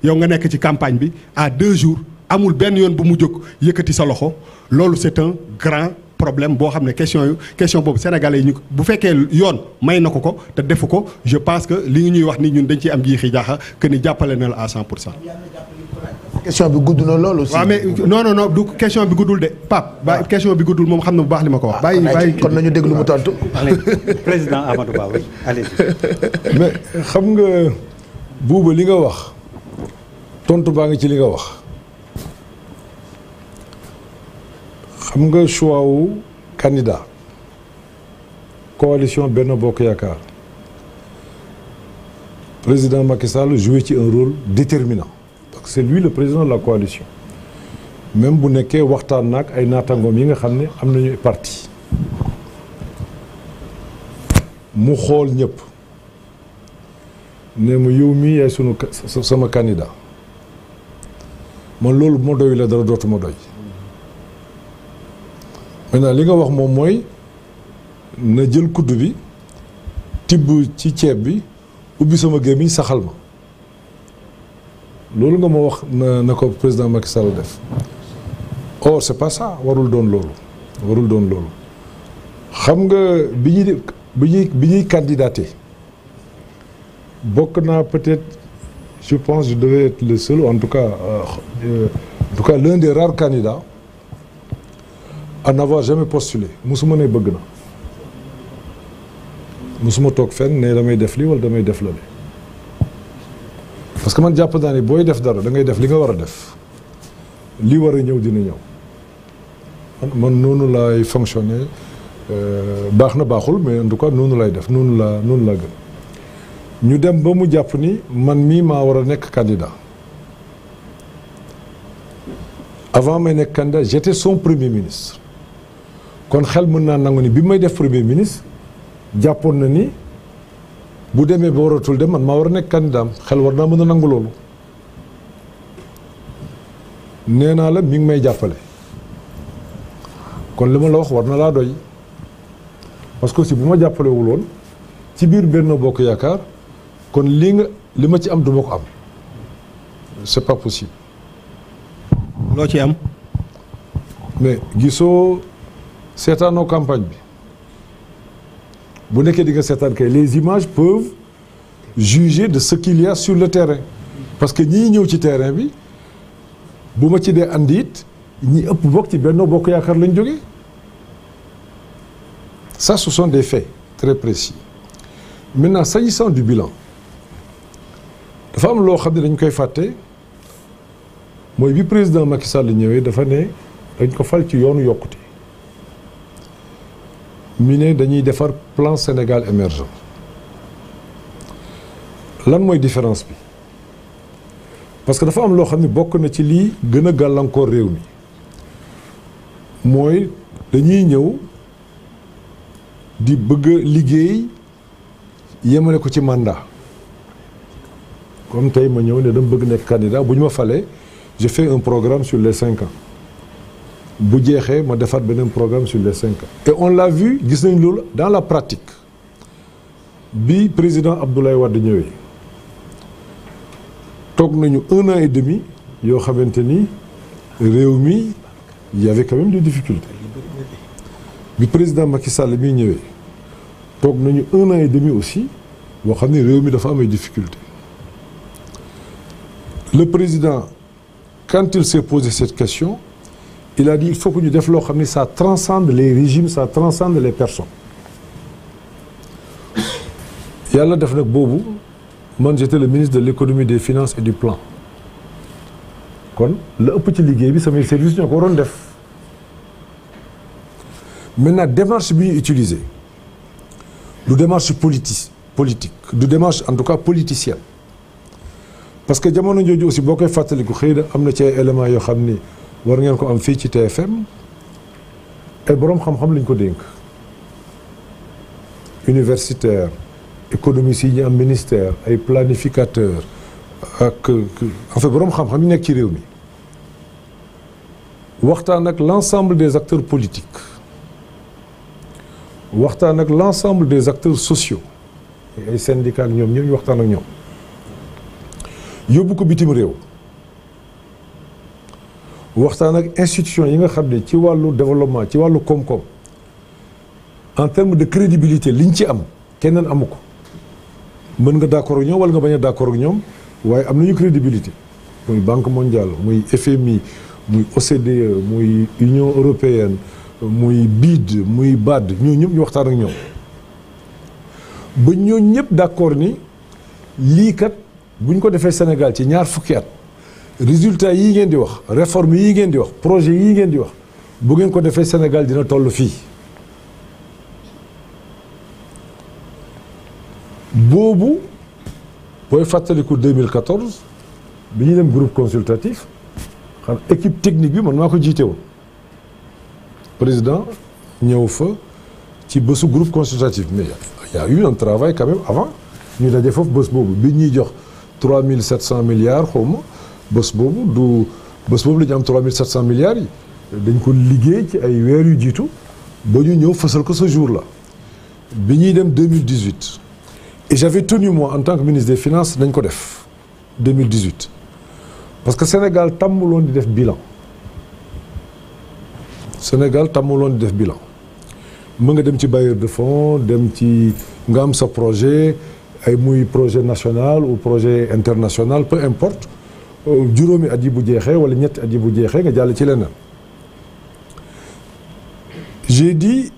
yow nga nekk ci campagne bi à deux jours. amul benn yoon bu mu jóg yëkkati sa loxo loolu c'est un grand problème boo xam ne question yu question boobu sénégalais yi ñu bu fekkee yoon may na ko ko te defu ko je pense que li ñuy wax ni ñun dañ ciy am jiixi jaaxa que ni jàppale na la à pour cent. question bi gudd na loolu aussi. waaw mais du question bi guddul de Pape. ba ah. question bi guddul moom xam na bu baax li ma ko wax. bàyyi ah, bàyyi kon nañu déglu mu tontu. président Amadou Ba oui allez. mais xam nga buuba li nga wax tontu baa ngi ci li wax. xam nga choix wu candidat coalition Benno Bokk Yaakaar président Macky Sall joué ci un rôle déterminant parce que c'est lui le président de la coalition même bu nekkee waxtaan nag ay naatangoom yi nga xam ne am nañu parti mu xool ñëpp ne ma yow mii yaay sunu sama candidat man loolu bu ma doy la dara dootuma doy maintenant li nga wax moom mooy na jël kuddu bi tibb ci ceeb bi ubbi sama gémmiñ saxal ma loolu nga ma wax na na ko président Macky Sall def or c'est pas ça warul doon loolu warul doon loolu xam nga bi ñuy bi ñuy bi ñuy candidaté bokk naa peut-être je pense je devais le seul en tout cas euh, en tout cas à n'avoir jamais postulé musuma ne bëgg na musuma toog fenn ne damay def lii wala damay def la li parce que man jàpp daan ne booy def dara da ngay def li nga war a def li war a ñëw dina ñëw man noonu laay fonctionner euh, baax na baaxul mais en tout cas noonu lay def noonu laa noonu laa gën ñu dem ba mu jàpp ni man mii maa war a nekk candidat avant may nekk candidat j'étais son premier ministre kon xel mën naa nangu ni bi may def premier ministre jàppoon na ni bu demee ba waratul dem man maa war a nekk candidat xel war naa mën a nangu loolu nee naa la mi ngi may jàppale kon li ma la wax war na laa doy parce que aussi bu ma jàppalewul woon ci biir benn Bokk Yaakaar kon lii nga li ma ci am du ma ko am c'est pas possible. loo ci am. mais gisoo. seetaanoo campagne bi bu nekkee di nga seetaan kay les images peuvent juger de ce qu'il sur le terrain parce que ñii ñëw ci terrain bi bu ma ci dee andi ñi ëpp bokk ci Benno Bokk Yaakaar lañ jógee ça ce sont des faits très précis maintenant s'agissant du bilan dafa am loo xam ne dañ koy fàtte mooy bi président Macky Sall ñëwee dafa ne dañ ko fal ci yoonu yokkute ñu ne dañuy defar plan Sénégal émergent lan mooy différence bi parce que dafa am loo xam ne bokk na ci lii gën gàllankoor réew mi mooy dañuy ñëw di bëgg liggéey yemale ko ci mandat comme tey ma ñëw ne dama bëgg nekk candidat bu ñu ma falee je fais un programme sur les cinq ans bu jeexee ma defaat beneen programme sur les cinq ans. et on l'a vu gis nañ loolu dans la pratique bi président Abdoulaye Wade ñëwee toog nañu un an et demi yoo xamante ni réew mi y avait quand même des bi président Macky Sall mi ñëwee toog nañu un an et demi aussi boo xam ni réew mi dafa am ay le président quand il s'est posé cette question. il a dit il faut que ñu def loo xam ni ça transcende les régimes ça transcende les personnes yàlla def nag boobu man j'étais le ministre de l'économie des finances et du plan kon la ëpp ci liggéey bi samay service ñoo ko waroon def maintenant démarche bi ñu utilisé du démarche politique politique du démarche en tout cas politicienne parce que jamono jooju aussi boo koy fàttaliku xëy nag am na ci ay éléments yoo xam ni war ngeen ko am fii ci TFM ay boroom xam-xam lañ ko dénk universitaire économiste yi ñu am ministère ay planificateur ak en fait boroom xam-xam yi nekk ci réew mi waxtaan ak l'ensemble des acteurs politiques waxtaan ak l'ensemble des acteurs sociaux ay syndicats ak ñoom ñëpp ñu waxtaan ak ñoom yóbbu ko bitim réew waxtaan ak institution yi nga xam ne ci wàllu développement ci wàllu koom-koom en terme de crédibilité liñ ci am keneen amu ko mën nga d'accord ak ñoom wala nga bañ a d'accord ak ñoom waaye am nañu crédibilité muy banque mondiale muy FMI muy OCDE muy Union européenne muy BID muy BAD ñoo ñëpp ñu waxtaan ak ñoom ba ñoo ñëpp d'accord ni lii kat buñ ko defee Sénégal ci ñaar fukki at résultat yii ngeen di wax réforme yii ngeen di wax projet yii ngeen di wax bu ngeen ko defee Sénégal dina toll fii boobu booy fàttaliku 2014 bi ñu dem groupe consultatif xam équipe technique bi man maa ko jiite woon président ñëw fa ci bésu groupe consultatif mais y a eu un travail avant ñu daje foofu bës boobu bi ñuy jox 3700 milliards xaw ma bés boobu du bés boobu la ñu am 3700 milliards yi dañ ko liggéey ci ay weer yu jiitu ba ñu ñëw fësal ko ce jour la bi ñuy dem 2018 et j'avais tenu moo en tant que ministre des finances nañ ko def 2018 parce que Sénégal tàmmuloon di def bilan Sénégal tàmmuloon di def bilan mën nga dem ci bailleur de fonds dem ci nga am sa projet ay muy projet national ou projet international peu importe juróomi at yi bu jeexee wala ñetti at yi bu jeexee nga jàll ci leneen j'ai dit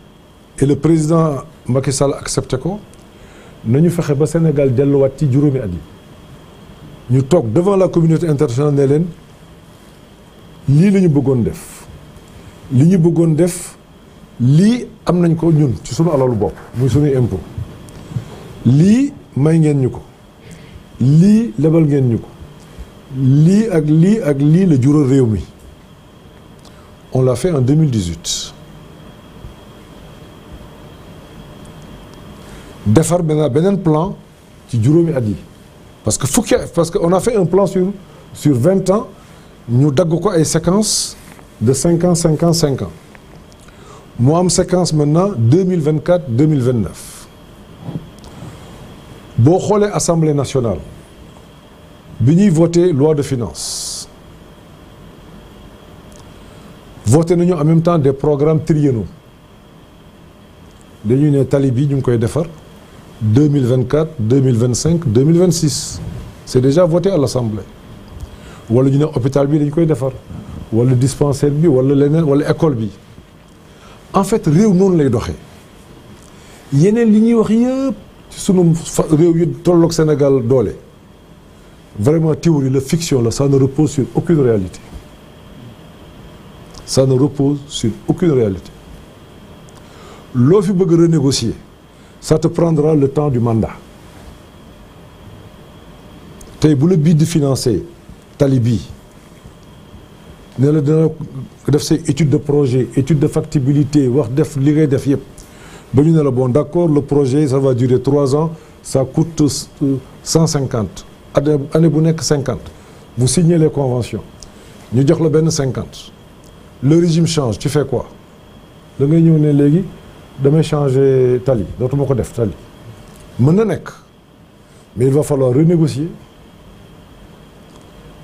et le président Macky Sall accepté ko nañu fexe ba Sénégal delluwaat ci juróomi at yi ñu toog devant la communauté internationale ne leen lii lañu bëggoon def li ñu bëggoon def lii am nañ ko ñun ci sunu alalu bopp muy sunuy impôt lii may ngeen ñu ko lii lebal ngeen ñu ko lii ak lii ak lii la jural réew mi on l'a fait en 2018 defar benn beneen plan ci juróomi at yi parce que fukki parce que on a fait un plan sur sur vingt ans ñu dagg ko ay séquences de cinq ans cinq ans cinq am séquence maintenant deux mille vingt quatre deux mille vingt neuf boo xoolee assemblée nationale. bi ñuy voté loi de finances voté nañu en même temps des programmes triennaux dañuy ne tali bi ñu ngi koy defar deux mille vingt quatre deux mille vingt cinq deux mille vingt six c' est déjà voté à l' assemblée wala ñu ne hôpital bi dañu koy defar wala dispensaire bi wala leneen wala école bi en fait réew noonu lay doxe yeneen li ñuy wax yëpp sunu réew yu tolloog Sénégal doole. vraiment théorie la fiction la ça ne repose sur aucune réalité ça ne repose sur aucune réalité loo fi bëgg renégocier ça te prendra le temps du mandat tey bu la bii di financer tali bii ne la dina def say étude de projet étude de factibilité wax def li ngay def yëpp ba ñu ne la bon d'accord le projet ça va durer trois ans ça coûte euh, cent cinquante année année bu nekk cinquante bu signez les ñu jox la benn cinquante le régime change tu fais quoi da ngay ñëw ne léegi damay changer tali dootuma ko def tali mën na nekk mais il va falloir renégocier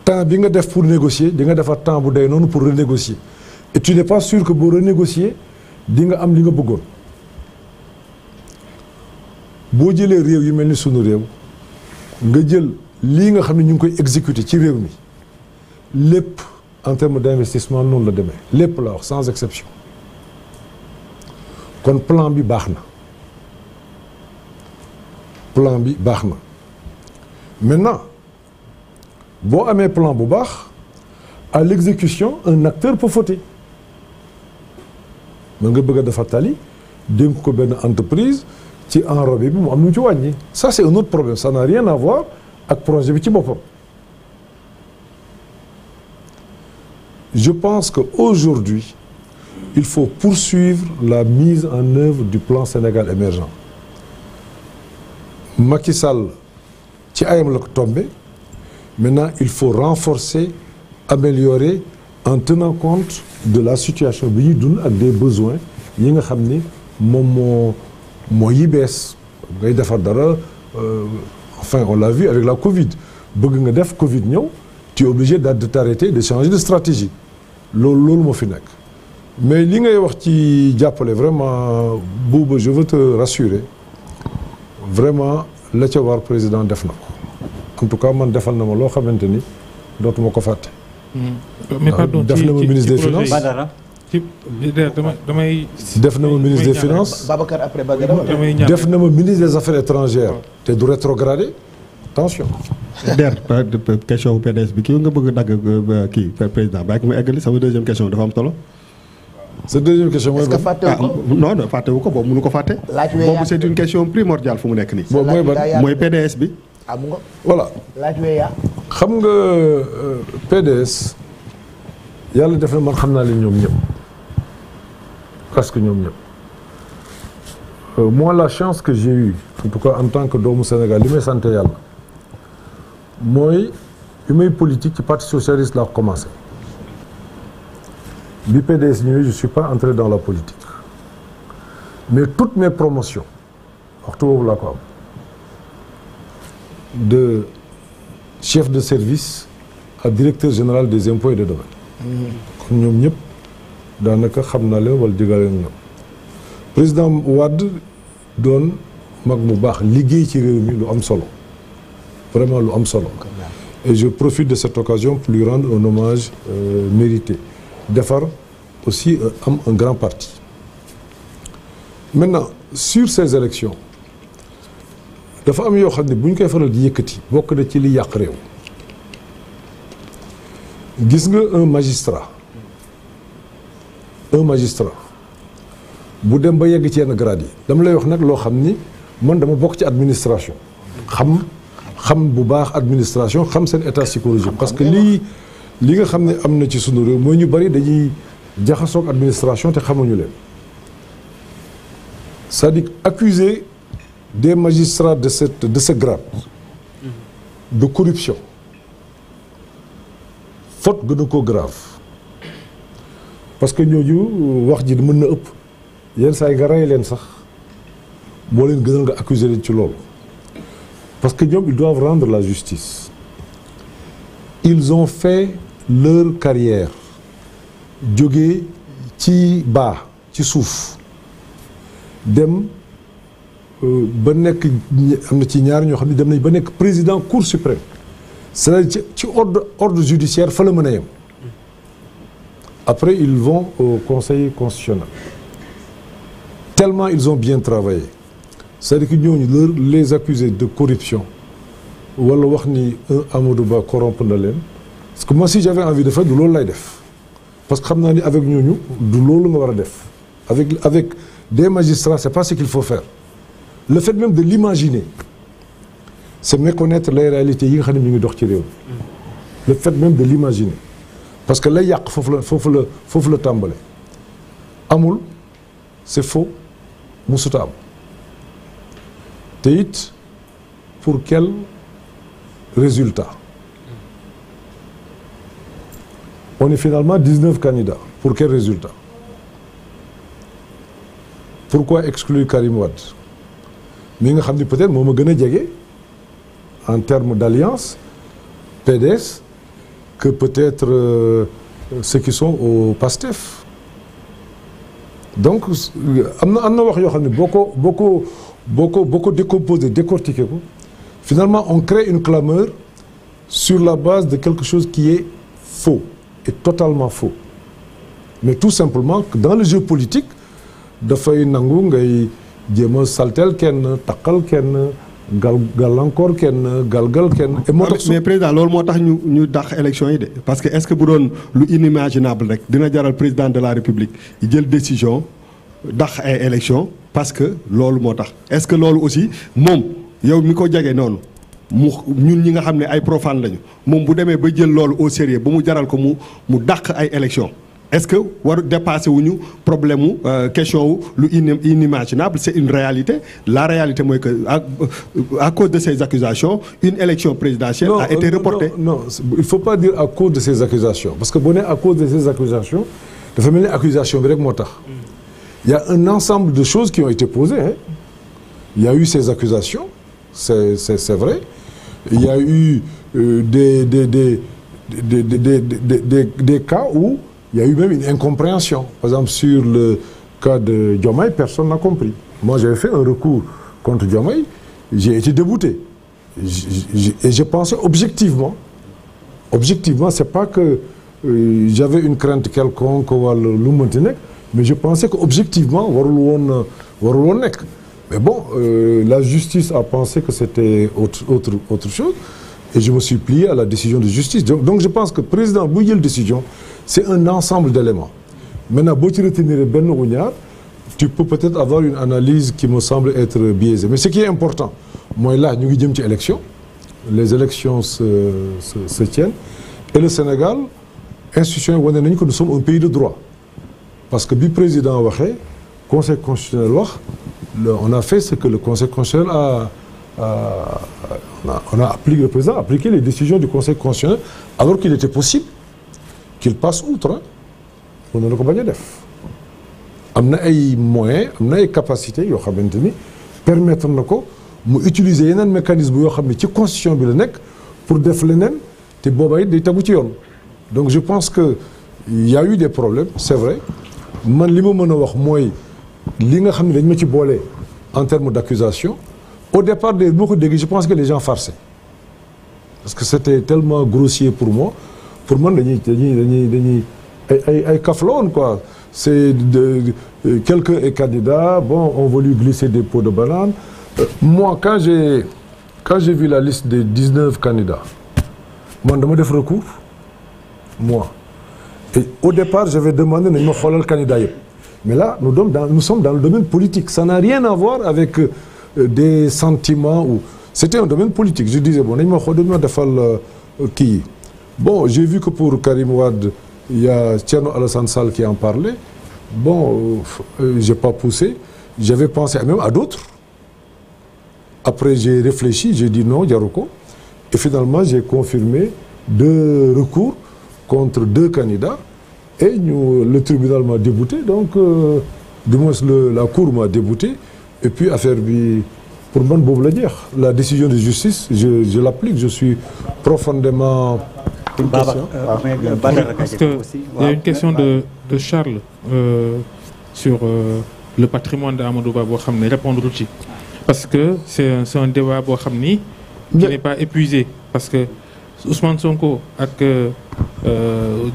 temps bi nga def pour négocier di nga defar temps bu day noonu pour renégocier et tu n'es pas sûr que boo renégocier di nga am li nga bëggoon boo jëlee réew yu mel ni sunu réew nga jël lii nga xam ne ñu ngi koy exécuter ci réew mi lépp en terme d' investissement noonu la demee lépp la wax sans exception kon plan bi baax na plan bi baax na maintenant boo amee plan bu baax à l' exécution un acteur peut fauter mën nga bëgg a defar tali dénk ko benn entreprise ci enrobé bi mu am nu mu ci wàññi ça c' est un autre problème ça n'a rien à voir ak projet bi ci boppam je pense que aujourd'hui il faut poursuivre la mise en œuvre du plan Sénégal émergent Macky Sall ci ayam la maintenant il faut renforcer améliorer en tenant compte de la situation bi ñuy dund ak des besoins yi nga xam ni moom moo moo yi bees dara euh, Enfin, on l'a vu avec la Covid. bëgg nga def Covid ñëw tu es obligé daal de t'arrêter de changer de stratégie loolu loolu moo fi nekk mais li ngay wax ci jàppale vraiment Bouba je veux te vraiment la ca war président def na ko en tout cas man defal na ma loo xamante ni dootuma ko fàtte. Hmm. mais pardon def na ma ministre des finances. ci damay damay. def na ma ministre des finances Babacar après Badara def na ma ministre des affaires étrangères. te du rétrogradé attention. der question PDS bi kii nga bëgg a dagg kii président bàyyi ko mu eggali sama deuxième question dafa am solo. sa deuxième question mooy. est-ce ko ah, non non fàttewu ko boobu laaj boobu c'est une question primordiale fu mu nekk nii. boobu mooy mooy PDS bi. am ah, nga voilà laaj xam nga euh, PDS yàlla def na man xam naa leen ñoom ñëpp. presque ñoom ñëpp euh, moi la chance que j'ai eue en tout cas en tant que doomu Sénégal li may sant yàlla mooy bi may politique ci parti socialiste la commencé bi PDS ñëwee je suis pas entré dans la politique mais toutes mes promotions waxtu boobu laa ko am de chef de service à directeur général des impôts et des domaines. Mm-hmm. ñëpp. daanaka xam na la wala jegale na président Wade doon mag mu baax liggéey ci réew mi lu am solo vraiment lu am solo et je profite de cette occasion pour lui rendre un hommage euh, mérité defar aussi euh, am un, un grand parti maintenant sur ces élections dafa am yoo xam ne bu ñu koy faral di yëkkati bokk na ci li yàq réew gis nga un magistrat un magistrat bu dem ba yegg ci yenn grade yi dama lay wax nag loo xam ni man dama bokk ci administration xam xam bu baax administration xam seen état psychologique parce que lii li nga xam ne am na ci sunu réew mooy ñu bari dañuy jaxasoog administration te xamuñu leen c'est-à-dire accuser des magistrats de cette de ce grade mm-hmm. de corruption faute gën a ko grave parce que ñooñu wax ji mën na ëpp yenn saa yi nga rey leen sax moo leen gënal nga accuser leen ci loolu parce que ñoom ils doivent rendre la justice ils ont fait leur carrière jóge ci baa ci suuf dem euh, ba nekk am na ci ñaar ñoo xam ne dem nañ ba nekk président cour suprême c'est-à-dire ci ordre ordre judiciaire fa la mën a yem Après, ils vont au Conseil constitutionnel. Tellement ils ont bien travaillé. C'est-à-dire que les accusés de corruption wala wax ni un Amadou Ba corrompre na leen parce que moi si j'avais envie de faire du loolu lay def parce que xam naa ni avec ñooñu du loolu nga war a def avec avec des magistrats c'est pas ce qu'il faut faire le fait même de l'imaginer c'est méconnaître les réalités yi nga xam ne ñu ngi dox ci réew le fait même de l'imaginer parce que lay yàq foofu la foofu la foofu la tàmbale amul c'est faux musuta am te it pour quel résultat on finalement finalement 19 candidats pour quel résultat pourquoi exclure Karim Wade mi nga xam ni peut-être moo ma gën a jege en termes d'alliance PDS que peut-être euh, ceux qui sont donc euh, am na am na wax yoo xam ne boo ko boo ko boo ko boo ko décomposé ko finalement on crée une clameur sur la base de quelque chose qui est faux et totalement faux mais tout simplement que dans le jeu politique dafay nangu ngay jéem a saltel kenn taqal kenn gal gàllankoor kenn galgal kenn. moo ah, tax président loolu moo tax ñu ñu dàq élection yi de parce que est-ce que bu doon lu inimaginable rek dina jaral président de la république jël décision dàq ay élection parce que loolu moo tax est-ce que loolu aussi moom yow mi ko jege noonu mu ñun ñi nga xam ne ay profane lañu moom bu demee ba jël loolu au sérieux ba mu jaral ko mu mu dàq ay élection est-ce que waru dépassé wuñu problème mu euh, question wu lu inimaginable c'est une réalité la réalité mooy que à cause de ces accusations une élection présidentielle a été euh, reportée non il faut pas dire à cause de ces accusations parce que boo nee à cause de ces accusations dafa mel ni accusation bi rek moo tax il de choses qui ont y a eu ces accusations c'est c'est vrai il y a eu euh, des des cas où il y a eu même une incompréhension. Par exemple, sur le cas de Diomaye, personne n'a compris. Moi, j'avais fait un recours contre Diomaye, j'ai été débouté. Et j'ai pensé objectivement. Objectivement, c'est pas que euh, j'avais une crainte quelconque wala lu mënti nekk mais je pensais que objectivement warul woon warul woon nekk mais bon euh, la justice a pensé que c'était autre autre autre chose et je me suis plié à la décision de justice donc, donc je pense que président bu jël décision c'est un ensemble d'éléments maintenant boo ci retenir benn ou ñaar tu peut-être avoir une analyse qui me semble être biaisée mais ce qui est important mooy là ñu ngi jëm ci élection les élections se se se tiennent et le Sénégal institution yi wane nañu que nous sommes pays de droit parce que bi président waxee conseil wax a fait ce que le conseil constitutionnel a a on a appliqué le président a appliqué les conseil constitutionnel alors qu'il était possible qu'il passe outre mën na la ko bañ a def am na ay moyens am na ay capacités yoo xamante ni permettre na ko mu utiliser yeneen mécanisme yoo xam ne ci constitution bi la nekk pour def leneen te booba it day tegu ci yoon donc je pense que y a eu des problèmes c'est vrai man li ma mën a wax mooy li nga xam ne dañ ma ci boole en termes d'accusation au départ de boo ko déggee je pense que les gens farçaient parce que c'était tellement grossier pour moi pour man dañuy dañuy dañuy dañuy ay ay ay kaf la woon quoi c'est de quelqu'un est bon on veut glisser des pots de banane euh, moi quand j'ai quand j'ai vu la liste des dix-neuf candidats man dama def recours moi et au départ j'avais demandé nañ ma xoolal candidat mais là nous sommes dans nous sommes dans le domaine politique ça n'a rien à voir avec euh, des sentiments ou c'était un domaine politique je disais bon nañ ma xool dañ ma defal euh, kii yi Bon, j'ai vu que pour Karim Wad, il y a Tcherno Alassane Sall qui en parlait. Bon, euh, euh j'ai pas poussé. J'avais pensé même à d'autres. Après, j'ai réfléchi, j'ai dit non, Yaroko. Et finalement, j'ai confirmé deux recours contre deux candidats. Et le tribunal m'a débouté. Donc, euh, du le, la cour m'a débouté. Et puis, affaire bi, pour moi, la décision de justice, je, je l'applique. Je suis profondément une question euh, euh, parce que il y a une question de de Charles euh, sur le patrimoine de Amadou Ba boo xam ne répondre ci parce que c'est c'est un débat boo xam ni qui n'est pas épuisé parce que Ousmane Sonko ak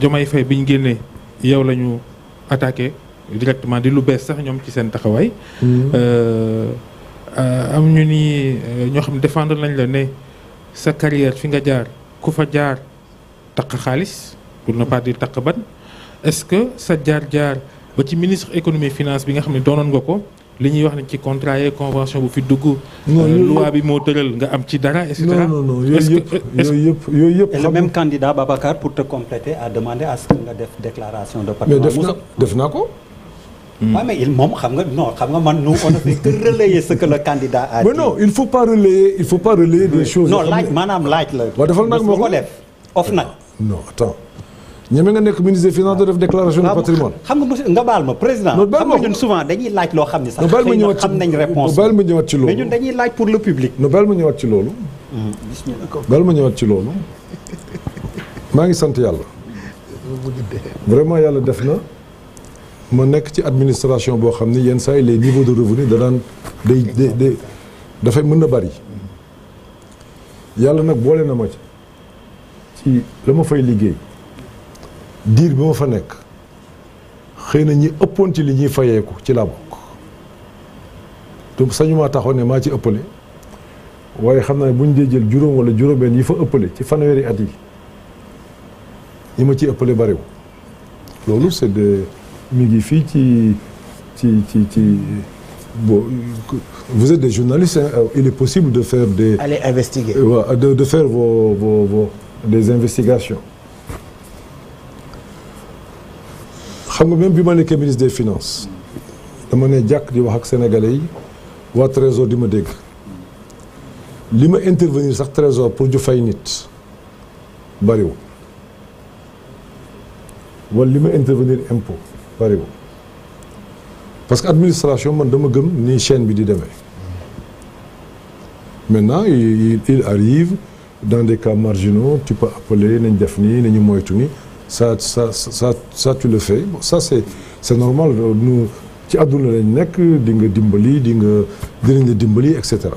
Diomaye Faye bi ñu génnee yow la ñu attaqué directement di lu bees sax ñoom ci seen taxawaay mm-hmm. am ñu ni ñoo xam ne défendre lañ la ne sa carrière fi nga takk xaalis pour ne pas dire takk ban est-ce que sa jaar-jaar ba ci ministre économie finance bi nga xam ne doonoon nga ko li ñuy wax ne ci contrat yi convention bu fi dugg. Euh, loi bi moo nga am ci dara. et cetera non non yëpp yooyu yëpp yooyu yëpp. le même candidat Babacar pour te compléter a demandé à ce que nga def déclaration de patrimoine. def naa ko. waaw hmm. mais il moom xam nga non xam nga man nous on ne fait que relayer a dit. mais non il faut pas relayer il faut pas relayer des choses. non laaj maanaam laaj la. waaw defal naa ko ma ko def of nag. non attends ñeme nga nekk ministre des def déclaration de patrimoine. xam nga monsieur nga baal ma président. xam nga ñun souvent dañuy loo xam ne sax. xëy na xam nañ réponse baal ma ñëwaat ci loolu. mais ñun dañuy ma ñëwaat ci hmm, ci loolu. maa ngi sant yàlla. vraiment yàlla def na. ma nekk ci administration boo xam ne yenn saa yi les niveaux de revenu da daan day day dafay mën na bari. yàlla nag boole na ma ci. ci ma fay liggéey diir bi ma fa nekk xëy na ñi ëppoon ci li ñuy fayeeku ci laa bokk te sañu maa ne maa ci ëppale waaye xam naa ne buñ dee jël juróom wala juróom-benn yi fa ëppale ci fanweeri at yi ñi ma ci ëppale bariw loolu c'est de mi ngi fii ci ci ci ci bon vous êtes des journalistes il est possible de faire des. de de faire vos. des investigations xam nga même bi ma nekkee ministre des finances dama ne jàkk di wax ak sénégalais yi waa trésor di ma dégg li ma intervenir sax trésor pour ju fay nit bariwul wala li ma intervenir impôt bariwul parce que administration man dama gëm nii chaîne bi di demee maintenant il, il arrive dans des cas marginaux tu peux appeler nañ def nii nañu moytu ni ça ça ça ça tu le fais bon ça c'est c'est normal nous ci àdduna lañ nekk di nga dimbali di nga dinañ la dimbali et cetera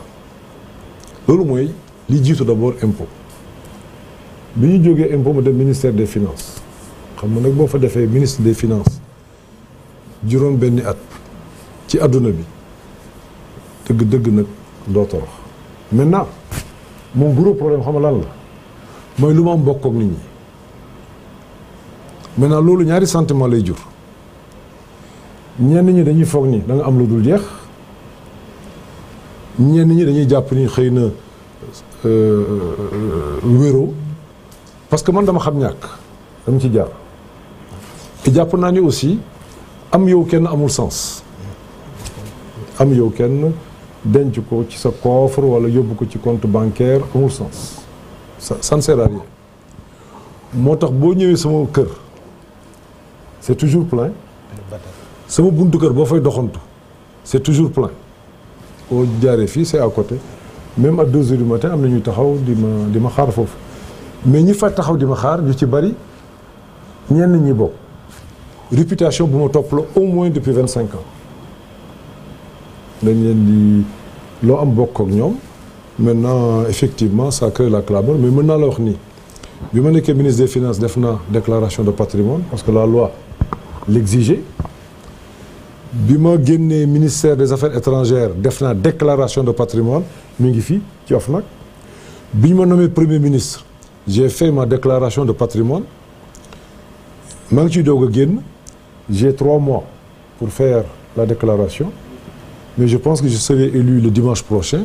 loolu mooy li jiitu d'abord impôt bi ñu jógee impôt mu dem ministère des finances xam nga nag boo fa defee ministre des finances juróom benni at ci àdduna bi dëgg-dëgg nag doo torox maintenant moom gros problème xam lan la mooy lu ma am bokk ak nit ñi maintenant loolu ñaari sentiment lay jur ñenn ñi dañuy foog ni da am lu dul jeex ñenn ñi dañuy jàpp ni xëy na euh, euh, wéro parce que man dama xam ñàkk dama ci jaar te jàpp naa ni aussi am yow kenn amul sens am yow kenn. denc ko ci sa coffre wala yóbbu ko ci compte bancaire amul sens sa ça ne moo tax boo ñëwee sama kër c'est toujours plein sama buntu kër boo fay doxantu c'est toujours plein boo jaaree fii c'est à côté même à deux heures du matin am na ñuy taxaw di ma di ma xaar foofu mais ñi fa taxaw di ma xaar ñu ci bari ñenn ñi bokk réputation bu ma topp la au moins depuis vingt cinq dañ leen di loo am bokk ak ñoom maintenant effectivement sa crée la clameur mais mën naa la wax nii bi ma nekkee ministre des finances def déclaration de patrimoine parce que la loi l'exigeait bi ma génnee ministère des affaires étrangères def naa déclaration de patrimoine mi ngi fii ci OFNAC bi ñu ma nommé premier ministre j'ai fait ma déclaration de patrimoine maa ngi ciy doog a génn j'ai trois mois pour faire la déclaration mais je pense que je serai élu le dimanche prochain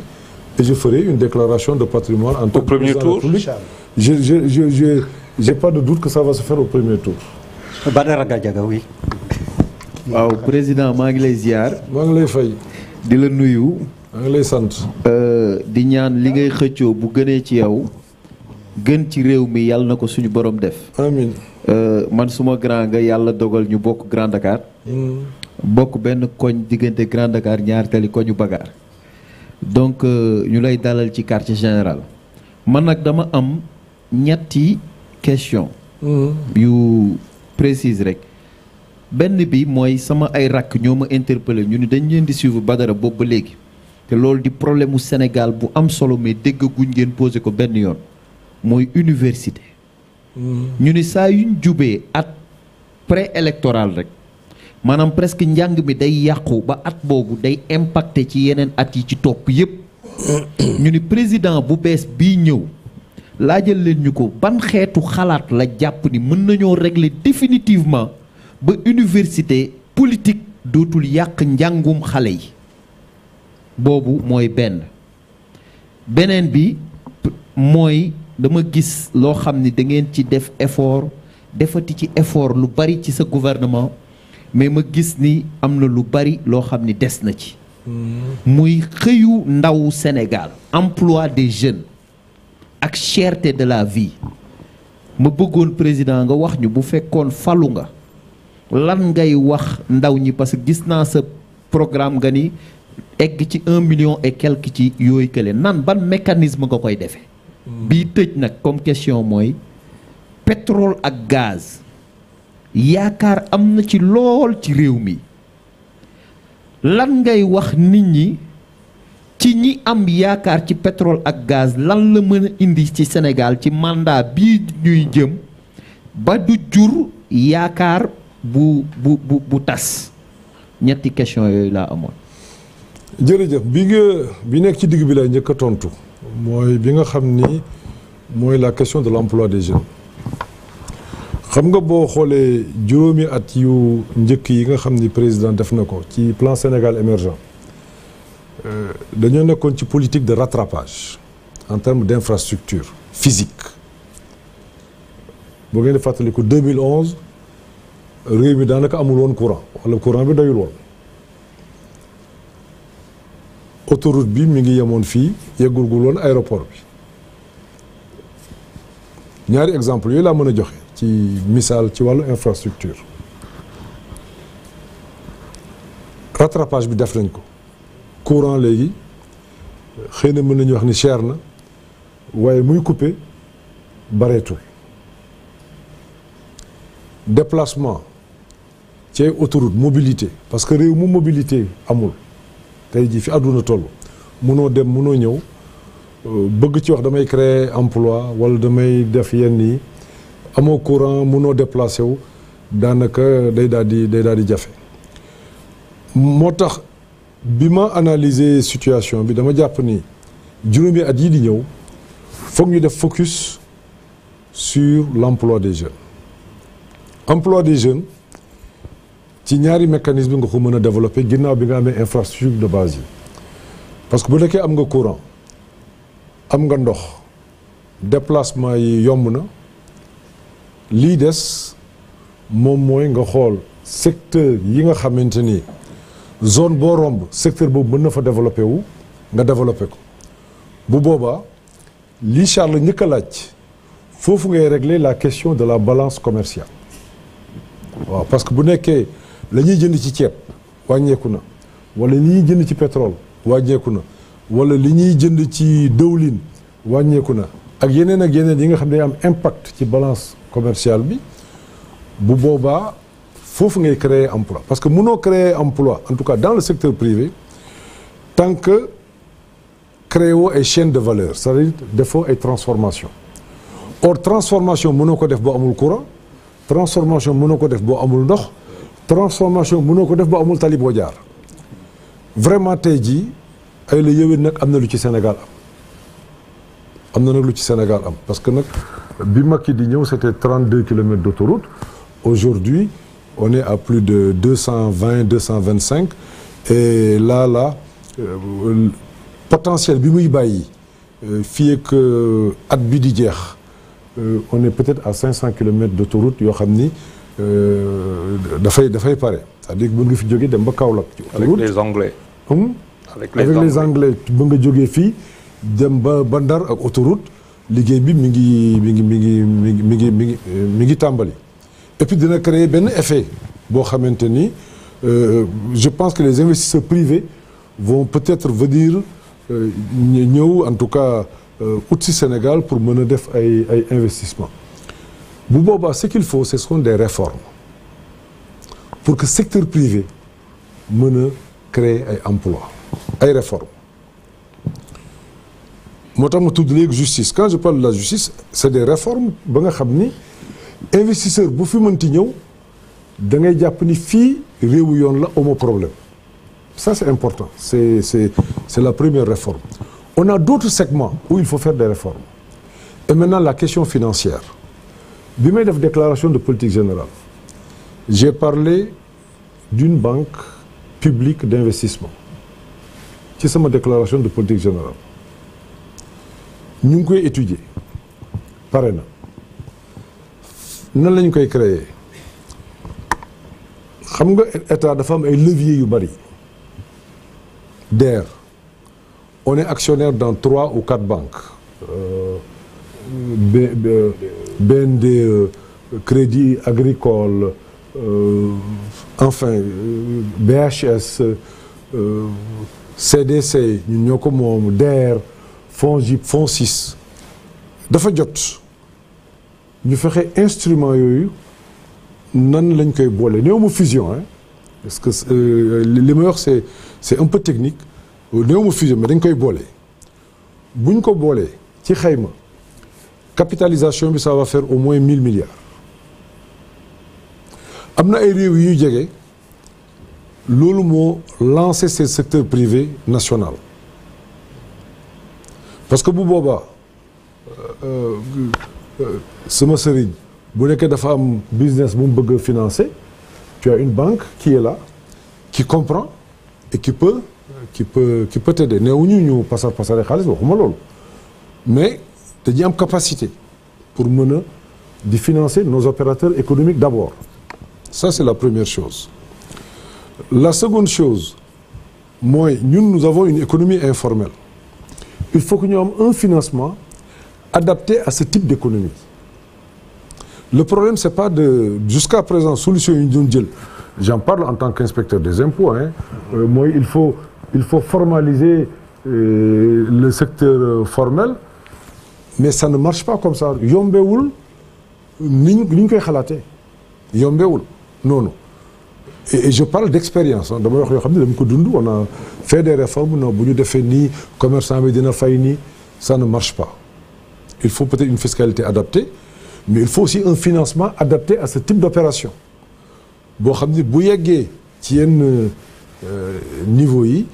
et je ferai une déclaration de patrimoine en tant que premier tour je je je je j'ai pas de doute que ça va se faire au premier tour. Badara Gadiaga oui. waaw président maa ngi lay ziar. maa ngi lay fay. di la nuyu. maa ngi lay sant. Euh, di ñaan li ngay xëccoo bu gënee ci yow. gën ci réew mi yàlla na ko suñu borom def. amiin. Euh, man suma grand nga yàlla dogal ñu bokk Grand Dakar. Mm. bokk benn koñ diggante Grand Dakar ñaar tali koñu bagaar donc euh, ñu lay dalal ci quartier général man nag dama am ñetti question mm-hmm. yu précise rek benn bi mooy sama ay rakk ñoo ma interpellé ñu ni dañ leen di suivre Badara boobu ba léegi te loolu di problème mu Sénégal bu am solo mais déggaguñ ngeen posé ko benn yoon mooy université mm-hmm. ñu ni saa yuñ jubee at pré électoral rek maanaam presque njàng mi day yàqu ba at boobu day impacté ci yeneen at yi ci topp yépp ñu ni président bu bees bii ñëw laajal leen ñu ko ban xeetu xalaat la jàpp ni mën nañoo régler définitivement ba université politique dootul yàq njàngum xale yi boobu mooy benn beneen bi mooy dama gis loo xam ni da ngeen ci def effort defati ci effort lu bari ci sa gouvernement mais ma gis ni am na lu bari loo xam ni des na ci. Hmm. muy xëyu ndawu Sénégal. emploi des jeunes. ak cherté de la vie. ma bëggoon président nga wax ñu bu fekkoon falu nga. lan ngay wax ndaw ñi parce que gis naa sa programme nga ni egg ci un million e quelque ci yooyu kële nan ban mécanisme nga koy defee. Hmm. bii tëj nag comme question mooy pétrole ak gaz. yaakaar am na ci lool ci réew mi lan ngay wax nit ñi ci ñi am yaakaar ci pétrole ak gaz lan la mën a indi ci senegal ci mandat bii ñuy jëm ba du jur yaakaar bu bu bu tas ñetti question yooyu laa amoon. jërëjëf bi bi nekk ci digg bi lay njëkk a tontu mooy bi nga xam ni mooy la question de l'emploi des jeunes. xam nga boo xoolee juróomi at yu njëkk yi nga xam ni président def na ko ci plan Sénégal émergent euh, dañoo nekkoon ci politique de rattrapage en termes d'infrastructure physique boo ngeen di fàttaliku 2011 réew mi daanaka amul woon courant wala courant bi doyul woon autoroute bi mi ngi yemoon fii yeggul woon aéroport bi ñaari exemple yooyu laa mën a joxe. ci misaal ci wàllu infrastructure rattrapage bi def nañ ko courant léegi xëy na mën nañu wax ni chair na waaye muy coupé bareetul déplacement ci ay autoroute mobilité parce que réew mu mobilité amul tey jii fi àdduna toll munoo dem munoo ñëw euh, bëgg ci wax damay créer emploi wala damay def yenn yi amoo courant mënoo déplacé wu daanaka day daal di day daal di jafe moo tax bi ma analyser situation bi dama jàpp ni juróomi at yii di ñëw foog ñu def focus sur l'emploi des jeunes emploi des jeunes ci ñaari mécanisme nga ko mën a développer ginnaaw bi nga amee infrastructure de base yi parce que bu nekkee am nga courant am nga ndox déplacement yi yomb na lii des moom mooy nga xool secteur yi nga xamante ni zone boo romb secteur boobu mën na fa développé wu nga développé ko bu boobaa lii Charles njëkk a laaj foofu ngay régler la question de la balance commerciale waaw parce que bu nekkee la ñuy jënd ci ceeb wàññeeku na wala li ñuy jënd ci pétrole wàññeeku na wala li ñuy jënd ci dëwlin wàññeeku na ak yeneen ak yeneen yi nga xam ne am impact ci balance commercial bi bu boobaa foofu ngay créer emploi parce que munoo créer emploi en tout cas dans le secteur privé tant que créé woo ay chaîne de valeur cest defoo ay transformation or transformation mënoo ko def boo amul courant transformation mënoo ko def boo amul ndox transformation mënoo ko def boo amul tali boo jaar vraiment tey jii ay la yëwén nag am na lu ci Sénégal am am na nag lu ci Sénégal am parce que nag bi Macky di ñëw c'était 32 kilomètres d'autoroute aujourd'hui on est à plus de 220 225 et là là euh, potentiel bi muy bàyyi euh, fii ak euh, at bi di jeex euh, on est peut-être à 500 kilomètres d'autoroute yoo xam ni dafay dafay pare c'est-à-dire mën nga fi jógee dem ba Kaolack. ci autoroute avec les anglais. avec nga jógee fii dem ba ba Ndar ak autoroute. liggéey bi mi ngi mi ngi mi ngi mi ngi mi ngi mi ngi tàmbali et dina créer benn effet boo xamante ni euh, je pense que les investisseurs privés vont peut-être venir euh, ñëw en tout cas euh, ut si Sénégal pour mën a def ay ay investissement bu boobaa ce qu'il faut ce sont des réformes pour que secteur privé mën a créer ay emplois ay réformes moo tax ma tudd léegi justice quand je parle de la justice c'est des réformes ba nga xam ni investisseur bu fi mënti ñëw da ngay jàpp ni fii réewu yoon la au amoo problème ça c'est important c'est c'est c'est la première réforme on a d'autres segments où il faut faire des réformes et maintenant la question financière bi may def déclaration de politique générale j'ai parlé d'une banque publique d'investissement ci sama déclaration de politique générale ñu ngi koy étudier pare na nan lañ koy créer xam nga état dafa am ay leviers yu bari DER one actionnaire dans trois ou quatre banques euh, BND euh, Crédit Agricole euh, enfin BHS euh, CDC euh, ñun ñoo ko moom DER fonds JIP fonds six dafa jot ñu fexe instrument yooyu nan lañ koy boole néew ma fusion hein parce que euh, li ma wax c'est c'est un peu technique néew ma fusion mais dañ koy boole buñ ko boolee ci xayma capitalisation bi ça va faire au moins mille milliards am na ay réew yu ñu jege loolu moo lancé ces secteurs privés national parce que bu boobaa euh, euh, sama sëriñ bu nekkee dafa am business bu mu bëgg a financer tu as une banque qui est là qui comprend et qui peut qui peut qui peut t'aider néewuñu ñu pasar pasare xaalis waxuma loolu mais te am capacité pour mën a di financer nos opérateurs économiques d'abord ça c'est la première chose la seconde chose mooy ñun nous avons une économie informelle il faut que ñu am un financement adapté à ce type d'économie le problème c'est pas de jusqu'à présent solution yi ñu doon jël j'en parle en tant qu'inspecteur des impôts hein euh, mooy il faut il faut formaliser euh, le secteur euh, formel mais ça ne marche pas comme ça yombewul ni ñu koy xalaatee yombewul noonu et je parle d'expérience dama wax xam ne dama ko dund on a fait des réformes no bu ñu defee nii commerçant bi dina fay nii ça marche pas il faut peut-être une fiscalité adaptée mais il faut aussi un financement adapté à ce type d'opération boo xam ne bu yeggee ci yenn euh, niveau yi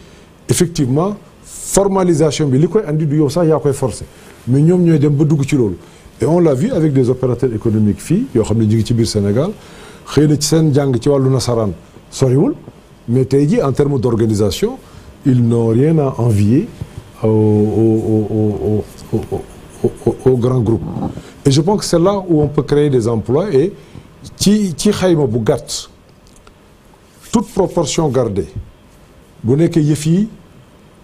effectivement formalisation bi li koy andi du yow sax yaa koy forcer mais ñoom ñooy dem ba dugg ci loolu et on l'a vu avec des opérateurs économiques fii yoo xam ne ñu ngi ci biir Sénégal xëy na ci seen jàng ci wàllu nasaraan soriwul mais tey jii en termes d'organisation ils n'ont rien à envier au au au grand groupe et je pense que c'est là où on peut créer des emplois et ci ci xayma bu gàtt toute proportion gardée bu nekkee yëf yi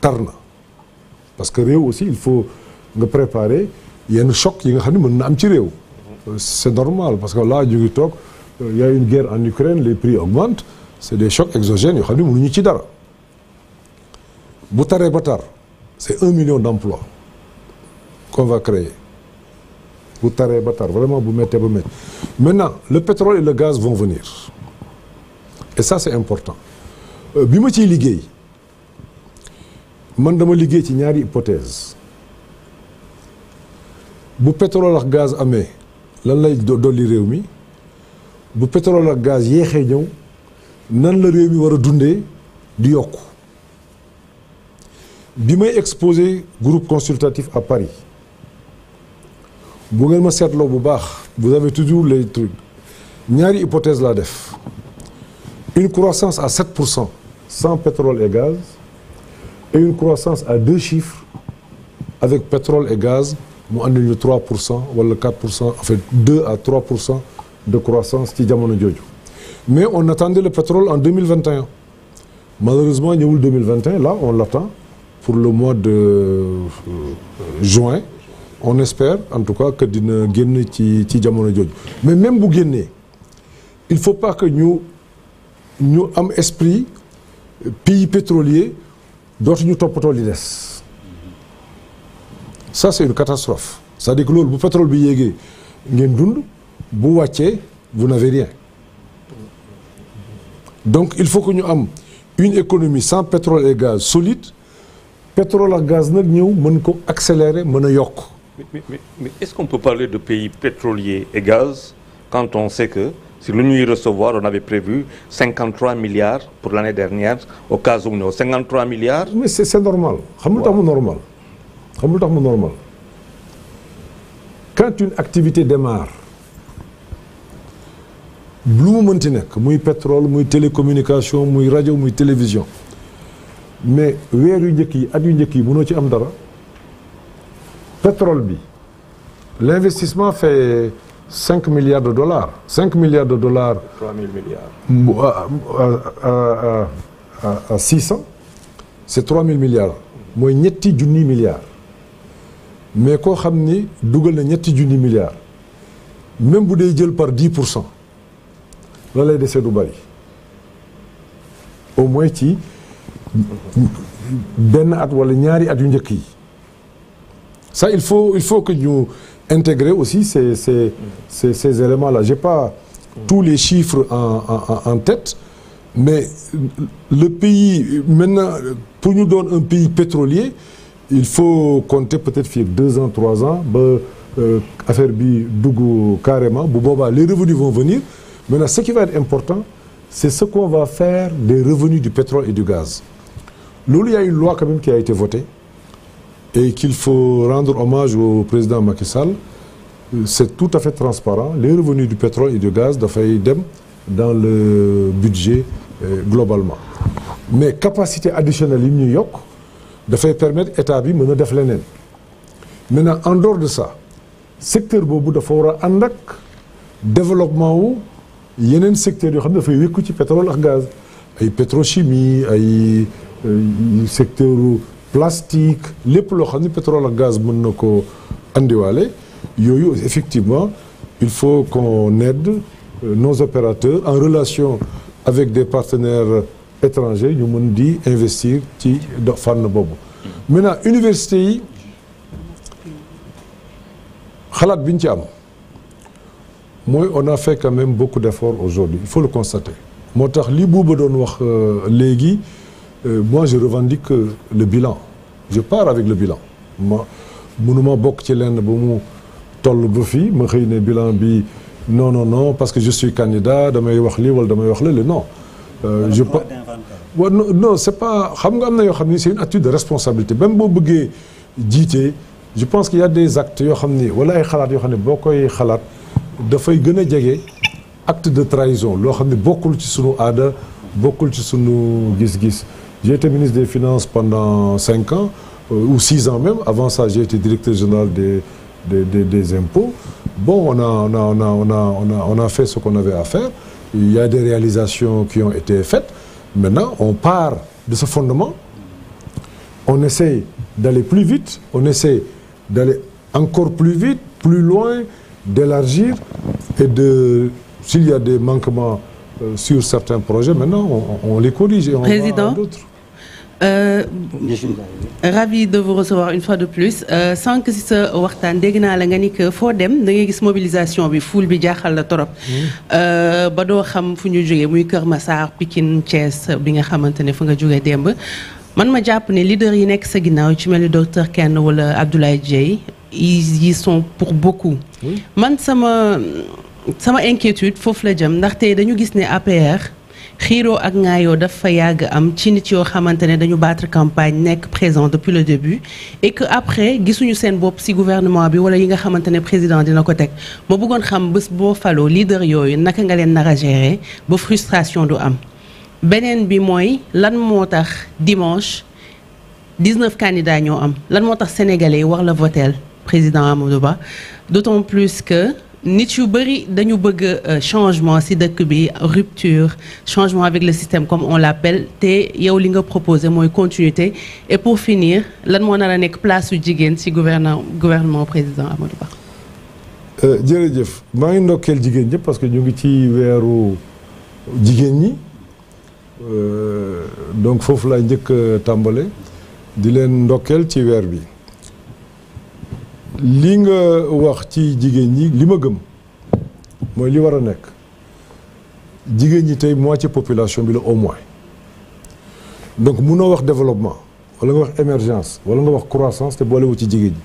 tar na parce que réew aussi il faut nga préparer yenn choc yi nga xam ne mën na am ci réew euh, c'est normal parce que là ñu ngi toog il y a une guerre en Ukraine les prix augmentent c'est des chocs exogènes yoo xam ne ñu ci dara bu taree ba tar c'est un million d'emplois qu'on va créer bu taree ba tar vraiment bu mettee ba metti maintenant le pétrole et le gaz vont venir et ça c'est important euh, bi ma ciy liggéey man dama liggéey ci ñaari hypothèse bu pétrole ak gaz amee lan lay dolli réew mi bu pétrole ak gaz yéexee ñëw nan la réew mi war a dundee di yokk bi may exposé groupe consultatif à Paris bu ngeen ma seetloo bu baax vous avez toujours les trucs ñaari hypothèse laa def une croissance à 7 pour cent sans pétrole et gaz et une croissance à deux chiffres avec pétrole et gaz mu àndil ñu 3 pour cent wala 4 pour cent fait 2 à 3 pour cent de croissance ci jamono jooju mais on attendait le pétrole en 2021 malheureusement ñëwul 2021 là on l'attend pour le mois de euh, juin on espère en tout cas que dina génn ci ci jamono jooju mais même bu génnee il faut pas que ñu ñu am esprit pays pétrolier dootuñu toppatoo li des ça c'est une catastrophe cest dire que loolu bu pétrole bi yéegee ngeen dund bu wàccee vous n'avez rien donc il faut que ñu am une économie sans pétrole et gaz solide pétrole ak gaz nag ñëw mën ko accélérer mën a yokk. mais mais est-ce qu'on peut parler de pays pétrolier et gaz quand on sait que si lu ñuy recevoir on avait prévu 53 milliards pour l'année dernière au cas où non 53 milliards. mais c'est c'est normal. xam nga lu normal quand une activité démarre. lu mu mënti nekk muy pétrole muy télécommunication muy rajo muy télévision mais weer yu njëkk yi at yu njëkk yi mënoo ci am dara petrole bi l'investissement fait cinq milliards de dollars cinq milliards de dollars. trois mille milliards. à à euh, euh, euh, à six cent. c'est trois mille mooy ñetti junni milliards. mais koo xam ni dugal na ñetti junni milliards. même bu dee jël par dix pour cent. la lay dese du bari au moins ci benn at wala ñaari at yu njëkk yi ça il faut il faut que ñu intégrer aussi ces ces ces ces éléments là j'ai pas tous les chiffres en en en tête mais le pays maintenant pour ñu doon un pays pétrolier il faut compter peut-être fii deux ans trois ans ba euh, affaire bi dugg carrément bu boobaa les revenus vont venir Maintenant, ce qui va être important, c'est ce qu'on va faire des revenus du pétrole et du gaz. Loolu, y a une loi quand même qui a été votée et qu'il faut rendre hommage au président Macky Sall. C'est tout à fait transparent. Les revenus du pétrole et du gaz dafay dem dans le budget euh, globalement. Mais capacité additionnelle yi ñu yokk dafay permettre état bi mën a def leneen. Maintenant, en dehors de ça, secteur boobu dafa war a ànd ak développement wu yeneen secteurs yoo xam ne dafay wékku ci pétrole ak gaz ay pétrochimie ay secteur plastique lépp loo xam ne pétrole ak gaz mën na ko andiwaale yooyu effectivement il faut qu'on aide euh, nos opérateurs en relation avec des partenaires étrangers ñu mën di investir ci fànn boobu maintenant université yi xalaat bi ci am mooy on a fait quand même beaucoup d'efforts aujourd'hui i faut le constater moo tax li buuba doon wax euh, léegi euh, moi je revendique euh, le bilan je pars avec le bilan ma mënuma bokk ci lenn ba mu toll ba fii ma xëy ne bilan bi non no non parce que je suis candidat damay wax li wala damay wax lële non Euh, je pas ouais, non, non c'est pas xam nga am na yoo xam ni c'est une attitude de responsabilité même boo bëggee jiitee je pense qu'il y des actes yoo xam ni wala ay xalaat yoo xam ne boo koy xalaat dafay gën a jege acte de trahison loo xam ne bokkul ci sunu aada bokkul ci sunu gis-gis j'ai été ministre des finances pendant cinq ans euh, ou six ans même avant ça j'ai été directeur général des des des, des impôts bon on a, on a on a on a fait ce qu'on avait à il y a des réalisations qui ont été faites maintenant on part fondement on essaie d'aller plus vite on essaie d'aller encore plus vite plus loin d'élargir et de s'il y a des manquements euh, sur certains projets maintenant on, les corrige et on Président, va à euh, de vous recevoir une fois de plus euh, sànq si sa waxtaan dégg naa la nga ni foo dem da ngay gis mobilisation bi foule bi jaaxal la torop hmm. euh, ba doo xam fu ñu jógee muy Kër Massar Pikine Thiès bi nga xamante ne fu nga jógee démb man ma jàpp ne leader yi nekk sa ginnaaw ci mel ni docteur Kane wala Abdoulaye Dieye ils y pour beaucoup. man sama sama inquiétude foofu la jëm ndax te dañu gis ne APR. xiiroo ak ngaayoo dafa yàgg am ci nit yoo xamante ne dañu battre campagne nekk présent depuis le début et que après gisuñu seen bopp ci gouvernement bi wala yi nga xamante ne président dina ko teg ma bëggoon xam bés boo faloo leader yooyu naka nga leen nar a gérer ba frustration du am. beneen bi mooy lan moo tax dimanche 19 candidats ñoo am lan moo tax sénégalais yi war la votel président Amadou Ba plus que nit yu bëri dañu bëgg euh, changement ci dëkk bi rupture changement avec le système comme on l'appelle te yow li nga proposé mooy continuité et pour finir lan moo nar a nekk place su jigéen ci gouvernement gouvernement président Amadou Ba. Euh, jërëjëf maa ngi ndokkeel jigéen ñëpp parce que ñu ngi ci weeru jigéen ñi. Euh, donc foofu laay njëkk a euh, tàmbale di leen ndokkeel ci weer bi li nga wax ci jigéen ñi li ma gëm mooy li war a nekk jigéen ñi tey mois ci population bi la au moins donc munoo wax développement wala nga wax émergence wala nga wax croissance te boolewu ci jigéen ñi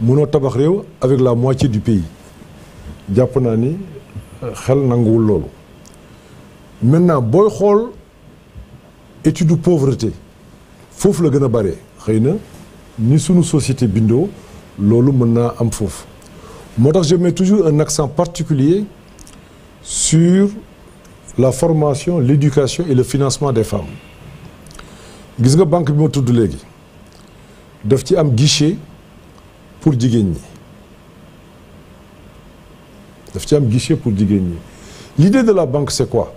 munoo tabax réew avec la ci du pays jàpp naa ni euh, xel nanguwul loolu maintenant booy xool étude du pauvreté foofu la gën a bare xëy na ni sunu société bindoo loolu mën naa am foofu moo tax je mets toujours un accent particulier su la formation l'éducation et le financement des femmes gis nga banque bi ma tudd léegi daf ci am guichet pour jigéen ñi daf ci am guichet pour jigéen ñi l'idée de la banque c'est quoi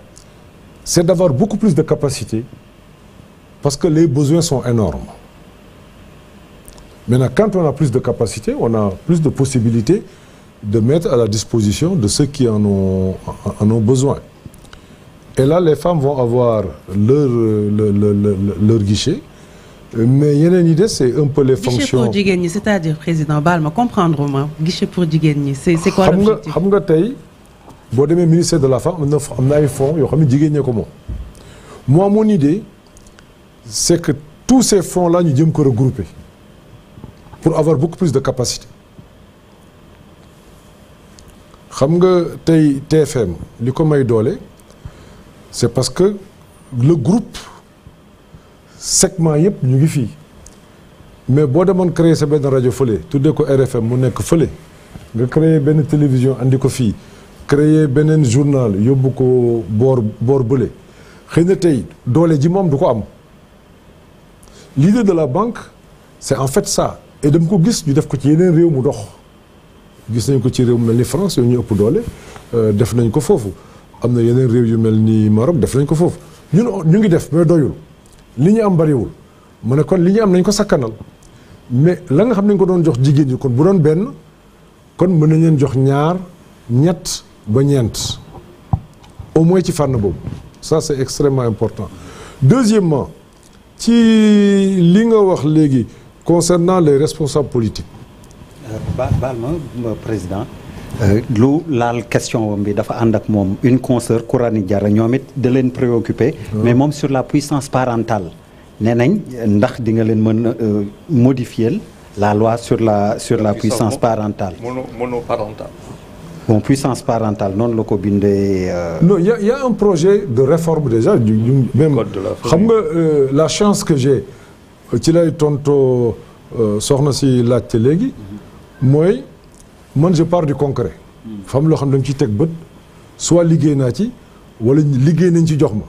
c'est d'avoir beaucoup plus de capacité parce que les besoins sont énormes. Maintenant, quand on a plus de capacité, on a plus de possibilités de mettre à la disposition de ceux qui en ont, en ont besoin. Et là, les femmes vont avoir leur, leur, leur, leur guichet. Mais yeneen yi des c'est un peu les guichet fonctions pour jigéen ñi c'est-à-dire président baal ma comprendre ma guichet pour jigéen ñi c'est c'est quoi l'objectif xam nga xam nga tey boo demee ministère de la femme am na am ay fonds yoo xam ne jigéen ñee ko moom moo mon idée c' est que tous ces fonds là ñu jëm ko regrouper pour avoir beaucoup plus de capacité xam nga tey TFM li ko may doole c' est parce que le groupe sectement yëpp ñu ngi fii mais boo demoon créer sa benn rajo fële tuddee ko RFM mu nekk fële nga créer benn télévision andi ko fii créer beneen journal yóbbu ko boor boor bële xëy na tey doole ji moom du ko am l'idée de la banque c'est en fait ça et dama ko gis ñu def ko ci yeneen réew mu dox gis nañ ko ci réew mu mel ni France yooyu ñu ëpp doole euh, def nañ ko foofu am na yeneen réew yu mel ni Maroc def nañ ko foofu ñun ñu ngi def mais doyul li ñu am bariwul mu ne kon li ñu am nañ ko sakkanal mais la nga xam ne ñu ko doon jox jigéen ñi kon bu doon benn kon mën nañ leen jox ñaar ñett ba ñeent au moins ci fànn boobu ça c'est extrêmement important deuxièmement ci li nga wax léegi concernant les responsables politique euh, baal ma euh, président euh, lu laal question bi dafa ànd ak moom une consoeur Kourani Diarra ñoom it da leen préoccupé mais moom sur la puissance parentale nee nañ ndax di nga leen mën a modifier la loi sur la sur la puissance parentale monoparentale bon puissance parentale noonu la ko bindee. Euh, non y' a un projet de réforme déjà du même xam nga euh, la chance que j'ai euh, ci lay tonto soxna si laajte léegi mooy man je pars du concret. fam loo xam ne da ciy teg bët soit liggéey naa ci walla liggéey nañ ci jox ma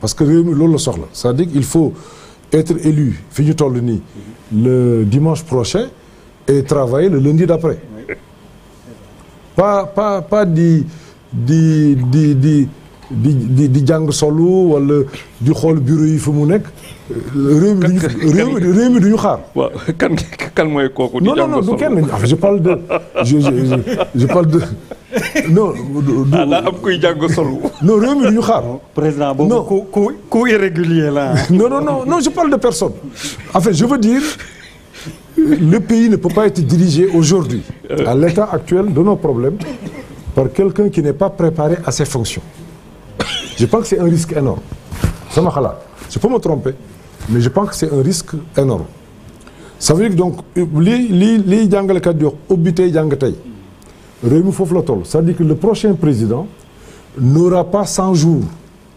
parce que réew mi loolu la soxla c'est-à-dire il faut être élu fi ñu toll nii le dimanche prochain et travailler le lundi d'après. pas pas pas di di di di di di di jàng solo wala di xool bureau yi fa mu nekk. réew mi duñu réew mi duñu xaar. waaw kan kan mooy kooku. di jàng solo non non du kenn ah, je parle de je je je parle de non. du ah am kuy jàng solo. non réew mi duñu xaar. président boobu ku ku irrégulier la. non non non non je parle de personne. en fait je veux dire. le pays ne peut pas être dirigé aujourd'hui, euh. à l'état actuel de nos problèmes, par quelqu'un qui n'est pas préparé à ses fonctions. Je pense que c'est un risque énorme. Sama xalaat je peux me tromper, mais je pense que c'est un risque énorme. ça veut dire que donc lii lii lii jàngalekat di wax ubbi tey jàng mi foofu la toll c'est-à-dire le prochain président n'aura pas 100 jours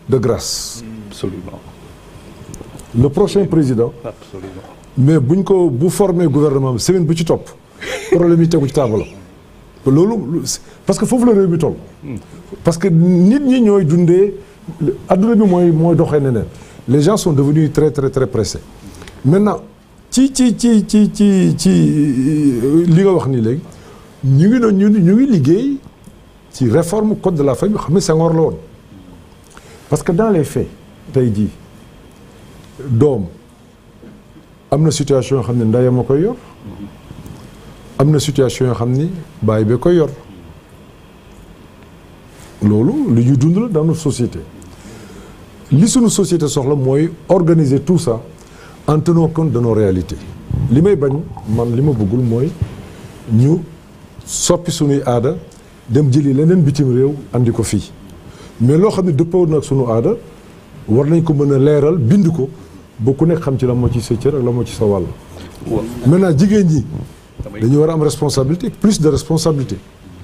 de grâce. Absolument. Le prochain président. mais bu buñ ko bu formé gouvernement bi semaine bu ci topp problème yi tegu ci table loolu parce que foofu la réew mi toll. parce que nit ñi ñooy dundee adduna bi mooy mooy doxee neneen les gens sont devenus très très très pressés maintenant ci ci ci ci ci ci li nga wax nii léegi ñu ngi doon ñu ñu ngi liggéey ci réforme code de la famille xam ne Senghor la woon parce que dans les faits tey jii doom. am na situation yoo xam ne ndeyam koy yor am na situation yoo xam ni baay bee koy yor loolu lu ñuy dund la dans notre société li suñu société soxla mooy organiser tout sax en tenant compte de li may bañ man li ma bëggul mooy ñu soppi suñuy aada dem jëli leneen bitim réew andi ko fii mais loo xam ne dëppoo nag suñu aada war nañ ko mën a leeral bind ko ba ne nekk xam ci la moo ci sa cër ak la moo ci sa wàll. maintenant jigéen ñi dañu war a am responsabilité plus de responsabilité.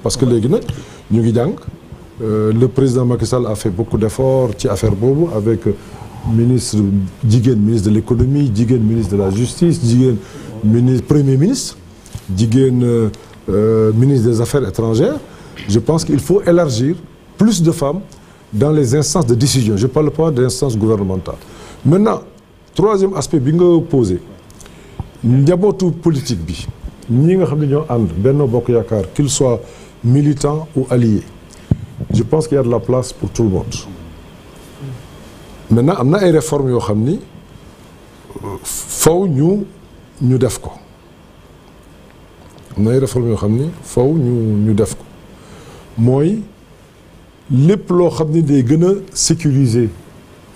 parce que léegi nag ñu ngi jàng euh, le président Macky Sall a fait beaucoup d'efforts ci affaire boobu avec euh, ministre jigéen ministre de l'économie jigéen ministre de la justice jigéen ministre premier ministre jigéen euh, ministre des affaires étrangères je pense qu'il faut élargir plus de femmes dans les instances de décision je parle pas d'instances gouvernementales troisième aspect bi nga posé njabootu politique bi ñi nga xam ne ñoo ànd Benno Bokk Yaakaar qu'il soit militant ou allié je pense qu'il y la place pour tout le monde maintenant am na ay réformes yoo xam ni faw ñu ñu def ko am na ay réformes yoo xam ni faw ñu ñu def ko mooy lépp loo xam ni day gën a sécuriser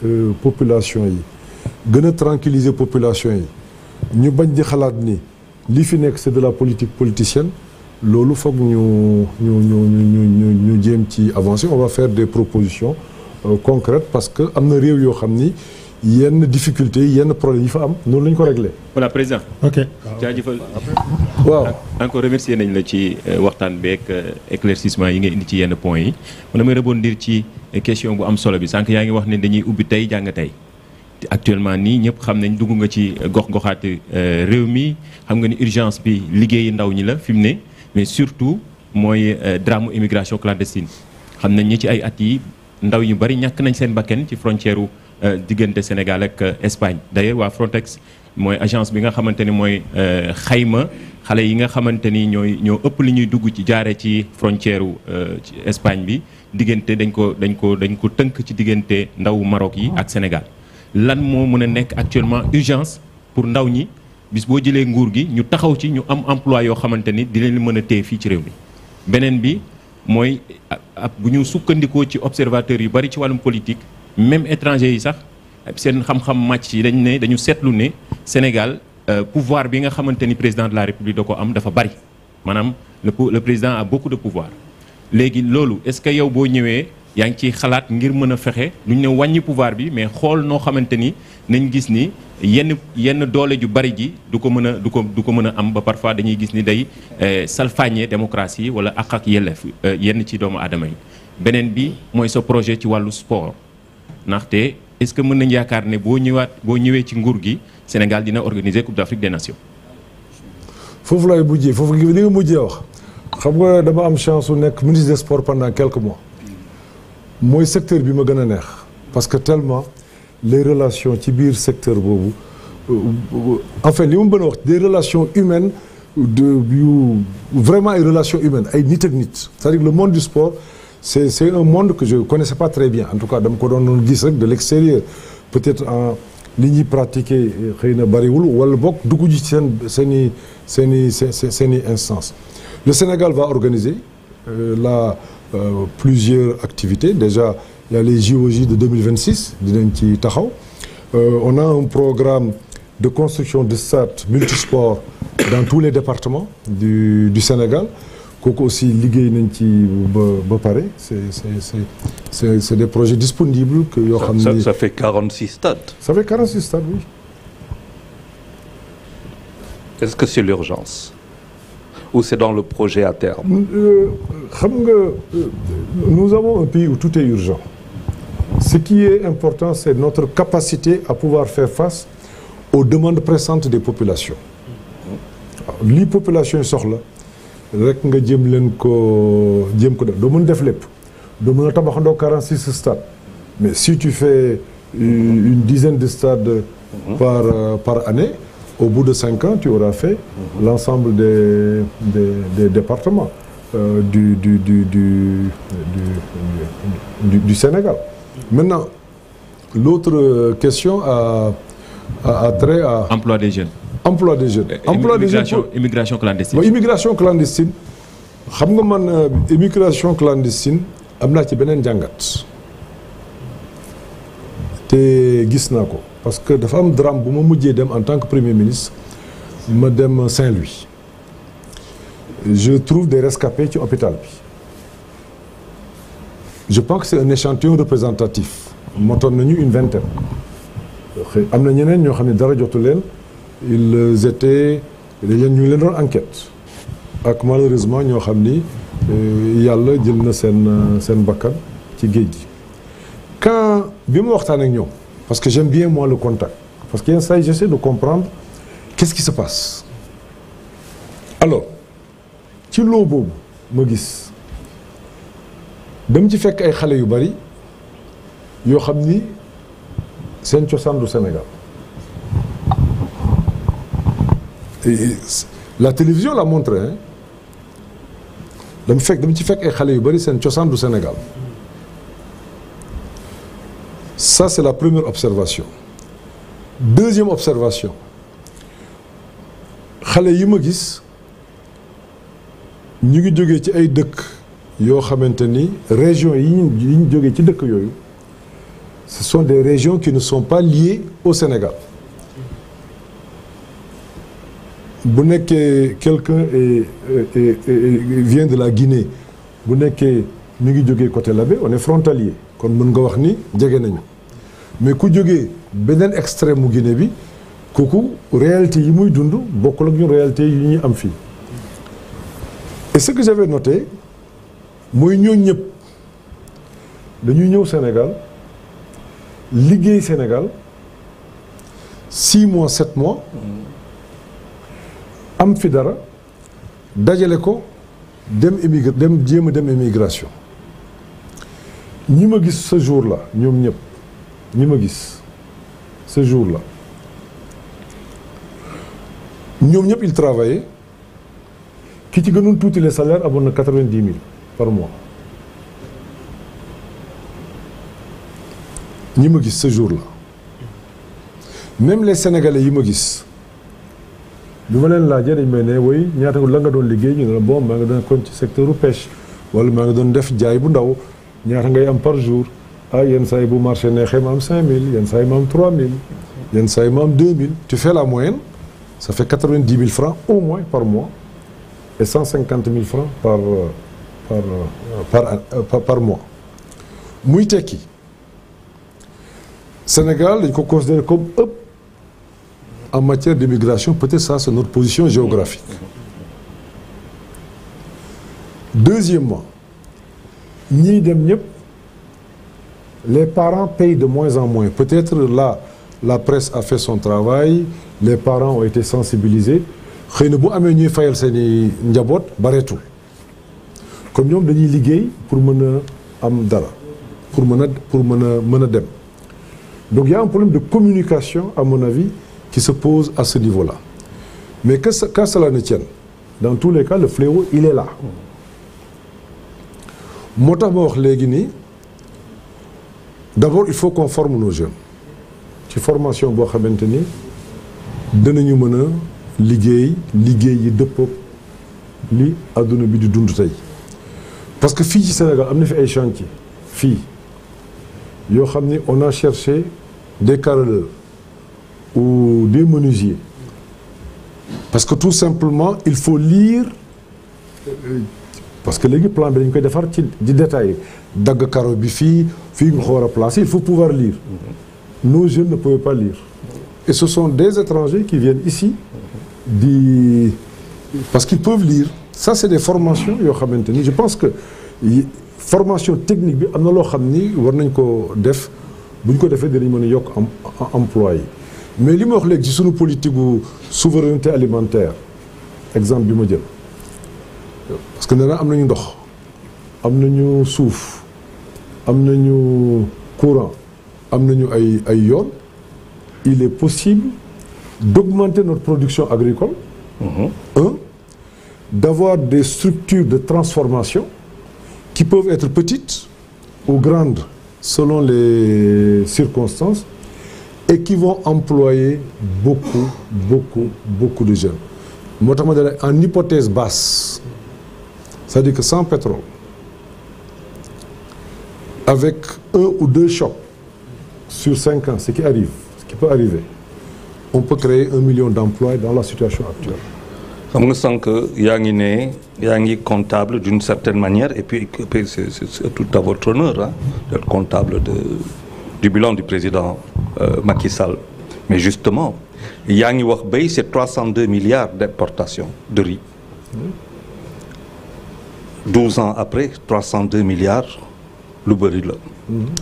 euh, population yi gën a tranquilliser population yi ñu bañ di xalaat ni li fi nekk c'est de la politique politicienne loolu foog ñu ñu ñu ñu ñu jéem ci avancé on va faire des propositions euh, concrètes parce que am na réew yoo xam ni yenn difficultés yenn problèmes yi fa am noonu la ñu ko réglé. voilà président. ok jaajëfal. waaw encore remercier nañ la ci euh, waxtaan beeg euh, éclaircissement yi nga indi ci yenn points yi man damay rebondir ci question bu am solo bi sànq yaa ngi wax ne dañuy ubbi tey jàng tey. actuellement nii ñëpp xam nañ dugg nga ci gox-goxaat euh, réew mi xam nga ni urgence bi liggéeyi ndaw ñi la fi mu ne mais surtout mooy euh, drame immigration clandestine xam nañ ñi ci ay at yi ndaw ñu bari ñàkk nañ seen bakken ci frontière u euh, diggante Sénégal ak Espagne d'ailleurs waa Frontex mooy agence bi nga xamante ni mooy xayma xale yi nga xamante ni ñooy ñoo ëpp lu ñuy dugg ci jaare ci frontière u Espagne bi diggante dañ ko dañ ko dañ ko tënk ci diggante ndawu Maroc yi ak Sénégal lan moo mën a nekk actuellement urgence pour ndaw ñi bis boo jëlee nguur gi ñu taxaw ci ñu am emploi yoo xamante ni di leen mën a téye fii ci réew mi beneen bi mooy ab bu ñu sukkandikoo ci observateur yu bari ci wàllum politique même étranger yi sax seen xam-xam màcc yi dañ ne dañu seetlu ne Sénégal euh, pouvoir bi nga xamante ni président de la République da ko am dafa bari maanaam le le président a beaucoup de pouvoir léegi loolu est-ce que yow boo ñëwee. yaa ngi ciy xalaat ngir mën a fexe lu ñu ne wàññi pouvoir bi mais xool noo xamante ni nañ gis ni yenn yenn doole ju bari ji du ko mën a du ko du ko mën a am ba parfois dañuy gis ni day eh, salfaañee démocratie wala ak ak yelleef eh, yenn ci doomu aadama yi. beneen bi mooy sa projet ci wàllu sport ndaxte est-ce que mën nañ yaakaar ne boo ñëwaat boo ñëwee ci nguur gi Sénégal dina organiser Coupe d'Afrique des Nations. foofu laay mujjee foofu li nga mujjee wax xam nga dama am chance su nekk ministre des sports pendant quelques mois. mooy secteur bi ma gën a neex parce que tellement les relations ci biir secteur boobu euh, en fait li ma mën a wax des relations humaines de yu vraiment ay relations humaines ay nit ak nit c'est-à-dire le monde du sport c'est c'est un monde que je connaissais pas très bien en tout cas dama ko doon noonu gis rek de l'extérieur peut-être en li ñuy pratiquer euh, xëy na bariwul wala bokk dugg ci seen seen i seen i seen i instance le Sénégal va organiser euh, la euh, plusieurs activités déjà il y a les JOJ de dinañ ci taxaw euh, on un programme de construction de stades multisports dans tous les départements du du Sénégal kooku aussi liggéey nañ ci ba ba pare c'est c'est c'est c'est c'est des projets disponibles que yoo xam ne ça fait 46 stades ça fait ce que c'est l'urgence ou c'est dans le projet à terme euh, xam nga euh, nous avons un pays où tout est urgent ce qui est important c'est notre capacité à pouvoir faire face aux demandes pressantes des populations waaw lii population yi soxla rek nga jéem leen ko jéem ko def doo mën def lépp doo mën a tabaxandoo 46 stades mais si tu fais euh, une dizaine de stades mm-hmm. par par année au bout de cinq ans tu auras fait mhm. l'ensemble des, des des départements euh, du, du du du du du Sénégal. Maintenant l'autre question a a, a à emploi des jeunes. emploi des jeunes. emploi des jeunes pour immigration clandestine. mooy immigration clandestine xam nga man euh, immigration clandestine am naa ci beneen jàngat te gis naa ko. parce que dafa am drame bu ma mujjee dem en tant que premier ministre ma dem Saint-Louis je trouve des rescapés ci hôpital bi je pense que c'est un échantillon représentatif motoon nañu une vingtaine am na ñeneen ñoo xam ne dara jotu leen ils étaient ñu ngi leen doon enquête ak malheureusement ñoo xam ni euh, yàlla jël na seen seen bakkan ci géej gi quand bi mu waxtaan ak ñoom Parce que j'aime bien, moi, le contact. Parce que y a de comprendre qu'est-ce qui se passe. Alors, ci loo boobu ma gis dama ci fekk ay xale yu bari yoo xam ni seen cosaan du Sénégal. Et la télévision l'a montré hein fekk ci fekk ay xale yu bari seen cosaan du Sénégal. Ça, c'est la première observation. Deuxième observation. xale yi ma gis ñu ngi jógee ci ay dëkk yoo xamante ni régions yi ñu yi jógee ci dëkk yooyu ce sont des régions qui ne sont pas liées au Sénégal. bu nekkee quelqu'un et vient de la Guinée bu nekkee ñu ngi jógee côté Labé on est frontalier kon mën nga wax ni jege nañu. mais ku jógee beneen extrême mu Guinée bi kooku réalité yi muy dund bokkul ak ñu réalité yi ñuy am fii et ce que j'avais noté mooy ñoo ñëpp dañuy ñëw Sénégal liggéey Sénégal six mois sept mois am fi dara dajale ko dem émigré dem jéem a dem émigration ñi ma gis ce jour là ñoom ñëpp ñi ma gis ce jour-là ñoom ñëpp il travaillait ki ci gënoon tuuti les salaires aboon na quatre-vingt-dix mille par mois ñi ma gis ce jour-là même les sénégalais yi ma gis bi ma leen laajee dañ may ne woy ñaata la nga doon liggéey ñu ne la bon maa nga doon kon ci secteur pêche wala maa ngi doon def jaay bu ndaw ñaata ngay am par jour. ah yenn saa bu marché neexe ma am 5000 yenn saa yi ma am 3000 yenn saa yi ma am 2000 tu fais la moyenne ça fait 90 francs au moins par mois et 150 000 francs par par euh, par euh, par, par mois muy tekki Sénégal dañ ko considéré comme ëpp en matière d'immigration peut-être ça c'est notre position géographique mois ñii dem ñëpp les parents payent de moins en moins. Peut-être là, la presse a fait son travail, les parents ont été sensibilisés. xëy na bu amee ñuy fayal seen i njaboot bareetul comme ñoom dañuy liggéey pour mën a am dara pour mën a pour mën a mën a dem donc y a un problème de communication à mon avis qui se pose à ce niveau-là mais que qu'à cela ne tienne dans tous les cas le fléau il est là moo tax ma wax léegi nii d'abord il faut qu'on forme nos ci formation boo xamante ni dinañu mën a liggéey liggéey yi dëppoo li àdduna bi du dund tey parce que fii ci Sénégal am na fi ay chantier fii yoo xam ni on a cherche des carreleurs ou des menuisiers parce que tout simplement il faut liir parce que léegi plan bi dañ koy defar ci di détaillé dagg caro bi fii fii nga ko a placer il faut pouvoir lire nos jeunes ne pouvaient pas liir et ce sont des étrangers qui viennent ici di parce qu'ils peuvent liir ça c'est des formations yoo xamante ni je pense que formation technique bi am na loo xam ni war nañ ko def bu ñu ko defee dinañ mën yokk emploi yi mais li ma wax léegi suñu sunu politique alimentaire exemple bi ma jël parce que nee na am nañu ndox am nañu suuf am nañu courant am nañu ay ay yoon il est possible d'augmenter notre production agricole mmh. un d'avoir des structures de transformation qui peuvent être petites ou grandes selon les circonstances et qui vont employer beaucoup beaucoup beaucoup de jeunes moo tax ma dale en hypothèse basse C'est-à-dire que sans pétrole, avec un ou deux chocs sur cinq ans, ce qui arrive, ce qui peut arriver, on peut créer un million d'emplois dans la situation actuelle. xam nga sànq yaa ngi ne yaa ngi comptable d'une certaine manière et puis c'est, c'est, c'est tout à votre honneur ah comptable de du bilan du président euh, Macky Sall mais justement yaa ngi wax béy c'est 302 milliards d'importations de riz. Mm. 12 ans après 302 milliards lu bëri la.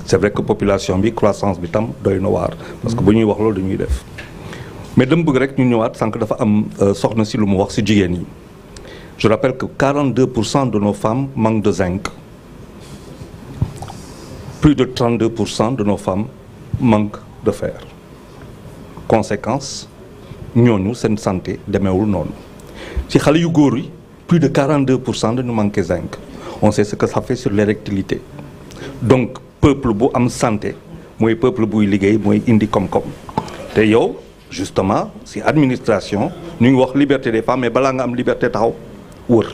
c' est vrai que population bi croissance bi tam doy na waar. parce que bu ñuy wax loolu dañuy def mais dama bëgg rek ñu ñëwaat sànq dafa am euh, soxna si lu mu wax si jigéen ñi je rappelle que 42 pour cent de nos femmes manquent de zinc plus de 32 pour cent de nos femmes manquent de fer conséquence ñooñu seen santé demeewul noonu ci xale yu góor yi. plus de 42% dañu manqué zinc on sait ce que ça fait sur l'érectilité donc peuple bu am santé mooy peuple buy liggéey mooy indi koom-koom te yow justement si administration ñu ngi wax liberté des femmes mais balaa nga am liberté taxaw wër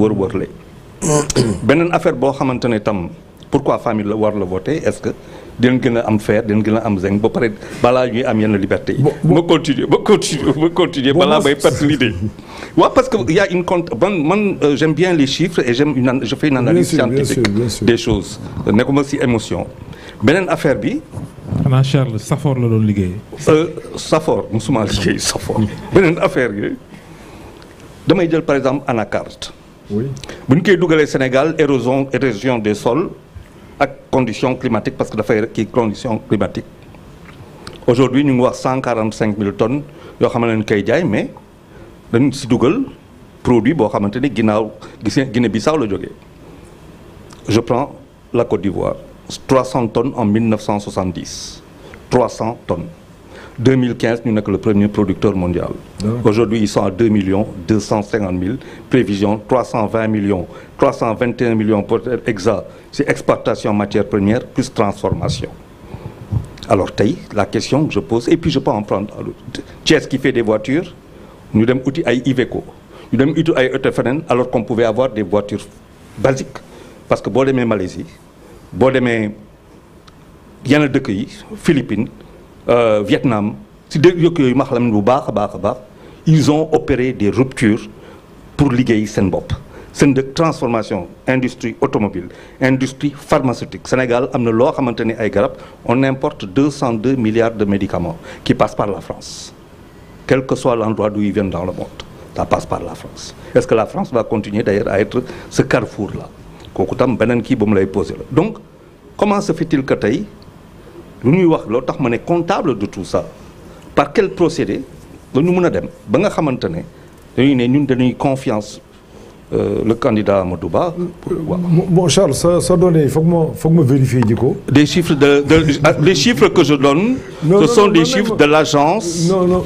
wër wër la mm. beneen affaire boo xamante ne tam pourquoi famille la war la voter dinañ gën a am fer dinañ gën a am zinc ba pare balaa ñuy am yenn liberté yi. ma continuer ma continuer ma continuer balaa may perte l'idée. parce que y a une compte man man euh, j'aime bien les chiffres et j'aime une je fais une analyse scientifique des choses nekkuma ci émotion beneen affaire bi. xanaa Charles Safor la doon liggéey. Euh, Safor musuma liggéey Safor beneen affaire yi damay jël par exemple Anacard. oui bu ñu koy dugalee Sénégal érosion érosion des sols. ak condition climatique parce que dafay kii condition climatique aujourd'hui ñu ngi wax cent quarante cinq mille tonnes yoo xam ne lañ koy jaay mais dañ si dugal produit boo xamante ni ginnaaw gis Guinée Bissau la jóge je prends la Côte d'Ivoire trois cent tonnes en mille neuf cent soixante dix trois cent tonnes 2015 ñu nekk le premier producteur mondial aujourd'hui ils sont à 2 millions 250 mille prévision 320 millions 321 millions pour être exact c'est exportation matière première plus transformation alors tey la question que je pose et puis je peux en prendre Thiès voitures ñu dem uti ay Iveco ñu dem uti ay oto feneen alors qu'on pouvait avoir des voitures basiques parce que boo demee Malaisie boo demee yenn dëkk yi Philippines Euh, Vietnam si dëkk yokk yooyu ma xam bu baax a baax a baax ils ont opéré des ruptures pour liggéey seen bopp seen dëkk transformation industrie automobile industrie pharmaceutique Sénégal am na loo xamante ni ay garab on importe 202 milliards de médicaments qui passent par la France quel que soit l'endroit d'où ils viennent dans le monde ça passe par la France est-ce que la France va continuer d'ailleurs à être ce carrefour là kooku tam beneen kii ba lay posé la donc comment se tey lu ñuy wax loo tax ma ne comptable de tout ça par quel procédé la ñu mën a dem ba nga xamante ne dañuy ne ñun dañuy confiance euh, le candidat Amadou Ba. waaw bon Charles sa sa donnée foog ma foog ma vérifier ji ko. des chiffres de de ah, les chiffres que je donne. ce sont des chiffres de l'agence. non non.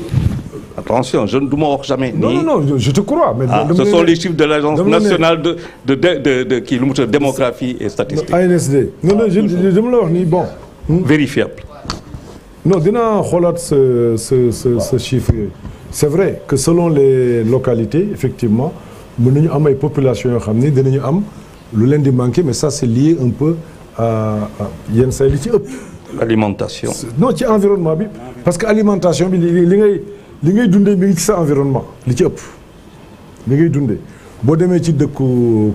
attention je ne du ma wax jamais. nii non non non je te crois. mais ah, ce sont les chiffres de l'agence nationale de de de de kii lu mu tudd démographie et statistique. ANSD ah, non non je dama la wax nii bon. vérifiable. non dinaa xoolaat sa sa sa sa chiffre yooyu c'est vrai que selon les localité effectivement mën nañu am ay population yoo xam ni dinañu am lu leen di manquer mais ça lii lié un peu à yenn say li ci ëpp. l'alimentation. non ci environnement bi parce que alimentation bi li li ngay li ngay dundee mi sa environnement li ci ëpp li ngay dundee boo demee ci dëkku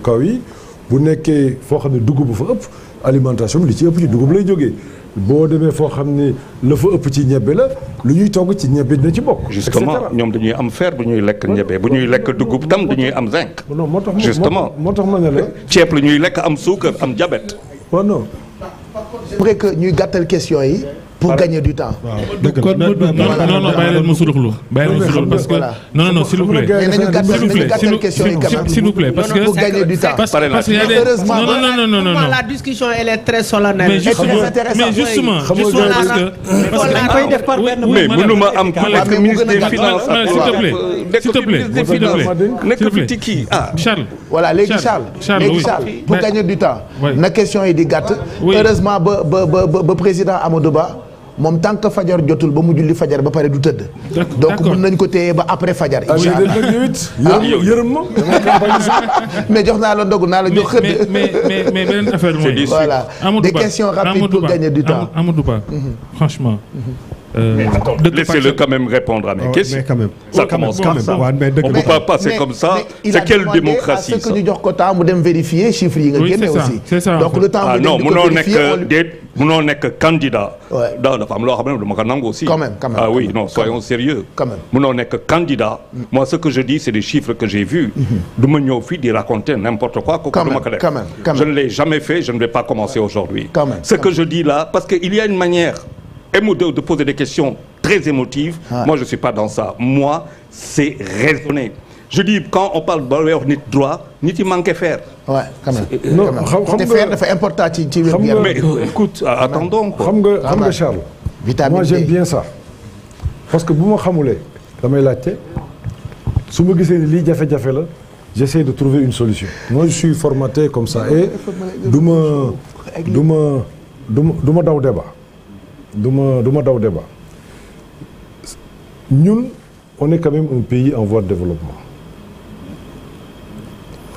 kaw yi bu nekkee foo xam ne dugub bu fa ëpp alimentation li ci ëpp ci dugub lay jógee. boo demee foo xam ni la fa ëpp ci ñebe la lu ñuy togg ci ñebe dina ci bokk. justement ñoom dañuy am fer bu ñuy lekk ñebe bu ñuy lekk dugub tam ñuy am zinc. non moo tax justement moo tax ma ne la. ceeb lu ñuy lekk am suukar am jabet. waaw oh non. après que ñuy gàttal question yi. pour gagner du temps. waaw non non bàyyi leen mu suruxlu bàyyi leen mu suruxlu parce que non non non s'il vous plaît. s'il vous plaît parce que parce que non non non non non la discussion elle est très solennelle. mais justement justement parce que mënuma am ku nekk ministre des finances s'il te plaît s'il te plaît s'il te plaît nekk fi tikki ah Charles. voilà léegi Charles léegi Charles pour gagner du temps na question yi di gàtt heureusement ba ba ba ba président Amadou Ba. moom tant que fajar jotul ba mu julli fajar ba pare du tëdd. donc mën nañ ko téye ba après fajar. Ah, incha allah ah, yërëm ma mais jox naa la ndogu naa la jox xëdd. mais mais mais beneen affaire mooy. voilà des questions rapides pour gagner du temps Amadou Ba mm-hmm. franchement. Euh, laissez-le quand même répondre à mes oh, questions. quand même ça commence comme ça. on peut pas passer comme ça. c'est quelle démocratie ça il a demandé à ce que ñu jox ko temps mu dem vérifier chiffres yi nga génne aussi. donc le temps mu ah dem di ko vérifier non munoo nekk déet. munoo nekk candidat. da dafa am loo xam ne dama ko nangu aussi. quand même quand même ah oui non soyons sérieux. quand même munoo nekk candidat. Mm. moi ce que je dis c'est des chiffres que j'ai vus. Mm-hmm. du ma ñëw fii di raconter n'importe quoi. kooku dama ko def je ne l'ai jamais fait je ne vais pas commencer aujourd'hui ce que je dis là parce que il y a une manière émotive de poser des questions très émotives. Ah. moi je suis pas dans ça moi c'est raisonner. je dis quand on parle ba nit droit nit yi manqué faire. waaw quand même non xam nga dafa important ci ci wér gu mais écoute xam nga xam nga Charles. vitamine moi bien ça. parce que bu ma xamulee damay laajte su ma gisee ni lii jafe-jafe la j'essaie de trouver une solution. moi je suis formaté comme ça et du ma du ma daw débat du ma du ma daw débat ñun on est quand même un pays en voie de développement.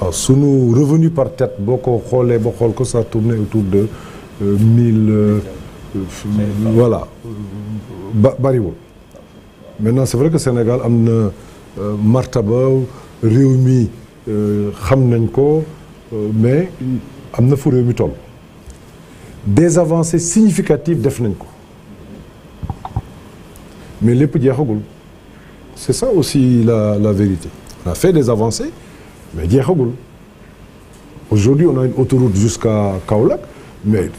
waaw ah, sunu revenu par tête boo ko xoolee ba xool ko ça tournait autour de euh, mille euh, voilà ba mais maintenant c'est vrai que Sénégal am na euh, martaba réew mi xam nañ ko mais am na fu réew toll des avancées significatives def nañ ko mais lépp jeexagul c'est ça aussi la la vérité on a fait des avancées mais jeexagul aujourd'hui on a une autoroute jusqu'à Kaolack mais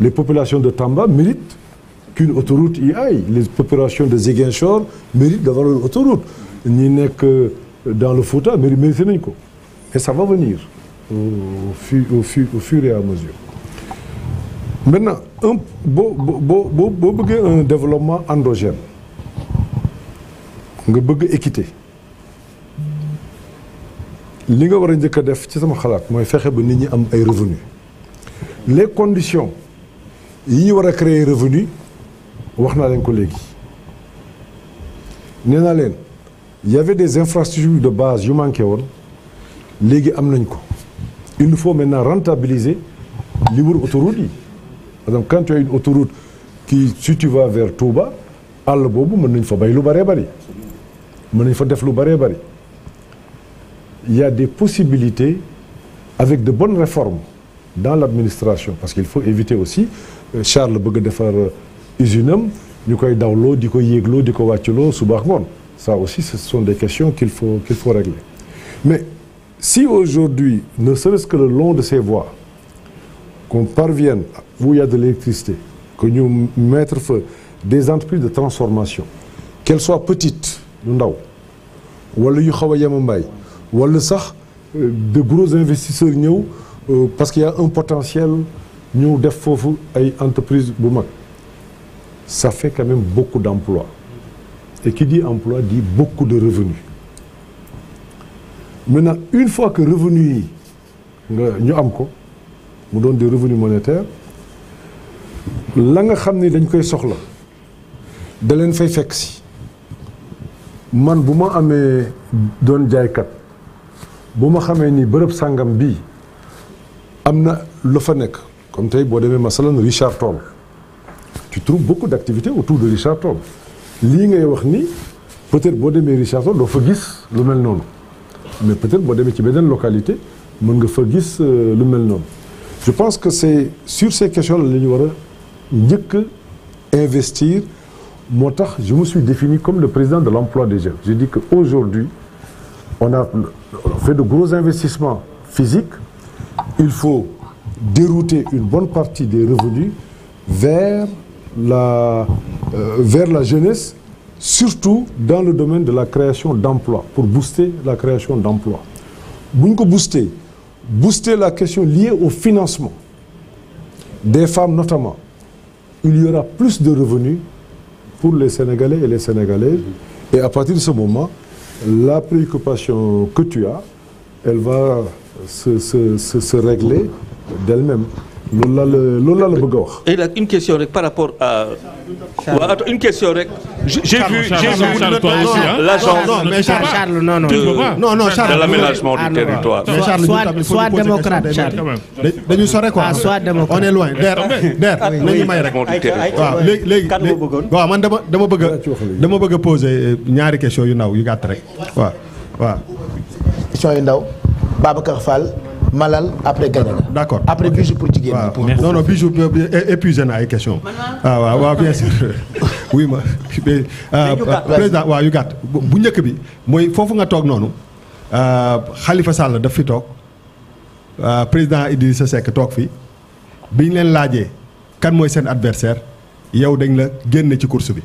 les populations de Tamba méritent qu'une autoroute y aille les populations de Ziguinchor méritent d'avoir une autoroute ñi nekk euh, dans le Fouta mérité nañ ko mais ça va venir au fur au fur au et à mesure maintenant un boo bëggee un développement endogène nga bëgg équité li nga war a njëkk a def ci sama xalaat mooy fexe ba nit ñi am ay revenus les conditions yi ñu war a créer revenus wax naa leen ko léegi nee naa leen y avait des infrastructures de base yu manqué woon léegi am nañ ko il nous faut maintenant rentabiliser li wër autoroute yi par exemple quand tu as une autoroute qui si tu vas àll boobu mën nañ fa bay lu baree bari mën nañ fa def lu baree bari il des possibilités avec de bonnes réformes dans l'administration parce qu'il faut éviter aussi euh, Charles bëgg a defar euh, usine am ñu koy dawloo di ko yéegloo di ko wàcculoo suba ak ngoon ça aussi ce sont des questions qu'il faut qu'il faut régler mais si aujourd'hui ne serait-ce que le long de ces voies qu'on parvienne où il y a de l'électricité que ñu mettre feu des entreprises de transformation qu'elles soient petites lu ndaw wala yu xaw a yema mbaay wala sax euh, de gros investisseurs ñëw euh, parce que y a un potentiel ñëw def foofu ay entreprise bu mag ça fekk quand même beaucoup d'emplois te kii dit emploi di beaucoup de revenus maintenant une fois que revenus yi nga ñu am ko mu doon di revenus monétaires la nga xam ni dañ koy soxla da leen fay fekk si man bu ma amee doon jaaykat bu ma xamee ni bërëb sàngam bi am na lu fa nekk comme tey boo demee masalan Richard Toll tu trouves beaucoup d' activités autour de Richard Toll lii ngay wax ni peut-être boo demee Richard Toll doo fa gis lu mel noonu mais peut-être boo demee ci beneen localité mën nga fa gis euh, lu mel noonu je pense que c' est sur ces questions la li ñu war a njëkk investir moo tax je me suis défini comme le président de l'emploi des jeunes je dis que aujourd'hui on a fait de gros investissements physiques. Il faut dérouter une bonne partie des revenus vers la, euh, vers la jeunesse, surtout dans le domaine de la création d'emplois, pour booster la création d'emplois. bu ñu ko booster booster la question liée au financement des femmes notamment il y aura plus de revenus pour les Sénégalais et les Sénégalaises et à partir de ce moment la préoccupation que tu as, elle va se, se, se, se régler d'elle-même. loolu la la loolu la la bëgg wax. et nag une question rek par rapport à. waaw attends une question mais Charles non non non non Charles ah, de ah, l'aménagement du territoire. mais Charles dama dama bëgg a dama bëgg a euh, ñaari question yu ndaw yu gàtt rek waaw waaw. question yu ndaw Babacar Fall. Malal après Gagné na. d' accord après bijou pour jigéen ñi. non non bijou épuisé na ay question ah waaw waaw bien sûr. oui ma ah, président waaw yu gàtt bu njëkk bi mooy foofu nga toog noonu ah, Khalifa Sall daf fi toog ah, président Idrissa Seck toog fi biñ leen laajee kan mooy seen adversaire yow dañ la génne ci course bi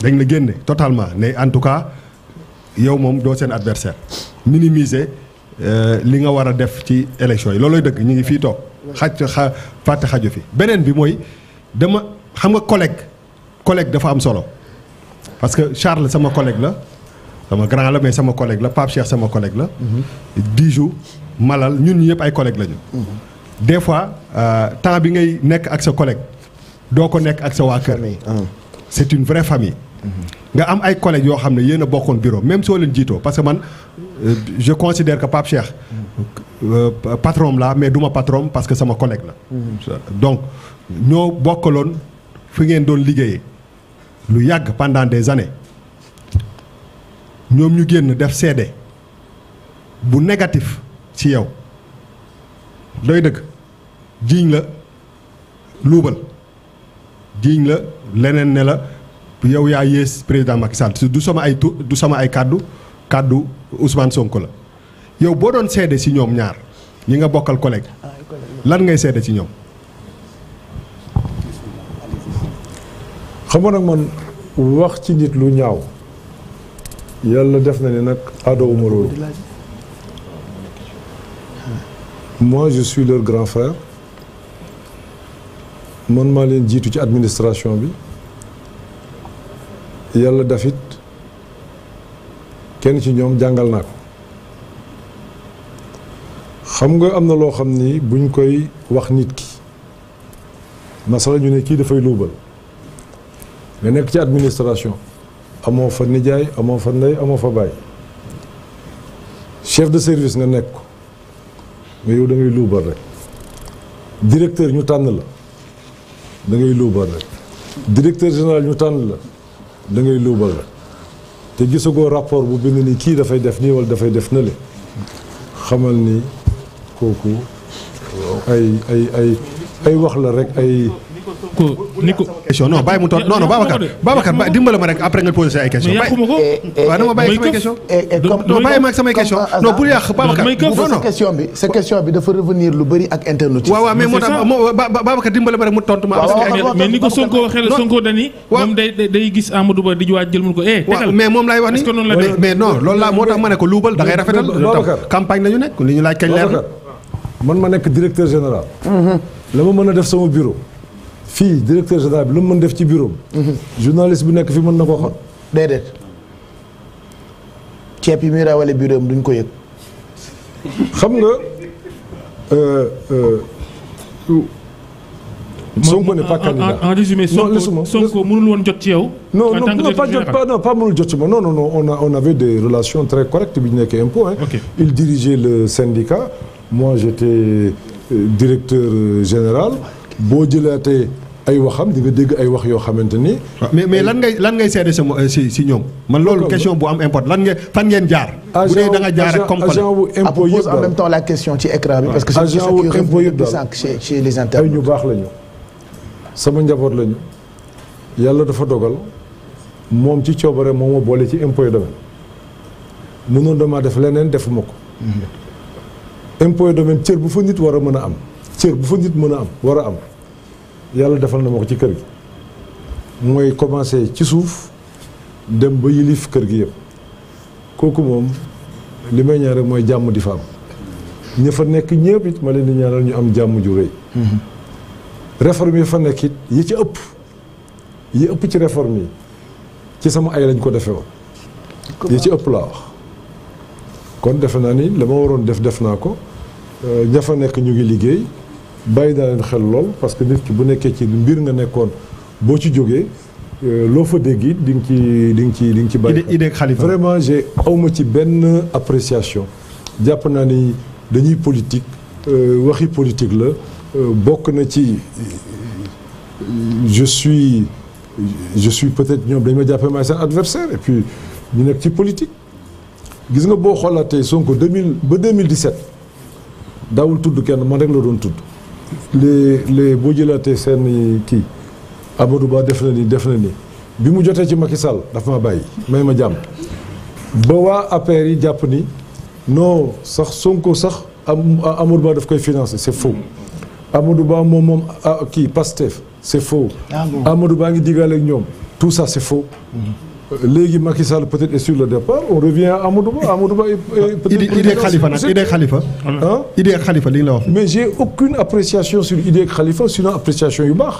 dañ la génne totalement ne en tout cas yow moom doo seen adversaire minimiser. Euh, li nga war a def ci élection yi loolooy dëgg ñu ngi fii toog xaj xa fàtte xaju fi beneen bi mooy dama xam nga collègue collègue dafa am solo parce que Charles sama collègue la dama grand la sama collègue la Pape Cheikh sama collègue la Dijou Malal ñun ñëpp ay collègue lañu des fois euh, temps bi ngay nekk ak sa collègue doo ko nekk ak sa waa kër c'est une vraie famille nga am ay collègues yoo xam ne yéen a bokkoon bureau même soo leen jiitoo parce que man euh, je considère que Pape Cheikh euh, patron la mais duma patron parce que sama collègue la donc ñoo bokkaloon fi ngeen doon liggéeyee lu yàgg pendant des années ñoom ñu génn def seede bu négatif ci yow doy dëgg jiiñ la luubal jiiñ la leneen ne la yow yaa yées président Macky Sall du sama ay tu du sama ay kàddu kàddu Ousmane Sonko la yow boo doon seede ci ñoom ñaar ñi nga bokkal collègue lan ngay seede ci ñoom. xam nga nag man wax ci nit lu ñaaw yàlla def na ne nag adowu ma loolu moi je suis leur grand frère man maa leen jiitu ci administration bi. yàlla dafit kenn ci ñoom jàngal naa ko xam nga am na loo xam ni buñ koy wax nit ki masala ñu ne kii dafay luubal nga nekk ci administration amoo fa nijaay amoo fa ndey amoo fa baay chef de service nga nekk ko mais yow da ngay rek directeur ñu tànn la da ngay luubal rek directeur général ñu tànn la la ngay luubal la te gisagoo rapport bu bind ni kii dafay def nii wala dafay def na le xamal ni kooku ay ay ay ay wax la rek ay ko ni ko. question non bàyyi mu toll non non dimbale ma rek après nga posé ay question bi sa question bi dafa revenir lu bëri ak internet. waaw waaw mais moo moom laay wax ni est-ce que laa moo tax ma ne ko luubal da rafetal. campagne la ñu nekk li ñu laaj kañ leer man ma nekk directeur général mhm. la ma mën a def sama bureau fii directeur général bi lu mu mën def ci bureau mhm. journaliste bu nekk fi mën na ko xam. déedéet ceeb yi muy rawale bureau am duñ ko yëg. xam nga. Euh, euh, Sonko n'est pas candidat. en résumé Sonko Sonko mënul woon jot ci yow. no non pas jot jot ci ma non non non on a on avait des relations très correctes bi ñu nekkee impôt hein. il dirigeait le syndicat moi j'étais euh, directeur général boo jëlaatee. ay waxam di dégg ay wax yoo xamante ni. Ah, mais mais lan ngay lan ngay seede sa eh, si ñoom. man loolu question bu am import lan nga fan ngeen jaar. bu jaar ak comme agent wu la question ci écran bi. parce que c'est ça qui revient de ñu baax lañu sama njaboot lañu yàlla dafa dogal moom ci coobare moo ma boole ci impôt domaine mënoon damaa def leneen defuma ko. Mhm. impôt domaine cër bu fa nit war a mën a am. cër bu fa nit mën a am war a am. yàlla defal na ma ko ci kër gi mooy commencé ci suuf dem ba yilif kër gi yëpp kooku moom li may ñaan rek mooy jàmm di fa am ña fa nekk ñëpp it ma leen di ñaanal ñu am jàmm ju rëy mhm. réforme yi yi ci ëpp yi ëpp ci réforme yi ci sama ay lañ ko defe woon yi ci ëpp laa wax kon defe naa ni la ma waroon def def naa ko ña fa nekk ñu ngi liggéey bàyyi daa leen xel lool parce que nit ki bu nekkee ci mbir nga nekkoon boo ci jógee euh, loo fa dégg it di nga ci di nga ci di nga ci bàyyi idée xalifa vraiment j'ai awma ci benn appréciation jàpp naa ni dañuy politique euh, waxi politique la euh, bokk na ci je suis je suis peut-être ñoom dañ ma jàppee maay seen adversaire et puis ñu nekk ci politique gis nga boo xoolaatee Sonko 2000 ba 2017 daawul tudd kenn man rek la doon tudd les les boo jëlaatee seen kii Amadou Ba def na ni def na ni bi mu jotee ci Macky Sall dafa ma bàyyi may ma jàmm ba waa APR yi jàpp ni non sax Sonko sax am Amadou Ba daf koy financer c'est faux Amadou Ba moom moom ah, kii Pastef c'est faux ah Amadou baa ngi diggaale ak ñoom tout sax c'est faux. Mm-hmm. Euh, léegi Macky Sall peut-être est sur le départ on revient à Amadou Ba Amadou Khalifa nag Idé Khalifa. la wax. mais j'ai aucune appréciation sur Idé ak Khalifa sinon appréciation yu baax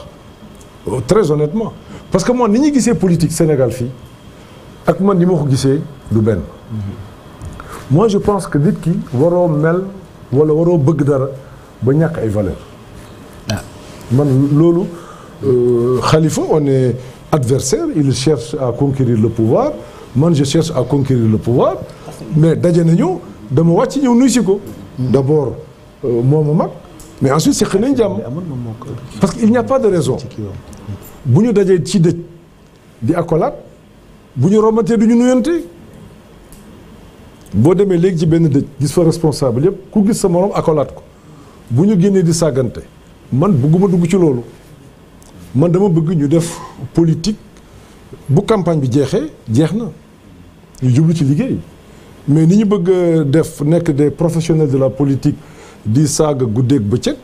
euh, très honnêtement parce que man ni ñu gisee politique Sénégal fii ak man ni ma ko gisee du benn. moi je pense que nit ki waroo mel wala waroo bëgg dara ba ñàkk ay valeurs. Ah. man euh, Khalifa on est. adversaire il cherche à conquérir le pouvoir man je cherche à conquérir le pouvoir mais daje nañu dama wàcc ñëw nuyu si ko d'abord euh, moo a mag mais ensuite seq nañ jàmm parce que il n'y a pas de raison bu ñu dajee ci dëj di accolade bu ñu romantee du ñu nuyante boo demee léegi ci benn dëj gis fa responsable yëpp ku gis sa morom accolade ko bu ñu génnee di sàggante man bugguma dugg ci loolu man dama bëgg ñu def politique bu campagne bi jeexee jeex na ñu jublu ci liggéey mais ni ñu bëgg def nekk de professionnels de la politique di saaga guddeeg bëccëg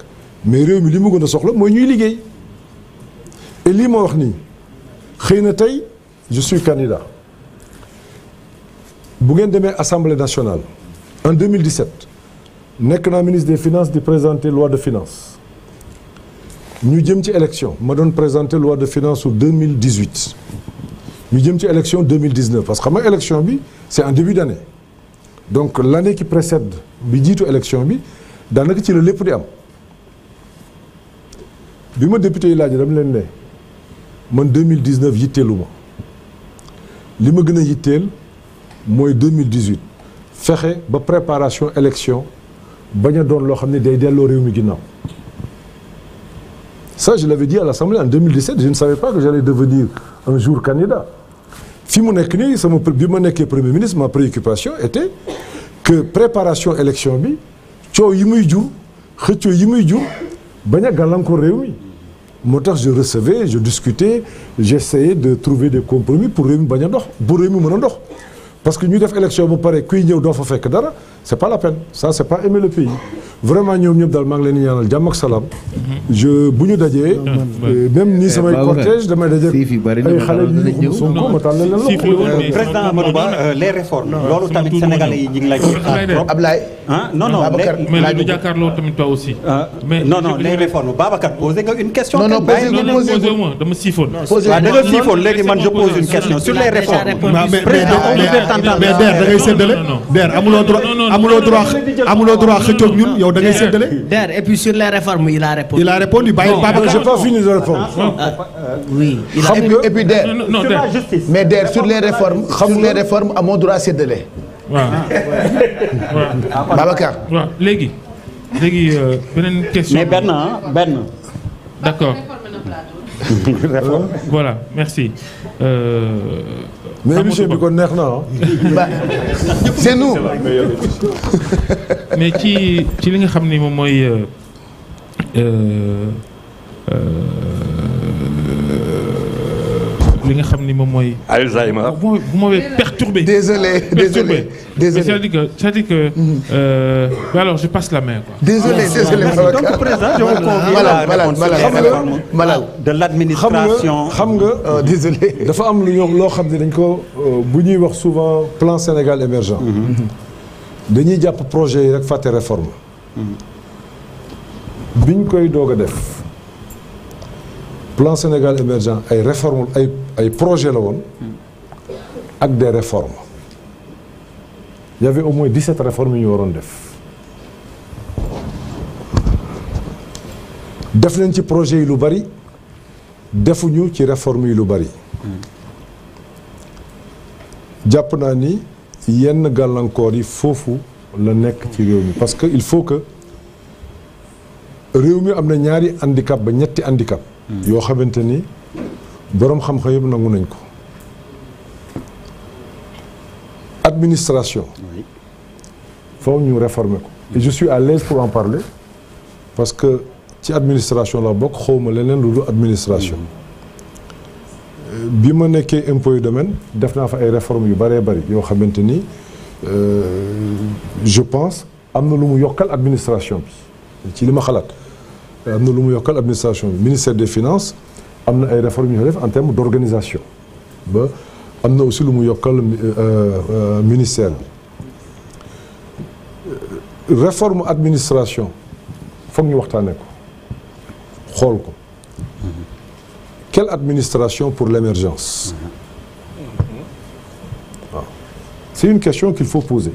mais réew mi li mu gën a soxla mooy ñuy liggéey et lii ma wax ni xëy na tey je suis candidat bu ngeen demee assemblée nationale en 2017 nekk naa ministre des finances di présenter loi de finances ñu jëm ci élection ma doon présenter loi de finances su 2018 ñu jëm ci élection 2019 parce que xam nga élection bi c'est en début d'année donc l'année qui précède bi jiitu élection bi daanaka ci la lépp di am bi ma député yi laaj dama leen ne man 2019 yitteelu ma li ma gën a yitteel mooy 2018 fexe ba préparation élection bañ a doon loo xam ne day delloo réew mi ginnaaw. ça je l'avais dit à l'Assemblée en 2017 je ne savais pas que j'allais devenir un jour candidat fi mu nekk nii sama bi ma nekkee premier ministre ma préoccupation était que préparation élection bi coow yi muy jur xëccoo yi muy jur bañ a gàllankoor réew mi moo tax je recevais je discutais j'essayais de trouver des compromis pour réew mi bañ a dox bu réew mi mën a dox parce que ñu def élection ba pare kuy ñëw doo fa fekk dara c'est pas la peine ça c'est pas aimer le pays vraiment ñoom ñëpp daal maa ngi leen di ñaanal jàmm ak salaam. je bu ñu dajee. même ni samay cortège damay daje. siif xale yi ñu la. président Amadou Ba les réformes. loolu tamit sénégalais yi ñu ngi laaj. Ablaye. ah non non mais du jàkkaarloo tamit toi aussi. mais nga une question. non non posé nga posé moi dama siifoon. posé nga une question sur les mais Der da ngay séddale. amuloo droit amuloo droit amuloo ñun yow da ngay séddale. der et puis sur les réformes il a répondu. il a répondu bàyyi Babacar non j'ai pas fini de répondre. Ah, ah, oui il a et puis der sur la justice. mais der sur les réformes xam nga les réformes amoo droit séddale. waaw ah, waaw. Babacar. waaw léegi léegi euh, beneen question. mais benn benn. d'accord voilà merci. Euh... mais émission bi kon neex na ah. c'est nous. mais ci ci li nga xam ni moom mooy. Euh, euh, euh, li nga xam ni moom mooy. Alzheimer bu mooy perturbé. désolé désolé désolé c'est-à-dire que c'est-à-dire que. Mm-hmm. Euh, alors je passe la main quoi. désolé désolé donc président je vous convie à malal ah, de l'administration xam nga xam nga. Euh, mm-hmm. désolé dafa am lu ñoom loo xam ne dañ ko euh, bu ñuy wax souvent plan Sénégal émergent. Mm-hmm. dañuy jàpp projet yi rek fàtte réforme. biñ koy doog a def. plan Sénégal émergent ay réforme ay ay projet la woon ak des réformes il y avait au moins 17 réformes yu ñu waroon def def nañ ci projet yi lu bari defuñu ci réforme yi lu bari jàpp naa ni yenn gàllankoor yi foofu la nekk ci réew mi parce que il faut que réew mi am na ñaari handicap ba ñetti handicap yoo xamante ni boroom xam-xam yëpp nangu nañ ko administration faw ñu réformer ko et je à l'aise pour en parler parce que ci administration la bokk xawma leneen lu dul administration bi ma nekkee impôt yu domaine def naa fa ay réformes yu bëree bëri yoo xamante ni euh, je pense am na lu mu yokkal administration bi ci li ma xalaat Euh, am na lu mu yokkal administration bi ministère des finances am na ay réformes yu ñu def en termes d' organisation ba am na aussi lu mu yokkal euh, euh, ministère bi réforme administration foog ñu waxtaanee ko xool ko quelle administration pour l' émergence mm-hmm. waaw c'est une question qu'il faut poser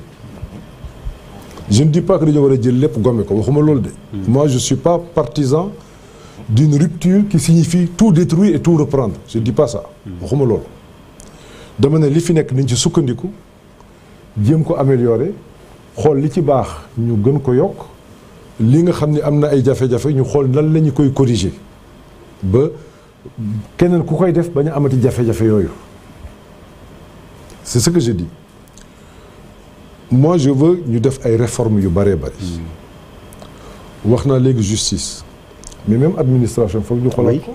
je ne dis pas que dañoo war a jël lépp gomme ko waxuma loolu de. Hmm. mois je suis pas partisan d'une rupture qui signifie tout détruire et tout reprendre je ne dis pas ça. Hmm. waxuma loolu dama ne li fi nekk nañ ci sukkandiku jéem ko améliorer xool li ci baax ñu gën ko yokk li nga xam ni am na ay jafe-jafe ñu xool nan la ñu koy corriger ba keneen ku koy def ba ñu amati jafe-jafe yooyu c'est ce que j'ai dit. moi je veux ñu def ay réformes yu bëree bëri. wax naa léegi justice mais même administration foog ñu xoolal ko.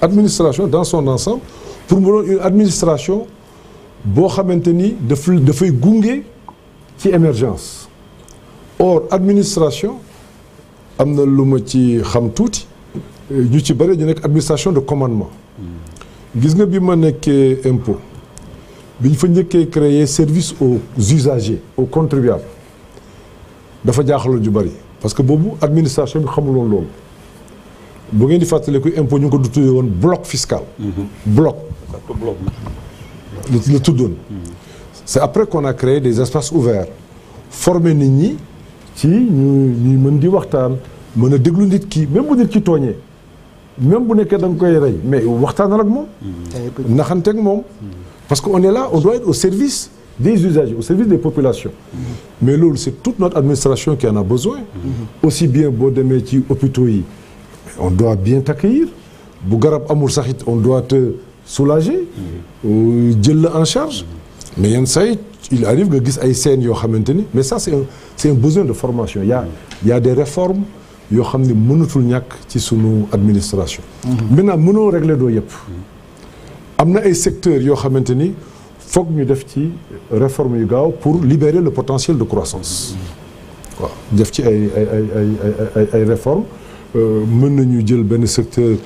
administration dans son ensemble pour mu doon une administration boo xamante ni daf dafay gunge ci émergence or administration am na lu ma ci xam tuuti ñu ci bëri ñu nekk administration de commandement. gis nga bi ma nekkee impôt. bi ñu fa njëkkee créer service aux usagers aux contribuables dafa jaaxaloon ju bari parce que boobu administration bi xamuloon loolu bu ngeen di fàttaliku impôt ñu ngi ko du tuddee woon bloc fiscal. Mhm. bloc. la tuddoon. Mhm. c'est après qu'on a créé des espaces ouverts former nit ñi ci ñu ñuy mën di waxtaan mën a déglu nit ki même bu nit ki tooñee même bu nekkee da nga koy rey mais waxtaanal ak moom. Mhm. naxanteeg moom. parce que est là on doit être au service des usagers au service mais loolu c'est toute notre administration qui en a besoin aussi bien boo demee ci hôpitaux yi on doit bien t'accueillir bu garab amul saxit on doit te soulager jël la en charge mais yenn saa yi il arrive nga gis ay scènes yoo xamante ni mais ça c'est un c'est de formation il y des réformes yoo xam ne mënatul ñàkk ci sunu administration mm-hmm. maintenant mënoo régler doo yëpp am na ay secteurs yoo xamante ni foog ñu def ci réforme yu gaaw pour libérer le potentiel de croissance waaw def ci ay ay ay ay ay réformes euh, mën nañu jël benn secteur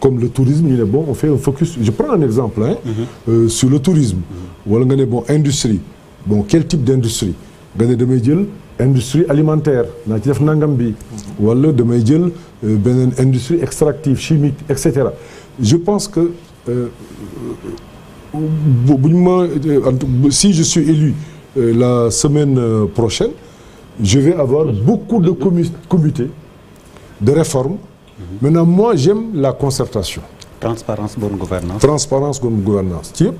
comme le tourisme ñu ne bon on fait un focus je prends un exemple hein, mm-hmm. euh, sur le tourisme mm-hmm. wala nga ne bon industrie bon quel type d'industrie nga ne damay jël industrie alimentaire naa ci def nangam bi wala damay jël euh, beneen industrie extractive chimique et cetera je pense que Euh, euh, euh, bu ñu ma si je suis élu la semaine prochaine je vais avoir beaucoup de comités de réforme mhm. maintenant moi j'aime la concertation transparence bonne gouvernance transparence bonne gouvernance ci yëpp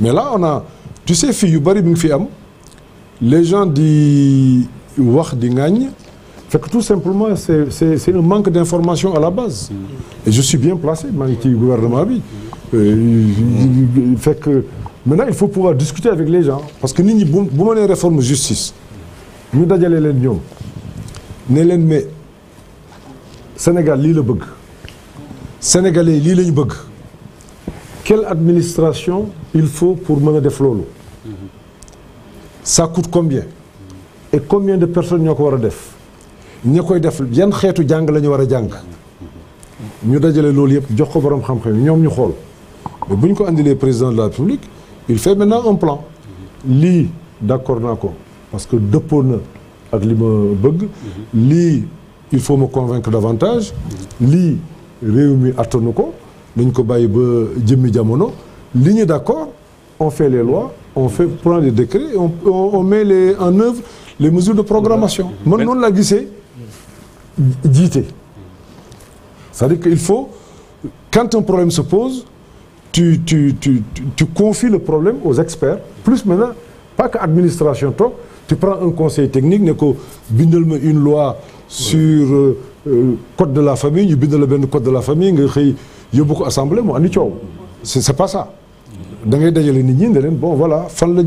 mais là on a tu sais fii yu bëri bi nga fi am les gens di wax di ŋàññ fekk tout simplement c'est c'est un manque d'information à la base mhm. et je suis bien placé maa ngi gouvernement bi fekk maintenant il faut pouvoir discuter avec les gens parce que nit ñi bu bu ma nee réforme justice ñu dajale leen ñoom ne leen mais Sénégal lii la bëgg sénégalais lii lañu ñu bëgg quelle administration il faut pour mën a def loolu ça coûte combien et combien de personnes ñoo ko war a def ña koy def yan xeetu jàng lañu war a jàng ñu dajale loolu yëpp jox ko borom xam-xam ñoom ñu xool mais bu ñu ko andilee président de la République il fait maintenant un plan lii d'accord naa ko parce que dëppoo na ak li bëgg lii il faut me convaincre davantage lii réew mi attanu ko nañ ko bàyyi ba jëmmi jamono li ñu d'accord on fait les lois on fait prend les décrets on, met en œuvre les mesures de programmation man noonu laa gisee jiite c'est-à-dire que il faut quand un problème se pose tu tu tu tu confies le problème aux experts plus maintenant pas que administration toog tu prends un conseil technique ne ko bindal ma une loi sur euh, euh, code de la famille ñu bindal la benn code de la famille nga xëy yóbbu ko assemblée mu andi coow c'est pas ça da ngay dajale nit ñi ne leen bon voilà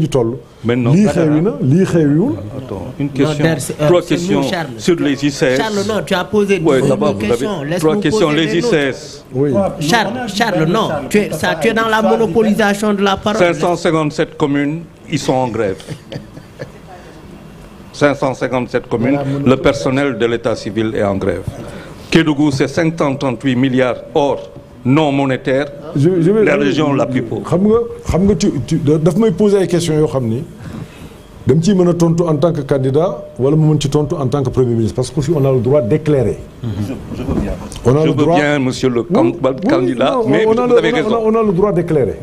toll. maintenant lii xewi na lii xewiwul. attends une question euh, trois non tu as posé. oui d'abord vous avez trois questions les ICS. oui Charles Charles non. tu es ça tu le personnel de l'état civil est en grève. Kédougou c'est 538 milliards or. non monétaire. je je vais la plus pauvre. xam nga xam nga ci daf may poser ay questions yoo xam ni dama ciy mën a tontu en tant que candidat wala mu mën ci tontu en tant que premier ministre parce que aussi on a le droit d'éclairer. je je veux bien. on a je le droit mais on a, vous avez raison on a, a le droit d'éclairer.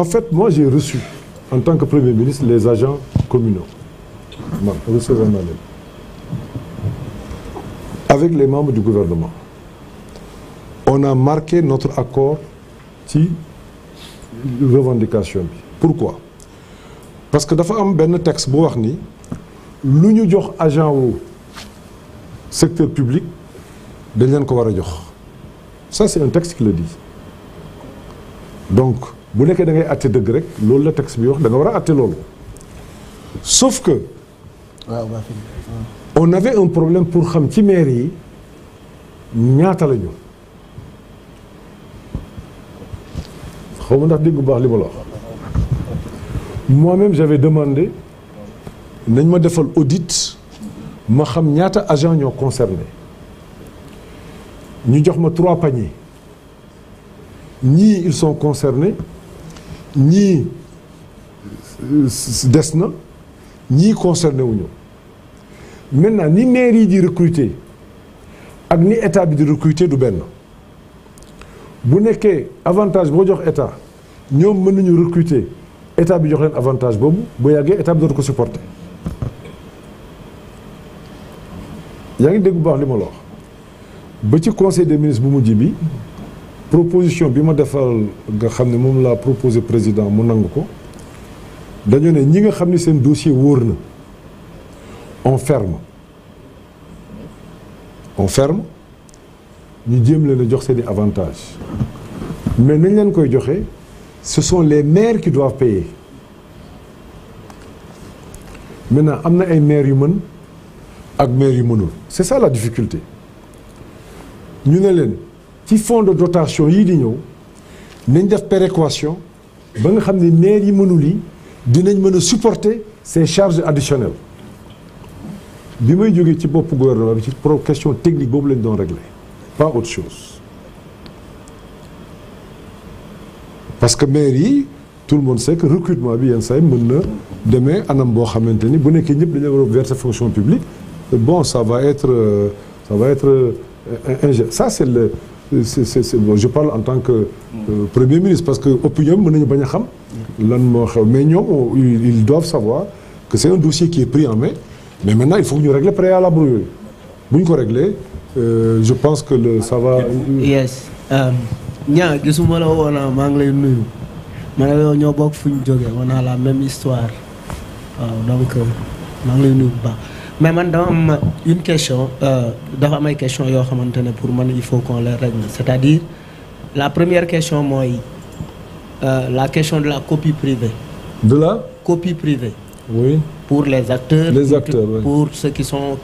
en fait moi j'ai reçu en tant que premier ministre les agents communaux man recevoir naa avec les membres du gouvernement. on a marqué notre accord ci revendication bi pourquoi parce que dafa am benn texte bu wax ni lu ñu jox agent wu secteur public dañ leen ko war a jox ça c'est un texte qui le di donc bu nekkee da ngay àtte dëgg rek loolu la texte bi wax da nga war a àtte loolu sauf que on avait un problème pour xam ci maire yi ñaata lañu xaw ma ndax dégg bu baax li ma la wax moi-même j'avais demandé nañ ma defal audit ma xam ñaata agent ñoo concerné ñu jox ma trois paniers ñii ils sont concernés ñii euh, des na ñii concerné wu ñu maintenant ni maire yi di recruter ak ni état bi di recruter du benn bu nekkee avantage boo jox état ñoom mën nañu recruter état bi jox leen avantage boobu bu yàggee état bi dootu ko supporter yaa ngi dégg bu baax li ma la ba ci conseil de ministres bu mujj bi proposition bi ma defal nga xam ne moom laa proposé président mu nangu ko dañoo ne ñi nga xam ni seen dossier wóor na on ferme on ferme ñu jéem leen a jox seen i avantages mais nañ leen koy joxe ce sont les maires qui doivent payer maintenant am na ay maires yu mën ak maires yu mënul c'est ça la difficulté ñu ne leen ci fonds de dotation yii di ñëw nañ def péréquation ba nga xam ne maires yi mënul yi dinañ mën a supporter ces charges additionnelles bi may jógee ci bopp gouvernement bi ci question technique boobu lañ doon régler pas autre chose parce que maire yi tout le monde sait que recrutement bi yenn saa yi mën na demee anam boo xamante ni bu nekkee ñëpp dañoo war a verser fonction publique bon ça va être ça va être ingé euh, ça c'est le c'est c'est bon je parle en tant que euh, premier ministre parce que opinion mën nañu bañ a xam lan moo xew mais ñoom ils doivent savoir que c'est un dossier qui est pris en main mais maintenant il faut que ñu régler préalable yooyu bu ñu ko régler Uh, je pense que le ça va. yes um, ñaa gisuma la woon ah, maa ngi lay nuyu man ak yow bokk fu ñu jógee on a la même histoire waaw donc euh, maa ngi lay nuyu bu baax mais man dama ma une question euh, dafa am ay question yoo xamante ne pour man il faut qu'on les règle c'est-à-dire la première question mooy euh, la question de la copie privée. de la copie privée. pour les acteurs. les acteurs pour, oui. qui sont.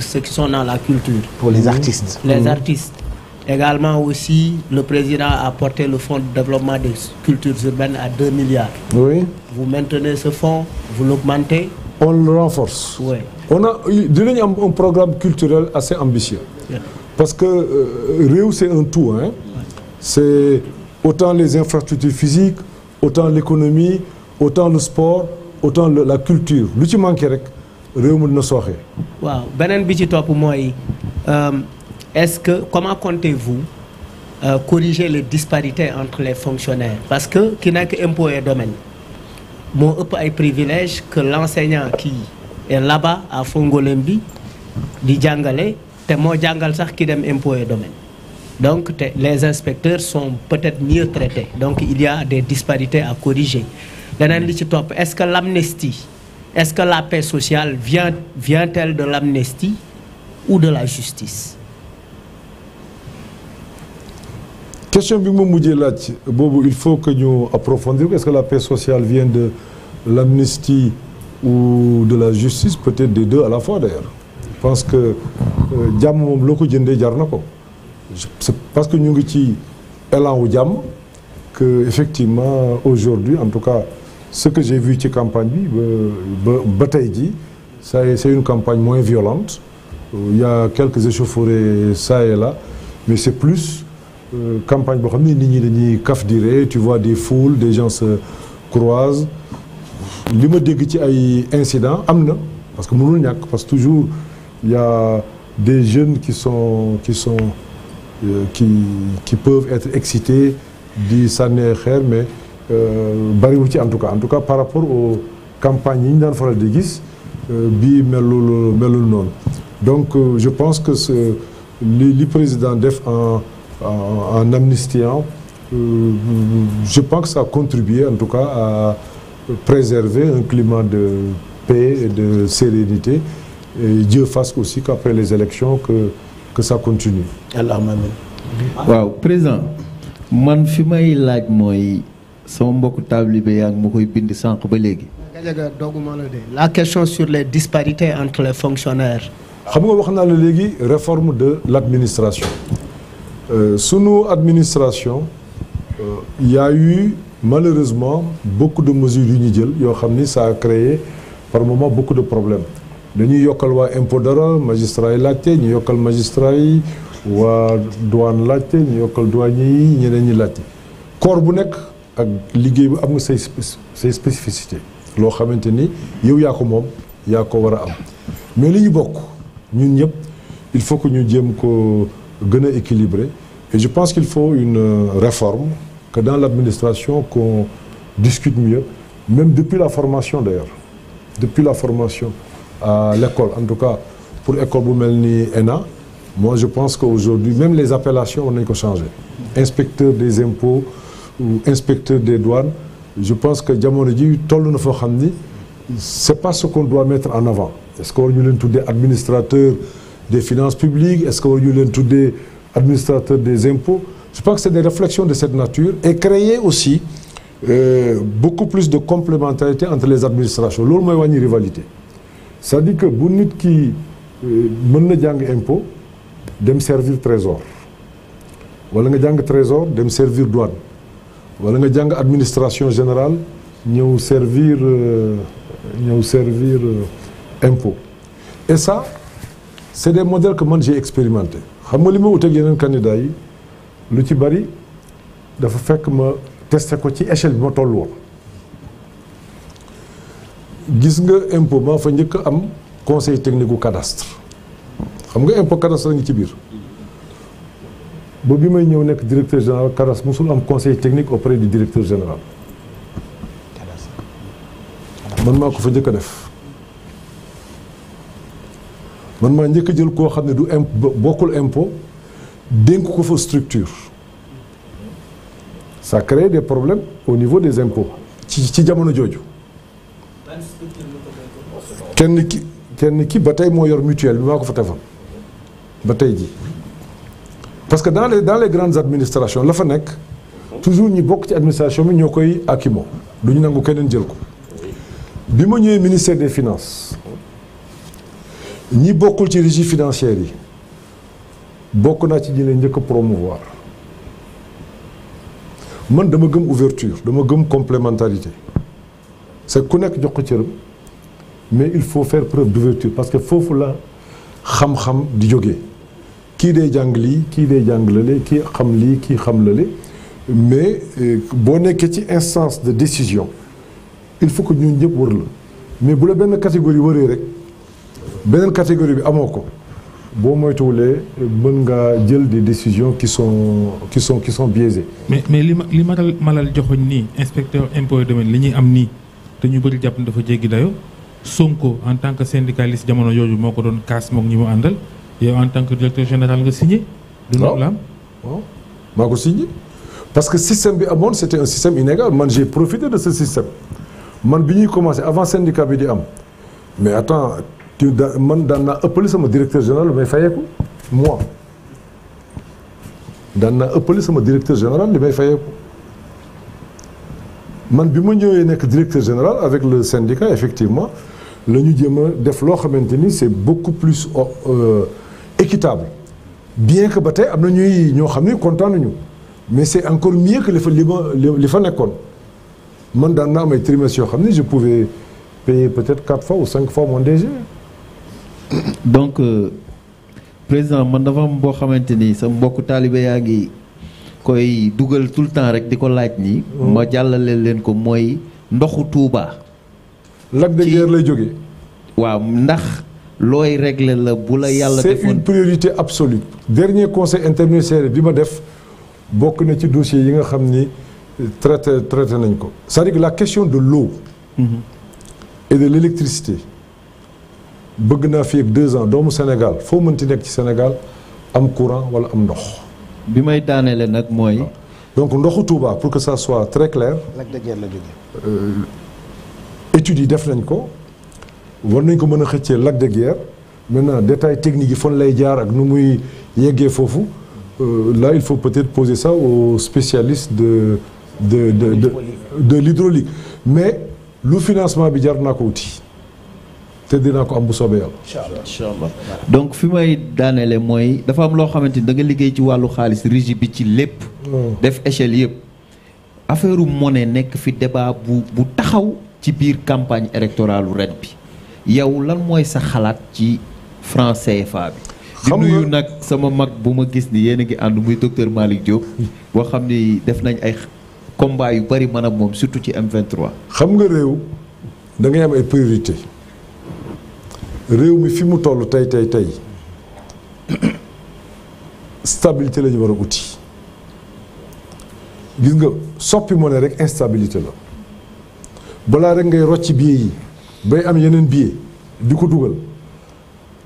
ceux qui sont dans la culture. Pour les artistes. Les mmh. artistes. Également aussi, le président a porté le fonds de développement des cultures urbaines à 2 milliards. Oui. Vous maintenez ce fonds, vous l'augmentez. On le renforce. Oui. On a dinañ am un programme culturel assez ambitieux. Yeah. Parce que euh, réew c'est un tout hein. Ouais. C'est autant les infrastructures physiques, autant l'économie, autant le sport, autant le, la culture. Lu ci manqué rek réew mi dina sooxe. waaw beneen bi ci topp mooy euh, est-ce que comment comptez-vous euh, corriger les disparités entre les fonctionnaires parce que ki nekk impôt et moo ëpp ay privilèges que l'enseignant qui est là-bas à Fongolembi di jàngale te moo jàngal sax ki dem impôt et donc te les inspecteurs sont peut-être mieux traités donc il y a des disparités à corriger leneen li ci topp est-ce que l'amnistie Est-ce que la paix sociale vient, vient-elle de l'amnistie ou de la justice question bi mu mujjee laaj boobu il faut que ñu approfondir est-ce que la paix sociale vient de l'amnistie ou de la justice peut-être des deux à la fois d'ailleurs je que euh, jàmm moom loo ko jëndee jar na ko c'est parce que ñu ngi ci élan wu jàmm que effectivement aujourd'hui en tout cas ce que j'ai vu ci campagne bi ba ba tey jii c'est c'est une campagne moins violente il euh, a quelques échauffourées ça et là mais c'est plus euh, campagne boo xam ne nit ñi dañuy kaf dire tu vois des foules des gens se croisent li ma dégg ci ay incidents am na parce que mënul ñàkk parce que toujours ya y des jeunes qui sont qui sont euh, qui qui peuvent être excités di sànnee xeer mais Euh, bariwu ci en tout cas en tout cas par rapport aux campagnes yi ñu daan faral di gis euh, bii melul melul noonu donc euh, je pense que ce li président def en en amnistiant je pense que ça a contribué en tout cas à préserver un climat de paix et de sérénité et Dieu fasse aussi qu'après les élections que que ça continue. allahumma amiin président man fi may laaj mooy. sama mbokku taalibe yaa ngi ma koy bind sànq ba léegi. Gajaga dogguma la de la question sur les disparités entre les fonctionnaires. xam nga wax naa la léegi réforme de l' administration. Euh, sunu administration euh, y a eu malheureusement beaucoup de mesures yu ñu jël yoo xam ni saa a créé par moment beaucoup de problèmes dañuy yokkal waa impôt dara magistrat yi laajte ñu yokkal magistrat yi waa douane laajte ñu yokkal douanier yi ñeneen ñi laajte corps bu nekk. ak liggéey bu am nga say say spécificité loo xamante ni yow yaa ko moom yaa ko war a am mais li bokk ñun ñëpp il faut que ñu jéem ko gën a équilibrer et je pense qu'il faut une euh, réforme que dans l'administration qu'on discute mieux même depuis la formation d'ailleurs depuis la formation à l'école en tout cas pour école bu mel ni ENA moi je pense qu'aujourd'hui même les appellations war nañu ko changer inspecteur des impôts ou inspecteur des douanes je pense que jamono ji toll na foo xam ni c'est pas ce qu'on doit mettre en avant est-ce que war ñu leen tuddee administrateur des finances publiques est-ce que war ñu leen tuddee administrateur des impôts je pense que c'est des réflexions de cette nature et créer aussi euh, beaucoup plus de complémentarité entre les administrations loolu mooy wàññi rivalité c'est-à-dire que bu nit ki euh, mën na jàng impôt dem servir trésor wala nga jàng trésor dem servir douane wala nga jàng administration général ñëw servir euh, ñëw servir euh, impôt et ça c'est de modèles que man j'ai expérimenté xam nga li ma wuteeg yeneen candidats yi lu ci bari dafa fekk ma testé ko ci échelle bi ma toll woon gis nga impôt maa fa njëkk am conseil technique gu cadastre xam nga impôt cadastre ngi ci biir ba bi may ñëw nekk directeur général Caras musul am conseil technique auprès du directeur général. man maa ko fa njëkk a def man maa njëkk a jël koo xam ne du imp bokkul impôt dénk ko fa structure ça crée des problèmes au niveau des impôts ci ci jamono jooju. kenn ki kenn ki ba tey moo yor mutuelle bi maa ko fa tefal ba tey ji parce que dans les dans les grandes administrations la fa nekk toujours ñi bokk ci administration bi ñoo koy akimo du ñu nangu keneen jël ko bi ma ñëwee ministère des finance ñi bokkul ci régie financière yi bokk naa ci ñi leen njëkk a promouvoir man dama gëm ouverture dama gëm complémentarité c'est ku nekk jox ko cëram mais il faut faire preuve d'ouverture parce que foofu la xam-xam di jóge kii dee jàng lii kii dee jàng lale kii xam lii kii xam la lale mais euh, boo nekkee ci instance de décision il faut que ñun ñëpp wër la mais bu la benn catégorie wëree rek beneen catégorie bi amoo ko boo moytuwulee mën ngaa jël di décision ki sont qui sont qui sont biaisées. mais mais li ma li malal malal joxoñ nii inspecteur impôt domaine li ñuy am nii te ñu bëri jàpp ne dafa jéggi dayo Sonko en tant que syndicaliste jamono yooyu moo ko doon kaas moog ñi mu àndal. yow en tant que directeur général nga signé. du noonu la am maa ko signé parce que système bi amoon c' était un système inégal man j'ai profité de ce système man bi ñuy commencé avant syndicat bi di am mais attends tu da man daan naa ëppale sama directeur général li may fayeeku moi daan naa ëppale sama directeur général li may fayeeku man bi ma ñëwee nekk directeur général avec le syndicat effectivement la ñu jéem a def loo xamante ni c' est beaucoup plus. Euh, équitable bien que ba tey am na ñuy ñoo xam ni kontaan nañu mais c'est encore mieux que li fa li fa nekkoon man daan naa am ay trimestres yoo xam ne je pouvais payer être quatre fois ou cinq fois mon DG. donc euh, président man dafa am boo xamante ni sa mbokku taalibe yaa ngi koy dugal tout le temps rek di ko laaj nii. Hmm. ma jàllale leen ko mooy ndoxu Touba. Lac de Guiers lay jóge waaw ndax. looy régler la bu la yàlla defoon c'est une priorité absolue. dernier conseil interministériel bi ma def bokk na ci dossier yi nga xam ni euh, traité traité nañ ko. cest à que la question de l'eau mhm. et de l'électricité bëgg naa fi ak deux ans doomu Sénégal foo mënti nekk ci Sénégal am courant wala am ndox. bi may daaneele nag mooy. donc ndoxu Touba pour que ça soit très clair. nag la jógee. Euh, études yi def nañ ko. war nañ ko mën a xëccee Lac de Guiers maintenant détail technique yi fon lay jaar ak nu muy yeggee foofu euh, là il faut peut-être poser ça aux de de de de lidrolique mais lu financement bi jar naa ko wuti te dinaa ko am bu soobee yàlla. incha allah donc fi may daaneele mooy dafa am loo xamante ni da nga liggéey ci wàllu xaalis régie bi ci lépp. Oh. def échelle yëpp. affaire ne nekk fi débat bu bu taxaw ci biir campagne électorale ren bi. yow lan mooy sax xalaat ci franc fa bi. di nuyu nag sama mag bu ma gis ni yéen a ngi ànd muy docteur Malick Diop boo xam ni def nañ ay combat yu bari mën a moom surtout ci M23. xam nga réew da ngay am ay priorité réew mi fi mu toll tey tey tey stabilité lañu ñu war a uti gis nga soppi moo ne rek instabilité la balaa rek ngay rocc bi yi. bay am yeneen billet di ko dugal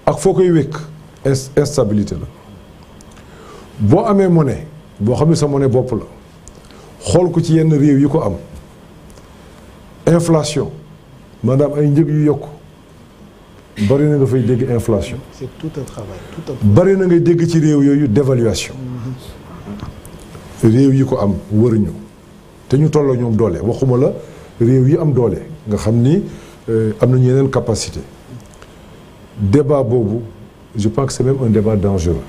ak foo koy wékk instabilité la boo amee mone boo xam ne sa mone bopp la xool ko ci yenn réew yi ko am inflation maanaam ay njëg yu yokk bari na nga fay dégg inflation. c'est tout un travail bari na ngay dégg ci réew yooyu dévaluation réew yi ko am wër te ñu tolloo ñoom doole waxuma la réew yi am doole nga xam ni. Euh, am nañu yeneen capacité débat boobu je pense que c'est même un débat dangereux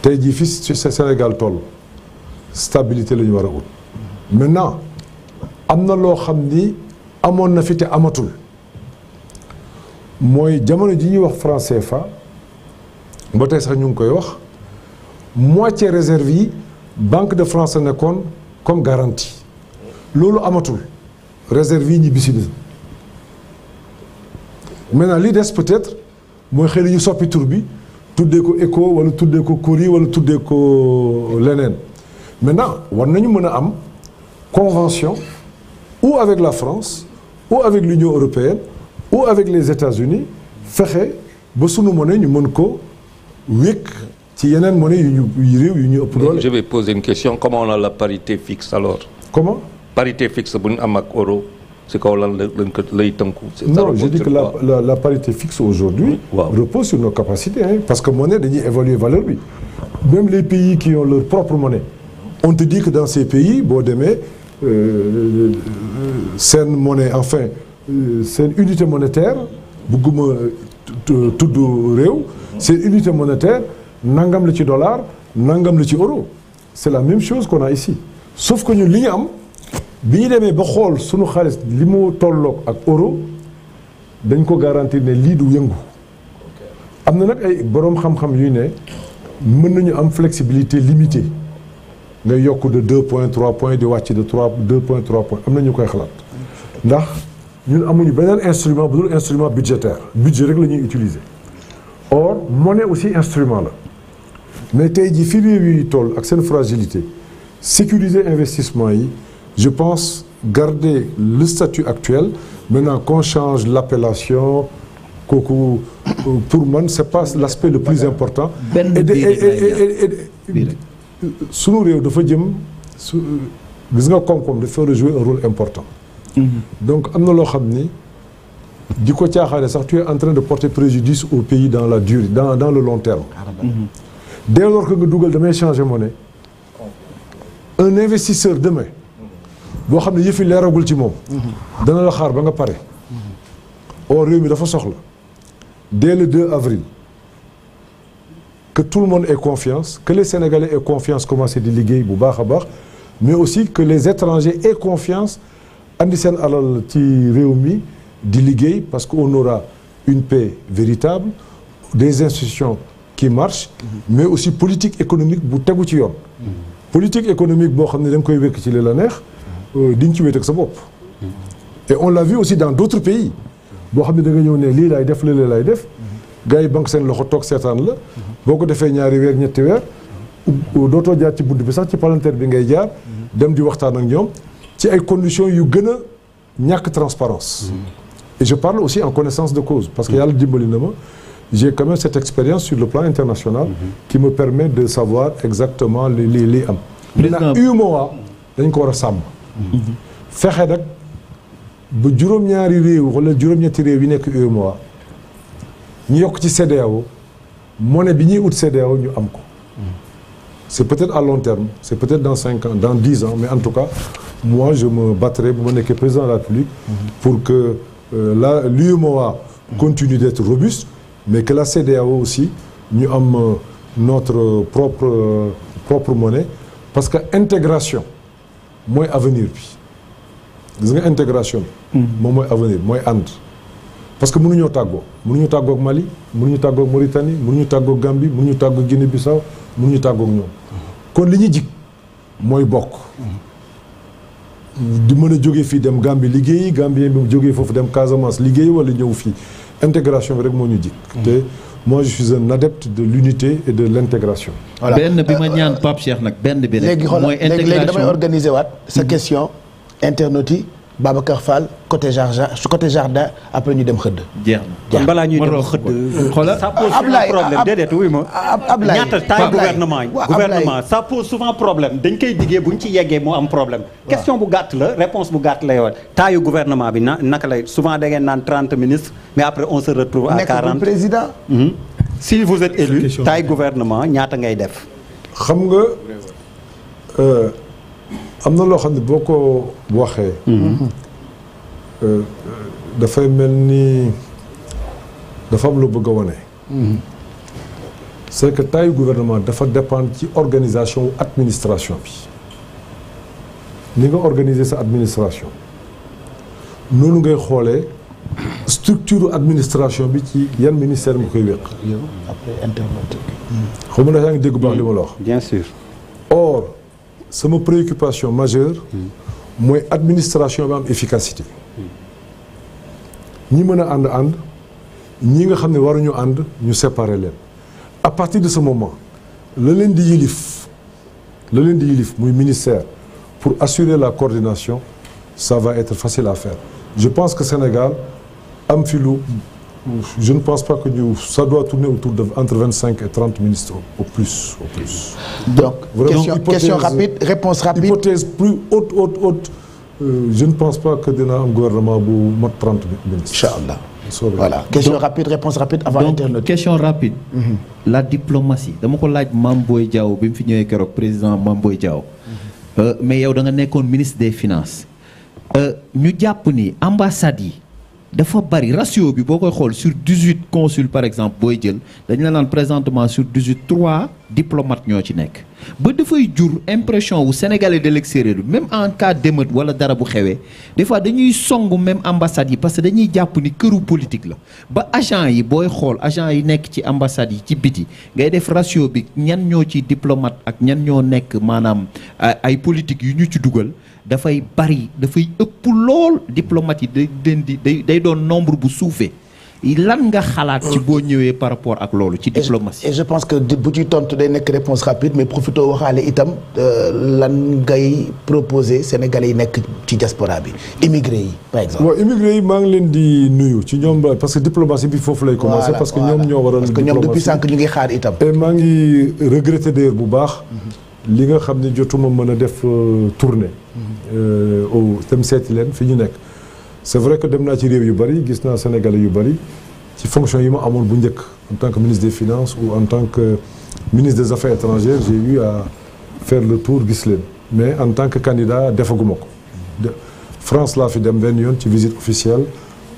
tey jii fii sa Sénégal toll stabilité la ñu war a ut maintenant am na loo xam ni amoon na fi te amatul mooy jamono ji ñuy wax franc fa ba sax ñu ngi koy wax moitié réserve yi banque de France nekkoon comme garantie loolu amatul réserve yi ñibbisi nañ maintenant li des peut-être mooy xëy na ñu soppi tur bi tuddee ko éco wala tuddee ko courrier wala tuddee ko leneen maintenant war nañu mën a am convention ou avec la France ou avec l'Union européenne ou avec les États-Unis fexe ba sunu monnaie ñu mën ko wékk ci yeneen monnaie yu ñu réew yu ñu ëpp doole. je vais poser une question comment on a la parité fixe alors. comment. parité fixe bu ñu am ak euro si kaw lan lañ ko lay tënku. non je dis que la, la la parité fixe aujourd'hui waaw. repose sur nos capacités parce que monnaie dañuy évaluer valeur bi même les pays qui ont leur propre monnaie on te dit que dans ces pays boo demee euh, seen monnaie enfin euh, seen unité monétaire bugguma euh, tudd réew seen unité monétaire nangam la ci dollar nangam la ci euro c'est la même chose qu'on a ici sauf que ñun li ñu am bi ñu demee ba xool sunu xaalis li mu tollook ak euro dañ ko garantir ne lii du yëngu am na nag ay boroom xam-xam yuy ne mën nañu am flexibilité limitée nga yokk de deux point trois point di wàcc de trois deux point trois point am na ñu koy xalaat ndax ñun amuñu beneen instrument bu dul instrument budgétaire budget rek la ñuy utiliser or monnaie aussi instrument la mais tey ji fi réew yi toll ak seen fragilité sécuriser investissement yi je pense garder le statut actuel maintenant qu'on change l'appellation kooku euh, pour man c'est pas l'aspect le plus important sunu réew dafa jëm su euh, gis nga koom-koom dafa war jouer un rôle important mhm. donc am na loo xam ni di ko caaxaane sax tu es en train de porter préjudice au pays dans la durée dans dans le long terme mhm. dès lors que nga dugal damay changer monnaie oh. un investisseur demain boo xam ne yëf yi leeragul ci moom. Mhm. dana la xaar ba nga pare. Mhm. or réew mi dafa soxla. dès le 2 avril. que tout le monde ait confiance que les Sénégalais aient confiance commencé di liggéey bu baax a baax mais aussi que les étrangers aient confiance andi seen alal ci réew mi di liggéey parce que on aura une paix véritable des institutions qui marchent mhm. mais aussi politique économique bu tegu ci yoon politique économique boo xam ne da nga koy wékk ci li la neex Euh, di nga ci wéet sa bopp. et on l'a vu aussi dans d'autres pays boo xam ne da nga ñëw ne lii laay def lii laay def gars yi banque seen loxo toog seetaan la boo ko defee ñaari weer ñetti weer dootoo jaar ci bunt bi sax ci palanteer bi ngay jaar dem di waxtaan ak ñoom ci ay conditions yu gën a ñàkk transparence et je parle aussi en connaissance de cause parce que yàlla dimbali na ma j'ai quand même expérience sur le plan international qui me permet de savoir exactement li lii lii am. président UEMOA dañ ko war a sàmm. fexe nag bu juróom-ñaari réew wala juróom-ñetti réew yi nekk UEMOA ñu yokk ci CEDEAO monnaie bi ñuy ut CEDEAO ñu am ko. c'est peut-être à long terme c'est peut-être dans cinq ans dans dix ans mais en tout cas moi je me battrai bu ma nekkee président de la République. pour que euh, la l'UEMOA continue d'être robuste mais que la CEDEAO aussi ñu am euh, notre propre euh, propre monnaie parce que intégration. mooy avenir bi gis nga intégration bi. Mm-hmm. moom mooy avenir mooy ànd. parce que mënuñoo tàggoo ñu tàggoog Mali ñu mënuñu tàggoog Mauritanie mënuñu tàggoog Gambie mënuñu tàggoog Guinée Bissau ñu tàggoog ñoom. Mm-hmm. kon li ñu jig mooy bokk. Mm-hmm. di mën a jógee fii dem Gambie liggéeyi Gambien bi mu jógee foofu dem Casamance liggéey wala ñëw fii integration bi rek moo ñu jig te moi je suis un adepte de l'unité et de l'intégration. voilà benn bi ma euh, ñaan Pape Cheikh nag benn bi rek. mooy intégration léegi léegi damay organiser waat sa mm-hmm. question internaute yi. Babacar Fall côté jardin côté jardin après ñu dem xëdd. jeex na kon balaa ñuy dem xëdd. xoolal ça pose souvent problème déedéet taay gouvernement gouvernement problème dañ koy diggee bu ci yeggee moo am problème. question bu gàtt la réponse bu gàtt la yow taayu gouvernement bi na naka lay souvent naan trente ministres mais après on se retrouve à quarante nekk hmm. si vous êtes élu taay gouvernement ñaata ngay def. xam nga. Euh, am na loo xam ne boo ko waxee. Mm-hmm. Euh, euh, dafay mel ni dafa am lu bëgg a wane. Mm-hmm. c'est que taayu gouvernement dafa dépendre ci organisation administration bi ni nga organiser sa administration noonu ngay xoolee structure administration bi ci yan ministère nga koy wéq. après interlocuteur. xaw yaa ngi dégg baax li ma la wax. bien sûr sama préoccupation majeure mooy administration bi am efficacité ñi mën a ànd ànd ñi nga xam ne war waruñu ànd ñu séparer leen à partir de ce moment le leen di yilif la leen di yilif muy ministère pour assurer la coordination ça va être facile à faire je pense que Sénégal am fi je ne pense pas que ñu ça doit tourner autour de entre vingt cinq et trente ministres au plus au plus. donc Vraiment, question question rapide réponse rapide. hypothèse plus haute haute haute euh, je ne pense pas que dina am gouvernement bu mot trente ministres. incha allah voilà question donc, rapide réponse rapide avant internet. question rapide. Mm -hmm. la diplomatie dama ko laaj Mame Boye Diao bi mu fi ñëwee keroog président Mame Boye Diao. Mhm. Euh, mais yow da nga nekkoon ministre des finances. Euh, ñu jàpp ni ambassades yi. dafa bari ratio bi boo koy xool sur 18 consule par exemple booy jël dañu la naan présentement sur 18 3 diplomates ñoo ci nekk ba dafay jur impression wu sénégalais de l'extérieur même en cas d'émeute wala dara bu xewee des fois dañuy song même ambassades yi parce que dañuy jàpp ni këru politique la ba agent yi booy xool agent yi nekk ci ambassades yi ci biti ngay def ratio bi ñan ñoo ci diplomate ak ñan ñoo nekk maanaam ay politique yu ñu ci dugal dafay bari dafay ëpp lool diplomate yi day den di day day doon nombre bu suufee lan nga xalaat ci boo ñëwee par rapport ak loolu ci diplomatie et je pense que bu ci tontu day nekk réponse rapide mais profité waxaale itam euh, lan ngay proposer sénégalais yi nekk ci diaspora bi immigré yi par exemple waaw yi maa ngi leen di nuyu ci ñoom parce que diplomatie bi foofu lay commencé parce que ñoom ñoo waroon parce que ñoom depuis sànq ñu ngi xaar itam et maa ngi regretté d'ailleurs bu baax mhm. li nga xam ne jotuma mën a def euh, tournée. Euh, au dem seeti leen fi ñu nekk. c'est vrai que dem naa ci réew yu bari gis naa sénégalais yu bari ci fonction yi ma amoon bu njëkk en tant que ministre des finances ou en tant que ministre de affaires étrangères j'ai eu à faire le tour gis leen mais en tant que candidat defaguma ko. France laa fi dem benn yoon ci visite officielle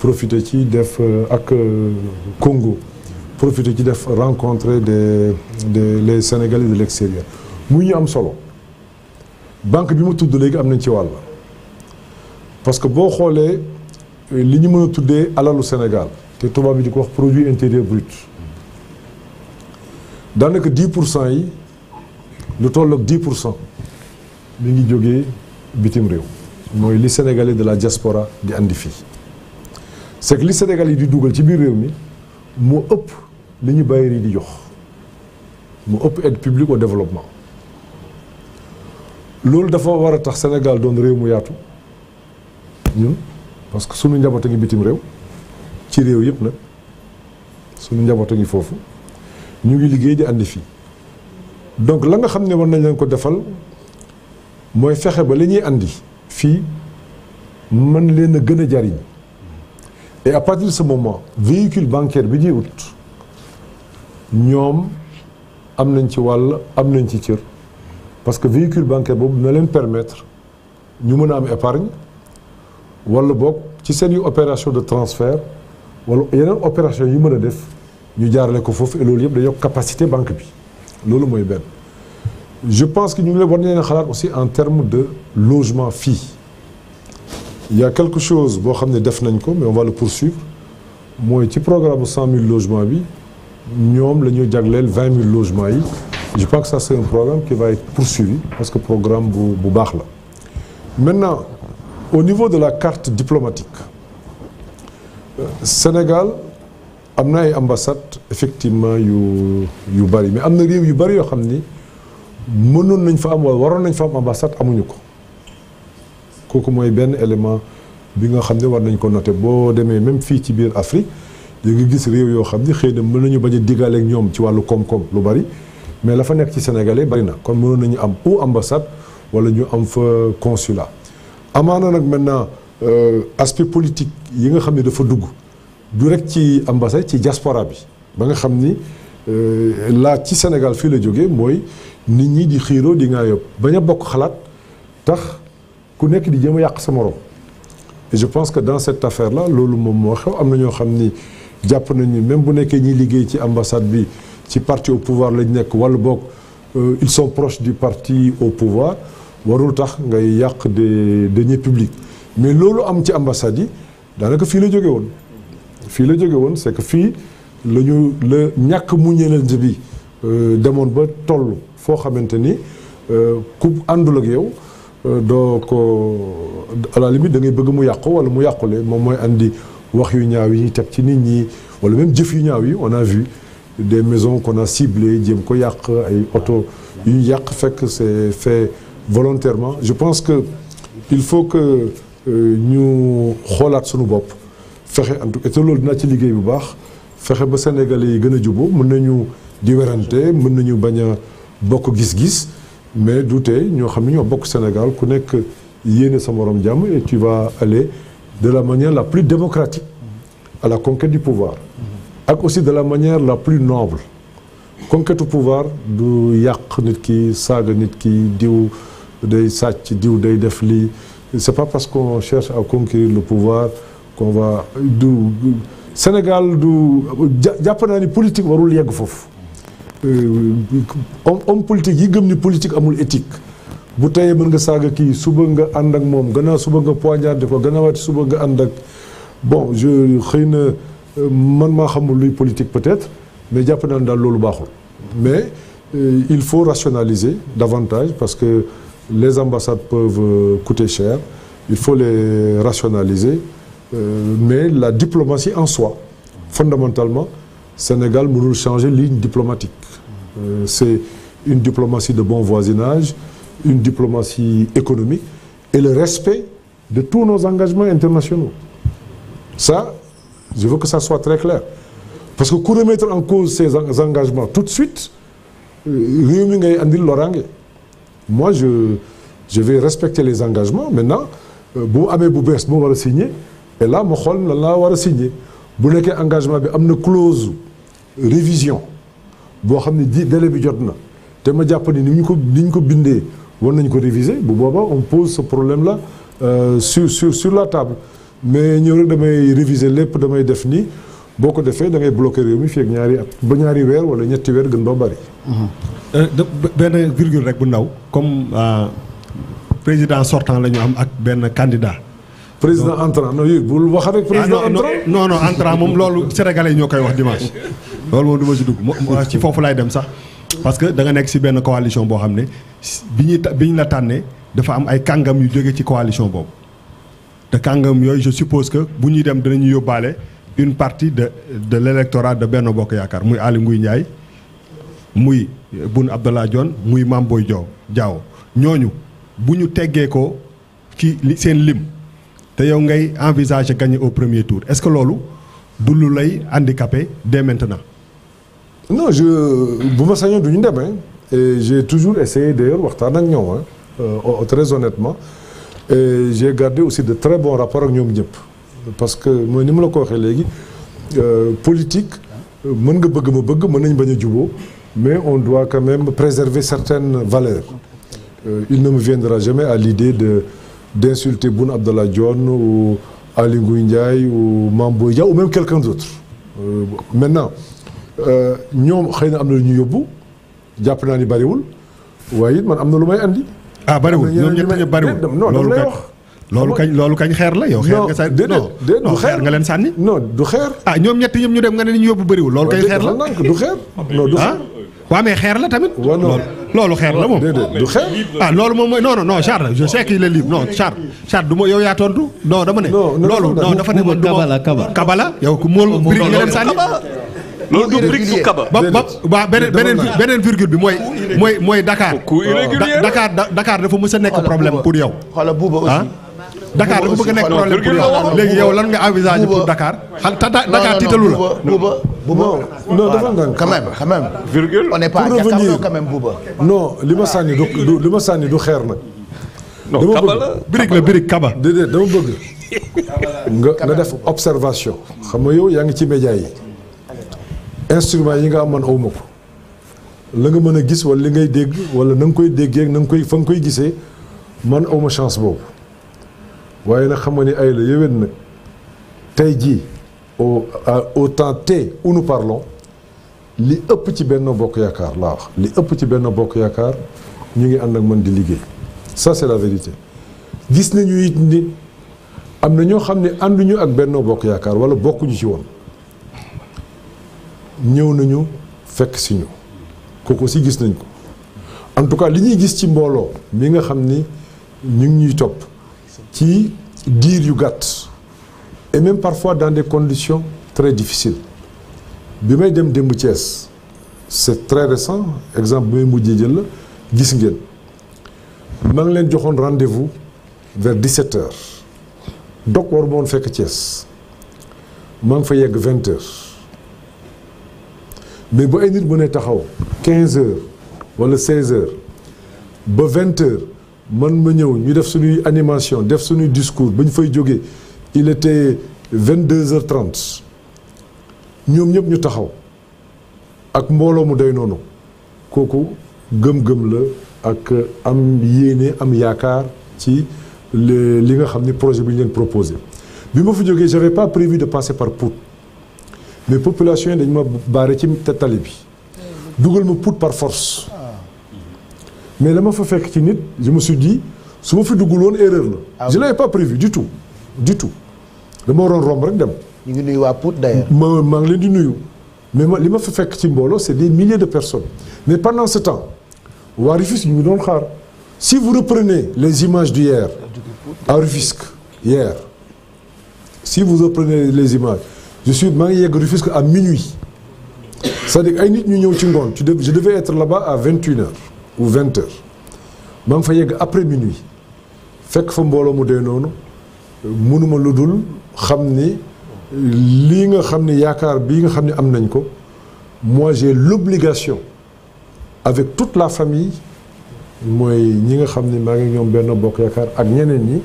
profité ci def euh, ak Congo profité ci def rencontrer de des les sénégalais de l'extérieur. mu ñu am solo banque bi mu tudd léegi am nañ ci wàll parce que boo xoolee euh, li ñu mën a tuddee alalu Sénégal te tubaab bi di ko wax produit intérieur brut daanaka 10 pour cent yi lu tolloog 10 pour cent mi ngi jógee bitim réew mooy li sénégalais de la diaspora di indi fii c'est li sénégal yi di dugal ci biir réew mi moo ëpp li ñu bailleurs di jox moo ëpp aide publique au développement loolu dafa war a tax senegal doon réew mu yaatu ñun parce que sunu njaboot a ngi bitim réew ci réew yëpp nag sunu njaboot a ngi foofu ñu ngi liggéey di àndi fii donc la nga xam ne war nañ leen ko defal mooy fexe ba li ñuy àndi fii mën leen a gën a jariñ et à partir de ce moment bi ñuy wut ñoom am nañ ci wàll am nañ ci cër. parce que véhicule bancaire boobu na leen permettre ñu mën a am épargne wala boog ci seen yu opération de transfert wala yeneen opération yi mën a def ñu jaarale ko foofu et loolu yëpp da yokk capacité banque bi loolu mooy benn. je pense que ñu ngi leen war nañu xalaat aussi en termes de logement fii il y quelque chose boo xam ne def nañ ko mais on va le poursuivre mooy ci programme cent mille logements bi ñoom la ñuy jagleel vingt mille logements yi. je pense que ça c'est un programme qui va être poursuivi parce que programme bu bu baax la maintenant au niveau de la carte diplomatique euh, Sénégal am na ay ambassades effectivement yu yu bari mais am na réew yu bari yoo xam ni mënoon nañ fa am waroon nañ fa am ambassade amuñu ko kooku mooy benn élément bi nga xam ne war nañ ko noter boo demee même fii ci biir Afrique da nga gis réew yoo xam ni xëy na mën nañu bañ a digaleeg ñoom ci wàllu koom-koom lu bari. mais la fa nekk ci sénégalais bari na kon mënoon nañu am ou ambassade wala ñu am fa consulat amaana nag maintenant euh, aspect politique yi nga xam ne dafa dugg du rek ci ambassade ci diaspora bi ba nga xam ni euh, laa ci Sénégal fii la jóge mooy nit ñi di xiiroo di ngaa yóbbu bañ a bokk xalaat tax ku nekk di jëm a yàq sa morom je pense que dans cette affaire là loolu moom moo xew am na ñoo xam ni jàpp nañu même bu nekkee ñi liggéey ci ambassade bi. ci parti au pouvoir lañu nekk wala boog euh, ils sont proches du parti au pouvoir warul tax ngay yàq des deniers publics mais loolu am ci ambassade yi daanaka fii la jóge woon fii la jóge woon c'est que fii la ñu la ñàkk mu muñalante bi euh, demoon ba toll foo xamante ni euh, ku àndul ak yow doo ko à la limite da ngay bëgg mu yàqu wala mu yàqule moom mooy indi wax yu ñaaw yi teg ci nit ñi wala même jëf yu ñaaw yi on a vu de maisons qu'on a ciblées jéem ko yàq ay oto yu yàq fekk c'est fait volontairement je pense que il faut que euh, ñu xoolaat sunu bopp fexe en tout cas loolu dinaa ci liggéey bu baax fexe ba sénégalais yi gën a jubóo mën nañu di werante mën nañu bañ a bokk gis-gis mais du ñoo xam ne ñoo bokk Sénégal ku nekk yéene sa morom jàmm et tu vas aller de la manière la plus démocratique à la conquête du pouvoir ak aussi de la manière la plus noble conquête au pouvoir du yàq nit ki saaga nit ki diw day sàcc diw day def li c'est pas parce qu'on cherche à conquérir le pouvoir qu'on va du Sénégal du jàpp naa ni politique warul yegg foofu euh, homme politique yi gëm ni politique amul éthique bu teyee mën nga saaga kii suba nga ànd ak moom gannaaw suba nga poignarder ko gannaawaati suba nga ànd ak bon je xëy na Euh, man maa xamul luy politique peut-être mais jàpp naa ne daal loolu baaxul mais euh, il faut rationaliser davantage parce que les ambassades peuvent euh, coûter cher il faut les rationaliser mais la diplomatie en soi fondamentalement Sénégal mënul changer ligne diplomatique c'est une diplomatie de bon voisinage une diplomatie économique et le respect de tous nos engagements internationaux ça Je veux que ça soit très Parce que ku remettre en cause ces engagements tout de suite réew mi ngay andil loraange moi je je vais respecter les engagements maintenant euh, bu amee bu bees bu ma war a signer et là ma xool lan laa war a signer bu nekkee engagement bi am na clause révision boo xam ne di délai bi jot na te ma jàpp ni ni ñu ko ni ko bindee war nañ ko réviser bu boobaa on pose ce problème la euh, sur sur sur la table mais ñëw rek damay réviser lépp damay def nii boo ko defee da ngay bloqué réew mi ak ñaari at ba ñaari weer wala ñetti weer gën ba bari. Euh, benn virgule rek bu ndaw comme euh, président sortant la ñu am ak benn candidat. président entrant non yooyu bul wax rek. Ah, président entrant non non entrant moom loolu sénégalais yi ñoo koy wax dimanche. loolu moom du ma si dugg ci foofu laay dem sax parce que da nekk si benn coalition boo xam ne bi ñu ta bi ñu la tànnee dafa am ay kàngam yu jóge ci coalition boobu. de kàngam yooyu je suppose que bu ñuy dem dinañu yóbbaale une partie de de l' de benn Bokk Yaakaar muy Aly Ngouille Ndiaye muy Boun Abdallah Dionne muy Mame Boye Diao Diao ñooñu bu ñu teggee ko ci seen lim te yow ngay envisager gagner au premier tour est-ce que loolu du lu lay handicapé dès maintenant. non je bu ma sañoon du ñu demee et j'ai toujours essayé d'ailleurs waxtaan ak ñoom euh, très honnêtement. et j'ai gardé aussi de très bons rapports ak ñoom ñëpp parce que mooy ni mu la ko waxee léegi euh, politique mën nga bëgg ma bëgg mën nañ bañ a juboo mais on doit quand même préserver certaines valeurs euh, il ne me viendra jamais à l'idée de d'insulter Boun Abdallah Dionne ou Aly Ngouille Ndiaye ou Mame Boye Diao ou même quelqu'un d'autre euh, maintenant euh, ñoom xëy na am na lu ñu yóbbu jàpp naa ni bariwul waaye it man am na lu may andi ah bariwul ñoom ñett ñëpp bariwul loolu kañ loolu kañ loolu kañ xeer la yow. xeer nga sa non xeer nga leen sànni. non du ah ñoom ñett ñëpp ñu dem nga ne ñu yóbbu bariwul loolu kañ xeer la du xeer non du ah? xeer. waa loolu xeer la moom. du xeer ah loolu moom mooy non non non Charles je sais qu'il est libre du ma yow yaa tontu non dama ne. loolu non dafa ne ma du ma kabala kabala yow ku mool mbir nga leen sànni loolu du brique du kaba. ba beneen beneen virgule bi mooy. mooy mooy Dakar. Dakar dafa mës a nekk problème pour yow. xoolal buuba ah? aussi. Dakar dafa bëgg pour yow léegi yow lan nga envisager pour Dakar. xam ta Dakar tiitalu la. buuba buuba non dafa ndànk quand même quand même. virgule on est pas jàkkaarloo quand même li ma sànni li ma sànni du xeer nag. non kaba la birig la kaba. déedéet dama bëgg nga nga def observation. xam nga yow yaa ngi ci média yi. instrument yi nga am man aw ma ko la nga mën a gis wala li ngay dégg wala na nga koy déggee na nga koy fa nga koy gisee man aw chance boobu waaye nag xam nga ni ay la yéwén nag tey jii au au temps te où nous li ëpp ci Benno Bokk Yaakaar laa wax li ëpp ci Benno Bokk Yaakaar ñu ngi ànd ak man di liggéey ça c'est la vérité gis nañu it ni am na ñoo xam ne ànduñu ak Benno Bokk Yaakaar wala bokkuñu ci woon. ñëw nañu fekk si ñu kooku aussi gis nañ ko en tout cas li ñuy gis ci mbooloo mi nga xam ni ñu ngi ñuy topp ci diir yu gàtt et même parfois dans des condition très difficiles bi may dem démb Thiès c'est très récent exemple bi may mujjee jël la gis ngeen maa ngi leen joxoon rendez-vous vers 17 heures dog war moon fekk Thiès maa ngi fa yegg 20 heures mais bu ay nit ne taxaw 15 heures wala 16 heures ba 20 man ma ñëw ñu def suñuy animation def suñuy discours ba ñu fay jógee il était 22 heures 30 ñoom ñëpp ñu taxaw ak mbooloo mu day noonu kooku gëm-gëm la ak am yéene am yaakaar ci li nga xam ni projet bi ñu leen proposé bi ma fa jógee j'avais pas prévu de passer par Pout mais population yi dañu ma baare ci tali bi dugal ma Pout par force mais la ma fa fekk ci nit je me suis dit su ma fi duggul woon erreur la ah je l'avais pas prévu du tout du tout dama waroon romb rek dem ñu ngi nuyu waa Pout d'ailleurs ma maa leen di nuyu mais ma li ma fa fekk ci mbooloo c'est des milliers de personnes mais pendant ce temps waa Rufisque ñu ngi doon xaar si vous reprenez les images d'hier à Rufisque hier si vous reprenez les images je suis maa ngi yegg Rufisque à minuit c'est-à-dire ay nit ñu ñëw ci ngoon tu je devais être là-bas à vingt une ou vingt maa ngi fa yegg après minuit fekk fa mbooloo mu dee noonu mënuma lu dul xam ni lii nga xam ni yaakaar bi nga xam ni am nañ ko moi j'ai l'obligation avec tout la famille mooy ñi nga xam ni maa ngi ñoom benn bokk yaakaar ak ñeneen ñi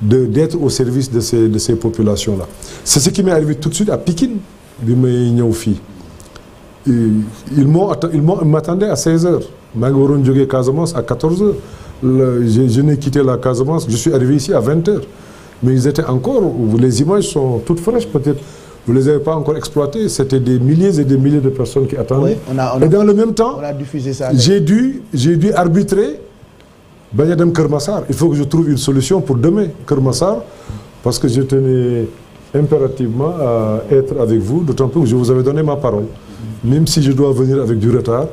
de d'être au service de ces de ces populations là c'est ce qui m'est arrivé tout de suite à Pikine bi may ñëw fii ils m'ont à heures maa ngi waroon jógee Casamance à 14 heures le je je n'ai quitté la Casamance je suis arrivé ici à 20 heures mais ils étaient encore les images sont toutes fraîches peut-être vous les avez pas encore exploitées c'était des milliers et des milliers de personnes qui attendaient oui, on a, on a, et dans le même temps j'ai dû arbitrer bañ a dem Kër Massar il faut que je trouve une solution pour demain Kër parce que je tenais impérativement à être avec vous d'autant plus que je vous avais donné ma parole même si je dois venir avec du retard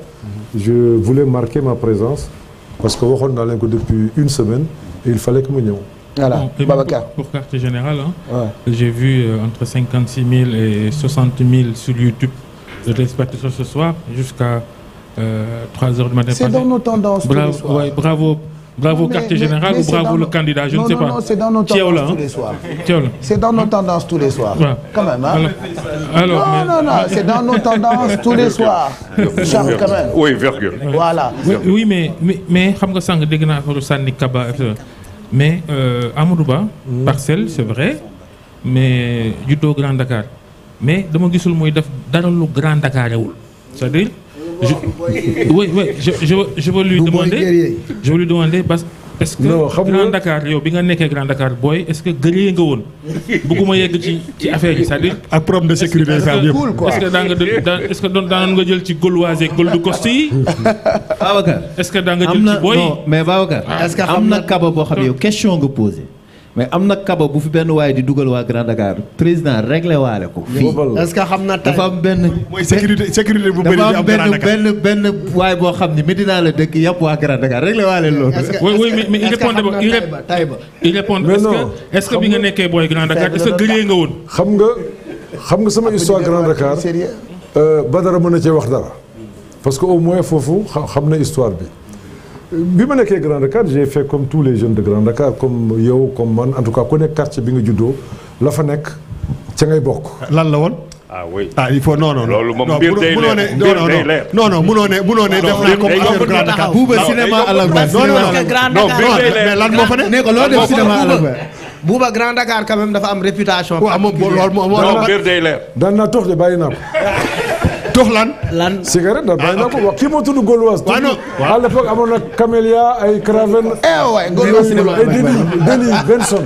je voulais marquer ma présence parce que waxoon na leen ko depuis une semaine et il que ma ñëw voilà bon, Babacar euh, mille et soixante mille sur YouTube de téléspectateurs ce soir jusqu'à euh, heures du matin c'est nos tendances bravo, ouais, bravo Bravo quartier général mais, mais ou bravo le candidat, je ne sais pas. c'est dans nos tendances tous les soirs. C'est dans nos tendances tous les soirs. mais... non, non, Oui, virgule. Voilà. mais mais xam nga sànq dégg naa ko sànni mais euh, Amadou Ba. Mm. c'est vrai. mais juddoo Grand Dakar. mais dama gisul muy def dara lu Grand Dakarewul. cest dire je, oui, oui, je, je, je veux lui demander. Je veux lui demander parce que. est-ce que Grand Dakar yow bi nga nekkee Grand Dakar booy est-ce que gërie nga woon bëgguma yegg ci ci affaire yi c'est-à-dire. ak problème de sécurité yi sax yëpp est-ce que daa nga est-ce que doon daanoon nga jël ci Gauloise ak Gaulois du Coste yi. Babacar est-ce que daa nga jël ci booy non mais Babacar. Ah. est-ce que am na kaba boo xam ne yow question nga posé. mais am na kaba bu fi benn waaye di dugal waa grande Dakar président réglé waale ko. fii que xam na dafa am benn. mooy sécurité bu bëri dafa am benn benn benn waaye boo xam ni dinaa la dëkk yàpp waa Grand Dakar réglé waale loolu. mais il répond il répond est-ce que bi nga nekkee booy Grand Dakar est-ce nga woon. xam nga xam nga sama histoire Grand Dakar. Euh, Badara mën na cee wax dara. parce que au moins foofu xam na histoire bi. bi ma nekkee Grand Dakar j'ai fait comme tous les jeunes de Grand Dakar comme yow comme man en tout cas ku nekk quartier bi nga juddoo la fa nekk ca ngay bokk. lan la woon. ah oui ah il faut non non. loolu moom mbir day leer non non munoo ne munoo ne def naa comme affaire Grand Dakar. buuba cinéma à la non non mais lan moo fa ne. ne ko loo def cinéma à buuba Grand Dakar quand dafa am réputation. waaw moom loolu moom moo. daan naa toog de bàyyi tox lan. lan cigarette da ah, bàyyi na ko wax kii moo tudd Gauloise. waaw non waaw eh, Benson.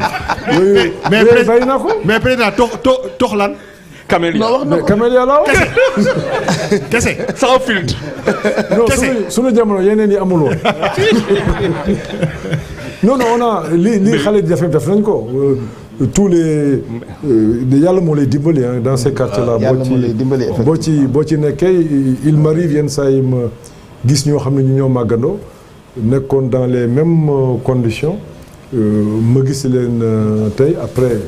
yooyu bàyyi na ko. mais président tox tox lan. Camélia non kese sunu jamono yeneen yi amul woon. non non xale jafe def nañ ko. Euh, tous les euh, yàlla moo lay dimbali dans ces quartiers là boo ci boo ci boo ci nekkee il m'arrive yenn saa ma gis ñoo xam ne ñu ñoo màggandoo nekkoon dans les mêmes euh, conditions euh, ma gis leen tey après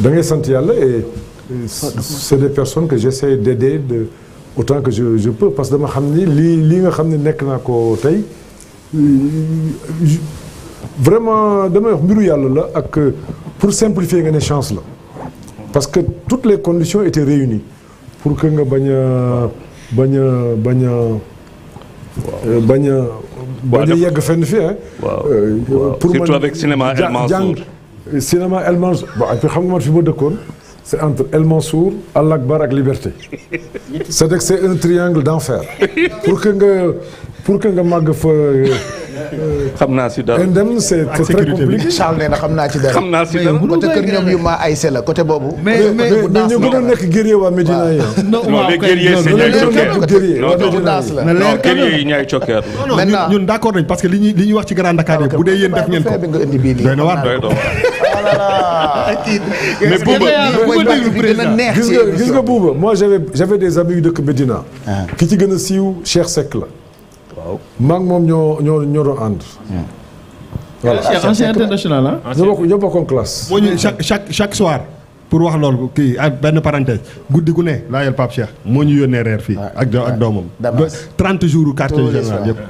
da ngay sant yàlla et c'est des personnes que j'essaie d'aider de autant que je je parce que dama xam ni lii lii nga xam ne nekk naa ko tey vraiment damay wax mbiru yàlla la ak euh, pour simplifier nga ne chance la parce que toutes les conditions étaient réunies pour que nga bañ a bañ a bañ a euh, bañ a bañ a yegg fenn fii euh, pour surtout avec cinéma El Mansour cinéma El Mansour bon xam nga man fi ma dëkkoon c'est entre El Mansour Al Akbar ak Liberté c'est un triangle d'enfer pour que nga pour fa xam naa si dara indem c'est très compliqué Charles nee na xam naa ci dara xam naa si dara côté kër ñoom yu ma ay la côté boobu mais mais ñu gën a nekk guerrier waa Médina yi non les guerriers c'est ñaay cokkeer non guerrier yi ñaay cokkeer maintenant ñun d'accord nañ parce que li ñuy li ñuy wax ci Grand Dakar yi bu dee yéen def ngeen ko doy na waar ah mais Bouba gis nga Bouba moi j'avais j'avais des amis yu dëkk Médina ah. ki ci gën a siiw Cheikh Seck la waaw maag moom ñoo ñoo ñoo doon ànd. Hmm. voilà ancien international ah. ancien ñoo bokk ñoo bokkoon chaque chaque soir. pour wax loolu kii ak benn parenthèse guddi ku ne laajal Pape Cheikh moo ñu yónnee reer fii. ak ak doomam. damas 30 jours quartier général yëpp.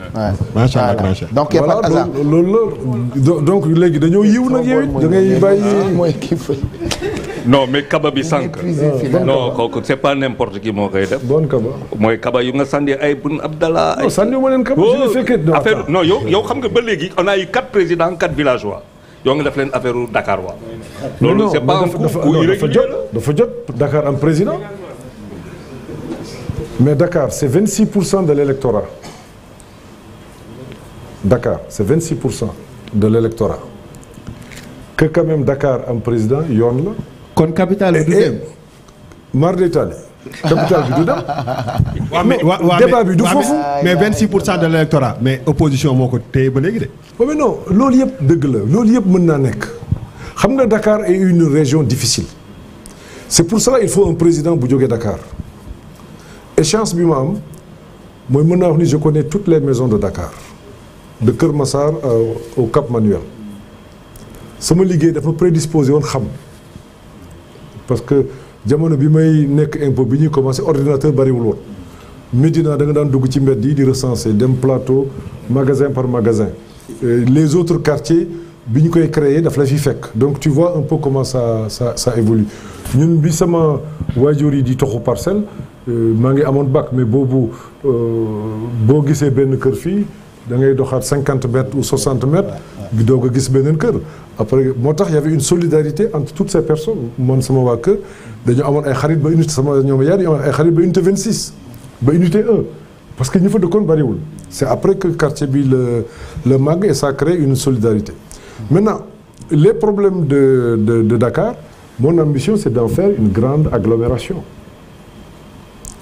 macha allah grand Cheikh. donc y' a pas de hasard loolu donc léegi dañoo yiw nag yow it da ngay non mais kaba bi sànq. non kooku c'est pas n'importe qui moo koy def. bon kaba mooy kaba yu nga sànni ay bun Abdallah. non sànni ma leen kaba oh, affaire non yow yow xam nga ba léegi on a eu quatre présidents quatre villageois. yoo ngi def leen affaire u Dakar waa. loolu c'est pas un coup dafa jot dafa jot Dakar am président. mais Dakar c'est 26 pour cent de l'électorat Dakar c'est 26 pour cent de l'électorat que quand même Dakar am président yoon la. kon capital bi du eh, eh, dem mar de tali du dem. waaw mais waaw débat bi du foofu. mais 26 pour cent de l' électorat. mais opposition moo ko téye ba léegi de. waaw mais non loolu yëpp dëgg la loolu yëpp mën naa nekk xam nga Dakar est une région difficile c' est pour cela il faut un président bu jógee Dakar échéance bi ma am mooy mën naa wax ni je connais toutes les maisons de Dakar de Kër Massar au Cap Manuel sama liggéey dafa prédisposé woon xam. parce que jamono bi may nekk impôt bi ñuy commencé ordinateur bariwul woon Médina da nga daan dugg ci mbedd yi di recenser dem plateau magasin par magasin euh, les autres quartiers bi ñu koy créer daf la fi fekk donc tu vois un peu sa sa ça ça évolue ñun bi sama waajur yi di toxu parcelle euh, maa ngi amoon bac mais boobu euh, boo gisee benn kër fii da ngay doxaat cinquante mètres ou soixante mètres doog a gis beneen kër après moo tax y avait une solidarité entre toutes ces personnes man sama waa kër dañu amoon ay xarit ba unité sama ñoom yaay ay xarit ba unité 26 ba parce que ñi fa dëkkoon bariwul c' est après que quartier bi la la màgg et ça crée une solidarité maintenant les problèmes de de de Dakar mon ambition c' est d'en faire une grande agglomération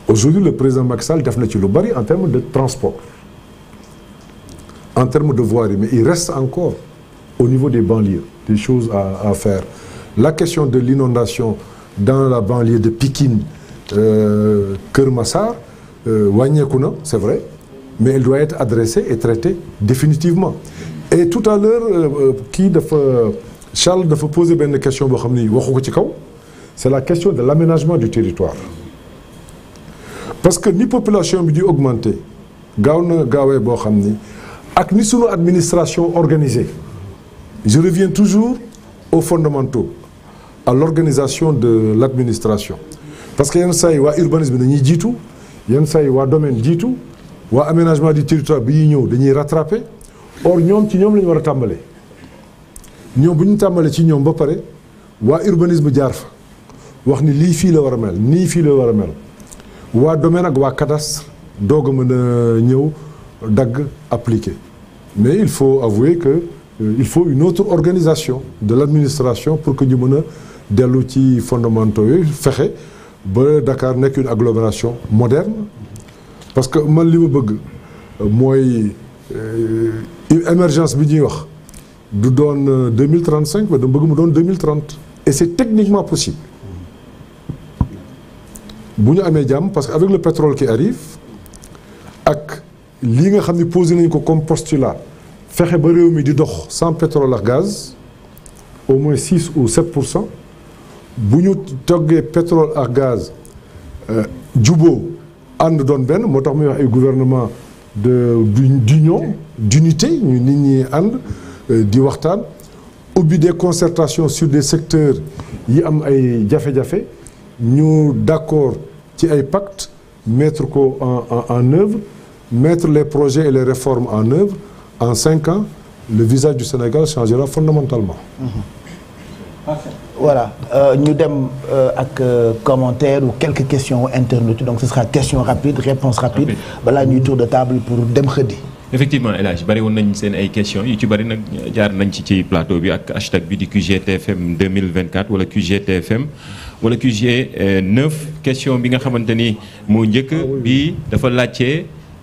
aujourd'hui le président Macky Sall def na ci lu bari en termes de transport en termes de voirie mais il reste encore au niveau des banlieues, des choses à, à faire. La question de l'inondation dans la banlieue de Pikine, euh, euh wàññeeku na c'est vrai, mais elle doit être adressée et traitée définitivement. Et tout à l'heure, euh, qui euh, dafa, Charles dafa poser benn question, boo xam waxu ko ci kaw c'est la question de l'aménagement du territoire. Parce que ni population bi di augmenter, gaaw na gaawee boo xam ni ak ni sunu administration organisée. Je reviens toujours au fondamentaux, à l'organisation de l'administration. Parce que yenn saa yi waa urbanisme dañuy jiitu yan saa yi waa domaine jiitu waa aménagement du territoire bi ñuy ñëw dañuy rattraper or ñoom ci ñoom la ñu war a tàmbalee ñoom bu ñu tàmbalee ci ñoom ba pare waa urbanisme jaar fa wax ni lii fii la war a mel nii fii la war a mel waa domaine ak waa cadastre doog a mën a ñëw dagg appliquer mais il faut avouer Euh, il faut une autre organisation de l'administration pour que ñu mën a dellu ci fondamentaux yooyu fexe ba dakaar nekk une agglomération moderne parce que man li ma bëgg euh, mooy euh, émergence bi ñuy wax du doon 2035 mais dama bëgg mu doon 2030 et c'est techniquement possible bu ñu amee jàmm parce que avec le pétrole qui arrive ak lii nga xam ni posé nañu ko comme postulat fexe ba réew mi di dox sans pétrole ak gaz au moins six ou sept pour cent bu ñu toggee pétrole ak gaz euh, jubo ànd doon benn moo tax muy wax ay gouvernement de d'union d'unité ñu nit ñi ànd euh, di waxtaan ubbi des concertations sur des secteurs yi am ay jafe-jafe ñu d'accord ci ay pacte mettre ko en en en œuvre mettre les projets et les réformes en œuvre en cinq ans le visage du Sénégal changera fondamentalement. parfait voilà euh, ñu dem euh, ak euh, commentaire ou quelques questions internautes donc ce sera question rapide réponse rapide. balaa ñuy tour de table pour dem xëddi. effectivement El Hadj bari seen ay questions yu ci bari nag jaar nañ ci ci plateau bi ak hashtag bi di QGTFM 2024 wala QGTFM wala QG 9 question bi nga xamante ni moo njëkk ah bi dafa laajte.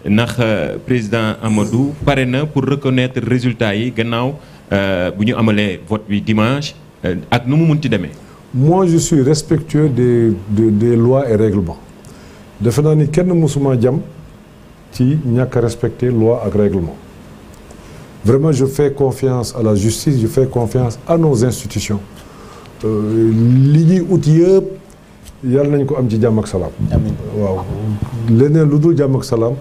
ndax euh, président Amadou pare na pour reconnaître résultat yi gannaaw euh, bu ñu amalee vote bi dimanche euh, ak nu mu munti demee. moi je suis respectueux des des, des lois et règlements defe naa ni kenn mësuma jam ci ñàkk a respecter loi ak règlement vraiment je fais confiance à la justice je fais confiance à nos institutions li ñu ut yëpp yàlla nañ ko am ci jàmm ak salaam. waaw leneen lu dul jàmm ak salaam.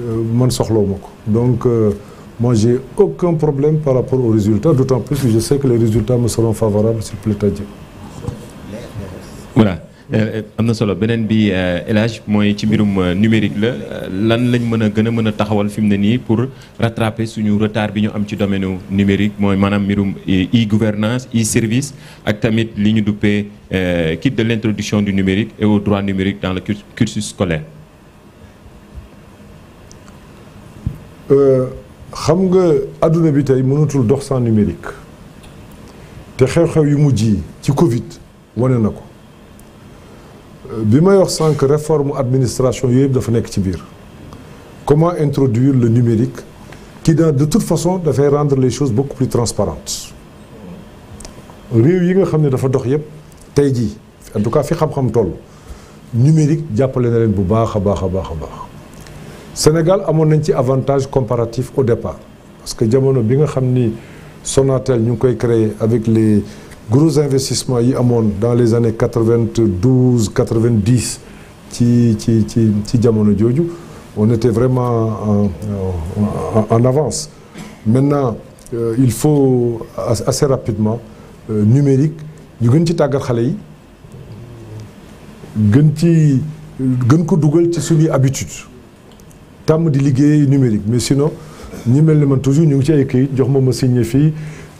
Euh, man soxlawu ko donc euh, moi j'ai aucun problème par rapport aux résultats d'autant plus que je sais que les résultats me seront favorables s'il plaît à Dieu voilà euh, am na solo beneen bi El Hadj mooy ci mbirum numérique la lan lañ mën a gën a mën a taxawal fi mu ne nii pour rattraper suñu retard bi ñu am ci domaine numérique mooy maanaam mbirum e-gouvernance e-service ak tamit li ñu duppee kit de l'introduction du numérique et au droit numérique dans le cursus scolaire Euh, xam nga adduna bi tey mënatul dox sans numérique te xew-xew yu mu yi ci Covid wane na ko euh, bi may wax sànq réforme administration yooyu yëpp dafa nekk ci biir comment introduire le numérique qui dans de toute façon dafay rendre les choses beaucoup plus transparentes réew yi nga xam ne dafa dox yëpp tey jii en tout cas fi xam-xam toll numérique jàppale na leen bu baax a baax a baax a baax. Sénégal amoon nañ ci avantage comparatif au départ parce que jamono bi nga xam ni Sonatel ñu ngi koy créer avec les gros investissements yi amoon dans les années 92 90 ci ci ci ci jamono jooju on était vraiment en, avance maintenant euh, il faut assez rapidement euh, numérique ñu gën ci tàggat xale yi gën ci gën ko dugal ci suñuy habitude tàmm di liggéey numérique mais sinon ñi mel ni man toujours ñu ngi ci ay këyit jox ma ma signé fii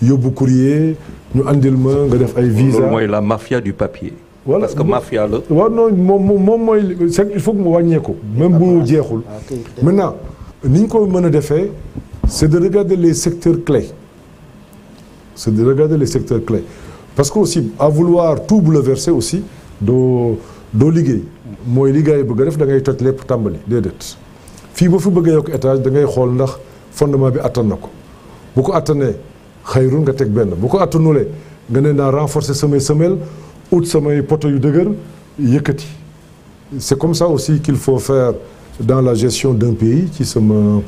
yóbbu courrier ñu andil ma nga def ay visa loolu la mafia du papier. voilà parce que mafia la. waaw non moom moom mooy c'est il faut mu wàññeeku. même bu jeexul. Ah, maintenant ni ñu ko mën a defee c'est de regarder les secteurs clés c'est de regarder les secteurs clés parce que aussi à vouloir tout bouleverser aussi doo doo liggéey. mooy liggéey bëgg a def da ngay toj lépp tàmbali déedéet. fii boo fi bëggee yokk étage dangay xool ndax fondement bi attan na ko bu ko attanee xayrul nga teg benn bu ko attanulee nga ne naa renforcer samay semelle ut samay poto yu dëgër yëkkati c'est comme ça aussi qu'il faut faire dans la gestion d'un pays ci sama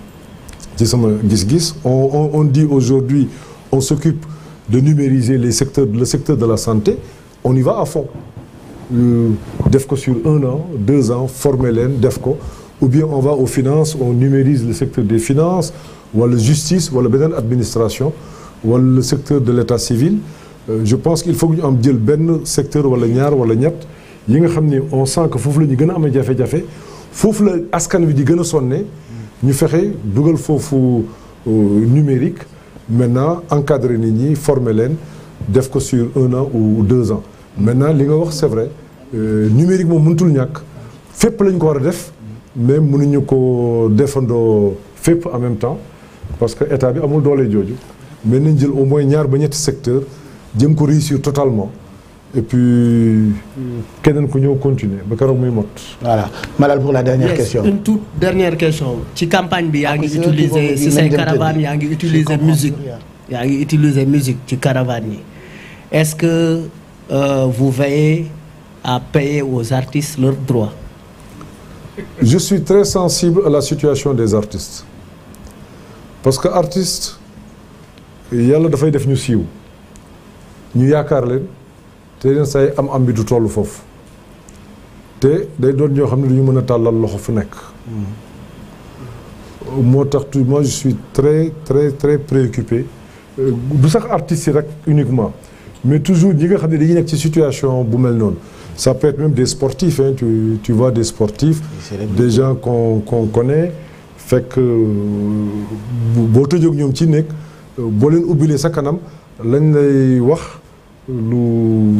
ci sama gis-gis on di on dit aujourd'hui on s'occupe de numériser les secteurs le secteur de la santé on y à fond euh, def ko sur un an deux ans former leen def ko ou bien on va aux finances on numérise le secteur des finances wala justice wala beneen administration wala le secteur de l'état civil euh, je pense qu'il faut que ñu am jël benn secteur wala ñaar wala ñett yi nga xam ni on sent que foofu la ñu gën a amee jafe-jafe foofu la askan wi ji gën a sonne ñu fexe dugal foofu euh, numérique maintenant encadrer ni ñi former leen def ko sur un an ou deux ans maintenant li nga wax c'est vrai euh, numérique moom mënutul ñàkk fépp lañ ko war a def mais mënuñu ko defandoo fépp en même temps parce que état bi amul doole jooju mais nañ jël au moins ñaar ba ñetti secteur jëm ko réussir totalement et puis keneen ku ñëw continuer ba keroog muy mot. voilà Malal pour la dernière yes, question. une dernière question ci campagne bi yaa ngi utiliser si say caravane yaa ngi utiliser musique yaa ngi utiliser musique ci caravane yi est-ce que euh, vous veillez à payer aux artistes leurs droits. je suis très sensible à la situation des artistes parce que artiste yàlla dafay def ñu siiw ñu yaakaar leen te leen say am am bi du toll foofu te day doon ñoo xam ne du mën a tàllal loxo fu nekk moo tax tous moi je suis très très très préoccupé euh, du sax artistes yi rek uniquement mais toujours ñi nga xam ne dañuy nekk ci situation bu mel noonu Ça peut être même des sportifs, hein, tu, tu, vois des sportifs, des gens qu'on qu connaît, fait que euh, boo tëjoog ñoom ci nekk euh, boo leen ubbilee sa kanam lañ lay wax lu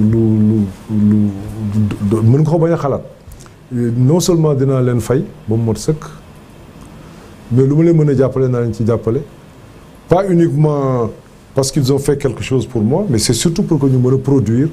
lu lu lu mën nga ko bañ a xalaat non seulement dinaa leen fay ba mu mot sëkk mais lu ma leen mën a jàppale naa leen ci jàppale pas uniquement parce qu'ils ont fait quelque chose pour moi mais c'est surtout pour que ñu mën a produir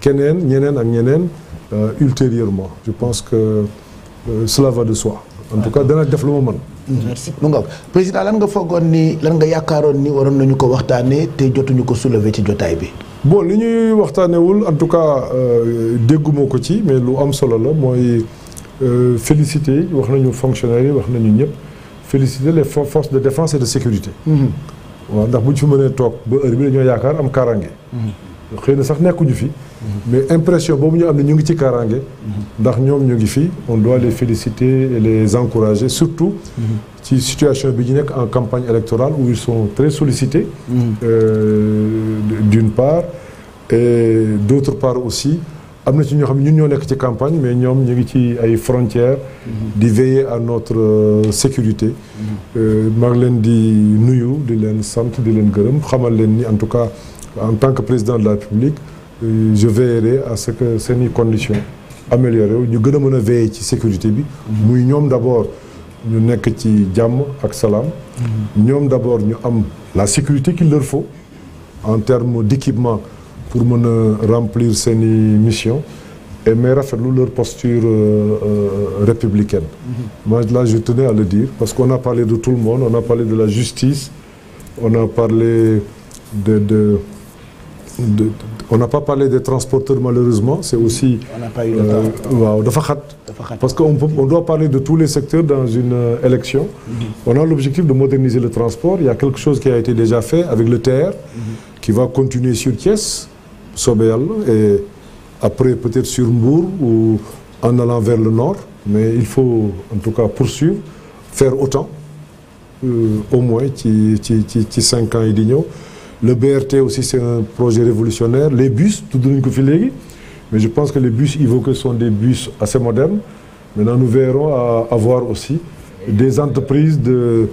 keneen ñeneen ak ñeneen euh, ultérieurement je pense que euh, cela de soi. en tout cas dana def lu ma mën. merci mu nga président lan nga foogoon ni lan nga yaakaaroon ni waroon nañu ko waxtaanee te jotuñu ko soulever ci jotaay bi. boo li ñuy waxtaanewul en tout cas euh, dégguma ko ci mais lu am solo la mooy féliciter wax nañu fonctionnaires yi wax nañu ñëpp féliciter les forces de défense et de sécurité. Mm-hmm. waaw ndax bu ñu fi mënee toog ba heure bi dañoo yaakaar am kaaraange. Mm-hmm. xëy na sax nekkuñu fi. mais impression boobu ñu am na ñu ngi ci kaaraange. ndax ñoom ñu ngi fi on doit les féliciter et les encourager surtout. ci situation bi ñu nekk en campagne électoral où ils sont très sollicités. Euh, d'une part et d'autre part aussi. am na ci ñoo xam ne ñun ñoo nekk ci campagne mais ñoom ñu ngi ci ay frontières. di veiller à notre euh, sécurité. Euh, maa ngi leen di nuyu di leen sant di leen gërëm xamal leen ni en tout cas. en tant que président de la République euh, je veillerai à ce que seen i conditions amélioré wu ñu gën a mën a veiller ci sécurité bi muy ñoom d'abord ñu nekk ci jàmm ak salaam ñoom d'abord ñu am la sécurité qu'il leur faut en termes d'équipement pour mën a remplir seen i mission et mais rafetlu leur posture euh, euh, républicaine moi là je tenais à le dire parce qu'on a parlé de tout le monde on a parlé de la justice on a parlé de de de, on n'a pas parlé des transporteurs malheureusement c'est aussi. on n'a euh, dafa xat. dafa parce que on peut doit parler de tous les secteurs dans une euh, élection. Mm-hmm. on a l'objectif de moderniser le transport il y a quelque chose qui a été déjà fait avec le TER. Mm-hmm. qui va continuer sur Thiès soobee et après peut-être sur Mbour ou en allant vers le nord mais il faut en tout cas poursuivre faire autant euh, au moins ci ci ci ci cinq ans yi di ñëw. le BRT aussi c'est un projet révolutionnaire les bus tudd nañu ko fi léegi mais je pense que les bus Ivoque sont des bus assez modernes maintenant nous verrons à avoir aussi des entreprises de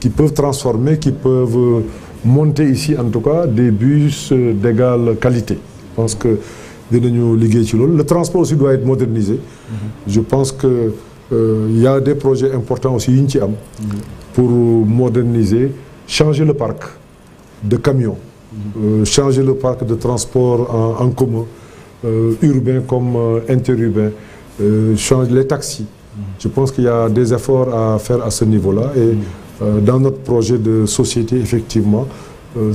qui peuvent transformer qui peuvent monter ici en tout cas des bus d'égale qualité parce pense que dinañu liggéey ci loolu le transport aussi doit être modernisé mm-hmm. je pense que euh, y a des projets importants aussi yu ñu ci am mm-hmm. pour moderniser changer le parc de camions, euh, changer le parc de transport en, en commun, euh, urbain comme euh, interurbain, euh, changer les taxis. Je pense qu'il y des efforts à faire à ce niveau-là. Et dans notre projet de société, effectivement,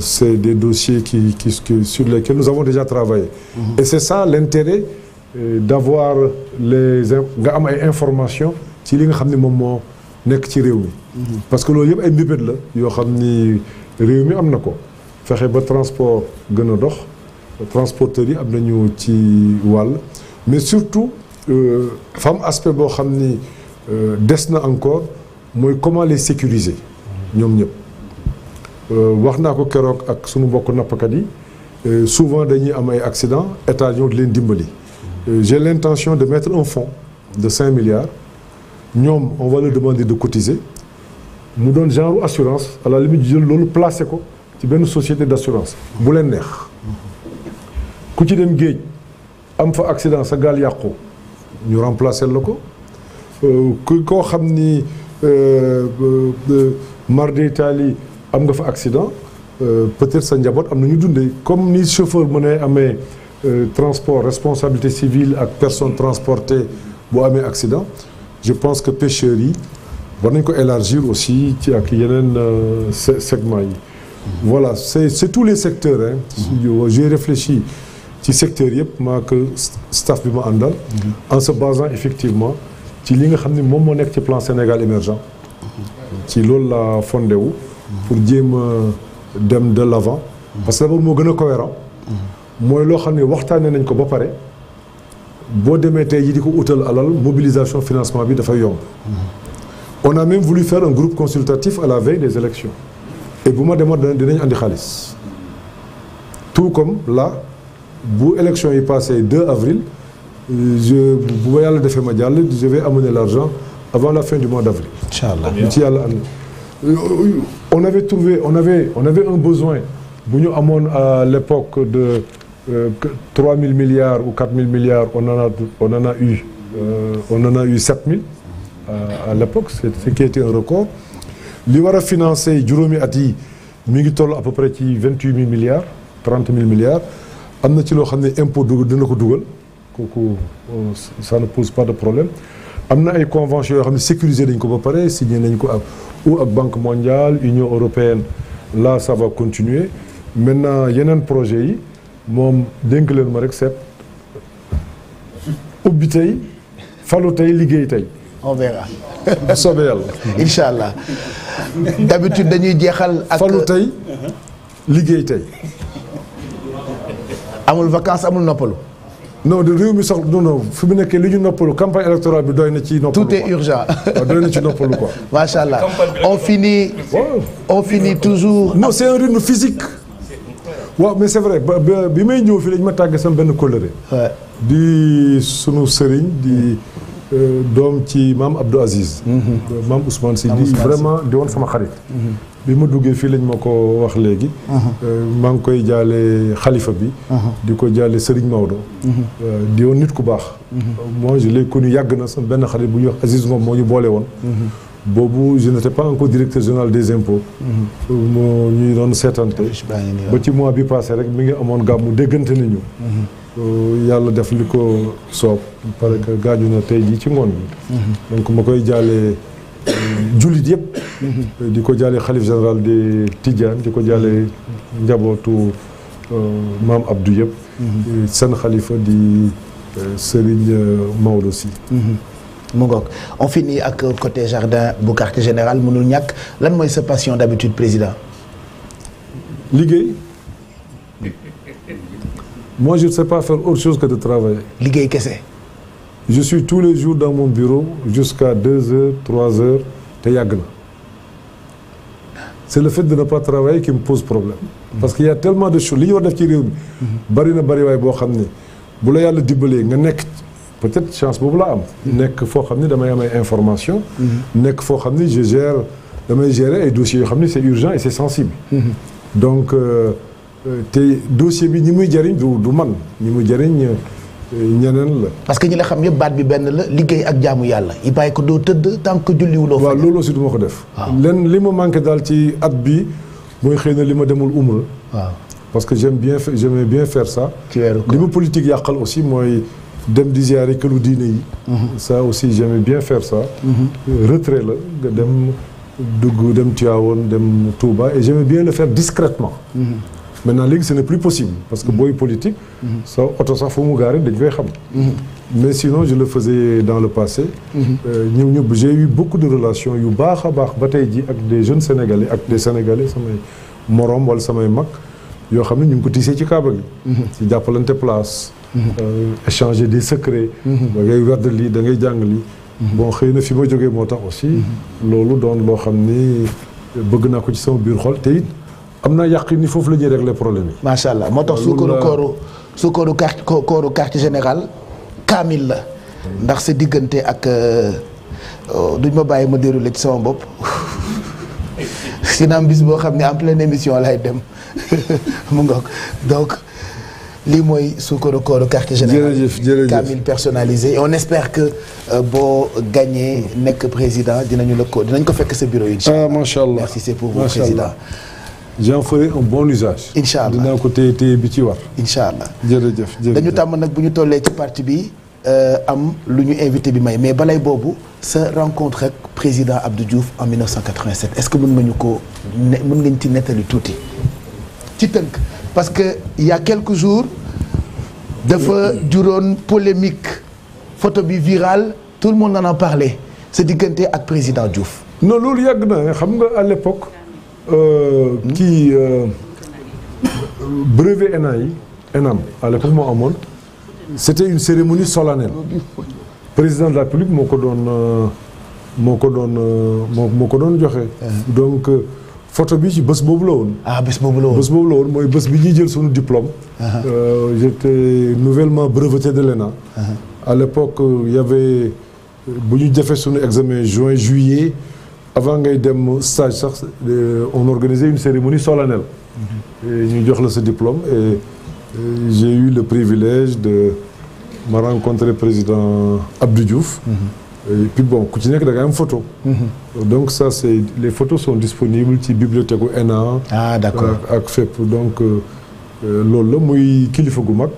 c'est des dossiers qui, qui, qui, sur lesquels nous avons déjà travaillé. Mhm. Et c'est ça l'intérêt d'avoir les nga am ay information ci li nga xam ne moom moo nekk ci réew mi mhm. parce que loolu yëpp ay mbébét la yoo xam ni réew mi am na ko fexe ba transport gën a dox transporteurs yi am nañu ci wàll mais surtout dafa euh, am aspect boo xam ni euh, des na encore mooy comment les sécuriser ñoom ñëpp euh, wax naa ko keroog ak sunu mbokk nappkat yi souvent dañuy am ay accident état ñëw di leen dimbali j'ai l'intention de mettre un fonds de cinq milliards ñoom on va leur demander de cotiser mu doon genre assurance à la limite jël loolu placé ko ci benn société d'assurance bu leen neex ku ci dem géej am fa accident sa gaal yàqu ñu remplacer la ko euh, ku koo xam ni euh, euh, mar d'Italie am nga fa accident peut-être sa njaboot am na ñu dundee comme ni chauffeur mu a amee transport responsabilité civile ak personne transportée bu amee accident je pense que pêcheurs yi war nañ ko élargir aussi ci ak yeneen euh, segments yi voilà c'est c'est tous les secteurs hein mhm. j'ai réfléchi ci secteur yëpp maa que staff bi ma àndal mhm. en se basant effectivement ci li nga xam ni moom moo nekk ci plan Sénégal émergent mhm. ci loolu la fondé wu pour jéem a dem de l'avant parce que d'abord moo gën a cohérent mooy loo xam ne waxtaanee nañ ko ba pare boo demee tey ji di ko utal alal mobilisation financement bi dafay yomb on a même voulu faire un groupe consultatif à la veille des élections et bu ma demoon dinañ andi xaalis tout comme là bu élection yi passé 2 avril je bu ma yàlla defee ma jàll je vais amener l'argent avant la fin du mois d'avril. incha allah ci yàlla am on avait trouvé on un bu ñu amoon à l'époque de euh, trois mille milliards ou quatre mille milliards on en a eu on en eu euh, mille. à l'époque ce qui était un li war a financé juróomi at yi mi ngi toll à peu près ci vingt huit mille milliards trente mille milliards am na ci loo xam ne impôt dugal dina ko dugal kooku euh, ça ne pose pas de problème am na ay convention yoo xam ne sécurisé dañ ko ba pare signé nañ ko ak ou ak banque mondiale union européenne là ça va continuer maintenant yeneen projet yi moom dénk leen ma rek seet ubbi tey falu tey liggéey tey on verra. soobee yàlla. incha allah d'habitude dañuy jeexal. ak falu tey liggéey tey. amul vacance amul noppalu. non de réew mi soxla non non fi mu nekkee li ñu noppalu campagne électorale bi dooy na ci noppalu tout est urgent. waaw doy allah on finit. on finit toujours. non c'est un rythme physique. waaw mais c'est vrai bi may ñëw fii dañu ma tàgg sama benn colère. di sunu sëriñ di. Euh, doom ci maam Abdou Aziz. Mhm. Euh, maam Ousmane Sy di vraiment di woon sama xarit. Mhm. bi ma duggee fii lañ ma ko wax léegi. Mhm. Euh, maa ngi koy jaale xalifa bi. di ko jaale Serigne Maodo. di woon nit ku baax. moi je l'ai connu yàgg na sama benn xarit bu ñuy wax Aziz moom moo ñu boole woon. boobu je n'étais pas encore directeur général des impôts. moo ñuy doon seetante. ba ci mois bi passé rek mi ngi amoon gàmmu déggante nañu. yàlla def li ko soob parce que gaañu na tey jii ci ngoon bi donc ma koy jàllee euh, jullit yëpp di ko jàllee xalif général de Tidiane di ko jàllee njabootu euh, maam Abdou yëpp seen xalifa di euh, Serigne Maodo Sy mu ngoog on finit ak côté jardin bu quartier général mënul ñàkk lan mooy sa passion d'habitude président liggéey moi je ne sais pas faire autre chose que de travailler. liggéey kese. je suis tous les jours dans mon bureau jusqu'à deux heures trois heures te yàgg na c'est le fait de ne pas travailler qui me pose problème. parce qu'il y tellement de choses li ñu war def ci réew bari na bari waay boo xam ne bu la yàlla dimbalee nga nekk peut-être chance boobu laa am. nekk foo xam ne damay am ay information nekk foo xam ne je gère damay gérer ay dossiers yoo xam ne c'est urgent et c'est sensible. Mhm. Euh, Euh, te dossier bi ñi muy jëriñ du du man ñi muy jëriñ euh, ñeneen la. parce que ñi la xam yëpp baat bi benn la liggéey ak jaamu yàlla yi bàyyi ko doo tëdd tant que julliwuloo. waaw loolu aussi du ma ko def. Ah. len li ma manqué daal ci at bi mooy xëy na li ma demul umra. waaw ah. parce que j'aime bien j'aimais bien faire ça. ci li ma politique yàqal aussi mooy dem di ziare këru diine yi. sa mhm. aussi j'aimais bien fair ça. Mhm. Euh, retrait la nga dem dugg dem Tivaouane dem Touba et j'aimais bien le faire discrètement. Mhm. maintenant léegi ce n'est plus possible parce que mm-hmm. booy politique mm-hmm. sa oto sax fu mu gaare dañ koy xam mm-hmm. mais sinon je le faisais dans le passé euh, ñëw ñëpp j'ai eu beaucoup de relations yu baax a baax ba tey ji ak des jeunes sénégalais ak des sénégalais samay moroom wala samay mag yoo xam ne ñu ngi ko tiisee ci kaaba gi si jàppalante place euh, échanger des secrets da werd lii da ngay jàng lii bon xëy na fi ma jógee moo tax aussi loolu doon loo xam ni bëgg naa ko ci sama biir xol te am naa yàqin ni foofu la ñuy régler problème yi. macha allah moo tax suukaru kooru suukaru quartier kooru quartier général kaamil la. ndax sa diggante ak euh, euh, duñ ma bàyyi ma déroulé sama bopp. dina am bis boo xam ne en pleine émission lay dem mu ngoog donc lii mooy suukaru kooru quartier général. jërëjëf jërëjëf kaamil personnalisé et on espère que euh, boo gagné nekk président dinañu la ko dinañ ko fekk sa bureau. yi ah, allah ah macha allah merci c'est pour vous président. j'en ferai un bon usage. incha allah dinaa ko téye téye bi ci war. incha allah jërëjëf dañu tàmm nag bu ñu tollee ci parti bi euh, am lu ñu invité bi may mais balay boobu sa rencontre ak président Abdou Diouf en 1987 est-ce que mën nga ñu ko ne mën nga ñu ci nettali tuuti. ci tënk parce que il y a quelques jours dafa juróon polémique photo bi virale tout le monde en a parlé sa diggante ak président Diouf. non loolu yàgg na xam nga à l'époque Euh, ki euh, brevet ENA yi ENAM à l'époque moo amoon c'était une cérémonie solennelle président de la République moo ko doon euh, moo ko doon moo moo ko doon joxe. donc photo bi ci bés boobu la woon. ah boobu la woon mooy bés bi ñuy jël sunu diplôme. Uh-huh. j'étais nouvellement breveté de l'ENA. Uh-huh. à l'époque il y ñu defee sunu examen juin juillet. avant ngay dem stage sax euh, on organisait une cérémonie solennelle. ñu jox la sa diplôme et euh, j'ai eu le privilège de ma rencontrer président abdu Diouf. et ku ci nekk da ngay am photo. donc ça c'est les photos sont disponibles ci bibliothèque u ENA. ah d'accord ak fépp donc euh, loolu la muy kilifa gu mag.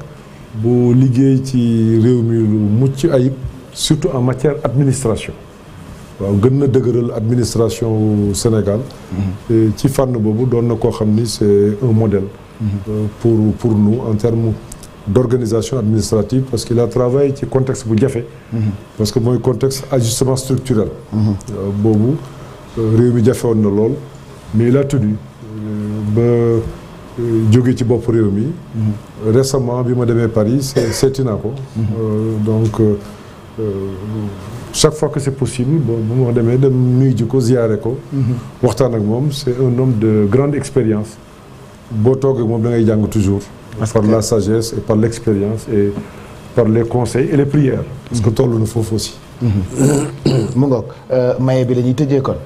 bu liggéey ci réew mi lu mucc ayib surtout en matière administration. waaw gën na dëgëral administration Sénégal. Mhm. ci fànn boobu doon na koo xam ni c'est un modèle. Mhm. Euh, pour pour nous en termes d'organisation administrative parce qu'il a travaillé ci contexte bu jafe. Mhm. parce que mooy contexte ajustement structurel. Euh, boobu euh, réew mi jafe na lool mais il a tenu ba jóge ci bopp réew mi. récemment bi ma demee Paris seeti naa ko. donc. chaque fois que c'est possible bon bu ma demee dem nuyu ji ko ziyaare ko. Mhm. waxtaan ak moom c'est un homme de grande expérience. boo toog ak moom da ngay jàng toujours. par la sagesse et par l'expérience et par les conseil et les prières. parce que toll na foofu aussi. Mhm. mu ngoog euh, maye bi la ñuy tëjee kon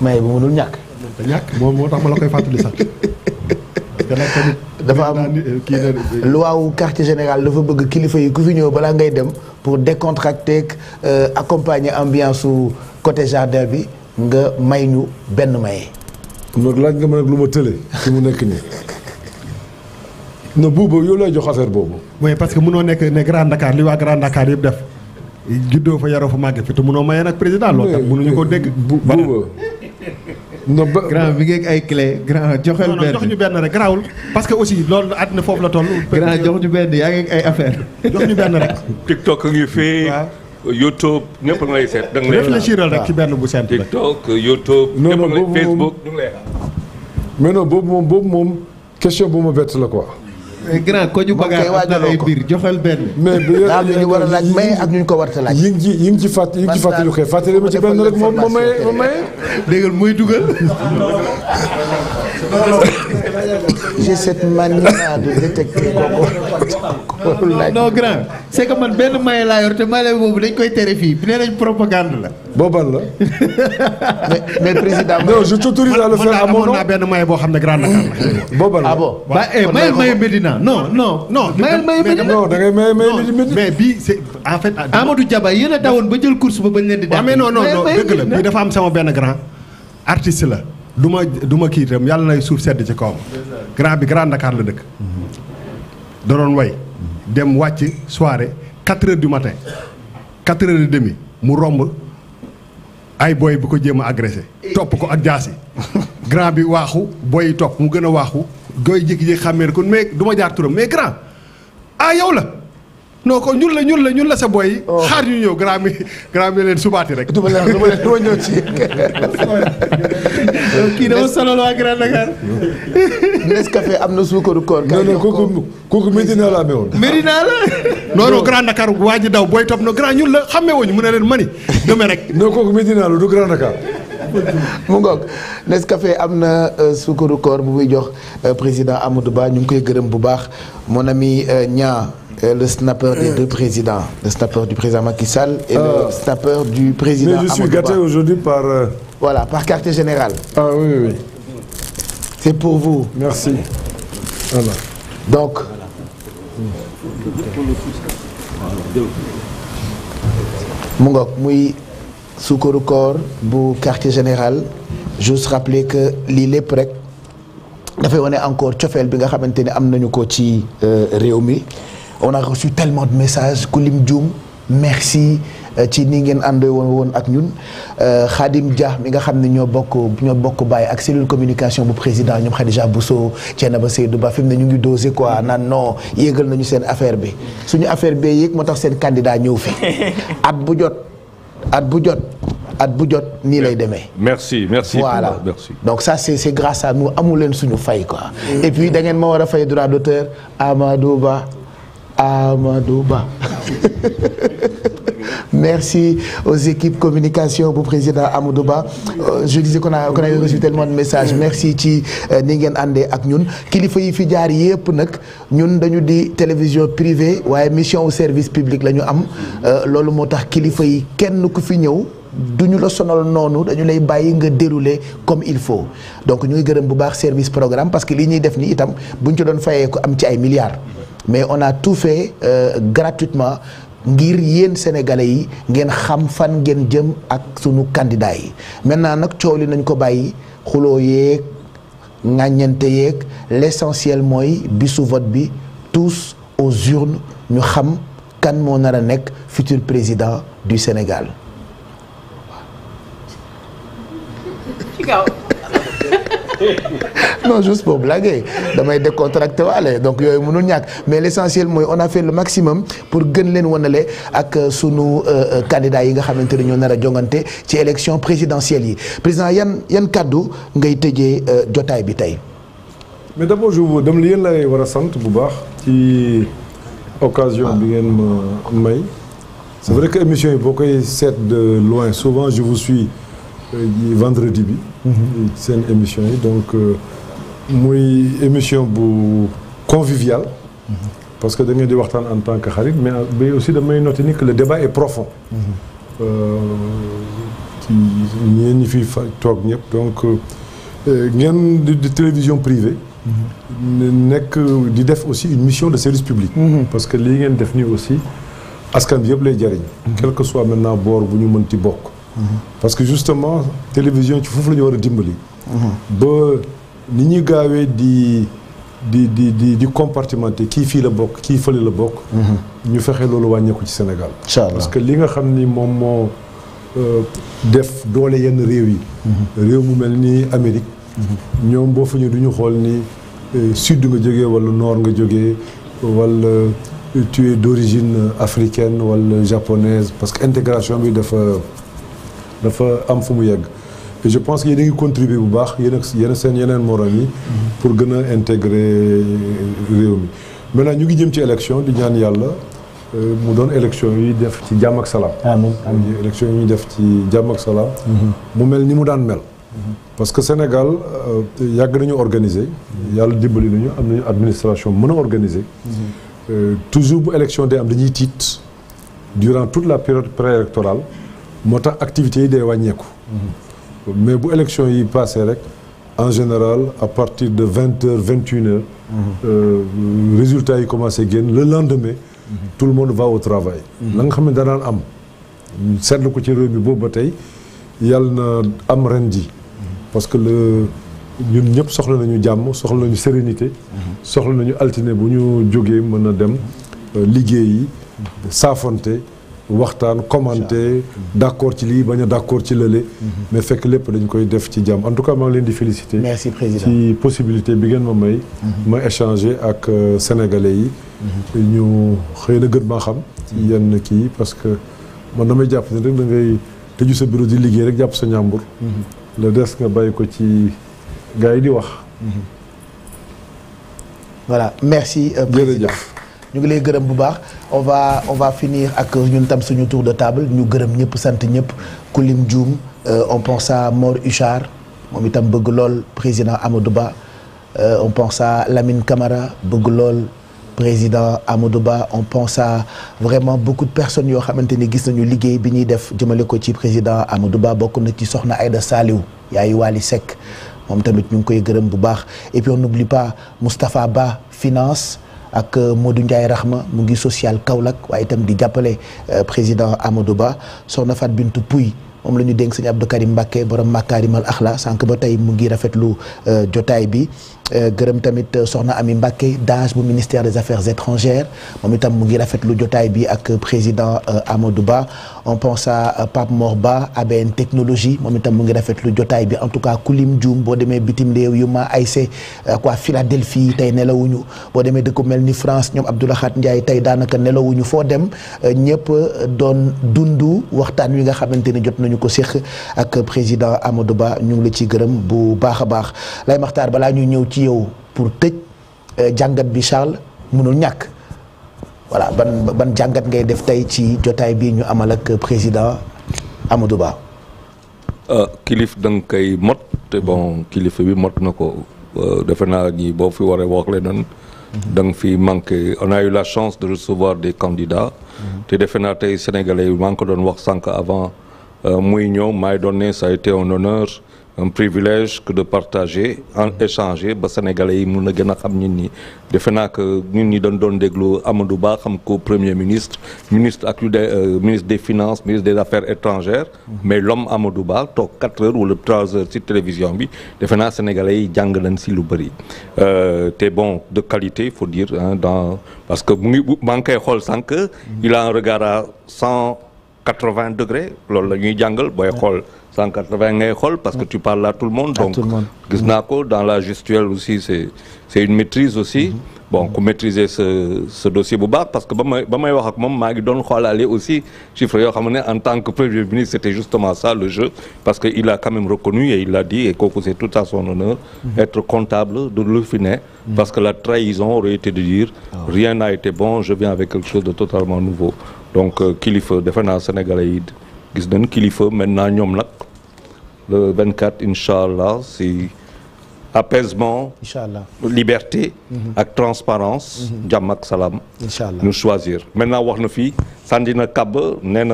maye bi mënul ñàkk. ñàkk moom moo tax ma la koy fàttali sax. que nag tamit dafa am euh, euh, luwaawu quartier général dafa bëgg kilifa yi ku fi ñëw balaa ngay dem pour décontracter euh, accompagner ambiance su côté jardin bi nga may ñu benn maye. loolu laaj nga ma nag lu ma tële fi mu nekk nii. na buuba yow lay jox affaire boobu. oui parce que munoo nekk ne Grand Dakar li waa Grand Dakar yëpp def juddoo fa yaroo fa màggee fi te munoo maye nag président loolu tam munuñu ko dégg. buuba grand bi ngeen ay clé grand joxel benn jox benn rek garaawul parce que aussi loolu na foofu la toll. grand jox ñu benn yaa ngi ay affaire jox ñu benn rek. TikTok ngi fii. YouTube ñëpp ngay seet. da réfléchiral rek ci benn bu sent TikTok YouTube. ñëpp ngay Facebook ñu boobu moom boobu moom question bu ma bett la quoi. mais eh, grand ko ñu bagaar na ay biir joxal benn. mais bi daal a laaj may ak ñu ko war a laaj. yi ngi ci yi ngi ci fàttali yi ngi ci fàttali xëy ma ci benn rek moom ma maye ma muy dugal. j'ai cette manie de détecter kooku non grand c'est que man benn maye laa yor te maye boobu dañ koy tere fii nee nañ propagande la. boobal la. mais mais président. non je t'autorise à le faire à naa benn maye boo xam ne grand Dakar la. boobal la ah bon. ba maye maye Medina non non maye maye Medina non da ngay maye maye Medina. mais bii c'est en fait. Ah, Amadou Diaba dawoon ba jël course ba ba leen di. maye amee Medina waaw mais non non la bii dafa am sama benn grand artiste la. du ma du ma kii yàlla nay suuf sedd ci kawam. grand bi grand Dakar la dëkk. da doon way. dem wàcc soirée quatre heures du matin quatre heures et mu romb ay boy bu ko jéem a agressé. topp ko ak jaasi grand bi waaxu booy yi topp mu gën a waaxu goy jékki-jékki xàmmee kon mais du ma jaar turam mais grand ah yow la. non ko ñun la ñun la la sa boy oh. rek. du ma leen du Grand Dakar. am na suukaru koor. non non kooku kooku waa ji daw booy topp na grand ñun la xàmmee wuñu mu ne leen mani demee rek. non kooku Medina du Grand Dakar. mu ngoog Nescafé am na euh, suukaru koor bu muy jox euh, président Amadou Ba ñu ngi koy gërëm bu baax mon mi euh, Niang. Euh, le snapper des euh. deux présidents, le snapper du président Macky Sall et ah. le snapper du président Amadou Ba. Mais je suis gâté aujourd'hui par... Euh, voilà, par quartier général. Ah oui, oui, oui. C'est pour vous. Merci. Voilà. Donc... mu ngoog muy sukkaru koor bu quartier général juste rappeler que lii lépp rek dafay wane encore cofeel bi nga xamante ni am nañu ko ci réew mi on a reçu tellement de messages ku lim juum merci euh, ci nii ngeen àndoo woon woon ak ñun euh, Khadim Dia mi nga xam ne ñoo bokk ñoo bokk bàyyi ak cellule communication bu président ñoom Khadija Bousso Thiénaba Seydou Ba fi mu ne ñu ngi dosé quoi naan non yéegal nañu seen affaire bi suñu affaire bee yéeg moo tax seen candidat ñëw fi at bu jot at bu jot at bu jot nii lay demee. merci merci voilà merci. donc ça c' est c' est amul leen suñu fay quoi. et puis da ma war a fay droit d' auteur Amadou Ba. Amadou Ba merci aux équipes communication bu président Amadou Ba euh, je disais qu'on a qu'on a reçu tellement de messages merci ci euh, ni ngeen àndee ak ñun kilifa yi fi jaar yëpp nag ñun dañu di télévision privée waaye mission au service public la ñu am euh, loolu moo tax kilifa yi kenn ku fi ñëw. du ñu la sonal noonu dañu lay bàyyi nga dérouler comme il faut donc ñu ngi gërëm bu baax service programme parce que li ñuy def ni itam bu ci doon fayee ko am ci ay milliards. mais on a tout fait euh, gratuitement ngir yéen sénégalais yi ngeen xam fan ngeen jëm ak sunu candidat yi maintenant nag coow li nañ ko bàyyi xuloo yeeg ŋàññante yeeg l'essentiel mooy bisu vote bi tous aux urnes ñu xam kan moo nar a nekk futur président du Sénégal. non juste boobu blaguer damay décontracté waale donc yooyu mënul ñàkk mais l' essentiel mooy on a fait le maximum pour gën leen wanale ak euh, sunu euh, euh, candidat yi nga xamante ne ñoo nar a jongante ci élection présidentielle yi président yan yan kàddu ngay tëjee jotaay bi tey. mais d' abord je vous dem yéen lay war a sant bu baax ci occasion bi ngeen ma may. c' est vrai que émission yi boo koy seet de loin souvent je vous suis. ji vendredi bi. seen émission yi donc euh, muy émission bu conviviale. parce que da ngeen di waxtaan en tant que xarit mais mais aussi damay notti ni que le débat est profond. Euh, ci ñeen ñi fi fa toog ñëpp donc euh, ngeen di di télévision privée. nekk di def aussi une mission de service public. parce que lii ngeen def nii aussi askan bi yëpp lay jariñ. quel que soit maintenant boor bu ñu mën ci bokk. parce que justement télévision ci foofu lañu ñu war a dimbali. ba ni ñuy gaawee di di di di di compartimenté kii fii la bokk kii fële la bokk. ñu fexe loolu wàññeeku ci Sénégal. incha allah parce que li nga xam ni moom moo euh, def doole yenn réew yi. réew mu mel ni Amérique. ñoom boo fa ñu du ñu xool ni euh, sud nga jóge walla noor nga jógee wala euh, tu es d'origine africaine wala japonaise parce que intégration bi dafa. dafa am fu mu yegg et je pense que yéen ngi contribuer bu baax yéen ak yéen seen yeneen morom yi pour gën a intégrer réew mi maintenant ñu ngi jëm ci élection di ñaan yàlla euh, mu doon élection yi def ci jàmm ak salaam amiin amiin élection yi ñuy def ci jàmm ak salaam mhm. mu mel ni mu daan mel parce que Sénégal euh, yàgg nañu organiser yàlla dimbali nañu am nañu administration mën a organiser mhm. euh, toujours bu élection day am dañuy tiit durant tout la période préélectorale moo tax activité yi day wàññeeku. mais bu élection yi passé rek en général à partir de vingt heures vingt une heures. Mhm. Euh, résultats yi commencé génn le lendemain. Mhm. tout le monde va au travail. Mhm. la nga xam ne danaan am. seetlu ko ci réew mi boobu ba tey yàlla na am ren ji. parce que le ñun ñëpp soxla nañu jàmm soxla nañu sérénité. soxla nañu altine bu ñu jógee mën a dem euh, liggéey yi saafonte. waxtaan commenter d' accord ci lii bañ a d' accord ci lële. Mhm. mais fekk lépp dañ koy def ci jàmm en tout cas maa ngi leen di féliciter. merci président ci possibilité bi ngeen ma may. Mhm. ma échanger ak euh, sénégalais yi. Mhm. ñu xëy na gën maa xam. ci yenn kii parce que man damay jàpp ne rek da ngay tëju sa bureau di liggéey rek jàpp sa ñàmbur. le des nga bàyyi ko ci gars yi di wax. voilà merci. Euh, président ñu ngi lay gërëm bu baax on va on finir ak ñun tam suñu tour de table ñu gërëm ñëpp sant ñëpp Kulim Dioum euh, on pense à Mor Huchard moom itam bëgg lool président Amadou Ba euh, on pense à Lamine Camara bëgg lool président Amadou Ba on pense à vraiment beaucoup de personnes yoo xamante ni gis nañu liggéey bi ñuy def jëmale ko ci président Amadou Ba bokk na ci soxna Aïda Saliou yaayu Wali Seck moom tamit ñu ngi koy gërëm bu baax et puis on n'oublie pas Moustapha Ba finance ak euh, Modou rax ma mu ngi social Kaolack waaye itam di jàppale euh, président Amadou Ba soxna Fat Bintou Pouy moom la ñu dénk sëñ Abdou Karim Mbacké borom Makarimal Akhla sànq ba tey mu ngi rafetlu euh, jotaay bi. Euh, gërëm tamit euh, soxna Ami Mbacké DAGE bu ministère des affaires étrangères moom itam mu ngi rafetlu jotaay bi ak président euh, Amadou Ba on pense à Pape Mor Ba ABN technologie moom itam mu ngi rafetlu jotaay bi en tout cas kulim Dioum boo demee bitim réew yu ma ayse quoi Philadelphie tey nelawuñu boo demee dëkk mel ni France ñoom Abdoulahat Ndiaye tey daanaka nelawuñu foo dem ñëpp doon dundu waxtaan wi nga xamante ni jot nañu ko séq ak président Amadou Ba ñu ngi la ci gërëm bu baax yow pour tëj euh, jàngat bi Charles mënul ñàkk voilà ban ban jàngat ngay def tey ci jotaay bii ñu amal ak président Amadou Ba. Euh, kilif da nga koy mot te bon kilifa bi mot na ko euh, defe naa ni boo fi waree wax leneen. da nga fi manqué on a eu la chance de recevoir des candidats. te defe naa tey sénégalais yi ko doon wax sànq avant muy ñëw maay doon ne ça été un honneur. un privilège que de partager en échanger ba sénégalais yi mun a gën a xam ñun ñi defe naa que ñun ñi doon doon déglu Amadou Ba xam ko premier ministre ministre ak lu de euh, ministre des finances ministre des affaires étrangères mais l'homme Amadou Ba toog quatre heures wala trois heures ci télévision bi defe naa sénégalais yi jàng si lu bëri euh, te bon de qualité il faut dire hein, parce que mu ngi maa ngi koy xool sànq il a un regard à cent quatre-vingts degrés loolu la ñuy jàngal booy xool 180 ngay xool parce que tu parles à tout le monde. naa ko dans la gestuelle aussi c'est aussi. Mm-hmm. bon ku maîtriser ce ce bu baax parce que ba may ba may wax ak moom maa ngi doon xoolaale aussi yoo xam ne en tant que premier ministre c'était justement ça le jeu parce que il a quand même reconnu et il l'a dit et kooku mm-hmm. mm-hmm. ah bon je viens avec quelque chose de donc euh, kilifa defe naa sénégalais yi gis nañ kilifa maintenant ñoom nag le 24 incha allah si apaisement. incha allah liberté. Mhm. ak transparence mhm. jàmm salaam. incha allah ñu choisir maintenant wax na fii sànni na kàbb nee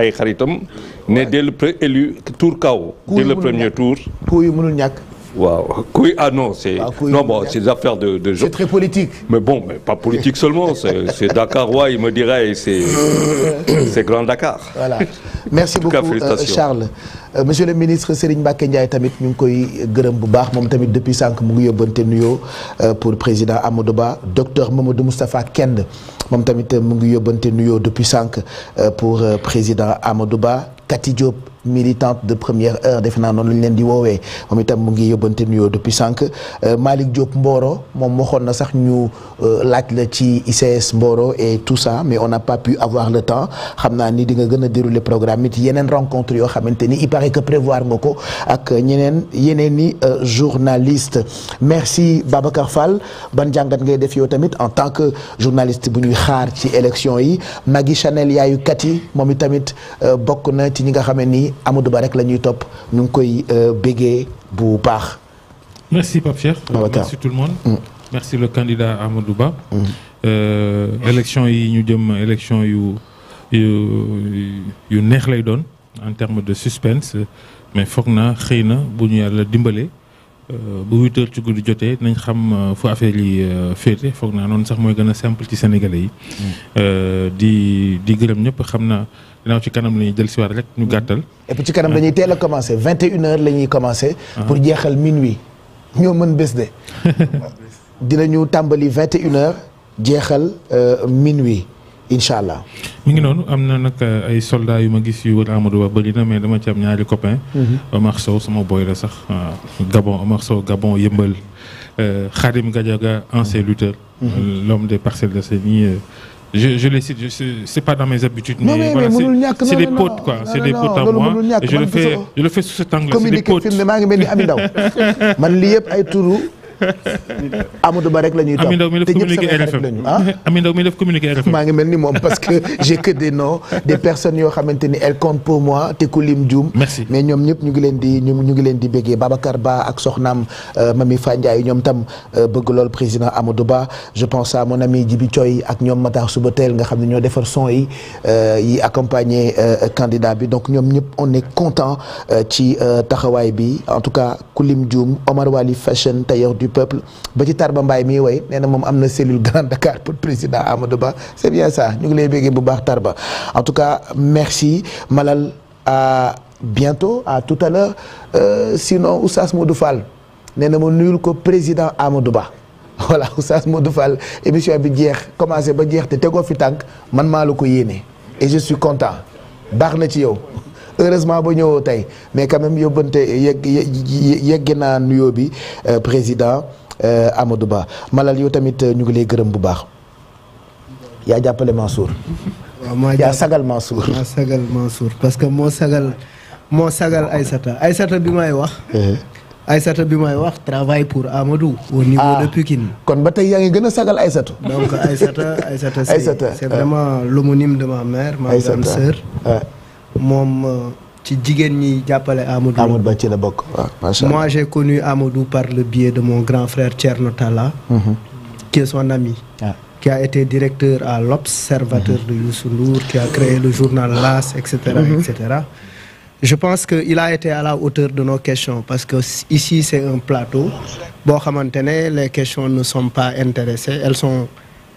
ay xaritam. ne dès le pré élu tour kaw. dès le premier tour. coup yu mënul ñàkk. waaw kuy ah non c'est non bon c'est des affaires de de c'est très politique mais bon mais pas politique seulement c'est c'est Dakarois il me dirait c'est grand Dakar euh, Charles euh, monsieur le ministre Serigne Mbacké Ndiaye tamit ñu ngi koy gërëm bu baax moom tamit depuis sànq mu ngi yóbbante nuyoo euh, pour président Amadou Ba docteur Mamadou Moustapha Kend moom tamit mu ngi yóbbante nuyoo depuis sànq pour président Amadou Ba Kati Diop militante de première heure defe naa noonu lañ leen di woowee moom itam mu ngi yóbbante nuyoo depuis sànq euh, Malick Diop mbooroo moom waxoon na sax ñu euh, laaj la ci ICS Mboro et tout ça mais on n'a pas pu avoir le temps xam naa ni di nga gën a dérouler programme it yeneen rencontre yoo xamante ni il paraît que prévoir nga ko ak ñeneen yeneen i euh, journaliste merci Babacar Fall ban jàngat ngay def yow tamit en tant que journaliste bu ñuy xaar ci élection yi Magui Chanel yaayu kat yi moom itamit bokk na ci ñi nga xam ne ni rek la ñuy topp ñu ngi koy euh, bégee bu baax. merci Pape Cheikh. merci tout le monde. Mm. merci le candidat Amadou Ba. Mmh. Euh, élection yi ñu jëm élection yu yu yu neex lay doon en termes de suspense mais foog naa xëy na bu ñu yàlla dimbalee. Euh, bu huit ci guddi jotee nañ xam euh, fu affaire yi euh, féete foog naa noonu sax mooy gën a simple ci sénégalais yi. Mm. di di gërëm ñëpp xam na dinaaw ci kanam la ñuy jël si waat ñu mm. gàttal. et ci kanam dañuy ah. teel a commencé vingt et une heures la ñuy commencé. Ah. pour jeexal minuit ñoo mën bés de. dinañu tàmbali vingt et une heures jeexal minuit. incha allah. mi ngi noonu am na nag euh, ay soldats yu ma gis yu wër Amadou Ba bëri na mais dama ci am ñaari copain mhm. Omar Sow sama boy la sax euh, Gabon Omar Sow Gabon yëmbal euh, Khadim Gadiaga ancien mhm. l'homme des Parcelles de je je les cite je c'est pas dans mes habitudes. mais, mais voilà c'est c'est des potes c'est des potes à moi je le fais sous cet angle c'est des potes communiqué maa ni Ami Ndaw Amadou Ba rek la ñuy topp te ñëpp sama xarit la ah. maa ngi mel ni moom parce que j'ai que des noms des personnes yoo xamante ni elles comptent pour moi te ku lim juum. merci mais ñoom ñëpp ñu ngi leen di ñu ngi leen di béggee Babacar Ba ak soxnaam euh, Mami Fa Ndiaye ñoom tam euh, bëgg lool président Amadou Ba je pense à mon ami Djibi Thioy ak ñoom Matar Soubatel nga xam ne ñoo defar son yi euh, yi accompagner bi donc ñoom ñëpp on ne content ci taxawaay bi en tout cas ku lim juum peuple ba ci Tarba Mbaye miy woy nee na moom am na cellule Grand Dakar pour président Amadou Ba c'est bien ça ñu ngi lay béggee bu baax Tarba en tout cas merci Malal à bientôt à tout à l'heure euh, sinon Oustaz Modou Fall nee na ma nuyul ko président Amadou Ba voilà Oustaz Modou Fall émission bi jeex commencé ba jeex te tegoo fi tànk man maa la ko yéene et je suis content baax na ci yow heureusement ba ñëwoo tey mais quand même yóbbante yegg yegg naa nuyoo bi euh, président euh, Amadou Ba Malal yow tamit euh, ñu ngi lay gërëm bu baax yaa jàppale Mansour. waaw maa yaa sagal Mansour. maa sagal Mansour parce que moo sagal moo sagal Aïssata Aïssata bi may wax. Aïssata bi may wax travail pour Amadou. au nii ah, de Pikine. kon ba tey yaa ngi gën a sagal Aïssata. donc Aïssata Aïssata c'est, c'est vraiment l'homonyme de ma mère. ma grande sœur. Ouais. moom euh, ci jigéen ñi jàppale Amadou. Amadou Ba la bokk waaw macha allah moi j'ai connu Amadou par le biais de mon grand frère Thierno Talla. Mhm. qui est son ami. Ah. qui a été directeur à l'Observateur mm de Youssou Ndour qui a créé le journal ah. L'As etc mm -hmm. etc je pense que il a été à la hauteur de nos questions parce que ici c'est un plateau boo xamante ne les questions ne sont pas intéressées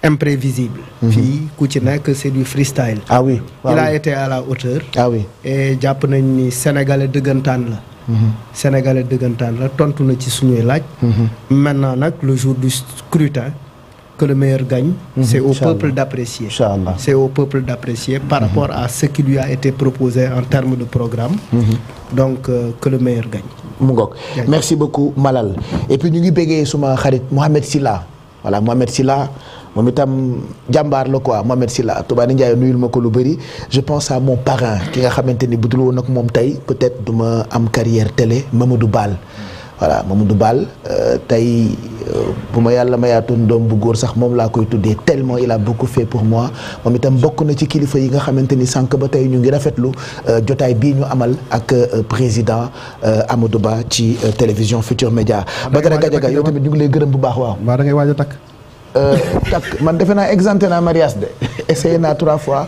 imprévisible. Mhm. fii ku nekk c'est du freestyle. Ah il a été à la hauteur. ah et jàpp nañ ni sénégalais dëggantaan la. Mhm. sénégalais dëggantaan la tontu na ci suñuy laaj. Mhm. maintenant nag le jour du scrutin. que le meilleur gagne. c'est au peuple d'apprécier. Inch'Allah. c'est au peuple d'apprécier par rapport à ce qui lui a été proposé en termes de programme. donc euh, que le meilleur gagne. mu merci beaucoup Malal et puis ñu ngi bëggee suma xarit Mohamed Silla voilà Mohamed Silla. moom itam jàmbaar la quoi Mohamed Sylla Toubani Ndiaye nuyul ma ko lu bëri je pense moom mon parrain ki nga xamante ni bu dul woon ak moom tey peut-être du ma am carrière télé Mamadou Ball. voilà Mamadou Ball euh, tey euh, bu ma yàlla mayaatoon doom bu góor sax moom laa koy tuddee tellement il a beaucoup fait pour moi moom itam bokk na ci kilifa yi nga xamante ni sànq ba tey ñu ngi rafetlu euh, jotaay bii ñu amal ak président Amadou Ba ci télévision Futur Média Badara Gadiaga yow tamit ñu ngi lay bu baax waaw. mbaa da a takk. Euh, takk man defe na exempté naa mariage de essayé naa trois fois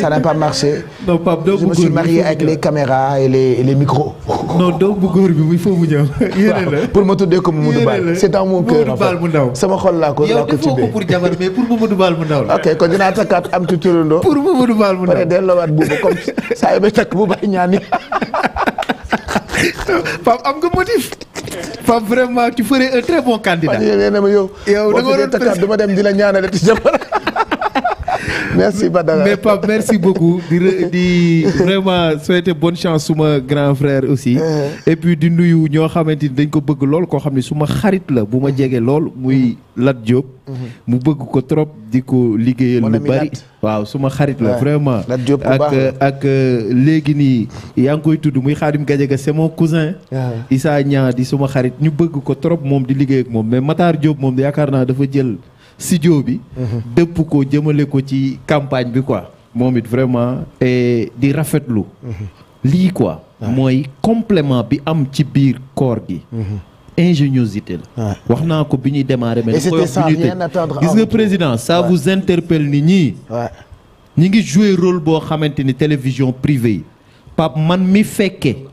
sa n'a pas marché. non Pape doo je me suis marié avec les caméras et les et les micros. non doom bu góor bi mu tuddee ko Mamadou Bal. c'est dans en fait sama xol laa ko laa ko tuddee pour jabar mais pour Mamadou Bal la. ok kon dinaa takkaat am ci comme saa yu may takk bu bay ñaani. Pape am nga motif Pape vraiment tu ferais un très bon ma yow da nga waroon yow dama dem di la ñaanal ci jamono. merci Badara mais Pape merci beaucoup di di vraiment souhaiter bon chance suma grand frère aussi. Eh. et puis di nuyu ñoo xamante ni dañ ko bëgg lool koo xam ne suma xarit la bu ma jege lool muy mm-hmm. Lat Diop. Mm-hmm. mu bëgg ko trop di ko liggéeyal lu bari waaw suma xarit la eh. vraiment ak ak euh, léegi nii yaa ngi koy tudd muy Xaadim Gadiaga c'est mon cousin ah. Issa Niang di suma xarit ñu bëgg ko trop moom di liggéey ak moom mais Matar Diop moom yaakaar naa dafa jël studio bi. dëpp ko jëmale ko ci campagne bi quoi. moom it vraiment di rafetlu. lii quoi. mooy complément bi am ci biir koor gi. ingéniosité la. wax naa ko bi ñuy démarrer. mais ni ko wax bi ñuy gis nga président ça vous interpelle ni ñii. ñi ngi jouer role boo xamante ni télévision privée yi. Pape man mi fekke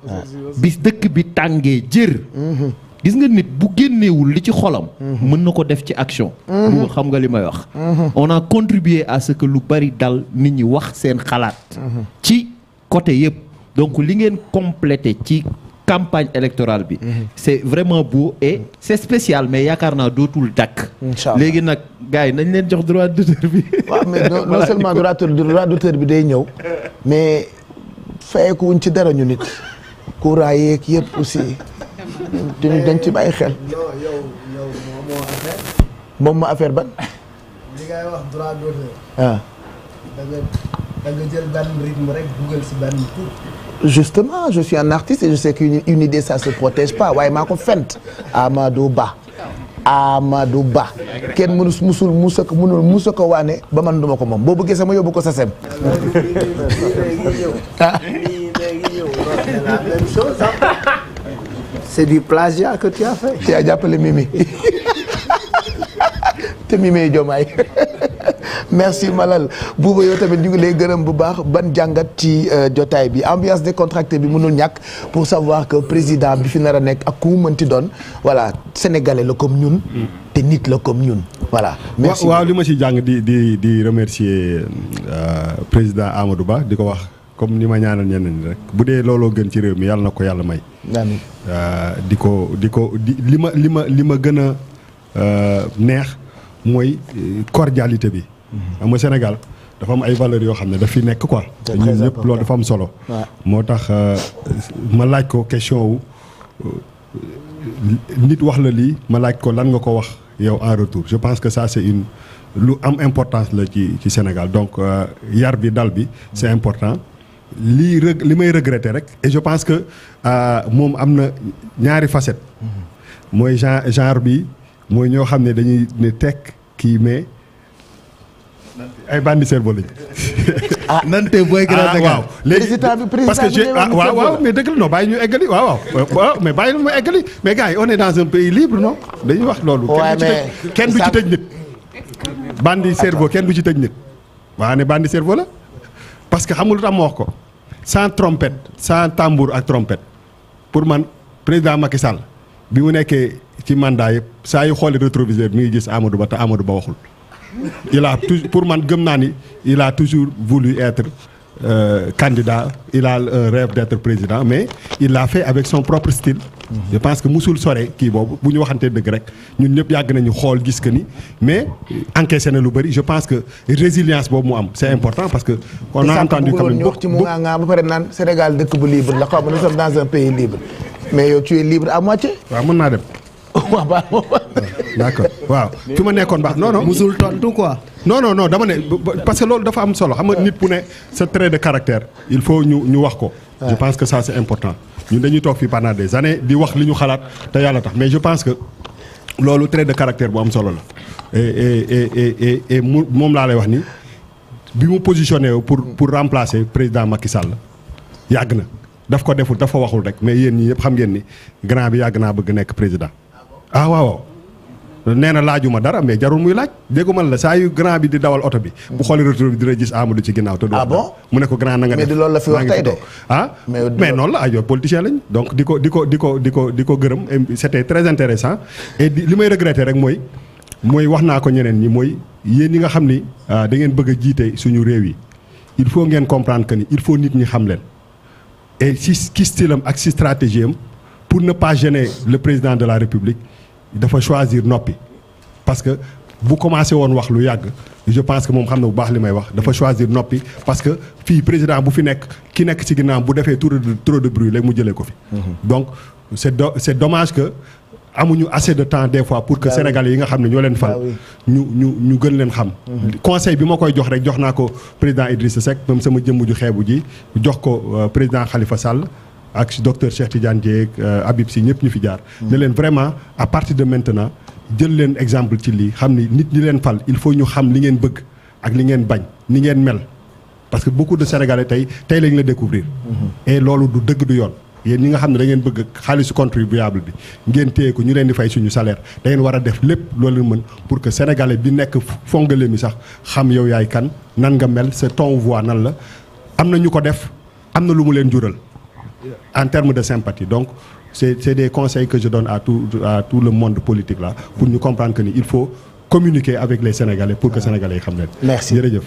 bis dëkk bi tàngee jër. Mm-hmm. gis nga nit bu génnewul li ci xolam. mën na ko def ci action. Mhm. bu xam nga li may wax. Mhm. on a contribué à ce que lu bari dal nit ñi wax seen xalaat. Mhm. ci côté yëpp donc li ngeen complété ci. campagne électorale bi. c'est vraiment beau e c'est spécial mais yaakaar naa dootul dakk léegi nag gars yi nañ leen jox droit d'auteur bi. waaw mais non bi day ñëw. mais fayeku wuñ ci dara ñu nit. courant yeeg yëpp aussi. te ñu ci bàyyi xel. yow yow moo affaire. moom ma affaire ban. li wax droit nga jël benn rythme rek dugal si benn tur. justement je suis un artiste et je sais qu'une une idée se protège pas waaye maa fent Amadou Ba. kenn musul musa ko mënul ko waane ba man duma ko moom boo bëggee sama yóbbu ko sa sem. c'est du plagiat que tu as fait. tu as jàppale Mimi te Mimi Diomaye merci Malal Bouba yow tamit ñu ngi lay gërëm bu baax ban jàngat ci euh, jotaay bi ambiance décontractée bi mënul ñàkk pour savoir que président bi fi nar a nekk ak ku mu mënti doon voilà sénégalais la comme ñun. te nit la comme ñun voilà. merci waaw li ma ci jàng di di di remercier euh, président Amadou Ba di ko wax. comme ni ma ñaanal ñenn ñi rek bu dee looloo gën ci réew mi yàlla na ko yàlla may. amiin euh, di ko di ko di li ma li ma li ma gën a euh, neex mooy euh, cordialité bi. Mhm. xam Sénégal dafa am ay valeurs yoo xam ne daf fi nekk quoi. ñun ñëpp loolu dafa solo. moo tax ma laaj ko question wu nit wax la lii ma laaj ko lan nga ko wax yow en retour je pense que ça c'est une lu am importance la ci ci Sénégal donc yar bi dal bi c'est important. lii reg li may regretter rek et je pense que euh, moom am na ñaari facette mm-hmm. mooy genre bi mooy ñëw xam ne dañuy ne tekk kii mais ay bandi cerveau lañu ah nante booy ah, que je ah, waaw waaw mais dëgg la non bàyyi ñu eggali waaw waaw mais bàyyi ñu ma eggali mais gars yi on dans un pays libre non dañuy wax loolu. kenn du ci tëj nit. bandi cerveau kenn du ci tëj nit. waa ne bandi cerveau la parce que xamul lu tax wax ko. sans trompette sans tambour ak trompette pour man président Macky Sall bi mu nekkee ci mandat yëpp saa yu xoolee rétroviseur mi ngi gis Amadou Ba te Amadou Ba waxul il a toujours pour man gëm naa ni il a toujours voulu être. euh, candidat, il a un euh, rêve d'être président, mais il l'a fait avec son propre style. Mm -hmm. Je pense que Moussoul Soré, qui est nous parlons de grec, nous ne pouvons pas nous mais encaisser lu bari, je pense que boobu mu am c'est important parce que on a entendu quand même. Sénégal, nous sommes dans un pays libre. Mais tu es libre à naa dem waaw baax d' accord waaw fi ma nekkoon baax non non. musul tontu quoi. non non non dama ne parce que loolu dafa am solo xam nga nit ku ne sa trait de caractère il faut ñu ñu wax ko. je pense que ça c' important ñu dañuy toog fii pendant des années di wax li ñu xalaat te yàlla tax mais je pense que loolu trait de caractère bu am solo la. mu moom laa lay wax ni bi mu positionné pour pour remplacer président Macky Sall yàgg na daf ko deful dafa waxul rek mais yéen ñi yëpp xam ngeen ni grand bi yàgg naa bëgg nekk président. ah waaw nee na laajuma dara mais jarul muy laaj déggu man la saa yu grand bi di dawal oto bi. bu xoolee retour bi dina gis Amadou ci ginnaaw. te du ah bon mu ne ko grand na nga def mais loolu la fi ah, mais noonu la ay yow politicien lañ. donc di ko di ko di ko di ko gërëm ko gërëm c'était très intéressant et li may regretter rek mooy mooy wax naa ko ñeneen ñi mooy yéen ñi nga xam ni ah, da ngeen bëgg a jiite suñu réew yi il faut ngeen comprendre que ni il faut nit ñi xam leen et si ki style am ak pour ne pas le président de la république. dafa choisir noppi parce que bu commencé woon wax lu yàgg je pense que moom xam na bu baax li may wax dafa choisir noppi parce que fii président bu fi nekk ki nekk ci ginnaaw bu defee trop de trop de bruit léegi mu jëlee ko fi. Mhm. donc c'est do c'est dommage que amuñu assez de temps des fois pour que ah sénégalais yi nga xam ne ñoo leen fal. Ah ñu ñu ñu gën leen xam. Mhm. conseil bi ma koy jox rek jox naa ko président Idrissa sec même sama jëmm ju xeebu ji jox ko euh, président xalifa Sall. ak docteur Cheikh Tidiane Dièye ak euh, Habib Sy ñëpp ñu fi jaar. Hmm. ne leen vraiment à partir de maintenant jël leen exemple ci lii xam ni nit ñi leen fal il faut ñu xam li ngeen bëgg ak li ngeen bañ ni ngeen mel parce que beaucoup de sénégalais tey tey lañ la découvrir. Hmm. et loolu du dëgg du yoon. yéen ñi nga xam ne da ngeen bëgg xaalisu contribuable bi ngeen téye ko ñu leen di fay suñu salaire da ngeen war a def lépp loolu mën pour que sénégalais bi nekk fongale mi sax xam yow yaay kan nan mel sa ton voix nan la am na ñu ko def am na lu mu leen jural. en termes de sympathie donc c'est c'est des conseils que je donne à tout à tout le monde politique là pour ñu comprendre que ni il faut communiquer avec les sénégalais pour que sénégalais yi xam leen. merci jërëjëf.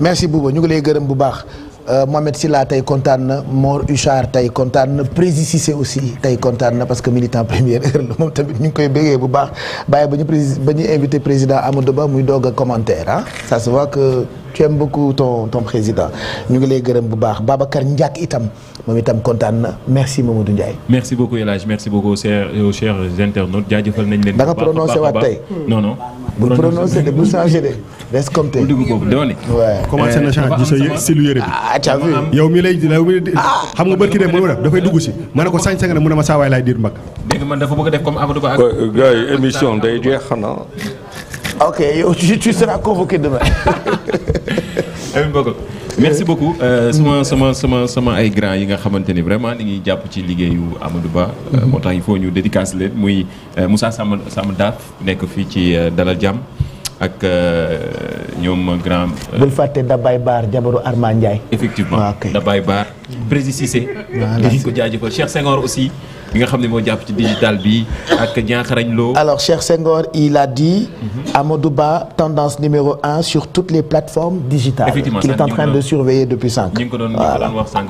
merci Bouba ñu ngi lay gërëm bu baax. Euh, Mohamed Silla tey kontaan na Mor Huchard tey kontaan na Prési Cissé aussi tey kontaan na parce que militant première heure la moom tamit ñu ngi koy béggee bu baax bàyyi ba ñu prési président Amadou Ba muy doog a commentaire ah. tu aimes beaucoup ton ton président ñu ngi lay gërëm bu baax Babacar Ndiak itam moom itam kontaan na merci Mamadou Ndiaye. merci beaucoup El Hadj merci euh, da nga prononcé waat tey non non. bu prononcé de bu changé de reste comme tey. bu dugg boobu doone. waaw commencé na change gis si lu yëre bi. Ah, mi lay yow mi ah. nga barki de dafay dugg si ma ne ko sañ sañ na mu ne ma saa waay laay diir mbagg. dégg man dafa bëgg def comme Amadou Ba. Euh, gars yi émission day jeex xanaa. ok yow tu tu seras convoqué demain. Lamine Bokk merci beaucoup euh, sama sama sama sama ay grand yi nga xamante ni vraiment ni ngi jàpp ci liggéeyu Amadou Ba euh, moo tax il faut ñu dédicace leen muy euh, Moussa Sam Sam Daaf nekk fii ci Dalal Jàmm ak ñoom grand bul fàtte Dabay Baar jabaru Arma Ndiaye effectivement ah, Dabay Baar Prési Cissé. ko jaajëfal Cheikh Senghor aussi. bi nga xam ni moo jàpp ci digital bi ak ñaaxarañ loo. alors Cheikh Senghor il a dit. Mhm. Amadou Ba tendance numéro un sur toutes les plateformes digitales. effectivement qu'il est en train de surveiller depuis sànq. voilà ñu ngi ko doon ñu ko doon wax sànq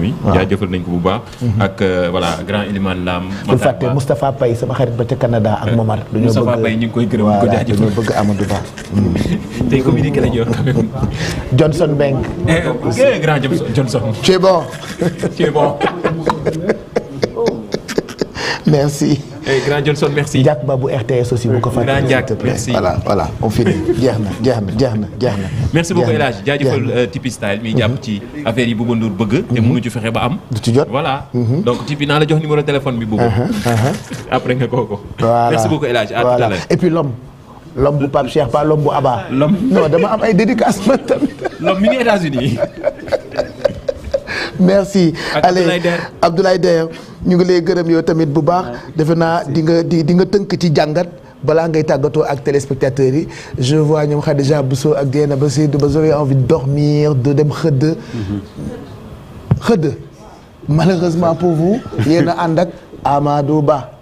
bi. waaw nañ ko bu baax. Mhm. ak euh, voilà grand Elimane Lam. bul fàtte Moustapha Paye sama xarit ba ca Canada ak euh, Momar. dañoo bëgg ñu koy gërëm ko jaajëfal dañoo bëgg Amadou Ba. Hmm. tey communiqué la ñu yor quand même. Johnson Mbengue. Tu es bon. Tu es bon. merci. Hey, grand Johnson merci. Jack bu RTS aussi bu ko fàttali. s'il te merci voilà voilà on finit jeex na jeex na jeex na jeex na. merci beaucoup El Hadj euh, Style mi jàpp mhm. ci affaire yi Bouba Ndour bëgg. Mhm. te mënu ci fexe ba am. du ci jot voilà. Mhm. donc Tipeee naa la jox numéro téléphone bi Bouba. Uh-huh, uh-huh. après nga kooku. merci beaucoup El Hadj à tout bu Pape Cheikh pas l'homme bu Abba. l'homme non dama am ay dédicaces man tamit. l'homme mi ngi États-Unis merci allez Abdoulaye Der ñu ngi lay gërëm yow tamit bu baax defe naa di nga di di nga tënk ci jàngat balaa ngay tàggatoo ak téléspectateurs yi je vois ñoom Khadija Bousso ak Diena ba Seydou ba j'avais envie de dormir de dem xëdd mm-hmm. xëdd malheureusement pour vous yéen a ànd ak Amadou Ba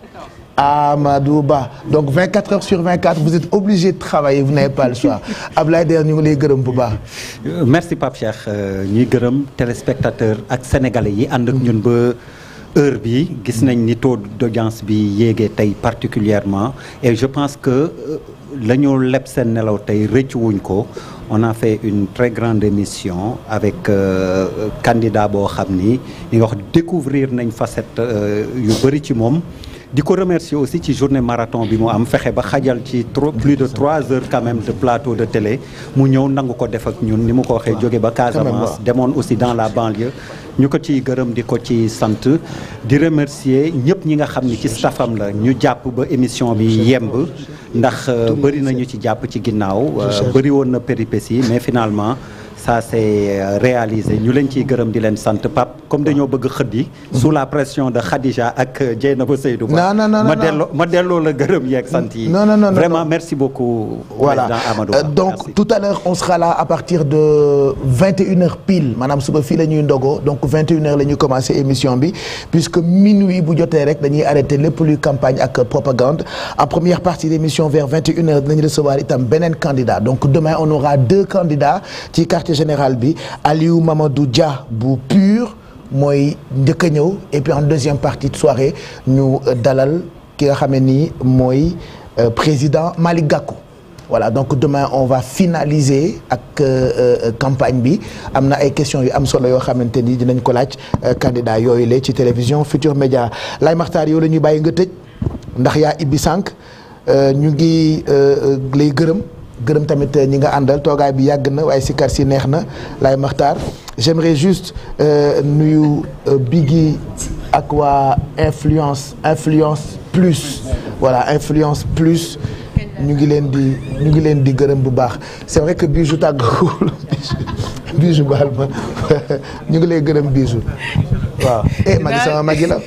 Amadou Ba donc 24 heures sur 24 vous êtes obligé de travailler vous n'avez pas le ab la Der ñu ngi lay gërëm bu baax. Euh, merci Pape Cheikh euh, ñuy gërëm téléspectateur ak sénégalais yi ànd ak ñun ba heure bi gis nañ ni taux d'audience bi yéegee tey particulièrement et je pense que euh, la ñu leb seen nelaw tey rëcc wuñ ko on a fait une très grande émission avec euh, candidat boo xam ni li nga wax découvrir nañ facette yu bëri ci moom. di ko remercier aussi ci journée marathon bi mu am fexe ba xajal ci trop plus de trois heures quand même de plateau de télé mu ñëw nangu ko def ak ñun ni mu ko waxee jóge ba Casamance demoon aussi dans la banlieue ñu ko ciy gërëm di ko ci sant di remercier ñëpp ñi nga xam ni ci staffam la ñu jàpp ba émission bi yemb ndax euh, bëri nañu ci jàpp ci ginnaaw euh, bëri woon na péripéties mais finalement ça s'est euh, réalisé ñu leen ciy gërëm di leen sant Pape comme dañoo bëgg xëddi sous la pression de Khadija ak euh, Dieynaba Seydou Ba ma delloo ma delloo la gërëm yeeg sant yi non non non vraiment merci beaucoup voilà Amadou euh, donc tout à l'heure on sera là à partir de vingt et une heures pile maanaam suba fii la ñuy ndogoo donc vingt et une heures la ñuy commencé émission bi puisque minuit bu jotee rek dañuy arrêté lépp luy campagne ak propagande en première partie d'émission vers vingt et une heures dinañu recevoir itam beneen candidat donc demain on aura deux candidats ci quartier général bi Aliou Mamadou Dia bu PUR mooy njëkk a ñëw et puis en deuxième partie de soirée ñu dalal ki nga xam ni mooy euh, président Malick Gakou voilà donc demain on va finaliser ak euh, euh, campagne bi am na ay questions yu am solo yoo xamante ni dinañ ko laaj candidat yooyu la ci télévision Futur Média lay Makhtar yow la ñuy bàyyi nga tëj ndax yaa ibi sànq ñu ngi lay gërëm. gërëm tamit eh, ñi nga àndal toogaay bi yàgg na waaye sikar si neex na laay maxtaar j'aimerais juste eh, nuyu eh, bi gi ak waa influence influence plus voilà influence plus ñu ngi leen di ñu ngi leen di gërëm bu baax c'est vrai que bijou tàgguwul bijou baal ma ñu ngi lay gërëm bijou waaw eh Magui sama Magui la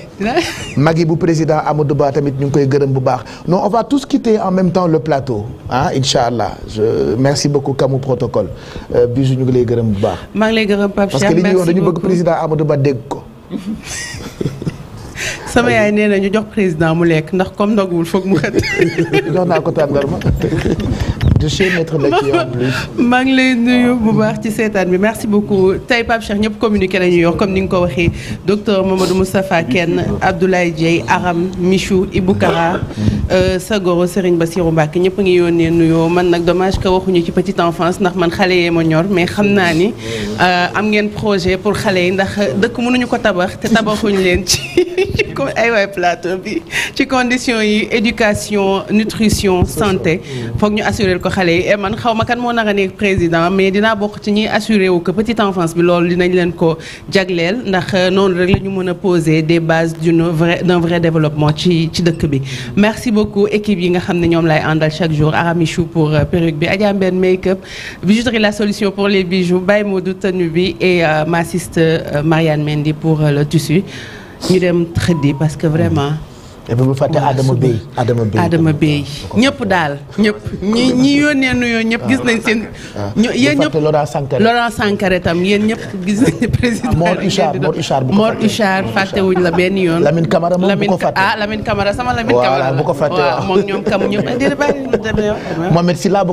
Magui bu président Amadou Ba tamit ñu ngi koy gërëm bu baax non on va tous quitter en même temps le plateau ah incha allah je merci beaucoup Camou protocole euh, bisu ñu ngi lay gërëm bu baax. maa ngi lay gërëm Pape parce que li ñuy wax dañu bëgg président Amadou Ba dégg ko. sama yaay nee na ñu jox président mu lekk ndax comme ndogwul foog mu xët. jox naa ko tàndarma. de maa ngi lay nuyu bu baax ci seetaan bi merci beaucoup tey Pape Cheikh ñëpp communiqué nañu yor comme ni nga ko waxee docteur Mamadou Moustapha Kane Abdoulaye Dieye Aram Michou Ibou Kara euh, Sagoro Serigne Bassirou Mbacké ñëpp a ngi yónnee nuyoo man nag dommage que waxuñu ci petite enfance ndax man xale yee ma ñor mais xam naa ni euh, am ngeen projet pour xale yi ndax dëkk mënuñu ko tabax te tabaxuñu leen ci ay waay plateau bi ci condition yi éducation nutrition santé foog ñu assurer assuré eh, man xaw ma kan moo nar a nekk président mais dinaa bokk ci ñuy assuré ko que petite enfance bi loolu dinañ leen ko jagleel ndax euh, noonu rek la ñu mën a poser des bases d'une vrai d'un vrai développement ci ci dëkk bi. merci beaucoup équipe yi nga xam ne ñoom lay àndal chaque jour Aramichou pour euh, perruque bi Adja Mbène make-up bijouterie la solution pour les bijoux Baye Modou tenue bi et euh, ma assiste Marianne Mendy pour le tissu ñu dem xëddi parce que vraiment. et bu fàtte Adama Bey Adama Bey Adama Bey ñëpp ñëpp ñi ñi yónnee nuyoo ñëpp gis nañ seen. Ah. ñu tam yéen ñëpp gis nañ président. Mor Huchard bu ko fàtte Mor Huchard fàttewuñ la yoon. Lamine Camara moom bu ko fàtte ah Lamine Camara sama bu ko fàtte waaw moom ñoom kam ñëpp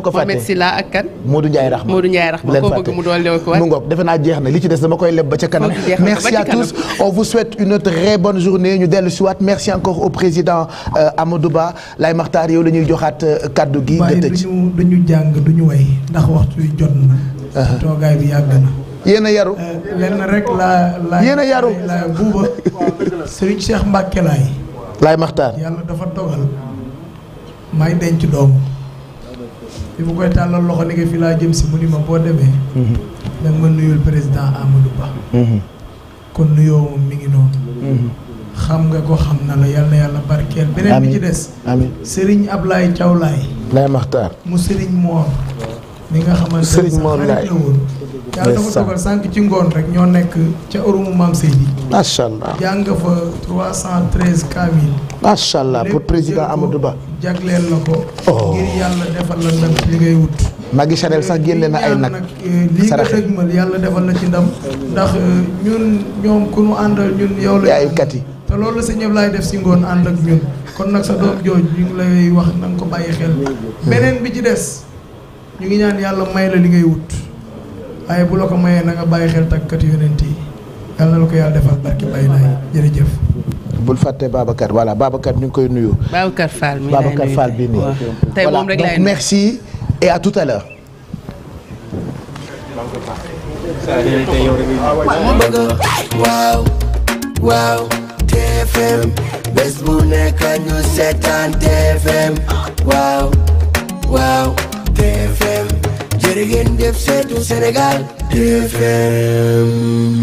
ko fàtte Mohamed ak kan. moo Ndiaye Rahma Modou Ndiaye Rahma koo bëgg mu doole ko waay. mu ngoog defe naa jeex na li ci des dama koy leb ba ca kanam. merci à tous on vous souhaite une très bonne journée ñu dellu si waat merci encore au président euh, Amadou Ba Laye Makhtar yow lañuy joxaat euh, kàddu gi. nga tëj ñu jàng du ñu way ndax waxtu wi jot na. Uh-huh. toogaay bi yàgg na. yéen a yaru euh, lenn rek laa laa yéen a yaru laa buuba Serigne Cheikh laay. Laye yàlla dafa dogal. may denc doomu. bi mu koy tàllal loxo ni nga fi laa jëm si ni ma boo demee. Mm-hmm. nag ma nuyul président Amadou Ba. Mm-hmm. kon nuyoo moom ngi noonu. Mm-hmm. xam nga ko xam na la yal na yàlla barkeel. beneen bi ci des. amiin Serigne Ablaye Thiaw Laye. Laye Makhtar. mu Serigne Mor. mi nga xamante ne sax xarit la woon. yàlla sànq ci ngoon rek ñoo nekk ca ërumu maam Seydi. macha allah jàng fa 313 kamil. macha allah pour président Amadou Ba. jagleel la ko. Oh. ngir yàlla defal la ndam ci li ngay wut. Magui Chanel sax génne na ay nag. Eh, lii nga dëgmal yàlla defal la ci ndam. ndax eh, ñun ñoom ku nu àndal ñun yow la. yaay te loolu la sëñ Ablaye def si ngoon ànd ak ñun kon nag sa doom jooj ñu ngi lay wax na ko bàyyi xel beneen bi ci des ñu ngi ñaan yàlla may la li ngay wut waaye bu la ko mayee na nga bàyyi xel takkat yonent yi yàlla na la ko yàlla defal barki bàyyi naa jërëjëf bul fàtte Babacar voilà Babacar ñu ngi koy nuyu Babacar Fall mi Babacar Fall bi nii tey moom rek laay merci et à tout à l'heure waaw waaw TFM bés bu nekk ñu seetaan TFM waaw waaw TFM jërë ngeen def seetu TFM